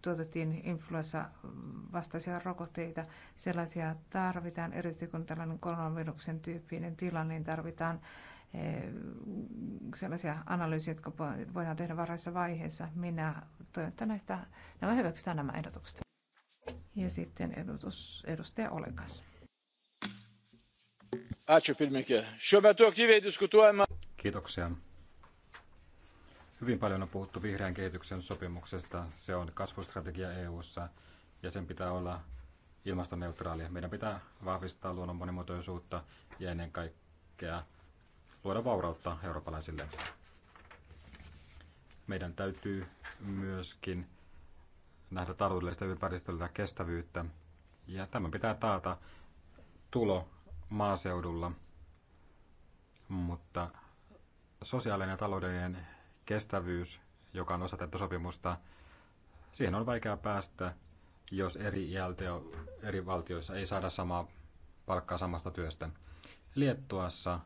tuotettiin influenssavastaisia vastaisia rokotteita. Sellaisia tarvitaan, erityisesti kun tällainen koronaviruksen tyyppinen tilanne, niin tarvitaan eh, sellaisia analyysiä, jotka voidaan tehdä varhaisessa vaiheessa. Minä toivon, että näistä, nämä hyväksytään nämä ehdotukset. Ja sitten edustus, edustaja Olekas. Ačiū pirmininkė. Šiuo metu aktyviai diskutuojama. Kiitoksia. Hyvin paljon on puhuttu vihreän kehityksen sopimuksesta. Se on kasvustrategia EU:ssa ja sen pitää olla ilmastoneutraali. Meidän pitää vahvistaa luonnon monimuotoisuutta ja ennen kaikkea luoda vaurautta eurooppalaisille. Meidän täytyy myöskin nähdä taloudellista ympäristöllä kestävyyttä ja tämä pitää taata tulo maaseudulla, mutta sosiaalinen ja taloudellinen kestävyys, joka on osa tätä sopimusta, siihen on vaikea päästä, jos eri, ILT, eri valtioissa ei saada samaa palkkaa samasta työstä. Liettuassa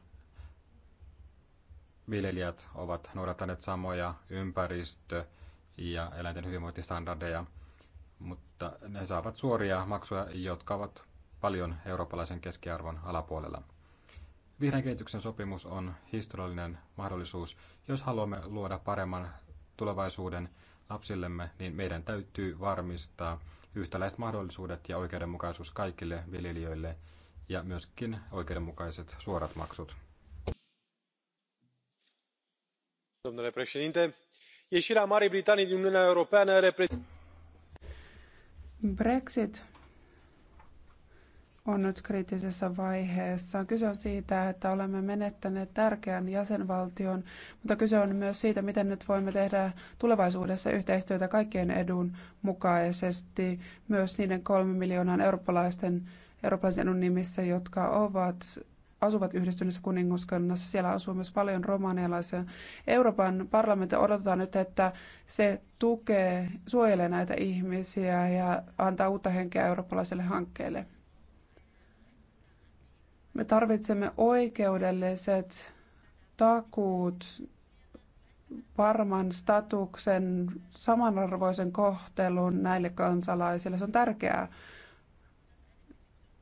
viljelijät ovat noudattaneet samoja ympäristö- ja eläinten hyvinvointistandardeja, mutta ne saavat suoria maksuja, jotka ovat paljon eurooppalaisen keskiarvon alapuolella. Vihreän kehityksen sopimus on historiallinen mahdollisuus. Jos haluamme luoda paremman tulevaisuuden lapsillemme, niin meidän täytyy varmistaa yhtäläiset mahdollisuudet ja oikeudenmukaisuus kaikille viljelijöille ja myöskin oikeudenmukaiset suorat maksut. Domnule președinte, ieșirea Marii Britanii din Uniunea Europeană Brexit on nyt kriittisessä vaiheessa. Kyse on siitä, että olemme menettäneet tärkeän jäsenvaltion, mutta kyse on myös siitä, miten nyt voimme tehdä tulevaisuudessa yhteistyötä kaikkien edun mukaisesti, myös niiden kolmen miljoonan eurooppalaisten, eurooppalaisen edun nimissä, jotka ovat asuvat yhdistyneessä kuningaskunnassa. Siellä asuu myös paljon romanialaisia. Euroopan parlamentti odotetaan nyt, että se tukee, suojelee näitä ihmisiä ja antaa uutta henkeä eurooppalaiselle hankkeelle. Me tarvitsemme oikeudelliset takuut, varman statuksen, samanarvoisen kohtelun näille kansalaisille. Se on tärkeää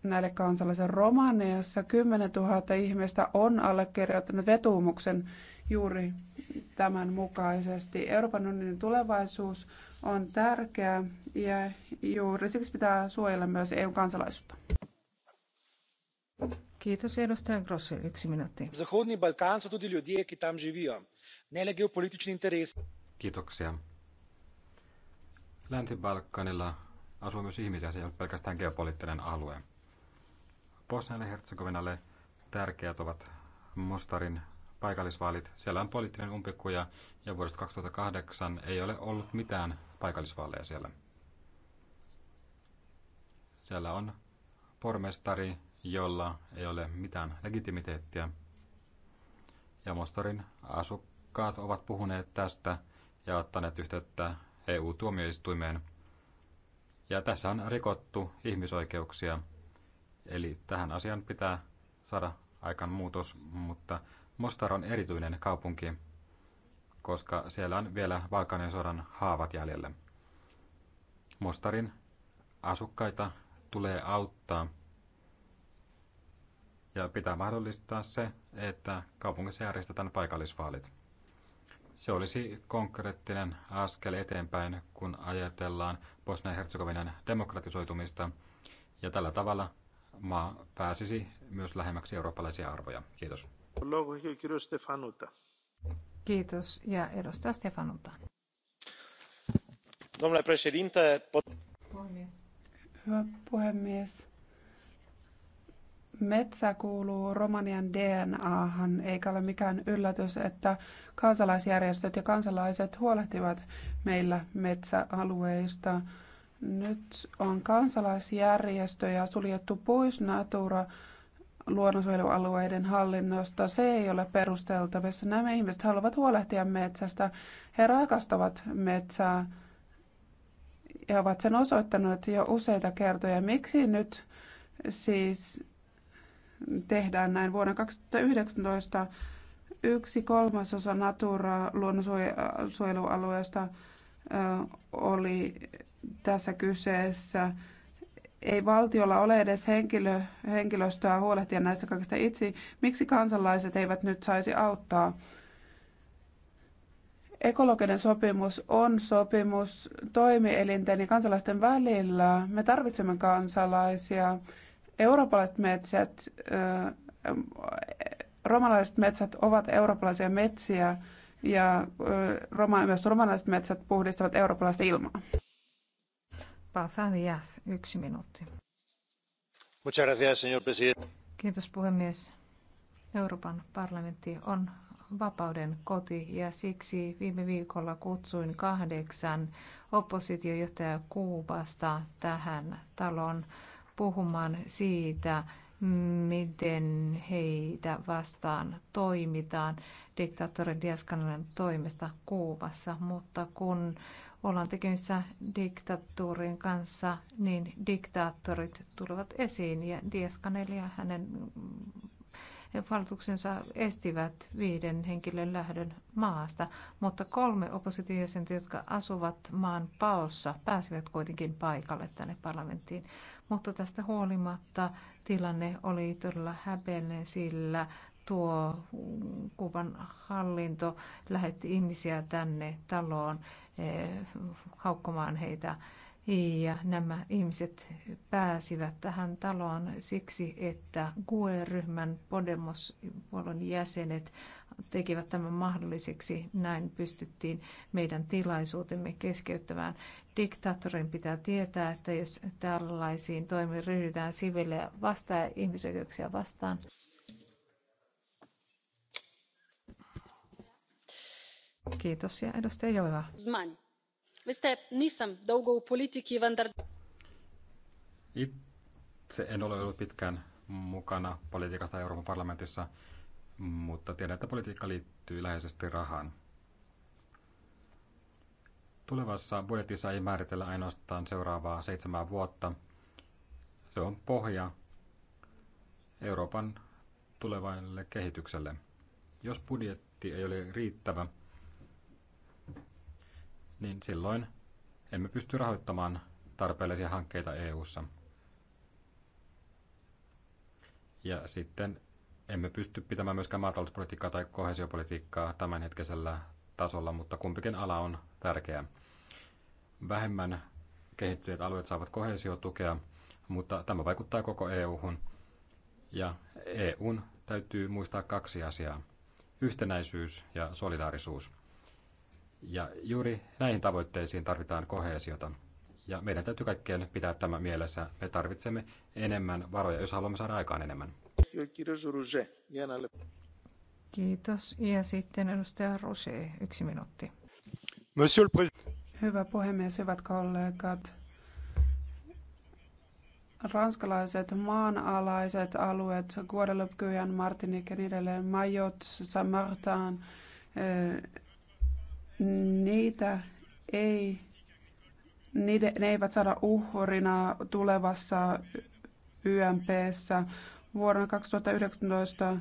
näille kansalaisille. Romaniassa 10 000 ihmistä on allekirjoittanut vetuumuksen juuri tämän mukaisesti. Euroopan unionin tulevaisuus on tärkeä ja juuri siksi pitää suojella myös EU-kansalaisuutta. Kiitos edustaja Grossi, yksi minuutti. Zahodni Balkan on tudi ljudje, ki tam živijo. interes. Kiitoksia. Länsi-Balkanilla asuu myös ihmisiä, se ei ole pelkästään geopoliittinen alue. Bosnian ja Herzegovinalle tärkeät ovat Mostarin paikallisvaalit. Siellä on poliittinen umpikuja ja vuodesta 2008 ei ole ollut mitään paikallisvaaleja siellä. Siellä on pormestari, jolla ei ole mitään legitimiteettiä. Ja Mostarin asukkaat ovat puhuneet tästä ja ottaneet yhteyttä EU-tuomioistuimeen. Ja tässä on rikottu ihmisoikeuksia. Eli tähän asian pitää saada aikaan muutos, mutta Mostar on erityinen kaupunki, koska siellä on vielä Balkanin sodan haavat jäljelle. Mostarin asukkaita tulee auttaa – ja pitää mahdollistaa se, että kaupungissa järjestetään paikallisvaalit. Se olisi konkreettinen askel eteenpäin, kun ajatellaan Bosnia-Herzegovinan demokratisoitumista, ja tällä tavalla maa pääsisi myös lähemmäksi eurooppalaisia arvoja. Kiitos. Kiitos ja edustaja Stefanuta. Domnule președinte, pot... puhemies. Hyvä puhemies. Metsä kuuluu Romanian DNAhan, eikä ole mikään yllätys, että kansalaisjärjestöt ja kansalaiset huolehtivat meillä metsäalueista. Nyt on kansalaisjärjestöjä suljettu pois Natura luonnonsuojelualueiden hallinnosta. Se ei ole perusteltavissa. Nämä ihmiset haluavat huolehtia metsästä. He rakastavat metsää ja ovat sen osoittaneet jo useita kertoja. Miksi nyt siis tehdään näin. Vuonna 2019 yksi kolmasosa Natura-luonnonsuojelualueesta oli tässä kyseessä. Ei valtiolla ole edes henkilö, henkilöstöä huolehtia näistä kaikista itse. Miksi kansalaiset eivät nyt saisi auttaa? Ekologinen sopimus on sopimus toimielinten ja kansalaisten välillä. Me tarvitsemme kansalaisia eurooppalaiset metsät, romalaiset metsät ovat eurooppalaisia metsiä ja roma, myös romalaiset metsät puhdistavat eurooppalaista ilmaa. Pasadias, yksi minuutti. Kiitos puhemies. Euroopan parlamentti on vapauden koti ja siksi viime viikolla kutsuin kahdeksan oppositiojohtajaa Kuubasta tähän taloon puhumaan siitä, miten heitä vastaan toimitaan diktaattori Diaskanalan toimesta Kuubassa, mutta kun ollaan tekemisissä diktatuurin kanssa, niin diktaattorit tulevat esiin ja Diaskanel ja hänen hallituksensa estivät viiden henkilön lähdön maasta, mutta kolme oppositiojäsentä, jotka asuvat maan paossa, pääsivät kuitenkin paikalle tänne parlamenttiin mutta tästä huolimatta tilanne oli todella häpeällinen, sillä tuo Kuuban hallinto lähetti ihmisiä tänne taloon eh, haukkomaan heitä. Ja nämä ihmiset pääsivät tähän taloon siksi, että GUE-ryhmän Podemos-puolueen jäsenet tekivät tämän mahdolliseksi. Näin pystyttiin meidän tilaisuutemme keskeyttämään. Diktaattorin pitää tietää, että jos tällaisiin toimiin ryhdytään siville vastaan ja ihmisoikeuksia vastaan, Kiitos ja edustaja Joila. Zman. Veste nisam daugo politiikki vendar... Itse en ole ollut pitkään mukana politiikasta Euroopan parlamentissa, mutta tiedän, että politiikka liittyy läheisesti rahaan. Tulevassa budjetissa ei määritellä ainoastaan seuraavaa seitsemää vuotta. Se on pohja Euroopan tulevalle kehitykselle. Jos budjetti ei ole riittävä, niin silloin emme pysty rahoittamaan tarpeellisia hankkeita EU:ssa. Ja sitten emme pysty pitämään myöskään maatalouspolitiikkaa tai kohesiopolitiikkaa tämänhetkisellä tasolla, mutta kumpikin ala on tärkeä. Vähemmän kehittyneet alueet saavat kohesiotukea, mutta tämä vaikuttaa koko EU-hun. Ja EUn täytyy muistaa kaksi asiaa, yhtenäisyys ja solidaarisuus. Ja juuri näihin tavoitteisiin tarvitaan kohesiota. Ja meidän täytyy kaikkien pitää tämä mielessä. Me tarvitsemme enemmän varoja, jos haluamme saada aikaan enemmän. Kiitos. Ja sitten edustaja Rose, yksi minuutti. Hyvä puhemies, hyvät kollegat. Ranskalaiset maanalaiset alueet, Guadeloupe, Martinique ja niin edelleen, Majot, Saint-Martin, eh, niitä ei, niiden, ne eivät saada uhrina tulevassa YMPssä vuonna 2019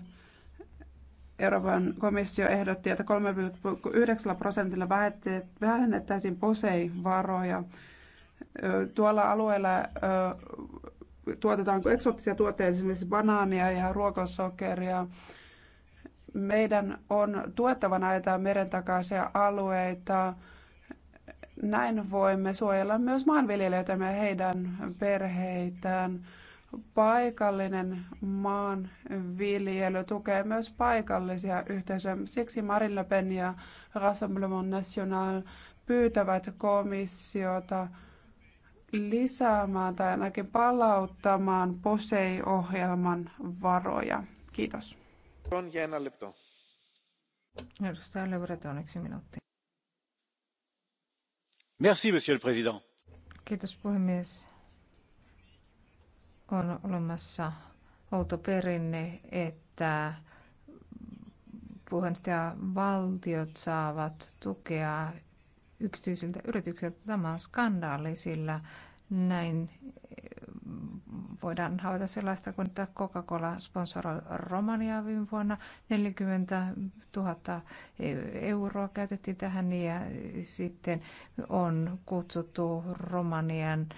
Euroopan komissio ehdotti, että 3,9 prosentilla vähennettäisiin POSEI-varoja. Tuolla alueella tuotetaan eksoottisia tuotteita, esimerkiksi banaania ja ruokosokeria. Meidän on tuettava näitä merentakaisia alueita. Näin voimme suojella myös maanviljelijöitä ja heidän perheitään paikallinen maanviljely tukee myös paikallisia yhteisöjä. Siksi Marine Le Pen ja Rassemblement National pyytävät komissiota lisäämään tai ainakin palauttamaan POSEI-ohjelman varoja. Kiitos. Edustaja Le yksi minuutti. Merci, monsieur le président. Kiitos puhemies on olemassa outo perinne, että valtiot saavat tukea yksityisiltä yrityksiltä. Tämä on skandaali, sillä näin voidaan havaita sellaista kuin, että Coca-Cola sponsoroi Romania viime vuonna. 40 000 euroa käytettiin tähän ja sitten on kutsuttu Romanian äh,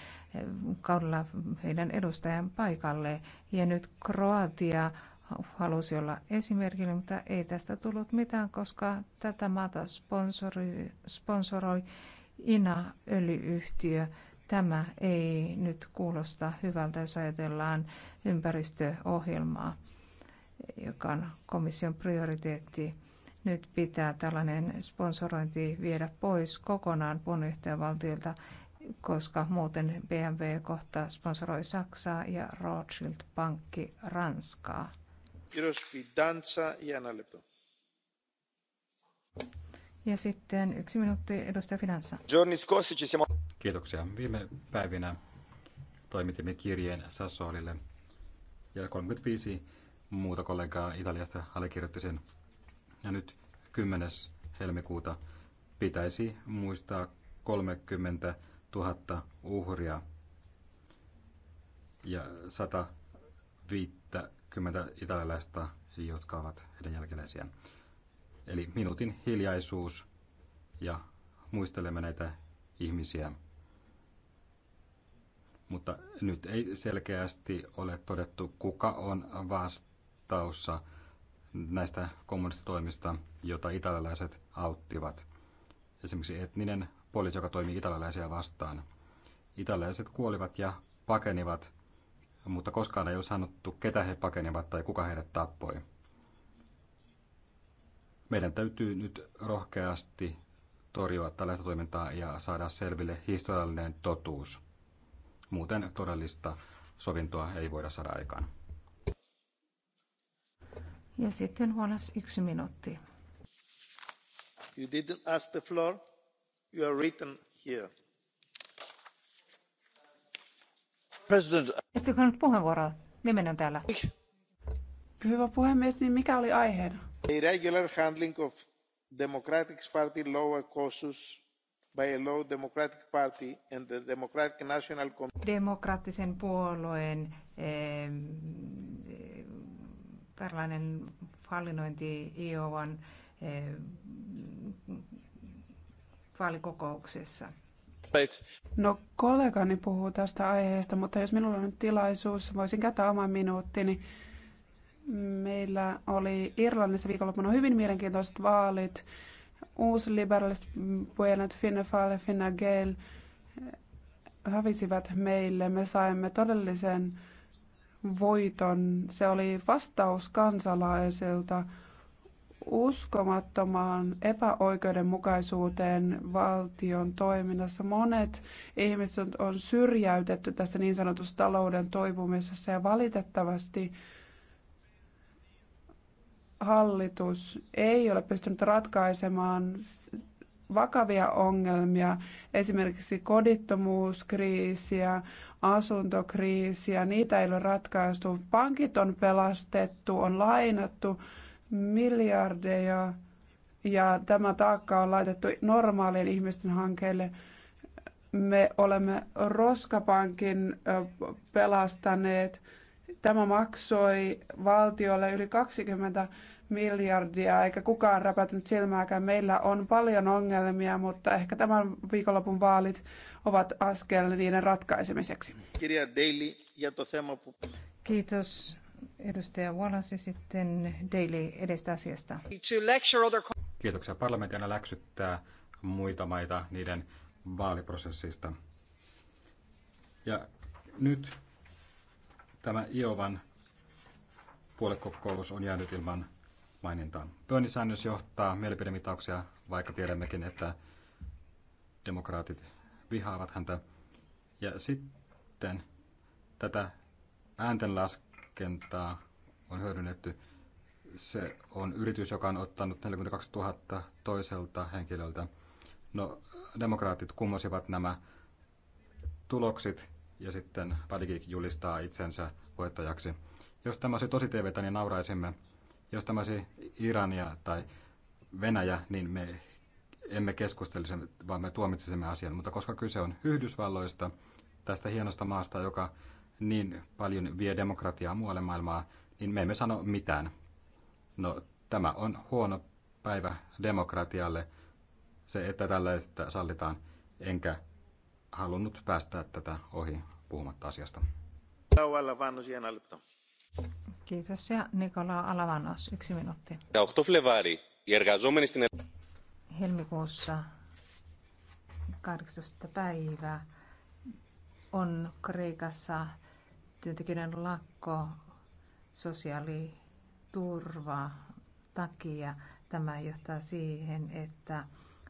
kaudella heidän edustajan paikalle. Ja nyt Kroatia halusi olla esimerkillä, mutta ei tästä tullut mitään, koska tätä maata sponsori, sponsoroi INA-öljyyhtiö. Tämä ei nyt kuulosta hyvältä, jos ajatellaan ympäristöohjelmaa, joka on komission prioriteetti. Nyt pitää tällainen sponsorointi viedä pois kokonaan puolueyhtiövaltiolta, koska muuten BMW kohta sponsoroi Saksaa ja Rothschild-pankki Ranskaa. Ja sitten yksi minuutti edustaja Finanssa. Kiitoksia. Viime päivinä toimitimme kirjeen Sassolille ja 35 muuta kollegaa Italiasta allekirjoitti sen. Ja nyt 10. helmikuuta pitäisi muistaa 30 tuhatta uhria ja 150 italialaista, jotka ovat heidän jälkeläisiään. Eli minuutin hiljaisuus ja muistelemme näitä ihmisiä. Mutta nyt ei selkeästi ole todettu, kuka on vastaussa näistä kommunistitoimista, joita italialaiset auttivat. Esimerkiksi etninen poliisi, joka toimi italialaisia vastaan. Italialaiset kuolivat ja pakenivat, mutta koskaan ei ole sanottu, ketä he pakenivat tai kuka heidät tappoi. Meidän täytyy nyt rohkeasti torjua tällaista toimintaa ja saada selville historiallinen totuus. Muuten todellista sovintoa ei voida saada aikaan. Ja sitten huonas yksi minuutti. You didn't ask the floor. You are täällä. Hyvä puhemies, niin mikä oli aiheena? Irregular handling of Democratic Party lower causes by a low Democratic Party and the Democratic National Demokraattisen puolueen eh, tällainen hallinnointi Iovan eh, vaalikokouksessa. No kollegani puhuu tästä aiheesta, mutta jos minulla on nyt tilaisuus, voisin käyttää oman minuuttini. Meillä oli Irlannissa viikonloppuna hyvin mielenkiintoiset vaalit. liberalist Buenet Fine Fale, Fine Gale eh, hävisivät meille. Me saimme todellisen voiton. Se oli vastaus kansalaisilta uskomattomaan epäoikeudenmukaisuuteen valtion toiminnassa. Monet ihmiset on syrjäytetty tässä niin sanotussa talouden toipumisessa ja valitettavasti hallitus ei ole pystynyt ratkaisemaan vakavia ongelmia, esimerkiksi kodittomuuskriisiä, asuntokriisiä, niitä ei ole ratkaistu. Pankit on pelastettu, on lainattu miljardeja ja tämä taakka on laitettu normaalien ihmisten hankkeille. Me olemme Roskapankin pelastaneet. Tämä maksoi valtiolle yli 20 miljardia, eikä kukaan räpätänyt silmääkään. Meillä on paljon ongelmia, mutta ehkä tämän viikonlopun vaalit ovat askel niiden ratkaisemiseksi. Kiitos Edustaja Wallace sitten Daily edestä asiasta. Kiitoksia. Parlamentti aina läksyttää muita maita niiden vaaliprosessista. Ja nyt tämä Iovan puolekokous on jäänyt ilman mainintaa. Bernie Sanders johtaa mielipidemitauksia, vaikka tiedämmekin, että demokraatit vihaavat häntä. Ja sitten tätä ääntenlaskua kenttää on hyödynnetty. Se on yritys, joka on ottanut 42 000 toiselta henkilöltä. No, demokraatit kummosivat nämä tulokset ja sitten Padigik julistaa itsensä voittajaksi. Jos tämä olisi tosi tv niin nauraisimme. Jos tämä olisi Irania tai Venäjä, niin me emme keskustelisi, vaan me tuomitsisimme asian. Mutta koska kyse on Yhdysvalloista, tästä hienosta maasta, joka niin paljon vie demokratiaa muualle maailmaa, niin me emme sano mitään. No, tämä on huono päivä demokratialle, se, että tällaista sallitaan, enkä halunnut päästä tätä ohi puhumatta asiasta. Kiitos ja Nikola Alavanos, yksi minuutti. Helmikuussa 18. päivä on Kreikassa työntekijöiden lakko sosiaaliturva takia. Tämä johtaa siihen, että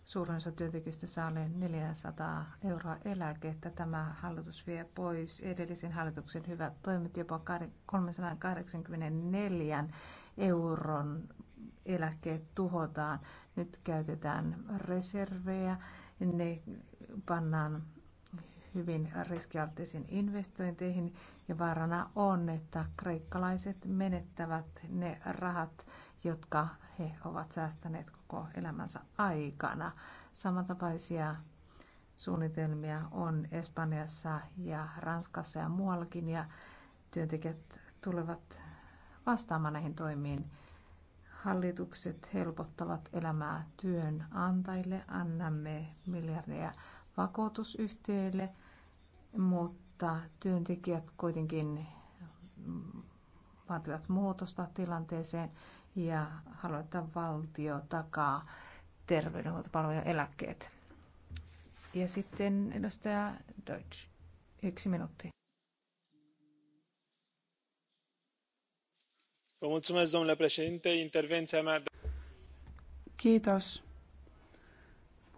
suurin osa työntekijöistä saa 400 euroa eläkettä. Tämä hallitus vie pois edellisen hallituksen hyvät toimet jopa 384 euron eläkkeet tuhotaan. Nyt käytetään reservejä, ne pannaan hyvin riskialttisiin investointeihin ja vaarana on, että kreikkalaiset menettävät ne rahat, jotka he ovat säästäneet koko elämänsä aikana. Samantapaisia suunnitelmia on Espanjassa ja Ranskassa ja muuallakin ja työntekijät tulevat vastaamaan näihin toimiin. Hallitukset helpottavat elämää työnantajille, annamme miljardeja vakuutusyhtiöille, mutta työntekijät kuitenkin vaativat muutosta tilanteeseen ja haluavat, että valtio takaa terveydenhuoltopalvelujen eläkkeet. Ja sitten edustaja Deutsch, yksi minuutti. Kiitos,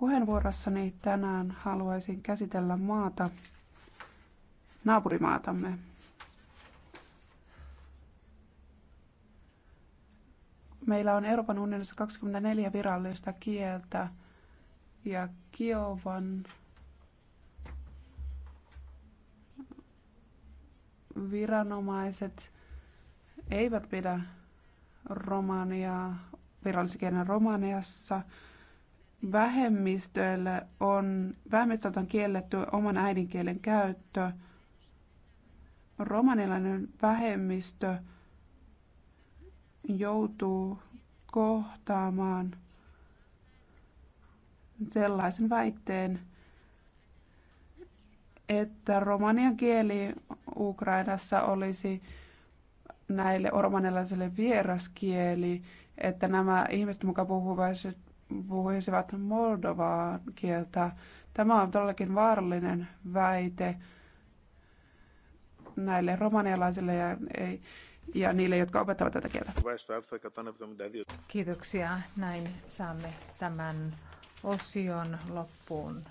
Puheenvuorossani tänään haluaisin käsitellä maata, naapurimaatamme. Meillä on Euroopan unionissa 24 virallista kieltä ja Kiovan viranomaiset eivät pidä romaniaa viralliskielen Romaniassa – vähemmistöille on, vähemmistöltä on kielletty oman äidinkielen käyttö. Romanilainen vähemmistö joutuu kohtaamaan sellaisen väitteen, että romanian kieli Ukrainassa olisi näille romanilaisille vieras kieli, että nämä ihmiset, jotka puhuvat puhuisivat Moldovaan kieltä. Tämä on todellakin vaarallinen väite näille romanialaisille ja, ei, ja niille, jotka opettavat tätä kieltä. Kiitoksia. Näin saamme tämän osion loppuun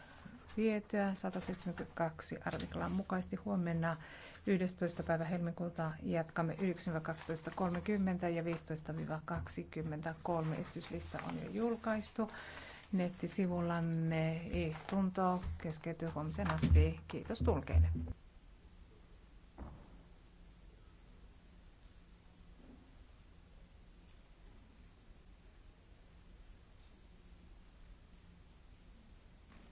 vietyä 172 artiklan mukaisesti huomenna 11. päivä helmikuuta jatkamme 9-12.30 ja 15-23. Esityslista on jo julkaistu nettisivullamme. Istunto keskeytyy huomisen asti. Kiitos tulkeille.